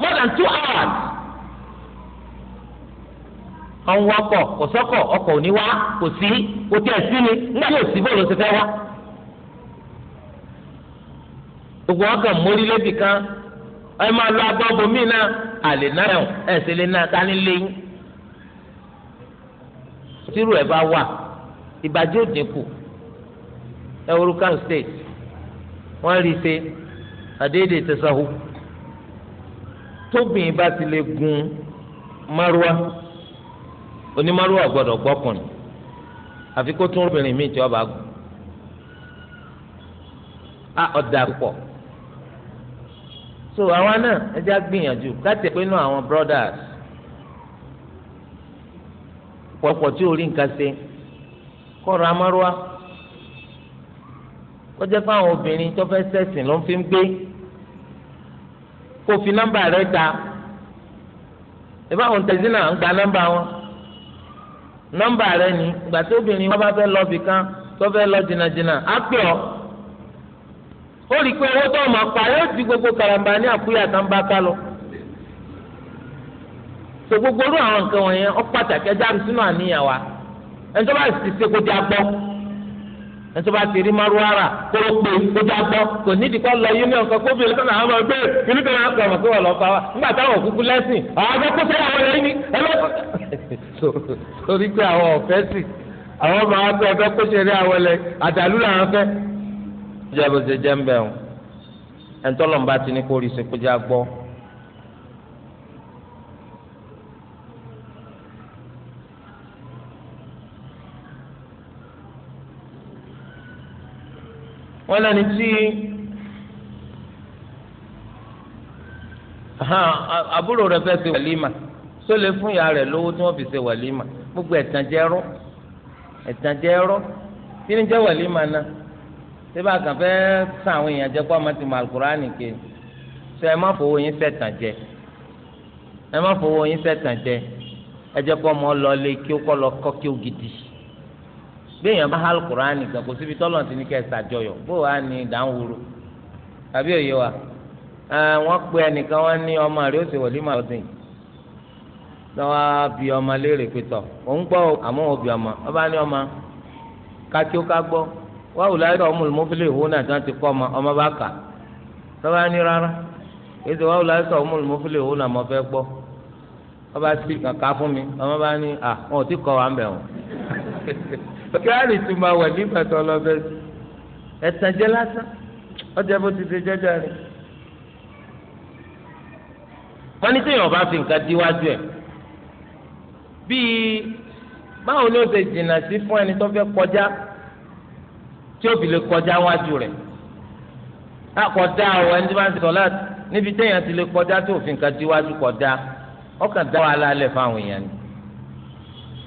more than two hours ọ̀hún ọkọ̀ kò sọ́kọ̀ ọkọ̀ wá kò sí kò tí sí ni nígbà yóò sí bọ́ọ̀lù ti fẹ́ wá. gbogbo wọn mórí tírú ẹ̀ bá wà ìbàjẹ́ ò dínkù ẹwúrú kan state wọ́n rí i pé àdéhìdè tẹ̀sáhù tóbìn bá ti lè gun márùá onímárùá gbọ́dọ̀ gbọ́kùnrin àfi kó tún obìnrin míì tí ọba gùn á ọ̀dà púpọ̀ so àwa náà ẹ já gbìyànjú láti pé nù àwọn brothers pọ̀pọ̀ tí ò rí nǹkan ṣe kọ́ra amárúwá kọjá fáwọn obìnrin tó fẹ́ sẹ̀sìn ló ń fi ń gbé kó fi nọ́mbà rẹ̀ ta ìbáwọn tẹ̀sí náà ń gba nọ́mbà wọn nọ́mbà rẹ̀ ni ìgbà tí obìnrin wọn bá fẹ́ lọ bìkan tó fẹ́ lọ jìnnàjìnnà á pè ọ́ ó rí i pé owó tó ọmọ pa yóò di gbogbo karambani àkúyà tá ń bá ká lọ tó gbogbo orú àwọn nǹkan wọ̀nyẹn ó pàtàkì ẹja sínú àníyàn wa ẹni tó bá sì ṣe kó já gbọ́ ẹni bá ti rí maruara kó ló pe kó já gbọ́ kò nídìí kọ́ lọ union kan kó bìrì sọ́nà àwọn ọmọ bẹ́ẹ̀ inú kan náà kọ̀ ọ̀mọ̀kí wọ̀ lọ́ fa wa nígbà táwọn òkúkú lẹ́sìn àwọn ọjọ́ kó sẹ́yà wọlé ní ẹlẹ́kọ̀ọ́ torí pé àwọn ọ̀fẹ́ sì àwọn ọmọ àwọn afẹ́ ẹ̀fẹ́ kó ṣeré àwọn ẹlẹ́ àdàlú làwọn fẹ́. ìjọba ṣe jẹ́ ń bẹ̀ wọn lẹni tí àbúrò rẹ̀ fẹ́ ṣe wàlímà tó lè fún ìyá rẹ̀ lówó tí wọ́n fi ṣe wàlímà gbogbo ẹ̀tàn jẹ́ rọ́ ẹ̀tàn jẹ́ rọ́ kí ni jẹ́ wàlímà náà ṣé bá kàn fẹ́ sàn àwọn èèyàn jẹ́ kó àwọn ti mọ àlùkùránì ké ṣe ẹ má fowó yín ṣẹ̀tàn jẹ ẹ má fowó yín ṣẹ̀tàn jẹ ẹ jẹ́ kó ọmọ lọ lé kí ó kọ́ lọ kọ́ kí ó gidi béèyàn bá hàlù kùránì gan kò síbi tọ́lọ̀ ti ní kẹ́ ẹ bó wàá ní àbí wa wọ́n pe ẹnìkan wọ́n ní ọmọ rẹ̀ ó sì màá lọ́sìn lọ́wọ́ bí ọmọ léèrè pétọ̀ òun gbọ́ àmọ́ òbí ọmọ ní ọmọ ó ká gbọ́ wọ́n wù láyé ọmọ olùmọ́fílẹ̀ náà tí wọ́n ti kọ́ ọmọ ọmọ bá kà ní [laughs] ọ̀kẹ́ àlè tó máa wẹ̀ nígbà tó lọ bẹ́ẹ̀ sí ẹ̀tànjẹ́ lásán ọjà bó ti ṣe jẹ́jà rẹ̀. wọ́n ní sèyàn bá fi nǹkan díwájú ẹ̀ bíi báwo ni ó ṣe jìnnà sí fún ẹni tó fẹ́ kọjá tí ó fi lè kọjá wájú rẹ̀ akọ̀dá ọ̀ ẹni tí wọ́n ti sọ láti níbi téèyàn ti lè kọjá tó fi nǹkan díwájú kọjá ọkàn dá wàhálà lẹ̀ fáwọn èèyàn ni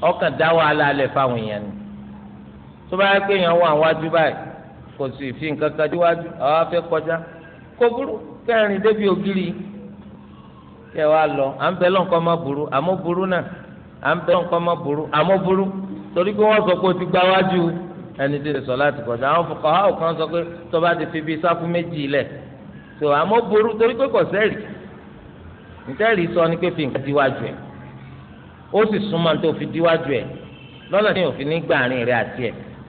ọkàn dá wàhálà lẹ̀ fáwọn èèyàn ni tó bá yẹ pé èèyàn wà wájú báyìí kò sì fi nǹkan kan díwájú àwa fẹ́ kọjá kó burú kẹrin débi ògiri kẹ wa lọ à ń bẹ lọ́nkọ́ má burú àmọ́ burú náà à ń bẹ lọ́nkọ́ má burú àmọ́ burú torí pé wọ́n sọ pé o ti gba wájú ẹni tí lè sọ láti kọjá àwọn fọkàn àwọn kan sọ pé tó ti fi bíi sáfù méjì lẹ̀ tó àmọ́ burú torí pé kò sẹ́rì ntẹ́rì sọ ni pé fi nǹkan díwájú ẹ̀ ó sì súnmọ́ ní tó díwájú ẹ̀ lọ́nà tí yóò ní gbàrin rẹ̀ àti ẹ̀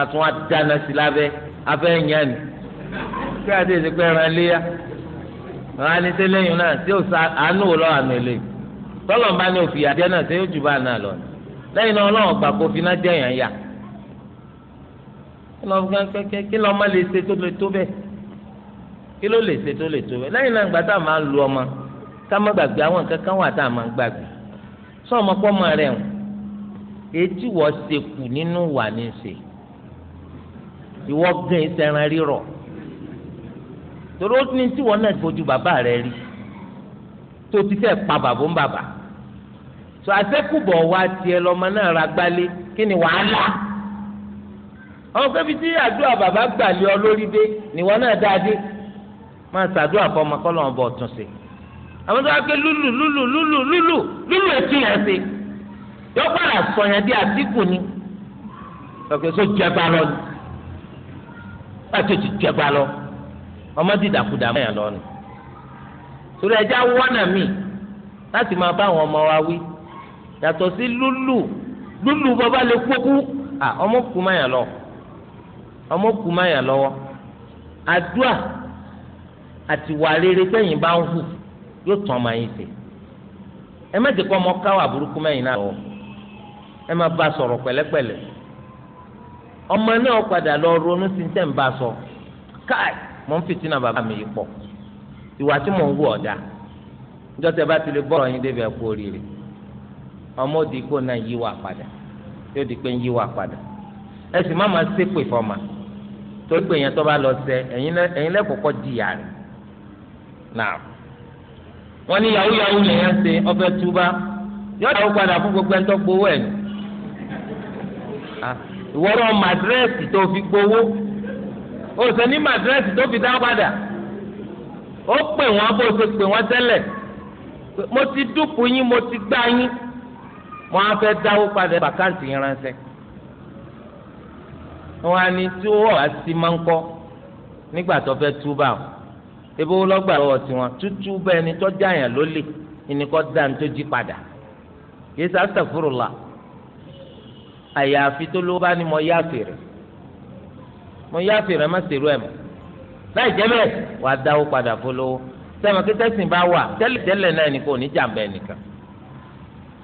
àtún wa dáná sí lábẹ́ afẹ́ yẹn ni kí adé ìdìpẹ ẹran léyà àwọn anítẹlẹyìn náà tí òsà àánú wò lọ́wọ́ àmì lè tọlọmọba ni òfìyà jẹ náà tí yóò jù bá náà lọ lẹ́yìn náà Ọlọ́run gbà kó finá jẹ yàn yà kí lọ kẹkẹ kí lọ má lè ṣe tó lè tó bẹ́ẹ̀ kí ló lè ṣe tó lè tó bẹ́ẹ̀ lẹ́yìn náà gbàtà máa lu ọmọ ká má gbàgbé àwọn nǹkan kan wà tá a máa gbàgbé sọ ọmọ pọ́ mọ́ rẹ̀ ń etí wọ́n ṣe kù nínú wà ní ṣe ìwọ gan ìsẹ̀ràn rírọ̀ torí ó ní tiwọn náà fojú bàbá rẹ rí tó ti fẹ́ pa bàbá ń bàbá tó àṣẹ́kùbọ̀ wa tiẹ̀ lọ́mọ náà ra gbálé kí ni wàhálà àwọn kẹ́bi tí àdúrà bàbá gbà lé ọ lórí dé níwọ náà dáadé máa ṣàdúrà fọmọ kọ́ lọ́wọ́ bọ̀ tún sí àwọn tó wá pé lúlù lúlù lúlù lúlù lúlù ètí yẹn sí yọ padà sọ yẹn dé àtìkù ni ọ̀kẹ́ sọ jẹba lọ ni láti ti jẹgba lọ ọmọ dìdàkudà mẹ́yàn lọ́nà torí ẹja wọ́nà mi láti máa bá àwọn ọmọ wa wí yàtọ̀ sí lúlù lúlù bàbá lè kókú ọmọ kù mẹ́yàn lọ ọmọ kù mẹ́yàn lọ́wọ́ àdúà àti wà rere tẹ́yìn bá ń hù yóò tàn máa yin sè ẹ má jẹ́ kó ọmọ káwà burúkú mẹ́yìn náà lọ ẹ má bá sọ̀rọ̀ pẹ̀lẹ́pẹ̀lẹ́ ọmọ náà padà lọ ronú sí tẹ̀ ń sọ káì mò ń fìtínà bàbá mi yìí pọ̀ ìwà tí ń wù ọ̀dà níjọ́ tẹ bá ti lè bọ́ọ̀rọ̀ yín débi ẹ̀kú oríire ọmọ òdì kò náà yí wà padà yóò di pé ń yí wà padà ẹ sì má máa ṣépè fọmà di ìyá rẹ̀ náà wọ́n ní yahoo yahoo ṣe ọbẹ̀ túbá yọ̀ọ́ ìwọ́rọ̀ màdírẹ́sì tó fi gbowó o sì ní màdírẹ́sì tó fi dá padà ó pè wọ́n bó ṣe pè wọ́n tẹ́lẹ̀ mo ti dúpù yín mo ti gbá yín mo á fẹ́ dáwó padà bàkáǹtì yín ránṣẹ́ wọn á ní tí owó ọ̀hà sí máa ń kọ́ nígbà tó fẹ́ túbà o ebi owó lọ́gbà lọ́wọ́ tiwọn tútú bẹ́ẹ̀ ni tọ́jà yẹn ló lè ìníkọ́ dáa ní tó jí padà yéésà sàfúrò la àyàfi tó ló bá ní mo yáàfì rẹ mo yáàfì rẹ má ṣèrú ẹ mọ láì jẹ bẹ́ẹ̀ wà á dáwó padà fọlọwọ sẹmọ kí tẹsán bá wà tẹ́lẹ̀tẹ́lẹ̀ náà ni kò ní jàmbá ẹnìkan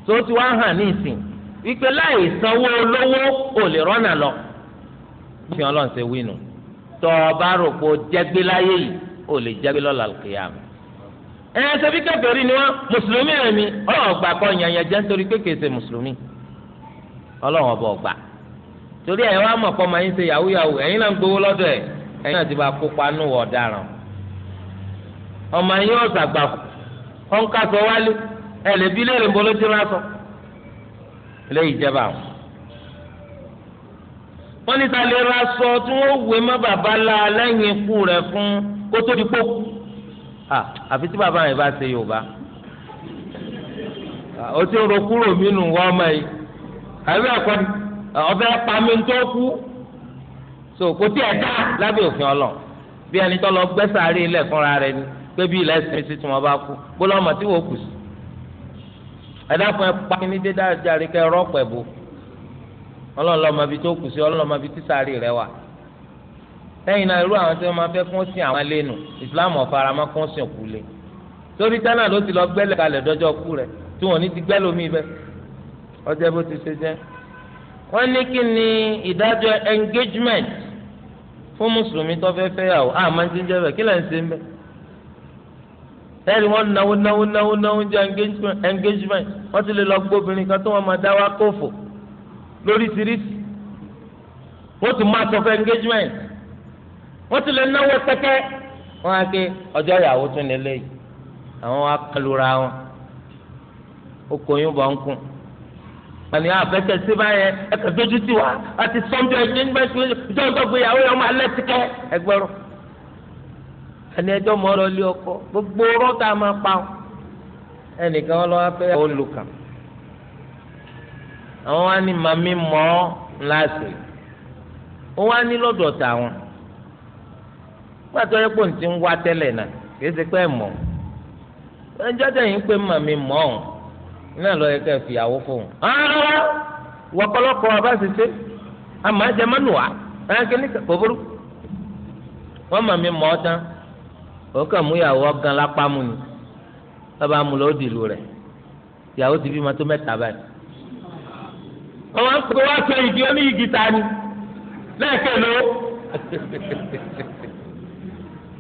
tó ti wá hàn ní ìsìn wípé láì sanwó olówó ò lè rọ́nà lọ fi hàn lọ́nṣẹ́ wínú tọ́ ọ bá rò pé o jẹ́gbé láyé yìí ò lè jẹ́gbé lọ́la kìyàm ẹ̀ ẹ́ sẹ́bí kèfèrí ni wọ́n mùsùlùmí rẹ̀ mi ọ̀gbà kan yànyàn jẹ́ nítorí pé kèsè mùsùlùmí ọlọ́run ọba ọgbà torí ẹ̀yin wá mọ̀ kọ́ máa ń ṣe yahoo yahoo ẹ̀yin náà ń gbowó lọ́dọ̀ ẹ̀ ẹ̀yin náà ti bá kópa nù wọ̀ ọ̀daràn ọmọ yín ọ̀sà gbà kú ọ̀nkà sọ wálé ẹ̀ lè bí léèrè ńbọ ló ti rán sọ eléyìí jẹba àwọn. wọ́n ní ta lè ra aṣọ tí wọ́n wé mọ́ bàbá la lẹ́yìn ikú rẹ̀ fún kó tó di pò àfi tí bàbá yẹn bá ṣe yorùbá ó ti ń ro kúrò mí nù wọ́n ọmọ yìí àbí ẹ̀kọ́ ọbẹ̀ pamẹ́ntó kú so kò tí ẹ̀ dá lábẹ́ òfin ọlọ bí ẹni tó lọ gbẹ́ sàárè ilẹ̀ fúnra rẹ̀ ni pé bí ilẹ̀ ẹ̀sìn sí tí wọ́n bá kú gbọ́dọ̀ ọmọ tí wọ́n kù sí ẹ̀dá fún ẹ pa kíní dé dájáre kẹ́ rọ́pẹ̀ bò ọlọ́run lọ́mọ ibi tó kù sí ọlọ́run lọ́mọ ibi tí sàárè rẹ̀ wà lẹ́yìn náà irú àwọn tí wọ́n máa fẹ́ kún sí àwọn alẹ́nu ìsìláàmù ọ̀faramọ́ kún sí òkú lé torí tánà ló ti lọ gbẹ́lẹ̀ kalẹ̀ dọ́jọ́ kú rẹ̀ tí wọ́n ní ti gbẹ́ lómi bẹ́ẹ̀ ọjọ́ bó ti ṣe jẹ́. wọ́n ní kí ni ìdájọ́ engagement fún mùsùlùmí tó fẹ́ fẹ́yàwó àmọ́ ah, ti ń jẹ́ bẹ́ẹ̀ kí lẹ́ ń ṣe ń bẹ́. ẹ̀rí wọ́n náwó náwó náwó náwó jẹ́ engagement wọ́n ti lè lọ gbóbìnrin kan tó wọ́n máa dá wá kófò lóríṣiríṣi. wọ́n ti máa sọ fún engagement wọ́n ti lè náwó tẹ́kẹ́ wọ́n á ké ọjọ́ ìyàwó tún nílé yìí àwọn wa kẹlura wọn ó bọ̀ ń kún àní àfẹsẹ̀ sí báyẹn ẹ̀kẹ́ dojú sí wa àti sọ́ńdọ̀ ẹ̀jẹ̀ nígbà tí ìjọ ń dọ́gba ìyàwó yẹn ọmọ alẹ́ ti kẹ́ ẹgbẹ́rọ. àní ẹjọ́ mọ́ ọ lé ọkọ gbogbo rọ́tà máa pa ọ ẹnìkan wọn lọ wá fẹ́ olùkà àwọn wá ní màmí mọ́ láàṣẹ ó wá ní lọ́dọ̀ tàwọn pàtó ẹ̀pọ̀ ti ń wá tẹ́lẹ̀ náà kì í ṣe pé mọ̀ ẹjọ́ tẹ̀yìn pé màmí mọ́ ọ̀hún náà lọ yẹ ká fìyàwó fóun. wọ́pọ̀lọpọ̀ ọba ṣiṣẹ́ àmọ́ ẹ̀jẹ̀ mọ́nù wá ẹ̀ńkẹ́ ní kòkòrò wọ́n mọ̀ mí mọ́ ọ tán ó kàn mú ìyàwó ọ̀gán lápá mu ni lọ́ba mu lọ́ọ́ dìlù rẹ̀ ìyàwó ti bí mọ́tò mẹ́ta báyìí. wọ́n wá ń pè wá sọ ìdí oní igi ta ni lẹ́ẹ̀kẹ́ ló.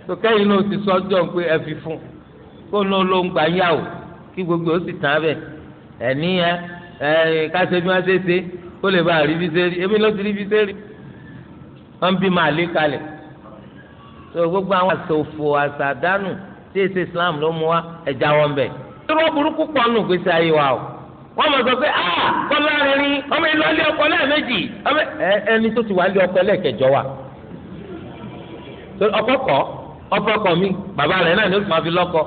sọkẹ́yìn náà ti sọ́jọ́ pé ẹ fi fún kó náà ló ń gbà yàwó kí gbogbo ó sì tán bẹ́ẹ̀ ẹ̀níyàn ẹ̀ káṣe bí wọ́n ṣe ṣe kó lè bá rí bíṣẹ́ rí ebi ló ti rí bíṣẹ́ rí bí máa lé kalẹ̀ tó gbogbo àwọn àṣòfò àṣàdánù tí èsì Islam ló mú wa ẹ̀já wọn bẹ̀. irọ́ burúkú pọ̀ nù gbèsè ayé wa o wọ́n mọ̀ sọ pé ah kọ́lá rẹ̀ ni ọmọ ìlú ọlẹ́ ọkọ lẹ́ẹ̀mejì ẹni tó ti wà lé ọkọ lẹ́ẹ̀kẹjọ wa ọkọ kọ ọkọ kọ mi bàbá rẹ̀ náà ni ó sì máa fi lọ́kọ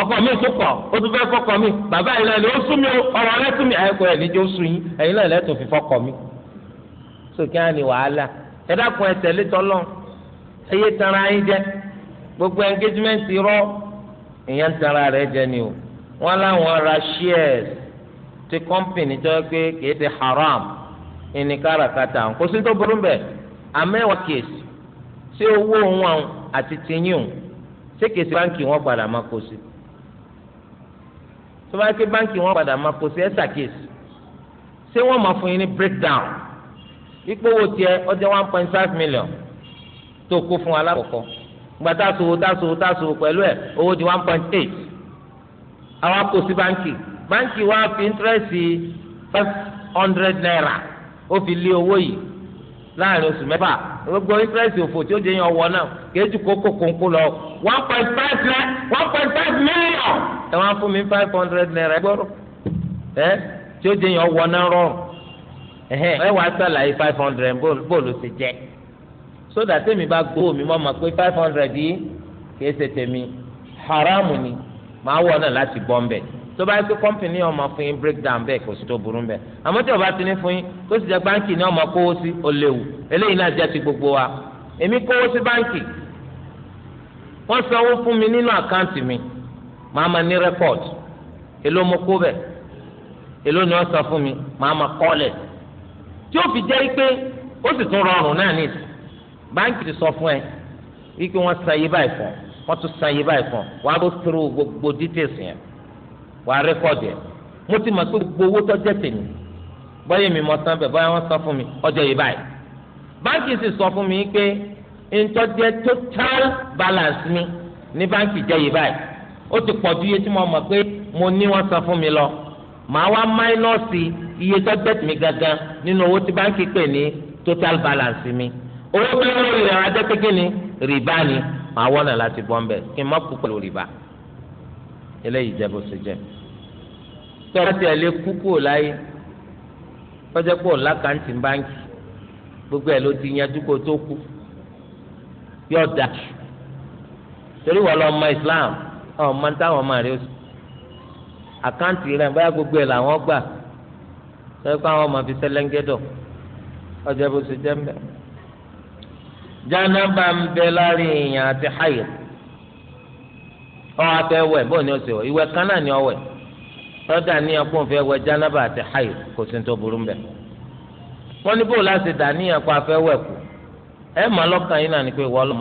ọkọ mi tó kọ ó tún fẹ́ fọkọ mi bàbá yìí náà ni sún mi ọ̀rọ̀ rẹ sún mi àyẹ̀kọ́ ẹ̀ níjó sún yín ẹ̀yin náà lẹ́tọ̀ fi fọkọ mi. sókè á ní wàhálà ẹ dákun ẹ tẹ̀lé tọ́lọ́ ẹ yín jẹ gbogbo engagement rọ ìyẹn ń tanra rẹ jẹ ni o wọn láwọn ra shares ti company tó yẹ pé kìí ti haram ìní káràkátà kò sí tó burú bẹ́ẹ̀ amẹ́wàá sí owó òun àti tìyín o kìí sí báńkì wọn padà máa kó sí tó bá ké báńkì wọn padà máa kó sí ẹsà kéésì ṣé wọn máa fún yín ní breakdown ìpowó tiẹ̀ ọjọ́ one point five million tó kó fún wa lákòókò gba táṣòwò táṣòwò táṣòwò pẹ̀lú ẹ̀ owó di one point eight àwa kó sí báńkì báńkì wa fi íńtírẹ́sì five hundred naira ó fi lé owó yìí láàrin oṣù mẹ́fà gbogbo interest òfò tí ó jẹ yẹn ọwọ́ náà kéjù kókó kónkó lọ one point five lẹ one point five million ẹ wá fún mi five hundred naira ẹ gbọ́dọ̀ ẹ tí ó jẹ yẹn ọwọ́ náà rọrùn ẹ wàá sàlàyé five hundred bóòlù ti jẹ sódà tèmi bá gbowó mi mọ́ ma pé five hundred yìí kìí ṣe tèmi haramu ni màá wọ̀ náà láti bọ́ ń tó bá yẹ pé kọ́mpìnì ọmọ fún yín break down bẹ́ẹ̀ kò sí tó burú bẹ́ẹ̀ àmọ́ tí ọba ti ní fún yín kó sì jẹ́ báńkì ní ọmọ kówó sí ó léwu eléyìí náà jẹ́ ti gbogbo wa èmi kówó sí báńkì wọ́n sanwó fún mi nínú àkáǹtì mi màá ma ní rẹ́kọ̀d èló mo kó bẹ̀ èló ni wọ́n san fún mi màá ma kọ́lẹ̀ tí ó fi jẹ́ pé ó sì tún rọrùn náà ní ìsìn báńkì ti sọ fún ẹ wípé wọ́n san yí báyìí fún wọ́n tún san yí báyìí fún wọ́n bó tóró gbogbo details yẹn wà á rékọ́dì ẹ̀ mo ti mọ̀ pé gbogbo owó tó jẹ́ tèmi bọ́yá mi mọ̀ san bẹ́ẹ̀ wọ́n san fún mi ọjọ́ yìí báyìí báńkì sì sọ fún mi pé ntọ́jẹ́ total balance mi ní báńkì jẹ́ yìí báyìí ó ti pọ̀ ju iye tí mo mọ̀ pé mo ní wọ́n san fún mi lọ màá wá máínọ́ọ̀sì iye tó jẹ́ tèmi gangan nínú owó tí báńkì pè ní total balance mi owó tó ń rẹ̀ ajẹ́ pé kí ni rìbá ni màá wọ́nà láti bọ́ ń bẹ̀ kí n má kú pẹ̀lú rìbá eléyìí jẹ́ bó ṣe jẹ́ tọ́ba tí a lè kú kúrò láyé kọjá pọ̀ lákàntì báńkì gbogbo ẹ̀ ló ti yanjú kó tó kú yọ da torí wọ́n lọ ọmọ Islam ọmọ táwọn ọmọ rẹ àkáǹtì rẹ báyà gbogbo ẹ̀ làwọn gbà sọ́yìn pé àwọn ọmọ fi sẹ́lẹ̀ńgẹ́dọ̀ ọjọ́ bó ṣe jẹ́ mbẹ́. jánábà ń bẹ láàrin èèyàn àti háyè ọ̀ abẹ́ wẹ̀ bóun ni ó ṣe wọ̀ ìwẹ̀ kan ni ó wẹ̀. lọ́dà níyàn pọ̀ fẹ́ wẹ̀ jánábà àti hayo kò sí tó burú mbẹ́. wọ́n ní bóòlù àti dàníyàn pa afẹ́ wẹ̀ kù ẹ̀ mà lọ́kàn yín náà ni pé wọ́n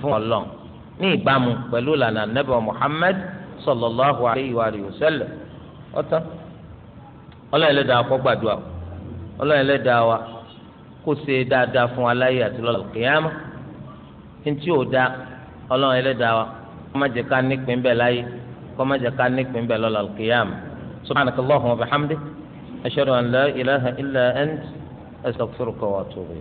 fún ní ìbámu pẹ̀lú lànà Muhammad sallallahu alayhi wa sallam ọ̀tán lè gbàdúrà lè wa kó ṣe dáadáa fún aláyé kọ́májẹ ká nípìn bẹ́ẹ̀ láyé kọ́májẹ ká nípìn bẹ́ẹ̀ lọ́la kìyàmù subhanak allahumma wa bihamdik ashhadu an la ilaha illa ant astaghfiruka wa atubu